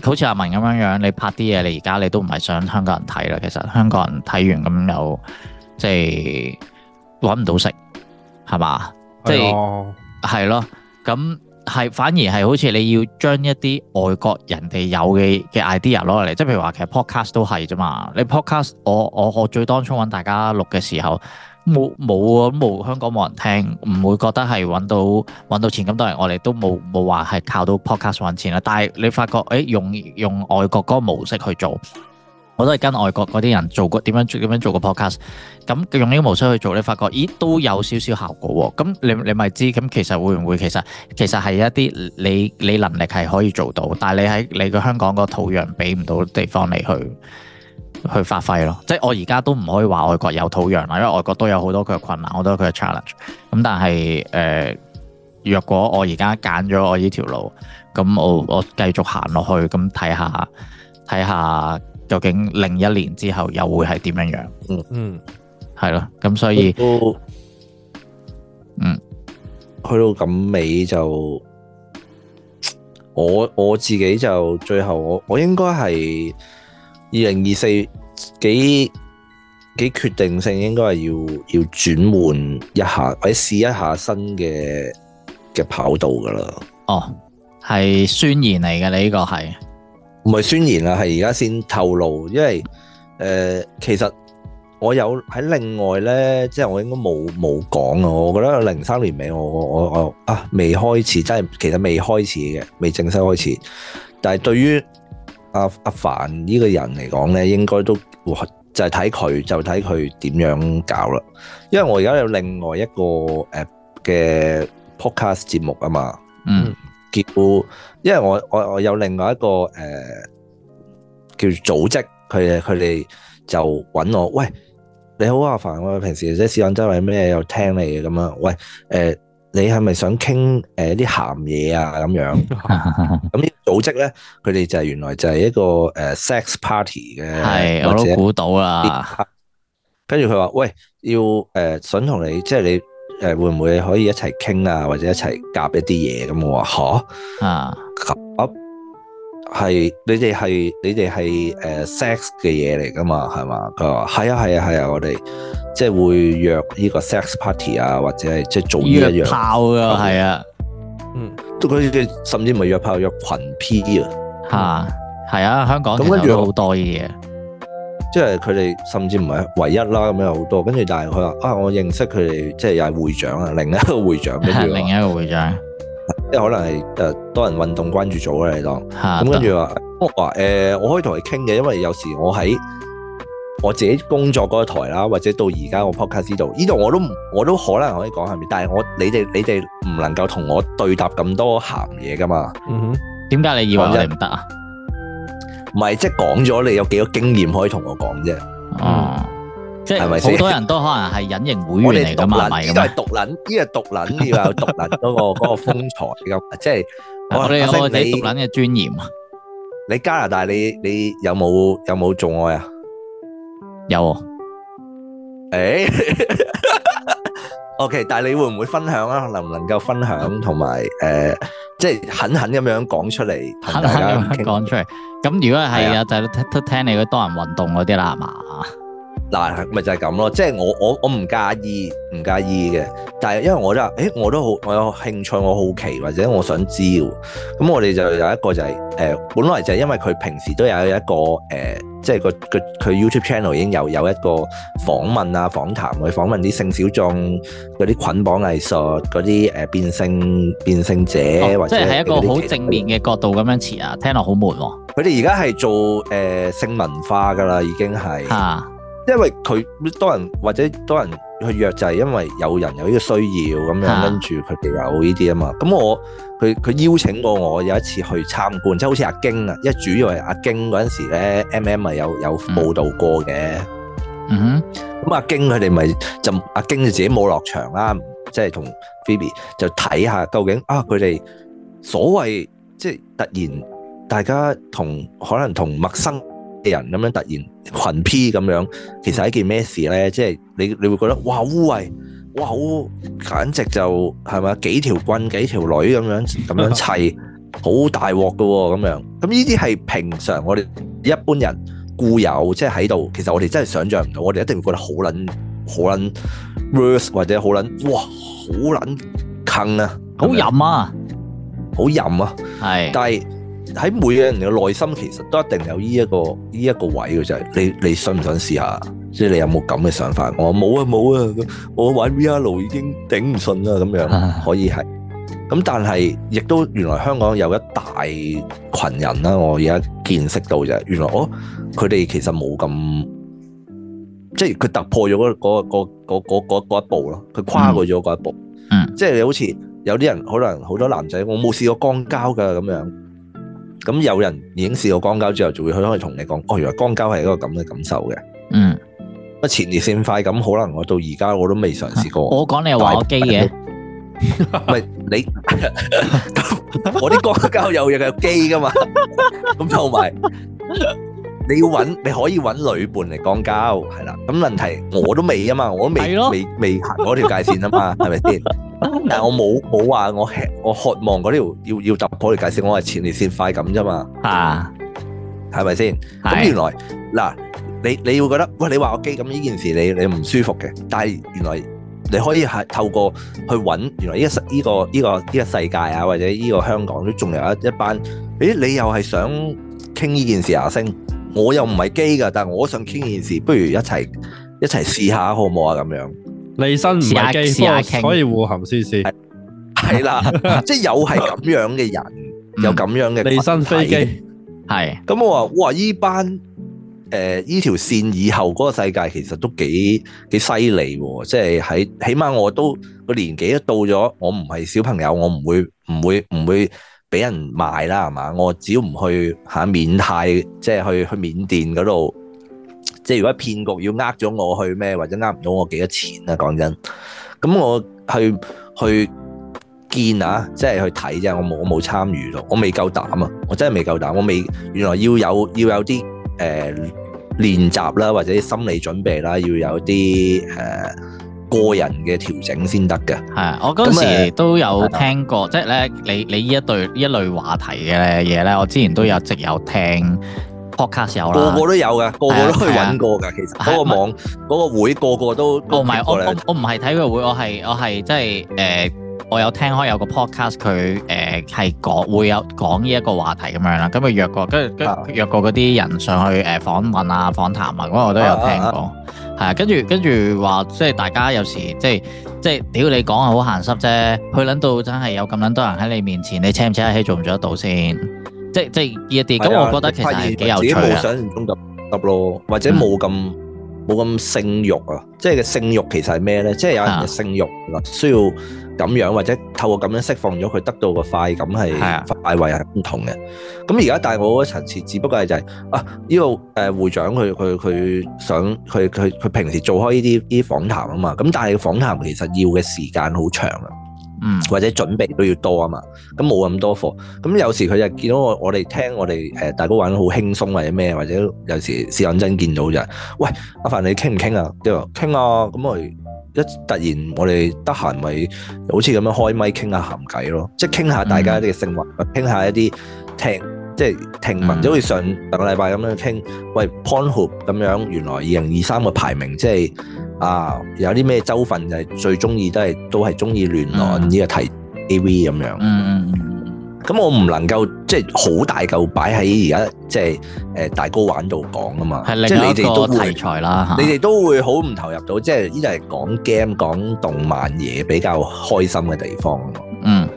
好似阿文咁樣樣，你拍啲嘢，你而家你都唔係想香港人睇啦。其實香港人睇完咁又即係揾唔到食，係嘛？即係係咯，咁係 反而係好似你要將一啲外國人哋有嘅嘅 idea 攞嚟，即係譬如話其實 podcast 都係啫嘛。你 podcast 我我我最當初揾大家錄嘅時候。冇冇啊！冇香港冇人聽，唔會覺得係揾到揾到錢咁多，人我哋都冇冇話係靠到 podcast 揾錢啦。但係你發覺，誒、欸、用用外國嗰模式去做，我都係跟外國嗰啲人做過點樣點樣做個 podcast。咁用呢個模式去做，你發覺，咦都有少少效果喎、啊。咁你你咪知咁其實會唔會其實其實係一啲你你能力係可以做到，但係你喺你個香港個土壤俾唔到地方你去，去發揮咯，即係我而家都唔可以話外國有土壤啦，因為外國都有好多佢嘅困難，我覺得佢嘅 challenge。咁但係誒、呃，若果我而家揀咗我呢條路，咁我我繼續行落去，咁睇下睇下究竟另一年之後又會係點樣樣？嗯嗯，係咯，咁所以到嗯去到咁尾就我我自己就最後我我應該係。二零二四幾幾決定性應該係要要轉換一下，或者試一下新嘅嘅跑道㗎啦。哦，係宣言嚟嘅，你呢個係唔係宣言啊？係而家先透露，因為誒、呃，其實我有喺另外咧，即係我應該冇冇講啊。我覺得零三年尾，我我我啊未開始，真係其實未開始嘅，未正式開始。但係對於阿阿、啊、凡呢個人嚟講咧，應該都就係睇佢，就睇佢點樣搞啦。因為我而家有另外一個誒嘅、呃、podcast 節目啊嘛，嗯，叫因為我我我有另外一個誒、呃、叫組織，佢佢哋就揾我，喂，你好，阿凡我平時即係試問周圍咩有聽你嘅咁啊，喂，誒、呃。你係咪想傾誒啲鹹嘢啊？咁樣咁啲個組織咧，佢哋就係原來就係一個誒 sex party 嘅， 我都估到啦。跟住佢話，喂，要誒、呃、想同你，即係你誒、呃、會唔會可以一齊傾啊？或者一齊夾一啲嘢咁？我話嚇啊！ 係你哋？係你哋？係誒 sex 嘅嘢嚟噶嘛？係嘛？佢話，係啊，係啊，係啊，我哋即係會約呢個 sex party 啊，或者係即係做約炮約啊，係啊。嗯，佢哋甚至唔係約炮約群 P 啊？吓，係啊，香港。咁跟住好多呢啲嘢，即係佢哋甚至唔係唯一啦，咁樣好多，跟住但係佢話啊，我認識佢哋即係又係會長啊，另一個會長，跟住，另一個會長。 即係可能係誒、呃、多人運動關注組啦，你講、啊。咁跟住話，哦、我話誒、呃，我可以同你傾嘅，因為有時我喺我自己工作嗰台啦，或者到而家我 podcast 度，呢度我都我都可能可以講係咪？但係我你哋你哋唔能夠同我對答咁多鹹嘢噶嘛？嗯、哼，點解你以為我哋唔得啊？唔係，即係講咗你有幾多經驗可以同我講啫。哦、嗯。即係好多人都可能係隱形會員嚟噶嘛？呢個係獨捻，呢個獨捻要有獨捻嗰個嗰個風采咁。即係我哋有冇你獨捻嘅尊嚴啊？你加拿大你你有冇有冇做愛啊？有啊。誒，OK，但係你會唔會分享啊？能唔能夠分享同埋誒，即係狠狠咁樣講出嚟，狠狠咁講出嚟。咁如果係啊，就聽聽你嗰多人運動嗰啲啦，係嘛？嗱，咪、啊、就係咁咯，即係我我我唔介意唔介意嘅，但係因為我都話，誒，我都好，我有興趣，我好奇或者我想知喎。咁我哋就有一個就係、是、誒、呃，本來就係因為佢平時都有一個誒、呃，即係個個佢 YouTube channel 已經有有一個訪問啊、訪談去訪問啲性小眾嗰啲捆綁藝術嗰啲誒變性變性者，或者係一個好正面嘅角度咁樣詞啊，哦、聽落好悶喎。佢哋而家係做誒、呃、性文化噶啦，已經係嚇、啊。因為佢多人或者多人去約，就係因為有人有呢個需要咁樣，跟住佢哋有呢啲啊嘛。咁我佢佢邀請過我有一次去參觀，即係好似阿京啊，因為主要係阿京嗰陣時咧，M M 咪有有報導過嘅。嗯，咁阿京佢哋咪就阿京就自己冇落場啦，即係同 Phoebe 就睇下究竟啊佢哋所謂即係突然大家同可能同陌生。人咁樣突然群 P 咁樣，其實係一件咩事咧？即係你你會覺得哇污穢，哇好簡直就係、是、咪？幾條棍幾條女咁樣咁樣砌，好大鑊㗎喎咁樣。咁呢啲係平常我哋一般人固有，即係喺度。其實我哋真係想像唔到，我哋一定會覺得好撚好撚 vers 或者好撚哇好撚坑啦，好淫啊，好淫啊，係是，但係。喺每個人嘅內心，其實都一定有呢一個呢一個位嘅就係你你想唔想試下？即係你有冇咁嘅想法？我話冇啊冇啊！我玩 VR 路已經頂唔順啦，咁樣可以係。咁但係亦都原來香港有一大羣人啦，我而家見識到就係原來哦佢哋其實冇咁即係佢突破咗嗰嗰嗰嗰嗰嗰嗰一步咯，佢跨過咗嗰一步。嗯，即係你好似有啲人可能好多男仔我冇試過肛交㗎咁樣。咁有人已經試過肛交之後，就會去可以同你講，哦，原來肛交係一個咁嘅感受嘅。嗯，乜前列腺快咁，可能我到而家我都未嘗試過。我講你又話我機嘅，唔係你，我啲肛交有嘢係機噶嘛？咁就同埋。你要揾，你可以揾女伴嚟講交，係啦。咁問題我都未啊嘛，我都未未未行嗰條界線啊嘛，係咪先？但係我冇冇話我我渴望嗰條要要突破嘅界線，我係前列線快咁啫嘛，啊哈，係咪先？咁的原來嗱，你你會覺得喂你話我基咁呢件事你，你你唔舒服嘅，但係原來你可以係透過去揾原來呢一呢個呢、呢個呢、呢個呢個呢個世界啊，或者呢個香港都仲有一一班，咦？你又係想傾呢件事啊，星？我又唔係機噶但係我想傾件事，不如一齊一齊試下，好唔好啊？咁樣，利身唔係機先可以互含試試，係啦，即係有係咁樣嘅人，有咁樣嘅利身飛機，係。咁我話，哇！依班誒依條線以後嗰個世界其實都幾幾犀利喎，即係喺起碼我都個年紀一到咗，我唔係小朋友，我唔會唔會唔會。俾人賣啦，係嘛？我只要唔去嚇、啊、緬泰，即係去去緬甸嗰度，即係如果騙局要呃咗我去咩，或者呃唔到我幾多錢啊？講真，咁我去去見啊，即係去睇啫，我冇我冇參與到，我未夠膽啊！我真係未夠膽，我未原來要有要有啲誒、呃、練習啦，或者心理準備啦，要有啲誒。呃個人嘅調整先得嘅。係我嗰時都有聽過，即係咧，你你呢一對一類話題嘅嘢咧，我之前都有直有聽 podcast 有。個個都有嘅，個個都可以揾過嘅。其實嗰個網嗰個會，個個都。我唔係睇個會，我係我係即係誒，我有聽開有個 podcast，佢誒係講會有講呢一個話題咁樣啦。咁啊約過，跟住跟約過嗰啲人上去誒訪問啊、訪談啊嗰個我都有聽過。係啊，跟住跟住話，即係大家有時即係即係屌你講係好鹹濕啫，佢諗到真係有咁撚多人喺你面前，你扯唔扯得起做唔做得到先？即係即係呢一啲咁，啊、我覺得其實幾有趣。自己冇想像中咁得咯，或者冇咁冇咁性慾啊？即係個性慾其實係咩咧？即係有人嘅性慾需要。咁樣或者透過咁樣釋放咗佢得到個快感係快慰係唔同嘅。咁而家大我嗰層次，只不過係就係、是、啊，呢、這個誒會長佢佢佢想佢佢佢平時做開呢啲啲訪談啊嘛。咁但係訪談其實要嘅時間好長啊，嗯、或者準備都要多啊嘛。咁冇咁多貨，咁有時佢就見到我我哋聽我哋誒大哥玩得好輕鬆或者咩，或者有時試眼真見到就係、是，喂阿凡你傾唔傾啊？呢個傾啊，咁我。一突然我哋得閒咪好似咁樣開咪傾下閒偈咯，即係傾下大家啲嘅生活，傾下一啲聽即係聽聞，就好似上上個禮拜咁樣傾，喂 PornHub 咁樣，原來二零二三嘅排名即係啊有啲咩州份就係最中意都係都係中意亂倫呢個題、嗯、AV 咁樣。嗯。咁我唔能夠即係好大嚿擺喺而家即係誒大 GO 玩度講啊嘛，即係你哋都題材啦，你哋都會好唔投入到，即係呢度係講 game 講動漫嘢比較開心嘅地方嗯，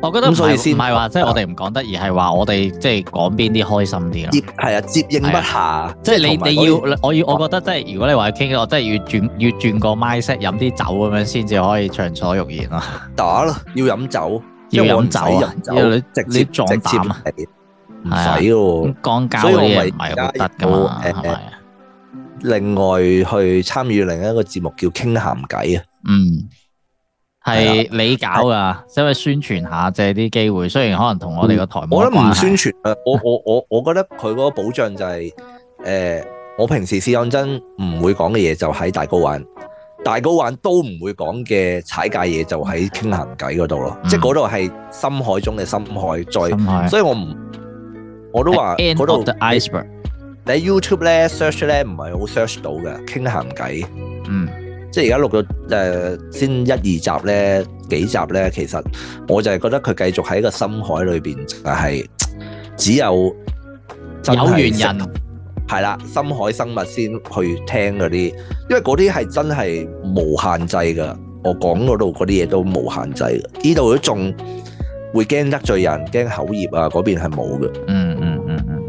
我覺得唔係唔係話即係我哋唔講得，而係話我哋即係講邊啲開心啲咯。接啊，接應不下，啊、即係你你要我要我覺得即係如果你話要傾，我真係要轉要轉個 mindset，e 飲啲酒咁樣先至可以暢所欲言啊。打咯，要飲酒。要飲你酒接啊！你直接撞膽係唔使咯，降價嘅嘢唔係咁得噶嘛？係另外去參與另一個節目叫傾咸偈。嗯、啊？嗯，係你搞噶，想去宣傳下，借啲機會。雖然可能同我哋個台冇關係，唔宣傳。 我我我我覺得佢嗰個保障就係、是，誒、呃，我平時試當真唔會講嘅嘢就喺大 GO 玩。大 GO 玩都唔會講嘅踩界嘢，就喺傾行偈嗰度咯，即係嗰度係深海中嘅深海，再，海所以我唔，我都話嗰度 iceberg，你喺 YouTube 咧 search 咧唔係好 search 到嘅傾行偈，嗯，即係而家錄咗誒、呃、先一二集咧幾集咧，其實我就係覺得佢繼續喺個深海裏邊就係、是、只有有緣人。係啦，深海生物先去聽嗰啲，因為嗰啲係真係無限制噶。我講嗰度嗰啲嘢都無限制嘅，呢度都仲會驚得罪人，驚口業啊。嗰邊係冇嘅。嗯嗯嗯嗯。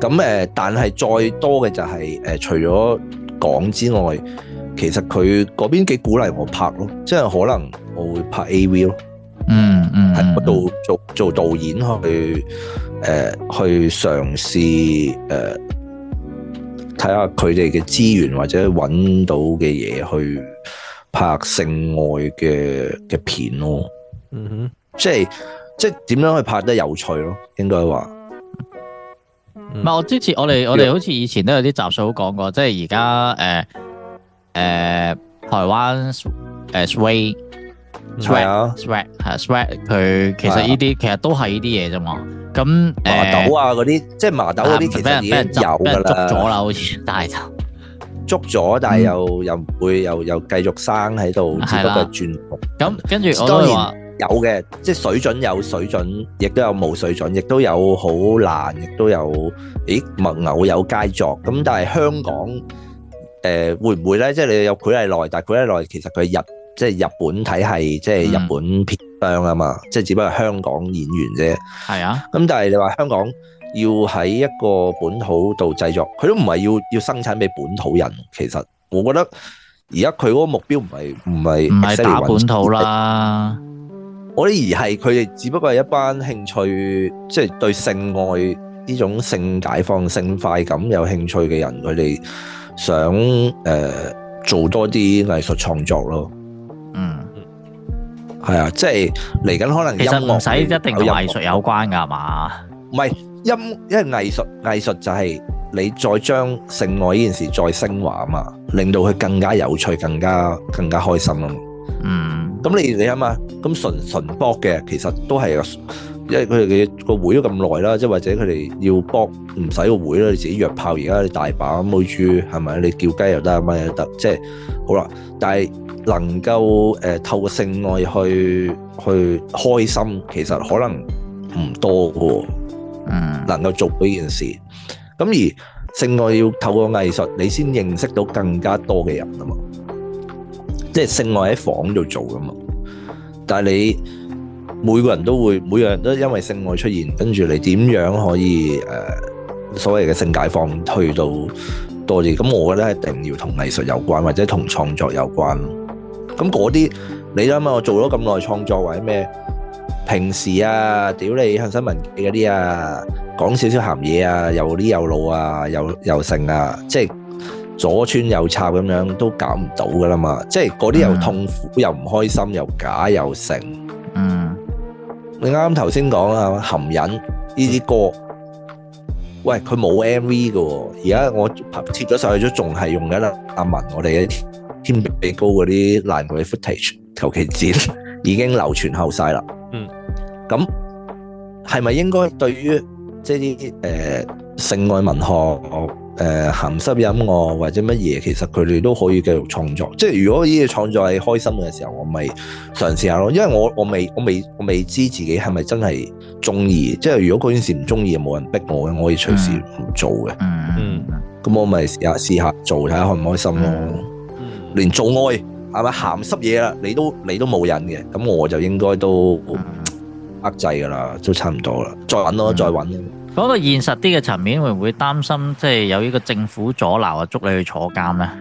咁、嗯、誒，但係再多嘅就係、是、誒、呃，除咗講之外，其實佢嗰邊幾鼓勵我拍咯，即係可能我會拍 AV 咯。嗯嗯，喺嗰度做做，做導演去誒、呃，去嘗試誒。呃睇下佢哋嘅資源或者揾到嘅嘢去拍性愛嘅嘅片咯，嗯哼、mm hmm.，即係即係點樣去拍得有趣咯，應該話。唔係、mm hmm. 我之前我哋我哋好似以前都有啲集數好講過，即係而家誒誒台灣誒 swag swag 係 swag 佢其實呢啲、啊、其實都係呢啲嘢啫嘛。咁麻豆啊嗰啲，即係麻豆嗰啲，其實已經有噶啦，好似大頭捉咗，但係又又唔會又又繼續生喺度，只不過轉紅。咁跟住我當然有嘅，即係水準有水準，亦都有冇水準，亦都有好難，亦都有咦，物牛有佳作。咁但係香港誒會唔會咧？即係你有佩麗奈，但係佩麗奈其實佢日即係日本體系，即係日本片。當啊嘛，即係只不過係香港演員啫，係啊。咁但係你話香港要喺一個本土度製作，佢都唔係要要生產俾本土人。其實我覺得而家佢嗰個目標唔係唔係唔係打本土啦，我而係佢哋只不過係一班興趣，即係對性愛呢種性解放、性快感有興趣嘅人，佢哋想誒做多啲藝術創作咯。嗯。係啊，即係嚟緊可能。其實唔使一定要藝術有關噶，係嘛？唔係因，因為藝術藝術就係你再將性愛呢件事再升華啊嘛，令到佢更加有趣、更加更加開心咯。嗯。咁你你諗下，咁純純搏嘅，其實都係，因為佢哋個會咗咁耐啦，即係或者佢哋要搏唔使個會啦，你自己約炮而家你大把，妹豬係咪？你叫雞又得，乜嘢又得？即係好啦，但係。能夠誒透過性愛去去開心，其實可能唔多嘅喎。嗯，能夠做呢件事，咁而性愛要透過藝術，你先認識到更加多嘅人啊嘛。即係性愛喺房度做啊嘛，但係你每個人都會每樣都因為性愛出現，跟住你點樣可以誒所謂嘅性解放去到多啲？咁我覺得一定要同藝術有關，或者同創作有關。咁嗰啲你諗下，我做咗咁耐創作或者咩？平時啊，屌你向新聞記嗰啲啊，講少少鹹嘢啊，又呢又老啊，又又剩啊，即係左穿右插咁樣都搞唔到噶啦嘛！即係嗰啲又痛苦又唔開心又假又剩。嗯，你啱啱頭先講啦，含忍呢啲歌，喂，佢冇 MV 噶，而家我貼咗上去咗，仲係用緊啦。阿文，我哋。天比高嗰啲爛鬼 footage，求其剪已經流傳後世啦。嗯，咁係咪應該對於即係啲誒性愛文學、誒鹹濕音樂或者乜嘢，其實佢哋都可以繼續創作。即係如果呢啲創作係開心嘅時候，我咪嘗試下咯。因為我我未我未我未知自己係咪真係中意。即係如果嗰件事唔中意，冇人逼我嘅，我可以隨時唔做嘅。嗯咁、嗯嗯、我咪試下試下做睇下開唔開心咯、啊。嗯連做愛係咪鹹濕嘢啦？你都你都冇癮嘅，咁我就應該都遏制㗎啦，都差唔多啦。再揾咯，再揾。嗰個現實啲嘅層面會唔會擔心，即係有呢個政府阻撓啊，捉你去坐監啊？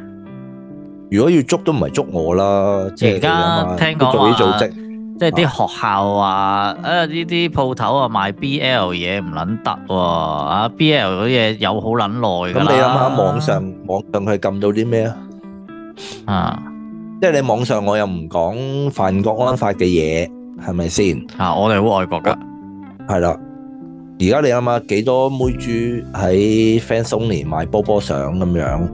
如果要捉都唔係捉我啦，而家聽講啊，都做啲組織，即係啲學校啊，啊呢啲鋪頭啊賣 BL 嘢唔撚得喎啊，BL 嗰啲嘢有好撚耐㗎啦。咁你諗下網上網上係撳到啲咩啊？啊，即係你網上我又唔講犯國安法嘅嘢，係咪先？啊，我哋好愛國噶，係啦。而家你諗下，幾多妹豬喺 Fansonly 賣波波相咁樣，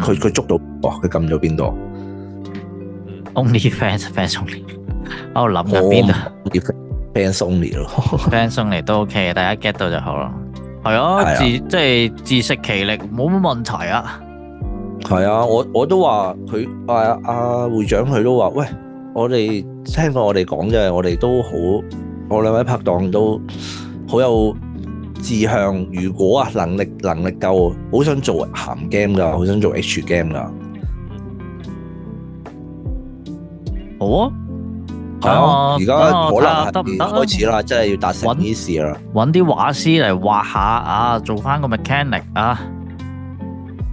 佢佢捉到，佢撳咗邊度？Only Fans，Fansonly，我喺度諗緊邊度？Fansonly 咯，Fansonly 都 OK，大家 get 到就好咯。係啊，自即係自食其力，冇乜問題啊。係啊，我我都話佢啊，阿會長佢都話喂，我哋聽過我哋講啫，我哋都好，我兩位拍檔都好有志向。如果啊能力能力夠，好想做鹹 game 噶，好想做 H game 噶。好啊，係啊，而家好啦，得唔得啊？開始啦，真係要達成呢事啦。揾啲畫師嚟畫下啊，做翻個 mechanic 啊。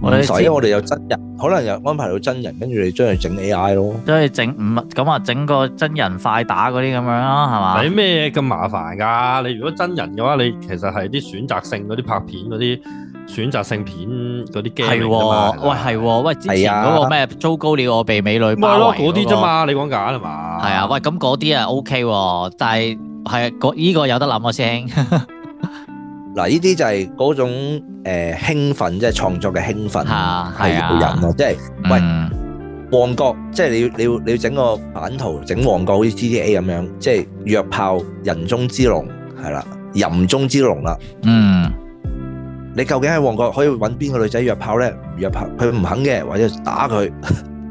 人我哋，所以我哋有真人，可能又安排到真人，跟住你將佢整 AI 咯，即係整唔咁話整個真人快打嗰啲咁樣啦，係嘛？使咩咁麻煩噶？你如果真人嘅話，你其實係啲選擇性嗰啲拍片嗰啲選擇性片嗰啲 game 嚟啫嘛。喂，係喎、啊，喂，之前嗰個咩糟糕了，我、啊、被美女咪咯嗰啲啫嘛，你講假係嘛？係啊，喂，咁嗰啲啊 OK 喎，但係係啊，呢、這個有得諗啊，師兄 嗱，呢啲就係嗰種誒興奮，即係創作嘅興奮，係要引咯，即係喂旺角，即係你你要你整個版圖整旺角，好似 GTA 咁樣，即係約炮人中之龍，係啦，淫中之龍啦。嗯，你究竟喺旺角可以揾邊個女仔約炮咧？約炮佢唔肯嘅，或者打佢。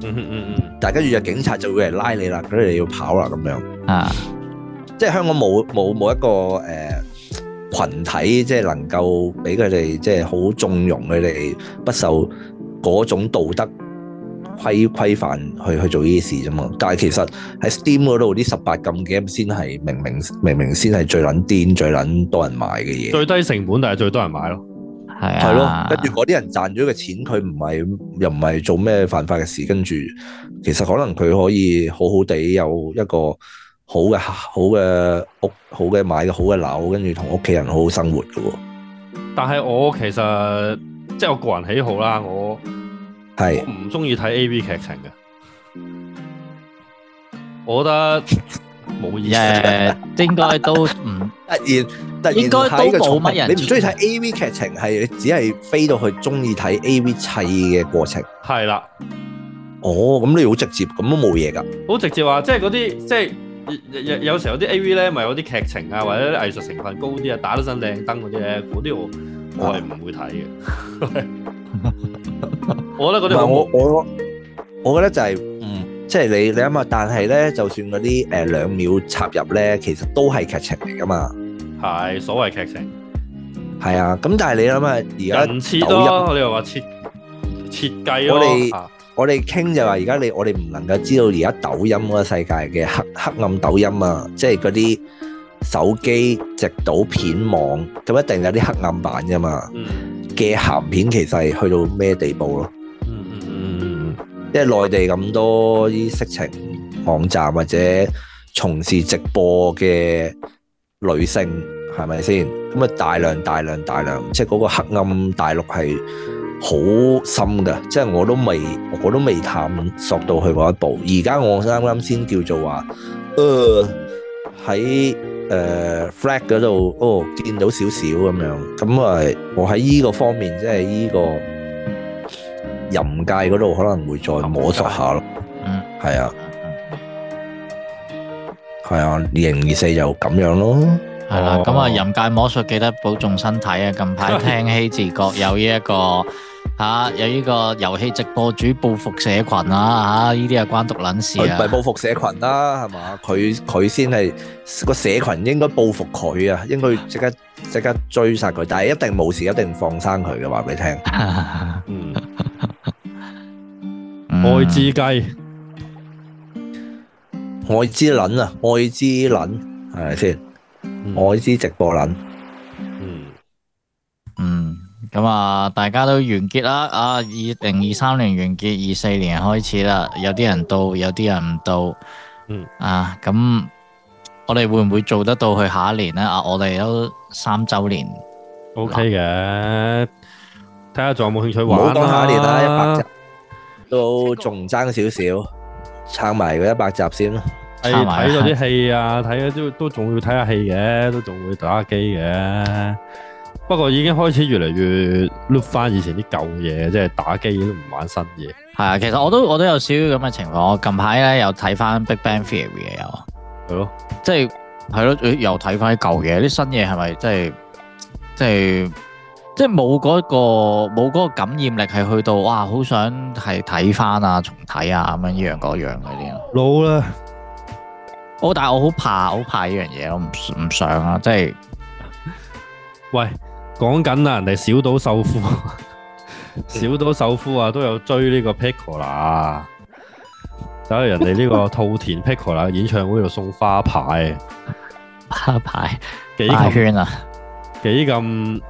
嗯嗯嗯，大家如果警察就會嚟拉你啦，佢哋要跑啦咁樣。啊，即係香港冇冇冇一個誒。群體即係能夠俾佢哋即係好縱容佢哋不受嗰種道德規規範去去做呢啲事啫嘛。但係其實喺 Steam 嗰度啲十八禁 game 先係明明明明先係最撚癲、最撚多人買嘅嘢。最低成本就係最多人買咯，係啊，係咯。跟住嗰啲人賺咗嘅錢，佢唔係又唔係做咩犯法嘅事，跟住其實可能佢可以好好地有一個。好嘅，好嘅屋，好嘅買，好嘅樓，跟住同屋企人好好生活㗎。但係我其實即係、就是、我個人喜好啦，我係唔中意睇 A V 劇情嘅。我覺得冇意思，應該都唔 突然突然睇個乜人。你唔中意睇 A V 劇情，係你只係飛到去中意睇 A V 砌嘅過程。係啦的，哦，咁你好直接，咁都冇嘢噶，好直接啊！即係嗰啲，即係。有有有有時候啲 A V 咧，咪有啲劇情啊，或者啲藝術成分高啲啊，打得真靚燈嗰啲咧，嗰啲我我係唔會睇嘅 我覺得嗰啲我我我覺得就係、是、嗯，即係你你諗啊，但係咧，就算嗰啲誒兩秒插入咧，其實都係劇情嚟噶嘛，係所謂劇情。係啊，咁但係你諗啊，而家抖音你又話設設計咯、啊。我哋傾就話，而家你我哋唔能夠知道而家抖音嗰個世界嘅黑黑暗抖音啊，即係嗰啲手機直播片網，咁一定有啲黑暗版㗎嘛。嘅、嗯、鹹片其實係去到咩地步咯、啊嗯？嗯嗯嗯嗯嗯，即係內地咁多啲色情網站或者從事直播嘅女性係咪先？咁啊大量大量大量，即係嗰個黑暗大陸係。好深㗎，即係我都未，我都未探索到去嗰一步。而家我啱啱先叫做話，誒、呃、喺誒、呃、flag 嗰度哦，見到少少咁樣。咁啊，我喺呢個方面，即係呢個淫界嗰度，可能會再摸索下咯。嗯，係啊，係、嗯、啊，二零二四就咁樣咯。係啦，咁啊，人界魔術記得保重身體、這個、 啊！近排聽希治閣有呢一個吓，有呢個遊戲直播主報復社群啦、啊、吓，呢啲係關獨撚事啊！佢唔係報復社群啦、啊，係嘛？佢佢先係個社群應該報復佢啊，應該即刻即刻追殺佢，但係一定冇事，一定放生佢嘅話俾聽。你 嗯，艾滋雞，艾之撚啊，艾之撚係咪先？我呢支直播輪，嗯嗯，咁啊、嗯，大家都完結啦，啊，二零二三年完結，二四年開始啦，有啲人到，有啲人唔到，嗯、啊，咁我哋會唔會做得到去下一年呢？啊，我哋都三周年，OK 嘅，睇下仲有冇興趣玩咯，多下一年啦，一百集，都仲爭少少，撐埋個一百集先啦。睇咗啲戲啊，睇啊都都仲要睇下戲嘅，都仲會打下機嘅。不過已經開始越嚟越 look 翻以前啲舊嘢，即係打機都唔玩新嘢。係啊，其實我都我都有少少咁嘅情況。我近排咧又睇翻《Big Bang Theory》啊，有啊，係咯，即係係咯，又睇翻啲舊嘢，啲新嘢係咪即係即係即係冇嗰個冇嗰個感染力，係去到哇，好想係睇翻啊，重睇啊咁樣呢樣嗰樣嗰啲老啦。我但係我好怕，好怕呢樣嘢，我唔唔想啊！即係，喂，講緊啊，人哋小島秀夫，小島秀夫啊，都有追呢個 Pickle 啊，走去人哋呢個兔田 Pickle 啊演唱會度送花牌，花牌幾圈啊，幾咁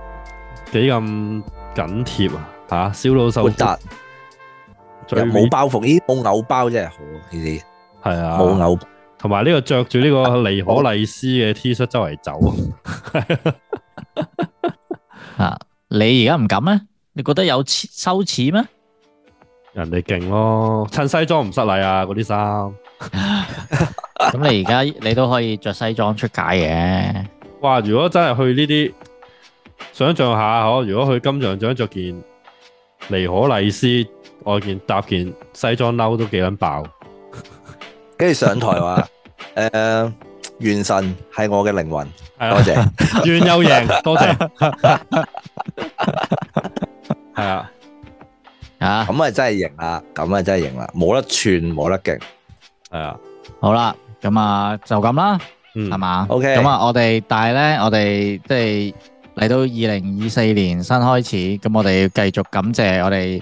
幾咁緊貼啊，吓小島秀夫冇包袱，咦，冇偶包真係好，呢啲係啊，冇牛。同埋呢個着住呢個尼可麗斯嘅 T 恤周圍走，啊！你而家唔敢咩？你覺得有羞恥咩？人哋勁咯，襯西裝唔失禮啊！嗰啲衫，咁 你而家你都可以着西裝出街嘅。哇！如果真係去呢啲，想象下可，如果去金像獎着件尼可麗斯外件搭件西裝褸都幾撚爆。跟住上台話，誒、 呃，元神係我嘅靈魂， 啊、多謝，完又贏，多謝，係啊，啊，咁啊真係贏啦，咁啊真係贏啦，冇得串，冇得勁，係啊，好啦，咁啊就咁啦，係嘛，OK，咁啊我哋但係咧，我哋即係嚟到二零二四年新開始，咁我哋要繼續感謝我哋。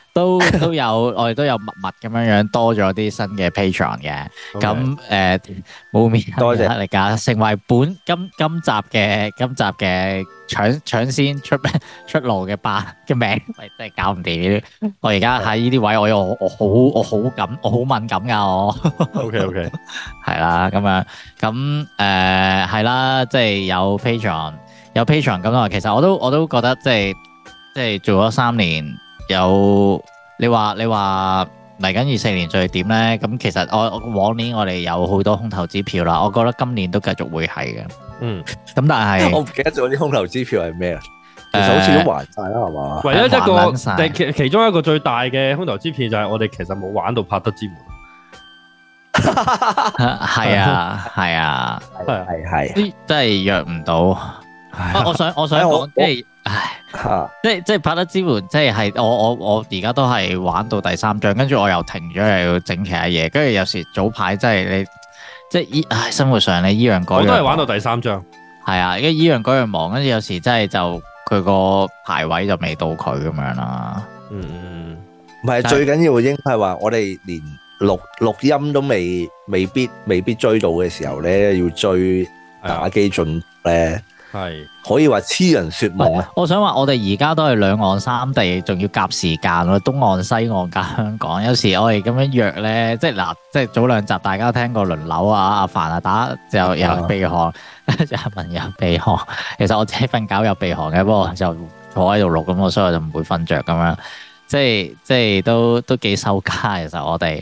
都都有，我哋都有密密咁樣樣多咗啲新嘅 Patreon 嘅，咁誒冇面多謝你㗎，成為本今今集嘅今集嘅搶搶先出出爐嘅班嘅名，喂真係搞唔掂！我而家喺呢啲位，我我我好我好感我好敏感㗎，我。OK OK，係啦，咁樣咁誒係啦，即係有 Patreon 有 Patreon 咁啊，其實我都我都覺得即係即係做咗三年。有你話你話嚟緊二四年再點呢？咁其實我往年我哋有好多空頭支票啦，我覺得今年都繼續會係嘅。嗯，咁但係我唔記得咗啲空頭支票係咩啊？其實好似都還曬啦，係嘛？唯一一個，其其中一個最大嘅空頭支票就係我哋其實冇玩到拍得之門。係啊，係啊，係係、啊，啊啊啊啊啊、真係約唔到。我想我想講，即係、哎，唉，即係即係《拍得之門》即，即係係我我我而家都係玩到第三章，跟住我又停咗，又要整其他嘢。跟住有時早排真係你即係依唉，生活上你依樣改，我都係玩到第三章，係啊，依家依樣改樣忙，跟住有時真係就佢個排位就未到佢咁樣啦。嗯嗯唔係最緊要應該係話，我哋連錄錄音都未未必未必追到嘅時候咧，要追打機進咧。係是可以話癡人說夢啊！我想話我哋而家都係兩岸三地，仲要夾時間咯，東岸、西岸加香港，有時我哋咁樣約呢，即係嗱，即係早兩集大家聽過輪流啊，阿凡啊打就又鼻鼾，阿的 文又鼻鼾。其實我自己瞓覺又鼻鼾嘅，不過就坐喺度錄咁我所以我就唔會瞓着咁樣。即係即係都都幾收家，其實我哋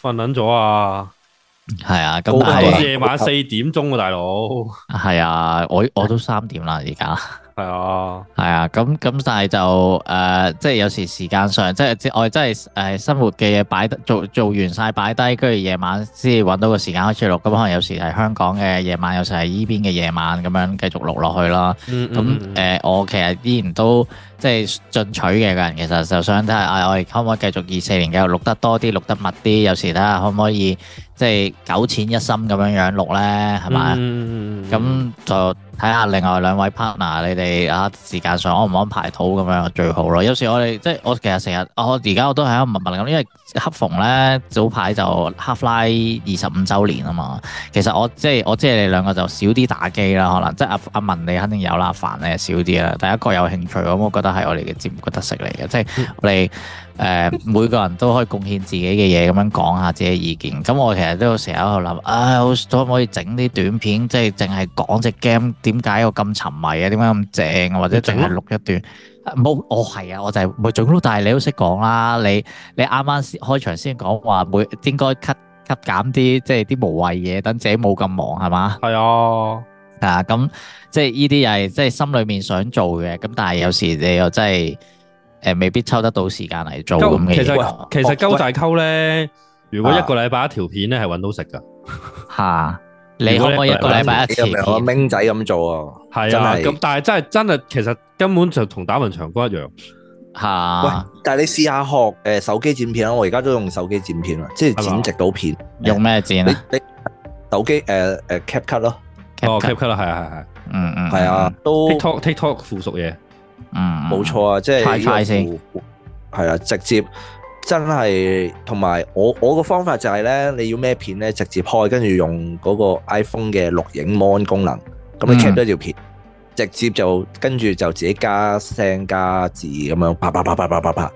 瞓捻咗啊！係啊，咁但夜晚四點鐘啊，大佬係啊，我我都三點啦，而家係啊，係啊，咁咁但係就誒、呃，即係有時時間上即係我真係誒、呃、生活嘅嘢擺得做做完晒擺低，跟住，夜晚先揾到個時間開始錄。咁可能有時係香港嘅夜晚，有時係呢邊嘅夜晚咁樣繼續錄落去啦。咁誒、嗯嗯，呃，我其實依然都即係進取嘅個人，其實就想睇下、啊，我哋可唔可以繼續二四年嘅錄得多啲，錄得密啲。有時睇下可唔可以。即係九淺一深咁樣樣錄呢，係咪啊？咁、嗯、就睇下另外兩位 partner，你哋啊時間上安唔安排到咁樣最好咯。有時我哋即係我其實成日，我而家我都係喺度密密咁，因為恰逢呢早排就 Half-Life 二十五周年啊嘛。其實我即係我即係你兩個就少啲打機啦，可能即係阿阿文你肯定有啦，阿凡你少啲啦。第一個有興趣，咁我覺得係我哋嘅節目特色嚟嘅，即係我哋。嗯誒每個人都可以貢獻自己嘅嘢，咁樣講下自己意見。咁我其實都有時候喺度諗，啊可唔可以整啲短片，即係淨係講隻 game 點解我咁沉迷啊？點解咁正，或者淨係錄一段。冇，哦係啊，我就係唔係做咯。但係你都識講啦，你你啱啱開場先講話每應該 cut cut 減啲，即係啲無謂嘢，等自己冇咁忙係嘛？係啊，啊咁即係呢啲又係即係心裏面想做嘅，咁但係有時你又真係。誒，未必抽得到時間嚟做，其實其實鳩大鳩咧，如果一個禮拜一條片咧，係搵到食噶。吓，你可唔可以一個禮拜一條片？我明仔咁做啊。係啊，咁但係真係真係，其實根本就同打文長工一樣。吓，但係你試下學誒手機剪片啊，我而家都用手機剪片啊，即係剪直到片。用咩剪啊？你手機誒誒 CapCut 咯，哦 CapCut 咯，係啊係係，嗯嗯，係啊都。TikTok TikTok 附屬嘢。嗯，冇錯啊，嗯、即係開快先，係啊，直接真係，同埋我我個方法就係、是、呢：你要咩片呢？直接開，跟住用嗰個 iPhone 嘅錄影 Mon 功能，咁你 keep 咗條片，直接、嗯、就跟住就自己加聲加字咁樣，啪啪啪啪啪啪啪，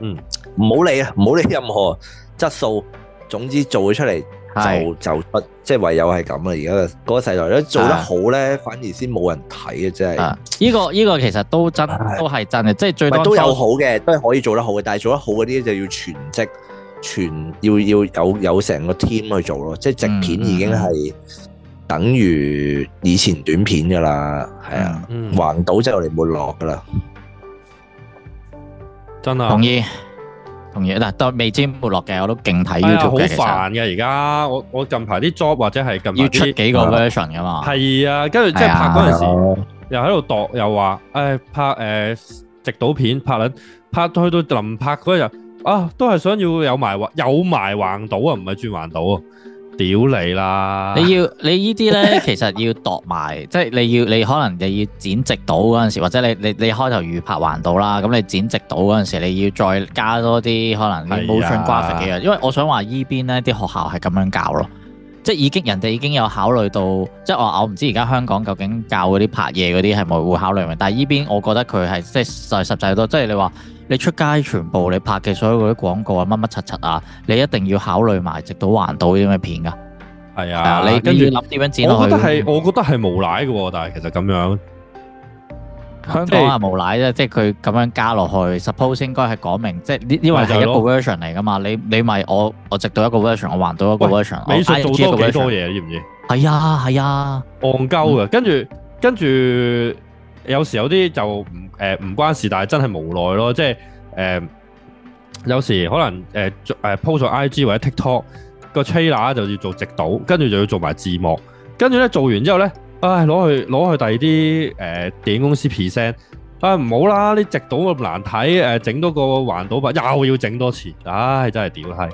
嗯，唔好理啊，唔好理任何質素，總之做咗出嚟。是就就不即係唯有係咁啦，而家個世代咧做得好咧，啊、反而先冇人睇啊。真係、這個。呢個呢個其實都真，啊、都係真嘅，即係最都有好嘅，都係可以做得好嘅。但係做得好嗰啲就要全職全，要要有有成個 team 去做咯。即係直片已經係等於以前短片噶啦，係啊，橫、啊啊嗯、倒之後嚟沒落噶啦。真啊，同意。.嗱，都未知沒落嘅，我都勁睇 YouTube 嘅。好煩嘅，而家，我我近排啲 job 或者係近要出幾個 version 噶嘛。係啊，跟住即係拍嗰陣時，又喺度度，又話誒拍誒直到片，拍緊拍去到臨拍嗰日啊，都係想要有埋橫有埋橫島啊，唔係轉橫島啊。屌你啦！你要你呢啲呢？其實要度埋， 即係你要你可能你要剪直倒嗰陣時，或者你你你開頭預拍橫倒啦，咁你剪直倒嗰陣時，你要再加多啲可能冇穿 graphic 嘅嘢，因為我想話依邊呢啲學校係咁樣教咯，即係已經人哋已經有考慮到，即係我我唔知而家香港究竟教嗰啲拍嘢嗰啲係咪會考慮嘅，但係依邊我覺得佢係即係實實際多，即係你話。你出街全部你拍嘅所有嗰啲廣告啊，乜乜柒柒啊，你一定要考慮埋直到還到呢啲咁嘅片噶。係、哎、呀啊，你跟住諗點樣剪落去我？我覺得係，我覺得係無賴嘅喎。但係其實咁樣，香港係無賴啫，即係佢咁樣加落去，suppose 應該係講明，即係呢呢個就係一個 version 嚟噶嘛。你你咪我我直到一個 version，我還到一個 version。你術喂做到幾多嘢？要唔要？係啊係啊，戇鳩嘅。跟住跟住。跟有時有啲就唔誒唔關事，但係真係無奈咯。即係誒、呃、有時可能誒誒鋪咗 IG 或者 TikTok 個 trailer 就要做直度，跟住就要做埋字幕，跟住咧做完之後咧，唉攞去攞去第二啲誒電影公司 present。唉唔好啦，你直度咁難睇，誒、呃、整多個橫度吧，又要整多次，唉真係屌係，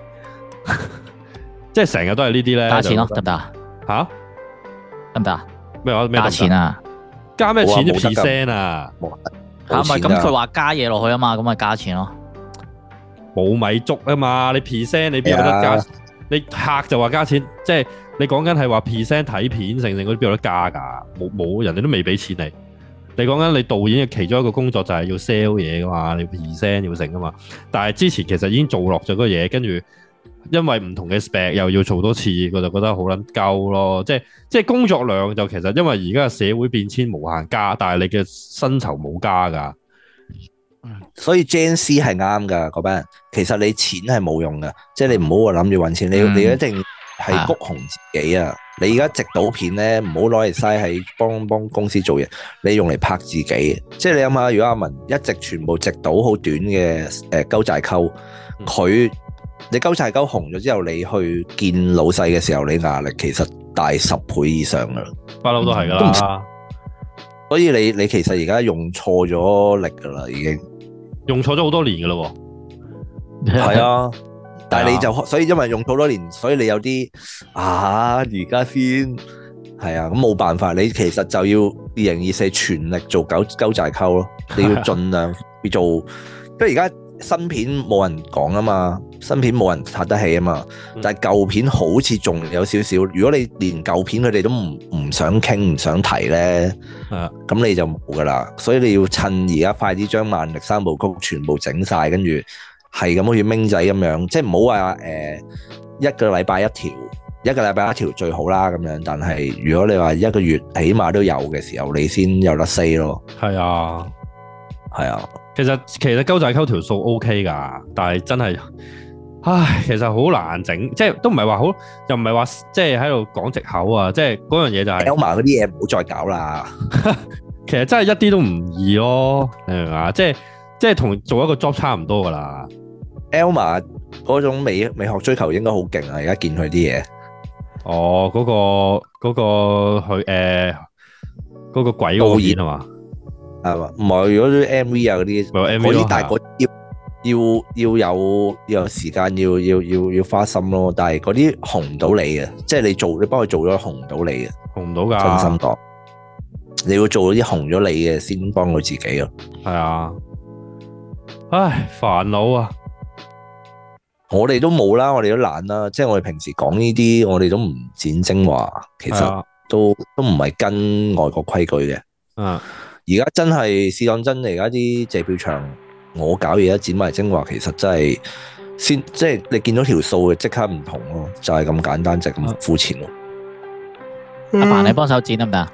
即係成日都係呢啲咧。加錢咯，得唔得？吓，得唔得？咩話？加錢啊！加咩錢啫？percent 啊，吓咪咁佢話加嘢落去啊嘛，咁咪加錢咯。冇米粥啊嘛，你 percent 你邊有得加？哎、呀你客就話加錢，即係你講緊係話 percent 睇片成成嗰啲邊有得加噶？冇，冇，人哋都未俾錢你。你講緊你導演嘅其中一個工作就係要 sell 嘢噶嘛，你 percent 要成噶嘛。但係之前其實已經做落咗嗰個嘢，跟住。因為唔同嘅 spec 又要做多次，我就覺得好撚鳩咯。即係即係工作量就其實因為而家社會變遷無限加，但係你嘅薪酬冇加㗎。所以 JNC 係啱㗎，個班。其實你錢係冇用㗎，嗯、即係你唔好話諗住揾錢，你、嗯、你一定要係谷紅自己啊。啊你而家直到片呢，唔好攞嚟嘥，喺幫幫公司做嘢， 你用嚟拍自己。即係你諗下，如果阿文一直全部直到好短嘅誒勾債溝，佢、呃。呃嗯你勾債溝紅咗之後，你去見老細嘅時候，你壓力其實大十倍以上噶啦，不嬲都係噶啦。都唔所以你你，其實而家用錯咗力噶啦，已經用錯咗好多年噶咯喎。係啊， 但係你就所以因為用錯多年，所以你有啲啊，而家先係啊，咁冇辦法。你其實就要二零二四全力做勾勾債溝咯，你要盡量去做。即係而家。新片冇人講啊嘛，新片冇人拍得起啊嘛，但係舊片好似仲有少少。如果你連舊片佢哋都唔唔想傾唔想提呢，咁、啊、你就冇噶啦。所以你要趁而家快啲將萬力三部曲全部整晒，跟住係咁好似明仔咁樣，即係唔好話誒一個禮拜一條，一個禮拜一條最好啦咁樣。但係如果你話一個月起碼都有嘅時候，你先有得 say 咯。係啊，係啊。其實其實溝仔溝條數 O K 噶，但係真係，唉，其實好難整，即係都唔係話好，又唔係話即係喺度講藉口啊！即係嗰樣嘢就係 Elmer 嗰啲嘢唔好再搞啦。 其實真係一啲都唔易咯，明唔明啊？即係即係同做一個 job 差唔多噶啦。Elmer 嗰種美美學追求應該好勁啊！而家見佢啲嘢，哦，嗰、嗰個嗰、嗰個佢誒，嗰、呃嗰個鬼導演係嘛？係嘛？唔係如果啲 MV 啊嗰啲，嗰啲但係要要要有有時間，要要要要花心咯。但係嗰啲紅唔到你嘅，即係你做你幫佢做咗紅唔到你嘅，紅唔到噶。真心講，你要做啲紅咗你嘅先幫佢自己咯。係啊，唉，煩惱啊！我哋都冇啦，我哋都懶啦。即係我哋平時講呢啲，我哋都唔剪精華，其實都都唔係跟外國規矩嘅。嗯。而家真係試當真，而家啲借票場，我搞嘢一剪埋精華，其實真係先，即係你見到條數嘅即刻唔同咯，就係、是、咁簡單，就咁膚淺咯。阿凡、嗯，你幫手剪得唔得，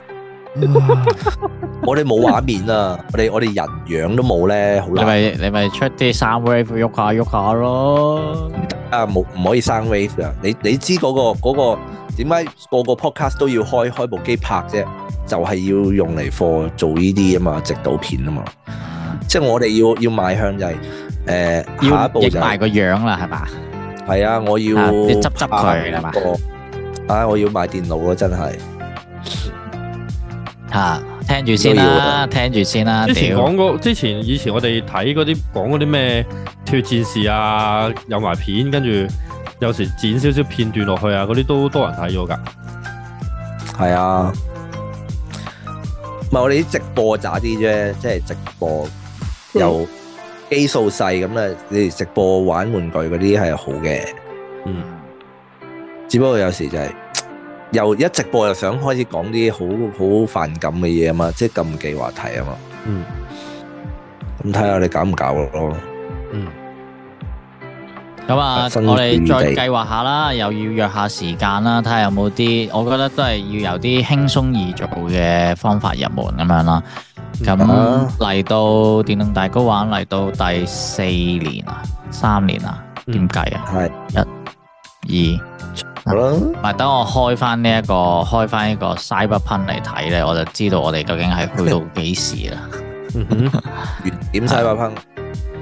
我哋冇畫面啊，我哋我哋人樣都冇咧，好難你。你咪你咪出啲三 wave 喐下喐下咯。啊，冇唔可以生 wave 噶，你你知嗰個、嗰個。嗰個點解個個 podcast 都要開開部機拍啫？就係、是、要用嚟放做呢啲啊嘛，直導片啊嘛。嗯、即係我哋要要賣向就係、是、誒，呃、要下一步就係、是、賣個樣啦，係嘛？係啊，我要執執佢係嘛？啊，要撿撿我要賣電腦咯，真係嚇。啊聽住先啦、啊，聽住先啦、啊。之前講過，掉 之前以前我哋睇嗰啲講嗰啲咩跳戰士」啊、有埋片，跟住有時剪少少片段落去啊，嗰啲都多人睇咗噶。係啊，唔係我哋啲直播雜啲啫，即係直播有基數細咁啊。你哋直播玩玩具嗰啲係好嘅，嗯，嗯 只不過有時就係、是。又一直播又想開始講啲好好反感嘅嘢啊嘛，即係禁忌話題啊嘛。嗯，咁睇下你搞唔搞咯。咁、嗯、啊，我哋再計劃下啦，又要約下時間啦，睇下有冇啲，我覺得都係要有啲輕鬆易做嘅方法入門咁樣啦。咁嚟到電動大 GO 玩嚟到第四年啊，三年啊，點計啊？係、嗯、是一。二，咪吧等我開翻呢一個開翻呢個 Cyberpunk 嚟睇咧，我就知道我哋究竟係去到幾時啦。 點 Cyberpunk？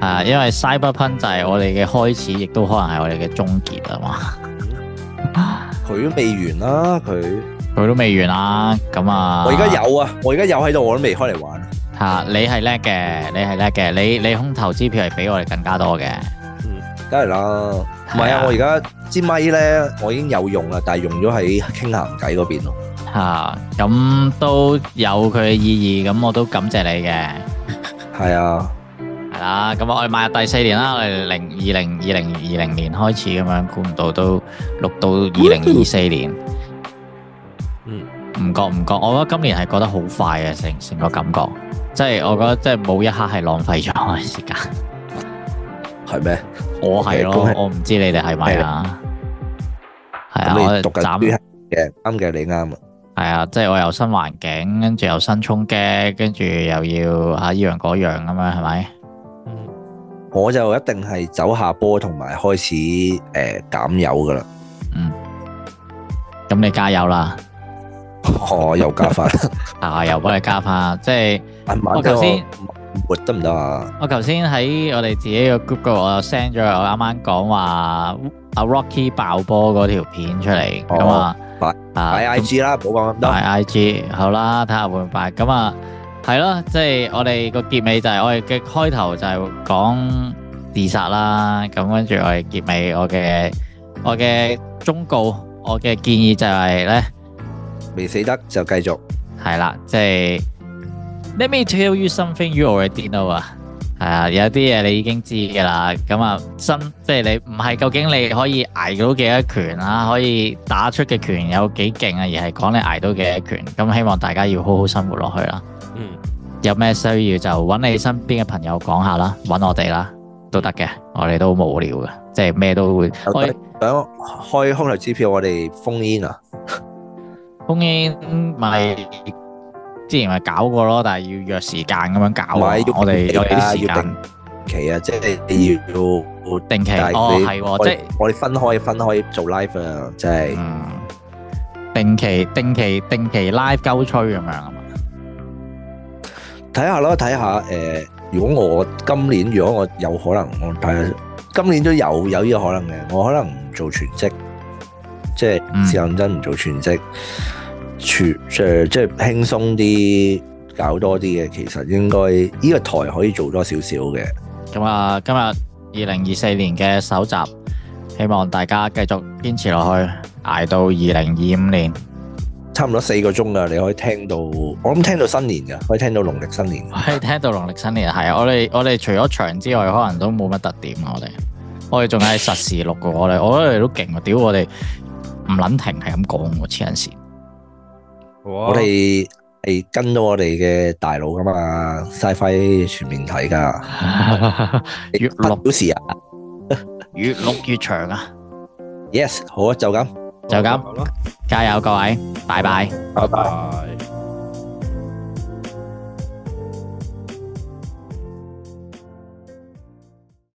啊，因為 Cyberpunk 就係我哋嘅開始，亦都可能係我哋嘅終結啊嘛。佢都未完啦，佢佢都未完啦。咁啊，啊啊我而家有啊，我而家有喺度，我都未開嚟玩。啊，你係叻嘅，你係叻嘅，你你空頭支票係比我哋更加多嘅。嗯，梗係啦。唔係啊，啊我而家支咪呢，我已經有用啦，但係用咗喺傾閒偈嗰邊咯。吓、啊，咁都有佢嘅意義，咁我都感謝你嘅。係啊，係啦、 啊，咁我哋邁入第四年啦，我哋零二零二零二零年開始咁樣，估唔到都錄到二零二四年。唔 覺唔覺，我覺得今年係過得好快嘅，成成個感覺，即係我覺得即係冇一刻係浪費咗我時間。係咩？我係咯，我唔知你哋係咪啊？係啊的，的我哋讀緊嘅啱嘅，你啱啊！係啊，即、就、係、是、我有新環境，跟住有新衝擊，跟住又要啊依樣嗰樣啊嘛，係咪？嗯，我就一定係走下坡同埋開始誒、呃、減油噶啦。嗯，咁你加油啦！我、 哦、又加分，係、 啊、又幫你加分， 即係着過我頭先。活得唔得啊？能能我頭先喺我哋自己個 Google 我 send 咗我啱啱講話阿 Rocky 爆波嗰條片出嚟，咁啊、哦，喺、嗯、IG 啦，唔好講咁多，喺 IG 好啦，睇下會唔會？咁、嗯、啊，係咯，即、就、係、是、我哋個結尾就係、是、我哋嘅開頭就係講自殺啦，咁跟住我哋結尾我嘅我嘅忠告，我嘅建議就係咧，未死得就繼續，係啦，即、就、係、是。Let me tell you something you already know 啊，係啊，有啲嘢你已經知噶啦，咁啊，生即係你唔係究竟你可以挨到幾多拳啊，可以打出嘅拳有幾勁啊，而係講你挨到幾多拳，咁希望大家要好好生活落去啦。嗯，有咩需要就揾你身邊嘅朋友講下啦，揾我哋啦都得嘅，我哋都無聊嘅，即係咩都會。有我開空頭支票，我哋封煙啊，封煙咪。之前咪搞過咯，但係要約時間咁樣搞啊！我哋有啲時間期啊，即係你要要定期你要哦，係即係我哋分開即分開做 live 啊、就是，即係、嗯、定期定期定期 live 鳩吹咁樣啊嘛！睇下咯，睇下誒，如果我今年如果我有可能，我睇下今年都有有呢個可能嘅，我可能唔做全職，即係認真唔做全職。除即係輕鬆啲搞多啲嘅，其實應該呢個台可以做多少少嘅。咁啊，今日二零二四年嘅首集，希望大家繼續堅持落去，捱到二零二五年。差唔多四個鐘啦，你可以聽到，我諗聽到新年㗎，可以聽到農曆新年，可以聽到農曆新年，係啊，我哋我哋除咗長之外，可能都冇乜特點。我哋我哋仲係實時錄喎，我哋我覺得你都勁啊。屌我哋唔撚停係咁講喎，前陣時。我哋係跟咗我哋嘅大佬噶嘛，曬輝全面睇噶，越錄表示啊，越錄越長啊，yes 好啊就咁就咁，加油各位，拜拜拜拜。